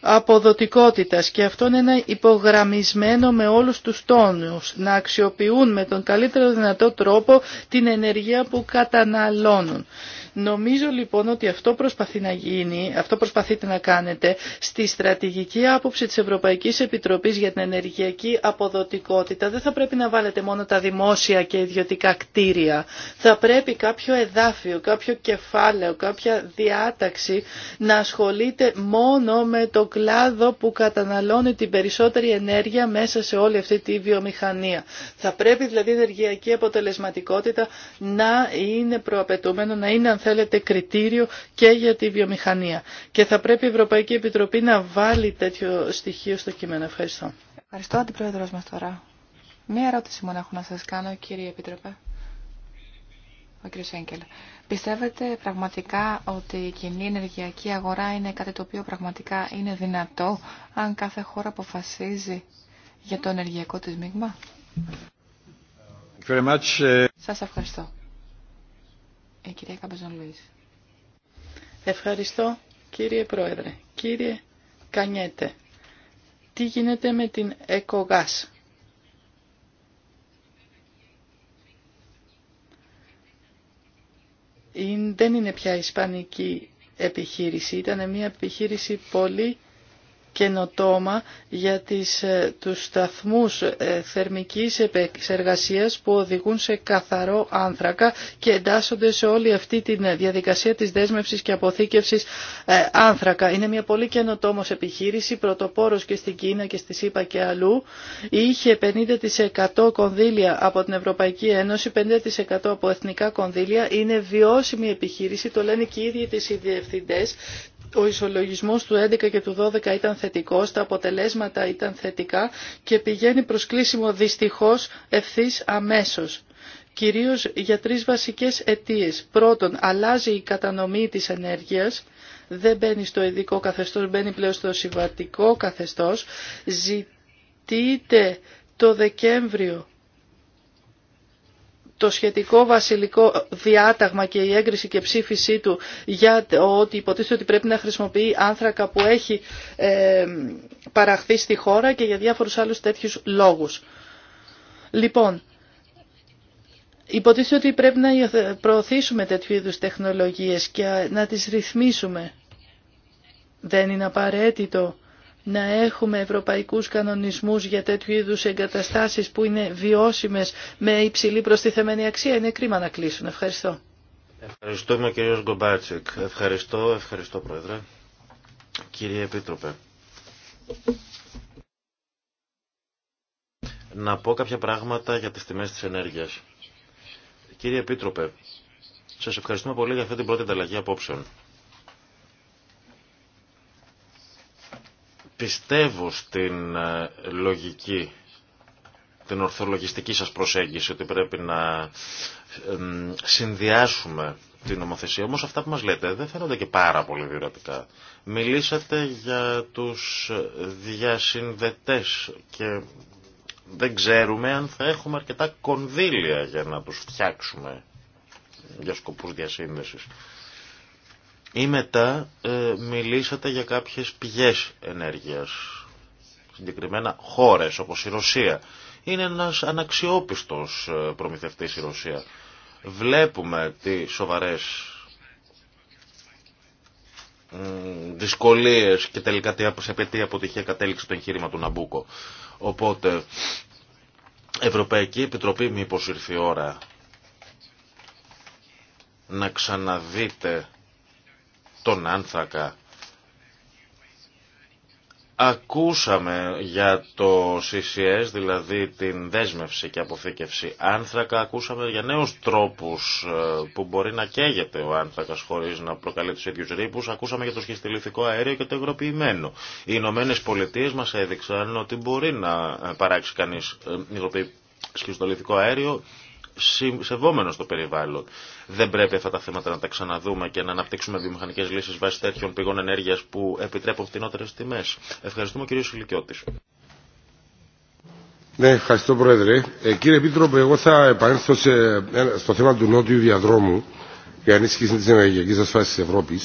αποδοτικότητας και αυτό είναι ένα υπογραμμισμένο με όλους τους τόνους να αξιοποιούν με τον καλύτερο δυνατό τρόπο την ενεργεία που καταναλώνουν. Νομίζω λοιπόν ότι αυτό προσπαθεί να γίνει, αυτό προσπαθείτε να κάνετε στη στρατηγική άποψη της Ευρωπαϊκής Επιτροπής για την ενεργειακή αποδοτικότητα. Δεν θα πρέπει να βάλετε μόνο τα δημόσια και ιδιωτικά κτίρια. Θα πρέπει κάποιο εδάφιο, κάποιο κεφάλαιο, κάποια διάταξη να ασχολείται μόνο με το κλάδο που καταναλώνει την περισσότερη ενέργεια μέσα σε όλη αυτή τη βιομηχανία. Θα πρέπει δηλαδή η ενεργειακή αποτελεσματικότητα να είναι προαπαιτούμενο, να είναι θέλετε, κριτήριο και για τη βιομηχανία. Και θα πρέπει η Ευρωπαϊκή Επιτροπή να βάλει τέτοιο στοιχείο στο κείμενο. Ευχαριστώ. Ευχαριστώ, Αντιπρόεδρο μα τώρα. Μία ερώτηση μόνο έχω να σας κάνω, κύριε Επίτροπε. Ο κύριο Έγκελ. Πιστεύετε πραγματικά ότι η κοινή ενεργειακή αγορά είναι κάτι το οποίο πραγματικά είναι δυνατό αν κάθε χώρα αποφασίζει για το ενεργειακό της μείγμα. Σας ευχαριστώ. Ε, Ευχαριστώ κύριε Πρόεδρε. Κύριε Κανιέτε, τι γίνεται με την ΕΚΟΓΑΣ. Δεν είναι πια ισπανική επιχείρηση. Ήταν μια επιχείρηση πολύ καινοτόμα για τις, ε, τους σταθμούς ε, θερμικής επεξεργασίας που οδηγούν σε καθαρό άνθρακα και εντάσσονται σε όλη αυτή τη ε, διαδικασία της δέσμευσης και αποθήκευσης άνθρακα. Είναι μια πολύ καινοτόμος επιχείρηση, πρωτοπόρος και στην Κίνα και στη ΣΥΠΑ και αλλού. Είχε 50% κονδύλια από την Ευρωπαϊκή Ένωση, 50% από εθνικά κονδύλια. Είναι βιώσιμη επιχείρηση, το λένε και οι ίδιοι τις ο ισολογισμός του 11 και του 12 ήταν θετικός, τα αποτελέσματα ήταν θετικά και πηγαίνει προσκλήσιμο κλείσιμο δυστυχώς ευθύς αμέσως. Κυρίως για τρεις βασικές αιτίες. Πρώτον, αλλάζει η κατανομή της ενέργειας, δεν μπαίνει στο ειδικό καθεστώς, μπαίνει πλέον στο συμβατικό καθεστώς. Ζητείται το Δεκέμβριο το σχετικό βασιλικό διάταγμα και η έγκριση και ψήφισή του για ότι υποτίθεται ότι πρέπει να χρησιμοποιεί άνθρακα που έχει ε, παραχθεί στη χώρα και για διάφορους άλλους τέτοιους λόγους. Λοιπόν, υποτίθεται ότι πρέπει να προωθήσουμε τέτοιου είδους τεχνολογίες και να τις ρυθμίσουμε. Δεν είναι απαραίτητο να έχουμε ευρωπαϊκούς κανονισμούς για τέτοιου είδους εγκαταστάσεις που είναι βιώσιμες με υψηλή προστιθεμένη αξία. Είναι κρίμα να κλείσουν. Ευχαριστώ. Ευχαριστούμε ο Γκομπάτσικ. Ευχαριστώ, ευχαριστώ Πρόεδρε. Κύριε Επίτροπε. Να πω κάποια πράγματα για τις τιμές της ενέργειας. Κύριε Επίτροπε, σας ευχαριστούμε πολύ για αυτή την πρώτη ανταλλαγή απόψεων. πιστεύω στην ε, λογική, την ορθολογιστική σας προσέγγιση ότι πρέπει να συνδυάσουμε την νομοθεσία. Όμως αυτά που μας λέτε δεν φαίνονται και πάρα πολύ διορατικά. Μιλήσατε για τους διασυνδετές και δεν ξέρουμε αν θα έχουμε αρκετά κονδύλια για να τους φτιάξουμε για σκοπούς διασύνδεσης. Ή μετά ε, μιλήσατε για κάποιες πηγές ενέργειας, συγκεκριμένα χώρες όπως η μετα Είναι ένας αναξιόπιστος ε, προμηθευτής η Ρωσία. Βλέπουμε τι σοβαρές δυσκολίες και τελικά σε απαιτεί αποτυχία κατέληξε το εγχείρημα του Ναμπούκο. Οπότε, Ευρωπαϊκή Επιτροπή μήπως ήρθε η ώρα να ξαναδείτε τον άνθρακα. Ακούσαμε για το CCS, δηλαδή την δέσμευση και αποθήκευση άνθρακα, ακούσαμε για νέους τρόπους ε, που μπορεί να καίγεται ο άνθρακας χωρίς να προκαλεί τους ίδιους ρήπους, ακούσαμε για το σχιστηλιθικό αέριο και το υγροποιημένο. Οι Ηνωμένε Πολιτείε μας έδειξαν ότι μπορεί να παράξει κανείς ε, υγροποιημένο σχιστολιθικό αέριο σεβόμενο το περιβάλλον. Δεν πρέπει αυτά τα θέματα να τα ξαναδούμε και να αναπτύξουμε βιομηχανικέ λύσει βάσει τέτοιων πηγών ενέργεια που επιτρέπουν φτηνότερε τιμέ. Ευχαριστούμε κύριο Σιλικιώτη. Ναι, ευχαριστώ Πρόεδρε. Ε, κύριε Επίτροπε, εγώ θα επανέλθω ε, στο θέμα του νότιου διαδρόμου για ενίσχυση τη ενεργειακή ασφάλεια τη Ευρώπη.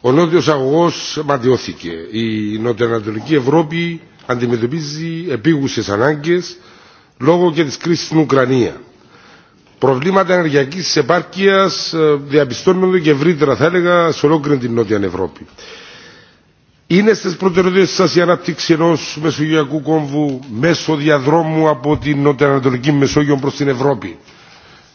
Ο νότιο αγωγό ματιώθηκε. Η νοτιοανατολική Ευρώπη αντιμετωπίζει επίγουσε ανάγκε λόγω και τη κρίση στην Ουκρανία. Προβλήματα ενεργειακή επάρκεια ε, διαπιστώνονται και ευρύτερα, θα έλεγα, σε ολόκληρη την Νότια Ευρώπη. Είναι στι προτεραιότητε σα η ανάπτυξη ενό μεσογειακού κόμβου μέσω διαδρόμου από την νοτιοανατολική Μεσόγειο προ την Ευρώπη.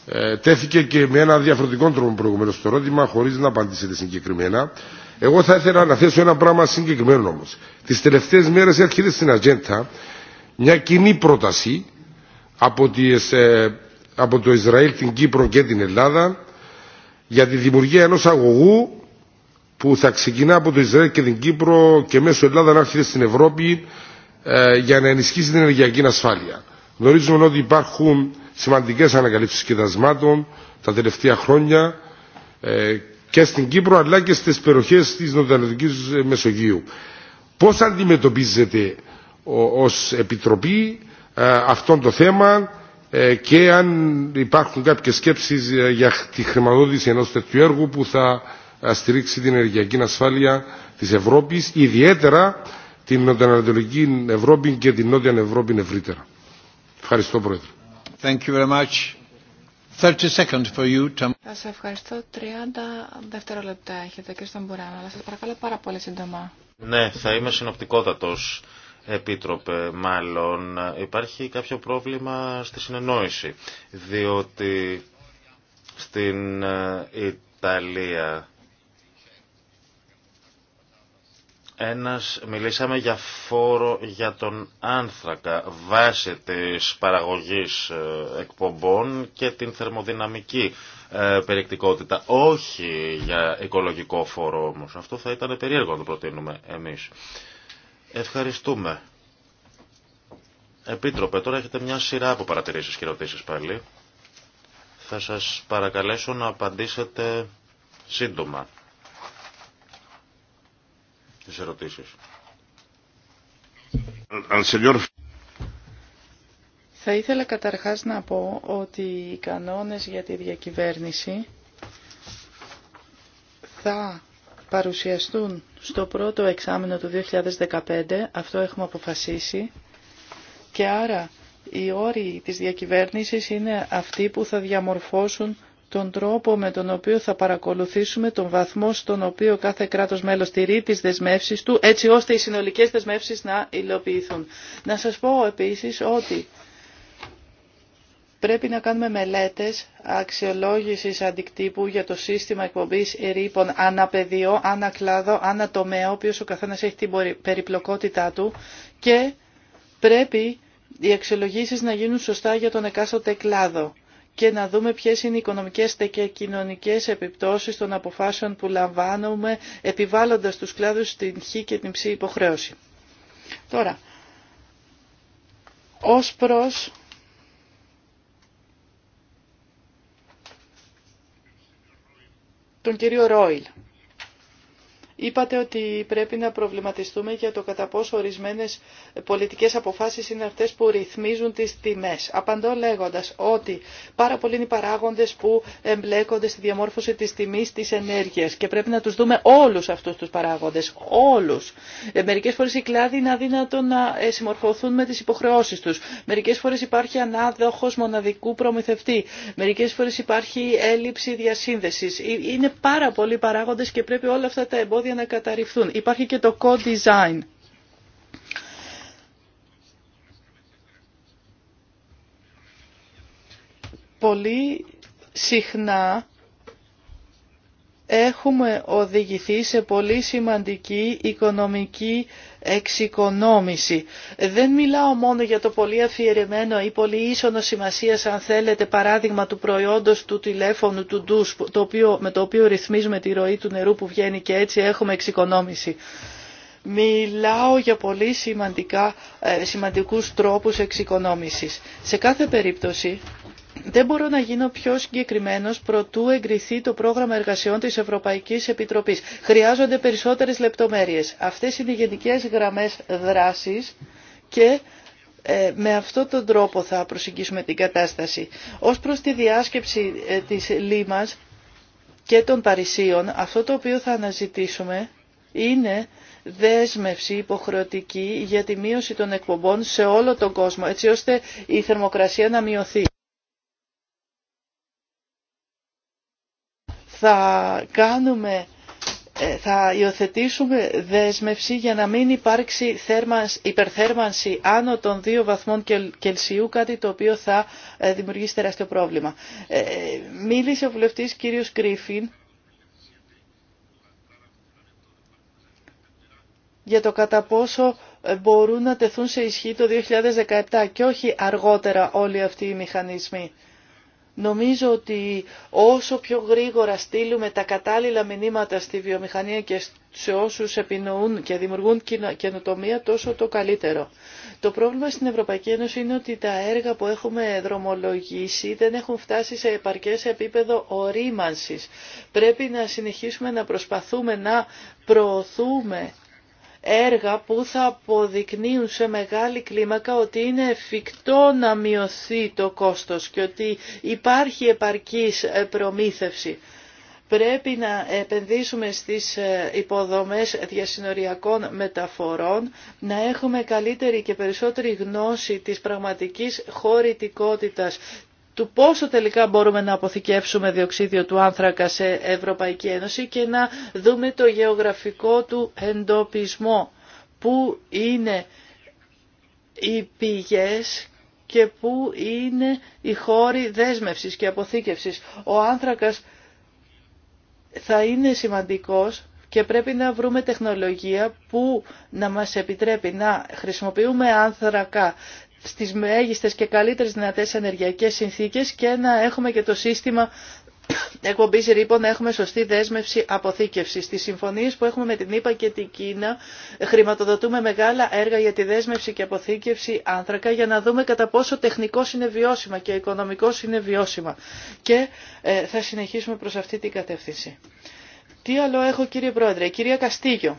Ε, τέθηκε και με ένα διαφορετικό τρόπο προηγουμένω το ερώτημα, χωρί να απαντήσετε συγκεκριμένα. Εγώ θα ήθελα να θέσω ένα πράγμα συγκεκριμένο όμω. Τι τελευταίε μέρε έρχεται στην ατζέντα μια κοινή πρόταση από τι ε, από το Ισραήλ, την Κύπρο και την Ελλάδα για τη δημιουργία ενός αγωγού που θα ξεκινά από το Ισραήλ και την Κύπρο και μέσω Ελλάδα να έρχεται στην Ευρώπη ε, για να ενισχύσει την ενεργειακή ασφάλεια. Γνωρίζουμε ότι υπάρχουν σημαντικές ανακαλύψεις κοιτασμάτων τα τελευταία χρόνια ε, και στην Κύπρο αλλά και στις περιοχές της Νοτιοανατολικής Μεσογείου. Πώς αντιμετωπίζετε ως Επιτροπή ε, αυτό το θέμα ε, και αν υπάρχουν κάποιες σκέψεις ε, για τη χρηματοδότηση ενός τέτοιου έργου που θα ε, στηρίξει την ενεργειακή ασφάλεια της Ευρώπης, ιδιαίτερα την Νοτιοανατολική Ευρώπη και την Νότια Ευρώπη ευρύτερα. Ευχαριστώ Πρόεδρε. Thank you very much. 30 seconds for you, Tom. Σας ευχαριστώ. 30 δευτερόλεπτα έχετε, στον Μπουράνο. αλλά σας παρακαλώ πάρα πολύ σύντομα. Ναι, θα είμαι συνοπτικότατος. Επίτροπε, μάλλον υπάρχει κάποιο πρόβλημα στη συνεννόηση, διότι στην ε, Ιταλία ένας, μιλήσαμε για φόρο για τον άνθρακα βάσει της παραγωγής ε, εκπομπών και την θερμοδυναμική ε, περιεκτικότητα. Όχι για οικολογικό φόρο όμως. Αυτό θα ήταν περίεργο να το προτείνουμε εμείς. Ευχαριστούμε. Επίτροπε, τώρα έχετε μια σειρά από παρατηρήσεις και ερωτήσεις πάλι. Θα σας παρακαλέσω να απαντήσετε σύντομα τις ερωτήσεις. Θα ήθελα καταρχάς να πω ότι οι κανόνες για τη διακυβέρνηση θα παρουσιαστούν στο πρώτο εξάμεινο του 2015, αυτό έχουμε αποφασίσει, και άρα οι όροι της διακυβέρνησης είναι αυτοί που θα διαμορφώσουν τον τρόπο με τον οποίο θα παρακολουθήσουμε τον βαθμό στον οποίο κάθε κράτος μέλος τηρεί τις δεσμεύσεις του, έτσι ώστε οι συνολικές δεσμεύσεις να υλοποιηθούν. Να σας πω επίσης ότι Πρέπει να κάνουμε μελέτες αξιολόγησης αντικτύπου για το σύστημα εκπομπής ρήπων αναπεδιο, ανακλάδο, ανά ο οποίος ο καθένας έχει την περιπλοκότητά του και πρέπει οι αξιολογήσεις να γίνουν σωστά για τον εκάστοτε κλάδο και να δούμε ποιες είναι οι οικονομικές και κοινωνικές επιπτώσεις των αποφάσεων που λαμβάνουμε επιβάλλοντας τους κλάδους την χ και την ψη υποχρέωση. Τώρα, ως προς τον κύριο Ρόιλ. Είπατε ότι πρέπει να προβληματιστούμε για το κατά πόσο ορισμένες πολιτικές αποφάσεις είναι αυτές που ρυθμίζουν τις τιμές. Απαντώ λέγοντας ότι πάρα πολλοί είναι οι παράγοντες που εμπλέκονται στη διαμόρφωση της τιμής της ενέργειας και πρέπει να τους δούμε όλους αυτούς τους παράγοντες, όλους. Ε, μερικές φορές οι κλάδοι είναι αδύνατο να ε, συμμορφωθούν με τις υποχρεώσεις τους. Μερικές φορές υπάρχει ανάδοχος μοναδικού προμηθευτή. Μερικές φορές υπάρχει έλλειψη διασύνδεσης. Ε, είναι πάρα πολλοί και πρέπει όλα αυτά τα εμπόδια να καταρριφθούν. Υπάρχει και το co-design. Πολύ συχνά έχουμε οδηγηθεί σε πολύ σημαντική οικονομική εξοικονόμηση. Δεν μιλάω μόνο για το πολύ αφιερεμένο ή πολύ ίσονο σημασία, αν θέλετε, παράδειγμα του προϊόντος του τηλέφωνου, του ντους, το με το οποίο ρυθμίζουμε τη ροή του νερού που βγαίνει και έτσι έχουμε εξοικονόμηση. Μιλάω για πολύ σημαντικά, ε, σημαντικούς τρόπους εξοικονόμησης. Σε κάθε περίπτωση, δεν μπορώ να γίνω πιο συγκεκριμένος προτού εγκριθεί το πρόγραμμα εργασιών της Ευρωπαϊκής Επιτροπής. Χρειάζονται περισσότερες λεπτομέρειες. Αυτές είναι οι γενικές γραμμές δράσης και ε, με αυτόν τον τρόπο θα προσεγγίσουμε την κατάσταση. Ως προς τη διάσκεψη ε, της Λίμας και των Παρισίων, αυτό το οποίο θα αναζητήσουμε είναι δέσμευση υποχρεωτική για τη μείωση των εκπομπών σε όλο τον κόσμο, έτσι ώστε η θερμοκρασία να μειωθεί. θα κάνουμε ε, θα υιοθετήσουμε δέσμευση για να μην υπάρξει θέρμανση, υπερθέρμανση άνω των δύο βαθμών Κελσίου, κάτι το οποίο θα ε, δημιουργήσει τεράστιο πρόβλημα. Ε, μίλησε ο βουλευτής κύριος Κρίφιν για το κατά πόσο μπορούν να τεθούν σε ισχύ το 2017 και όχι αργότερα όλοι αυτοί οι μηχανισμοί. Νομίζω ότι όσο πιο γρήγορα στείλουμε τα κατάλληλα μηνύματα στη βιομηχανία και σε όσους επινοούν και δημιουργούν καινοτομία, τόσο το καλύτερο. Το πρόβλημα στην Ευρωπαϊκή Ένωση είναι ότι τα έργα που έχουμε δρομολογήσει δεν έχουν φτάσει σε επαρκές επίπεδο ορίμανσης. Πρέπει να συνεχίσουμε να προσπαθούμε να προωθούμε έργα που θα αποδεικνύουν σε μεγάλη κλίμακα ότι είναι εφικτό να μειωθεί το κόστος και ότι υπάρχει επαρκής ε, προμήθευση. Πρέπει να επενδύσουμε στις ε, υποδομές διασυνοριακών μεταφορών, να έχουμε καλύτερη και περισσότερη γνώση της πραγματικής χωρητικότητας του πόσο τελικά μπορούμε να αποθηκεύσουμε διοξίδιο του άνθρακα σε Ευρωπαϊκή Ένωση και να δούμε το γεωγραφικό του εντοπισμό. Πού είναι οι πηγές και πού είναι οι χώροι δέσμευσης και αποθήκευσης. Ο άνθρακας θα είναι σημαντικός και πρέπει να βρούμε τεχνολογία που να μας επιτρέπει να χρησιμοποιούμε άνθρακα στις μέγιστες και καλύτερες δυνατές ενεργειακές συνθήκες και να έχουμε και το σύστημα εκπομπής ρήπων, να έχουμε σωστή δέσμευση αποθήκευσης. Στις συμφωνίες που έχουμε με την ΕΠΑ και την Κίνα χρηματοδοτούμε μεγάλα έργα για τη δέσμευση και αποθήκευση άνθρακα για να δούμε κατά πόσο τεχνικό είναι βιώσιμα και οικονομικό είναι βιώσιμα. Και ε, θα συνεχίσουμε προς αυτή την κατεύθυνση. Τι άλλο έχω κύριε Πρόεδρε, κυρία Καστίγιο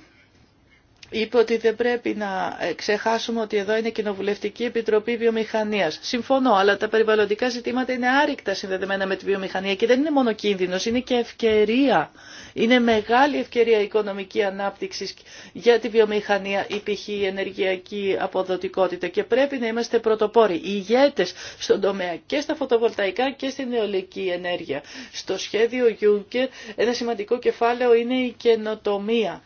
είπε ότι δεν πρέπει να ε, ξεχάσουμε ότι εδώ είναι Κοινοβουλευτική Επιτροπή Βιομηχανίας. Συμφωνώ, αλλά τα περιβαλλοντικά ζητήματα είναι άρρηκτα συνδεδεμένα με τη βιομηχανία και δεν είναι μόνο κίνδυνος, είναι και ευκαιρία. Είναι μεγάλη ευκαιρία οικονομική ανάπτυξη για τη βιομηχανία, η π.χ. ενεργειακή αποδοτικότητα και πρέπει να είμαστε πρωτοπόροι, ηγέτε στον τομέα και στα φωτοβολταϊκά και στην νεολική ενέργεια. Στο σχέδιο Juncker ένα σημαντικό κεφάλαιο είναι η καινοτομία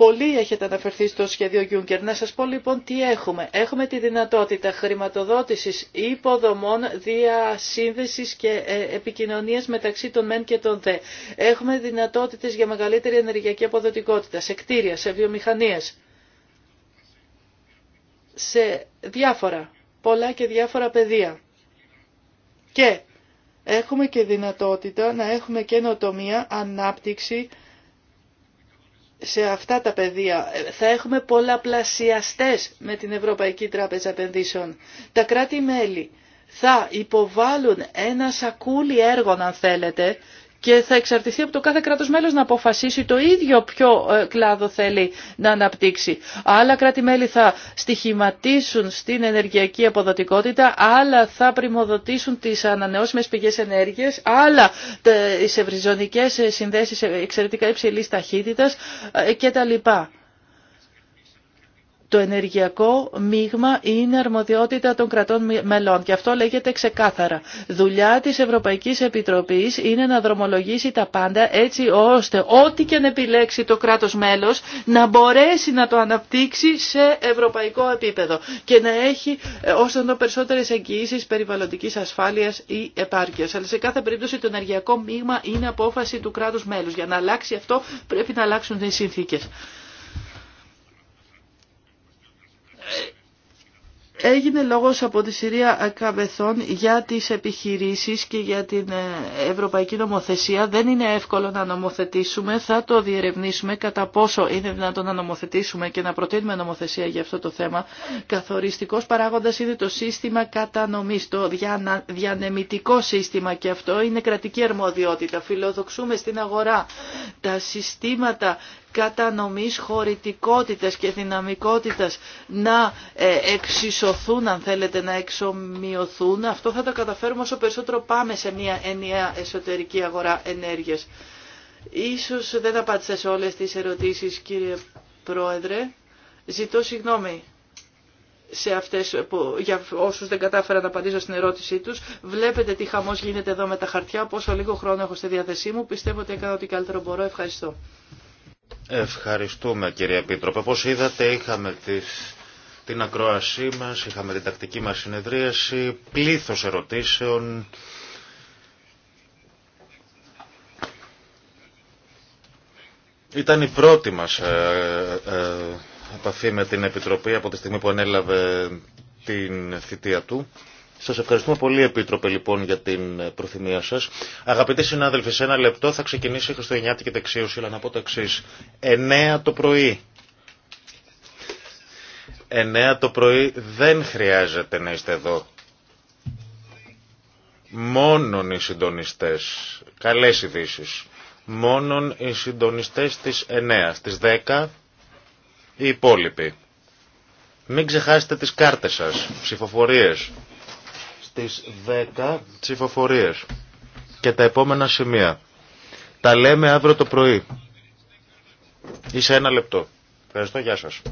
Πολύ έχετε αναφερθεί στο σχέδιο Γιούγκερ. Να σας πω λοιπόν τι έχουμε. Έχουμε τη δυνατότητα χρηματοδότησης υποδομών διασύνδεσης και ε, επικοινωνίας μεταξύ των ΜΕΝ και των ΔΕ. Έχουμε δυνατότητες για μεγαλύτερη ενεργειακή αποδοτικότητα σε κτίρια, σε βιομηχανίες, σε διάφορα, πολλά και διάφορα πεδία. Και έχουμε και δυνατότητα να έχουμε καινοτομία, ανάπτυξη, σε αυτά τα πεδία. Θα έχουμε πολλαπλασιαστές με την Ευρωπαϊκή Τράπεζα Επενδύσεων. Τα κράτη-μέλη θα υποβάλουν ένα σακούλι έργων, αν θέλετε, και θα εξαρτηθεί από το κάθε κράτος μέλος να αποφασίσει το ίδιο ποιο ε, κλάδο θέλει να αναπτύξει. Άλλα κράτη-μέλη θα στοιχηματίσουν στην ενεργειακή αποδοτικότητα, άλλα θα πρημοδοτήσουν τις ανανεώσιμες πηγές ενέργειας, άλλα τις ευρυζωνικές συνδέσεις εξαιρετικά υψηλής ταχύτητας ε, κτλ το ενεργειακό μείγμα είναι αρμοδιότητα των κρατών μελών και αυτό λέγεται ξεκάθαρα. Δουλειά της Ευρωπαϊκής Επιτροπής είναι να δρομολογήσει τα πάντα έτσι ώστε ό,τι και αν επιλέξει το κράτος μέλος να μπορέσει να το αναπτύξει σε ευρωπαϊκό επίπεδο και να έχει ε, όσο το περισσότερες εγγυήσεις περιβαλλοντικής ασφάλειας ή επάρκειας. Αλλά σε κάθε περίπτωση το ενεργειακό μείγμα είναι απόφαση του κράτους μέλους. Για να αλλάξει αυτό πρέπει να αλλάξουν οι συνθήκες. Έγινε λόγος από τη Συρία Ακαβεθών για τις επιχειρήσεις και για την ε, ευρωπαϊκή νομοθεσία. Δεν είναι εύκολο να νομοθετήσουμε. Θα το διερευνήσουμε κατά πόσο είναι δυνατόν να νομοθετήσουμε και να προτείνουμε νομοθεσία για αυτό το θέμα. Καθοριστικός παράγοντας είναι το σύστημα κατανομής, το διανεμητικό σύστημα και αυτό είναι κρατική αρμοδιότητα. Φιλοδοξούμε στην αγορά τα συστήματα κατανομής χωρητικότητας και δυναμικότητας να ε, εξισωθούν, αν θέλετε να εξομοιωθούν. Αυτό θα το καταφέρουμε όσο περισσότερο πάμε σε μια ενιαία εσωτερική αγορά ενέργειας. Ίσως δεν απάντησα σε όλες τις ερωτήσεις κύριε Πρόεδρε. Ζητώ συγγνώμη σε αυτές που, για όσους δεν κατάφερα να απαντήσω στην ερώτησή τους. Βλέπετε τι χαμός γίνεται εδώ με τα χαρτιά, πόσο λίγο χρόνο έχω στη διάθεσή μου. Πιστεύω ότι έκανα ό,τι καλύτερο μπορώ. Ευχαριστώ. Ευχαριστούμε κύριε Επίτροπε. Όπως είδατε είχαμε τις, την ακρόασή μας, είχαμε την τακτική μας συνεδρίαση, πλήθος ερωτήσεων. Ήταν η πρώτη μας ε, ε, επαφή με την Επιτροπή από τη στιγμή που ανέλαβε την θητεία του. Σας ευχαριστούμε πολύ Επίτροπε λοιπόν για την προθυμία σας. Αγαπητοί συνάδελφοι, σε ένα λεπτό θα ξεκινήσει η Χριστουγεννιάτικη δεξίωση, αλλά να πω το εξή. 9 το πρωί. 9 το πρωί δεν χρειάζεται να είστε εδώ. Μόνον οι συντονιστές. Καλές ειδήσει. Μόνον οι συντονιστές τη 9. Στις 10 οι υπόλοιποι. Μην ξεχάσετε τις κάρτες σας, ψηφοφορίες στις 10 ψηφοφορίες και τα επόμενα σημεία. Τα λέμε αύριο το πρωί. Είσαι ένα λεπτό. Ευχαριστώ, γεια σας.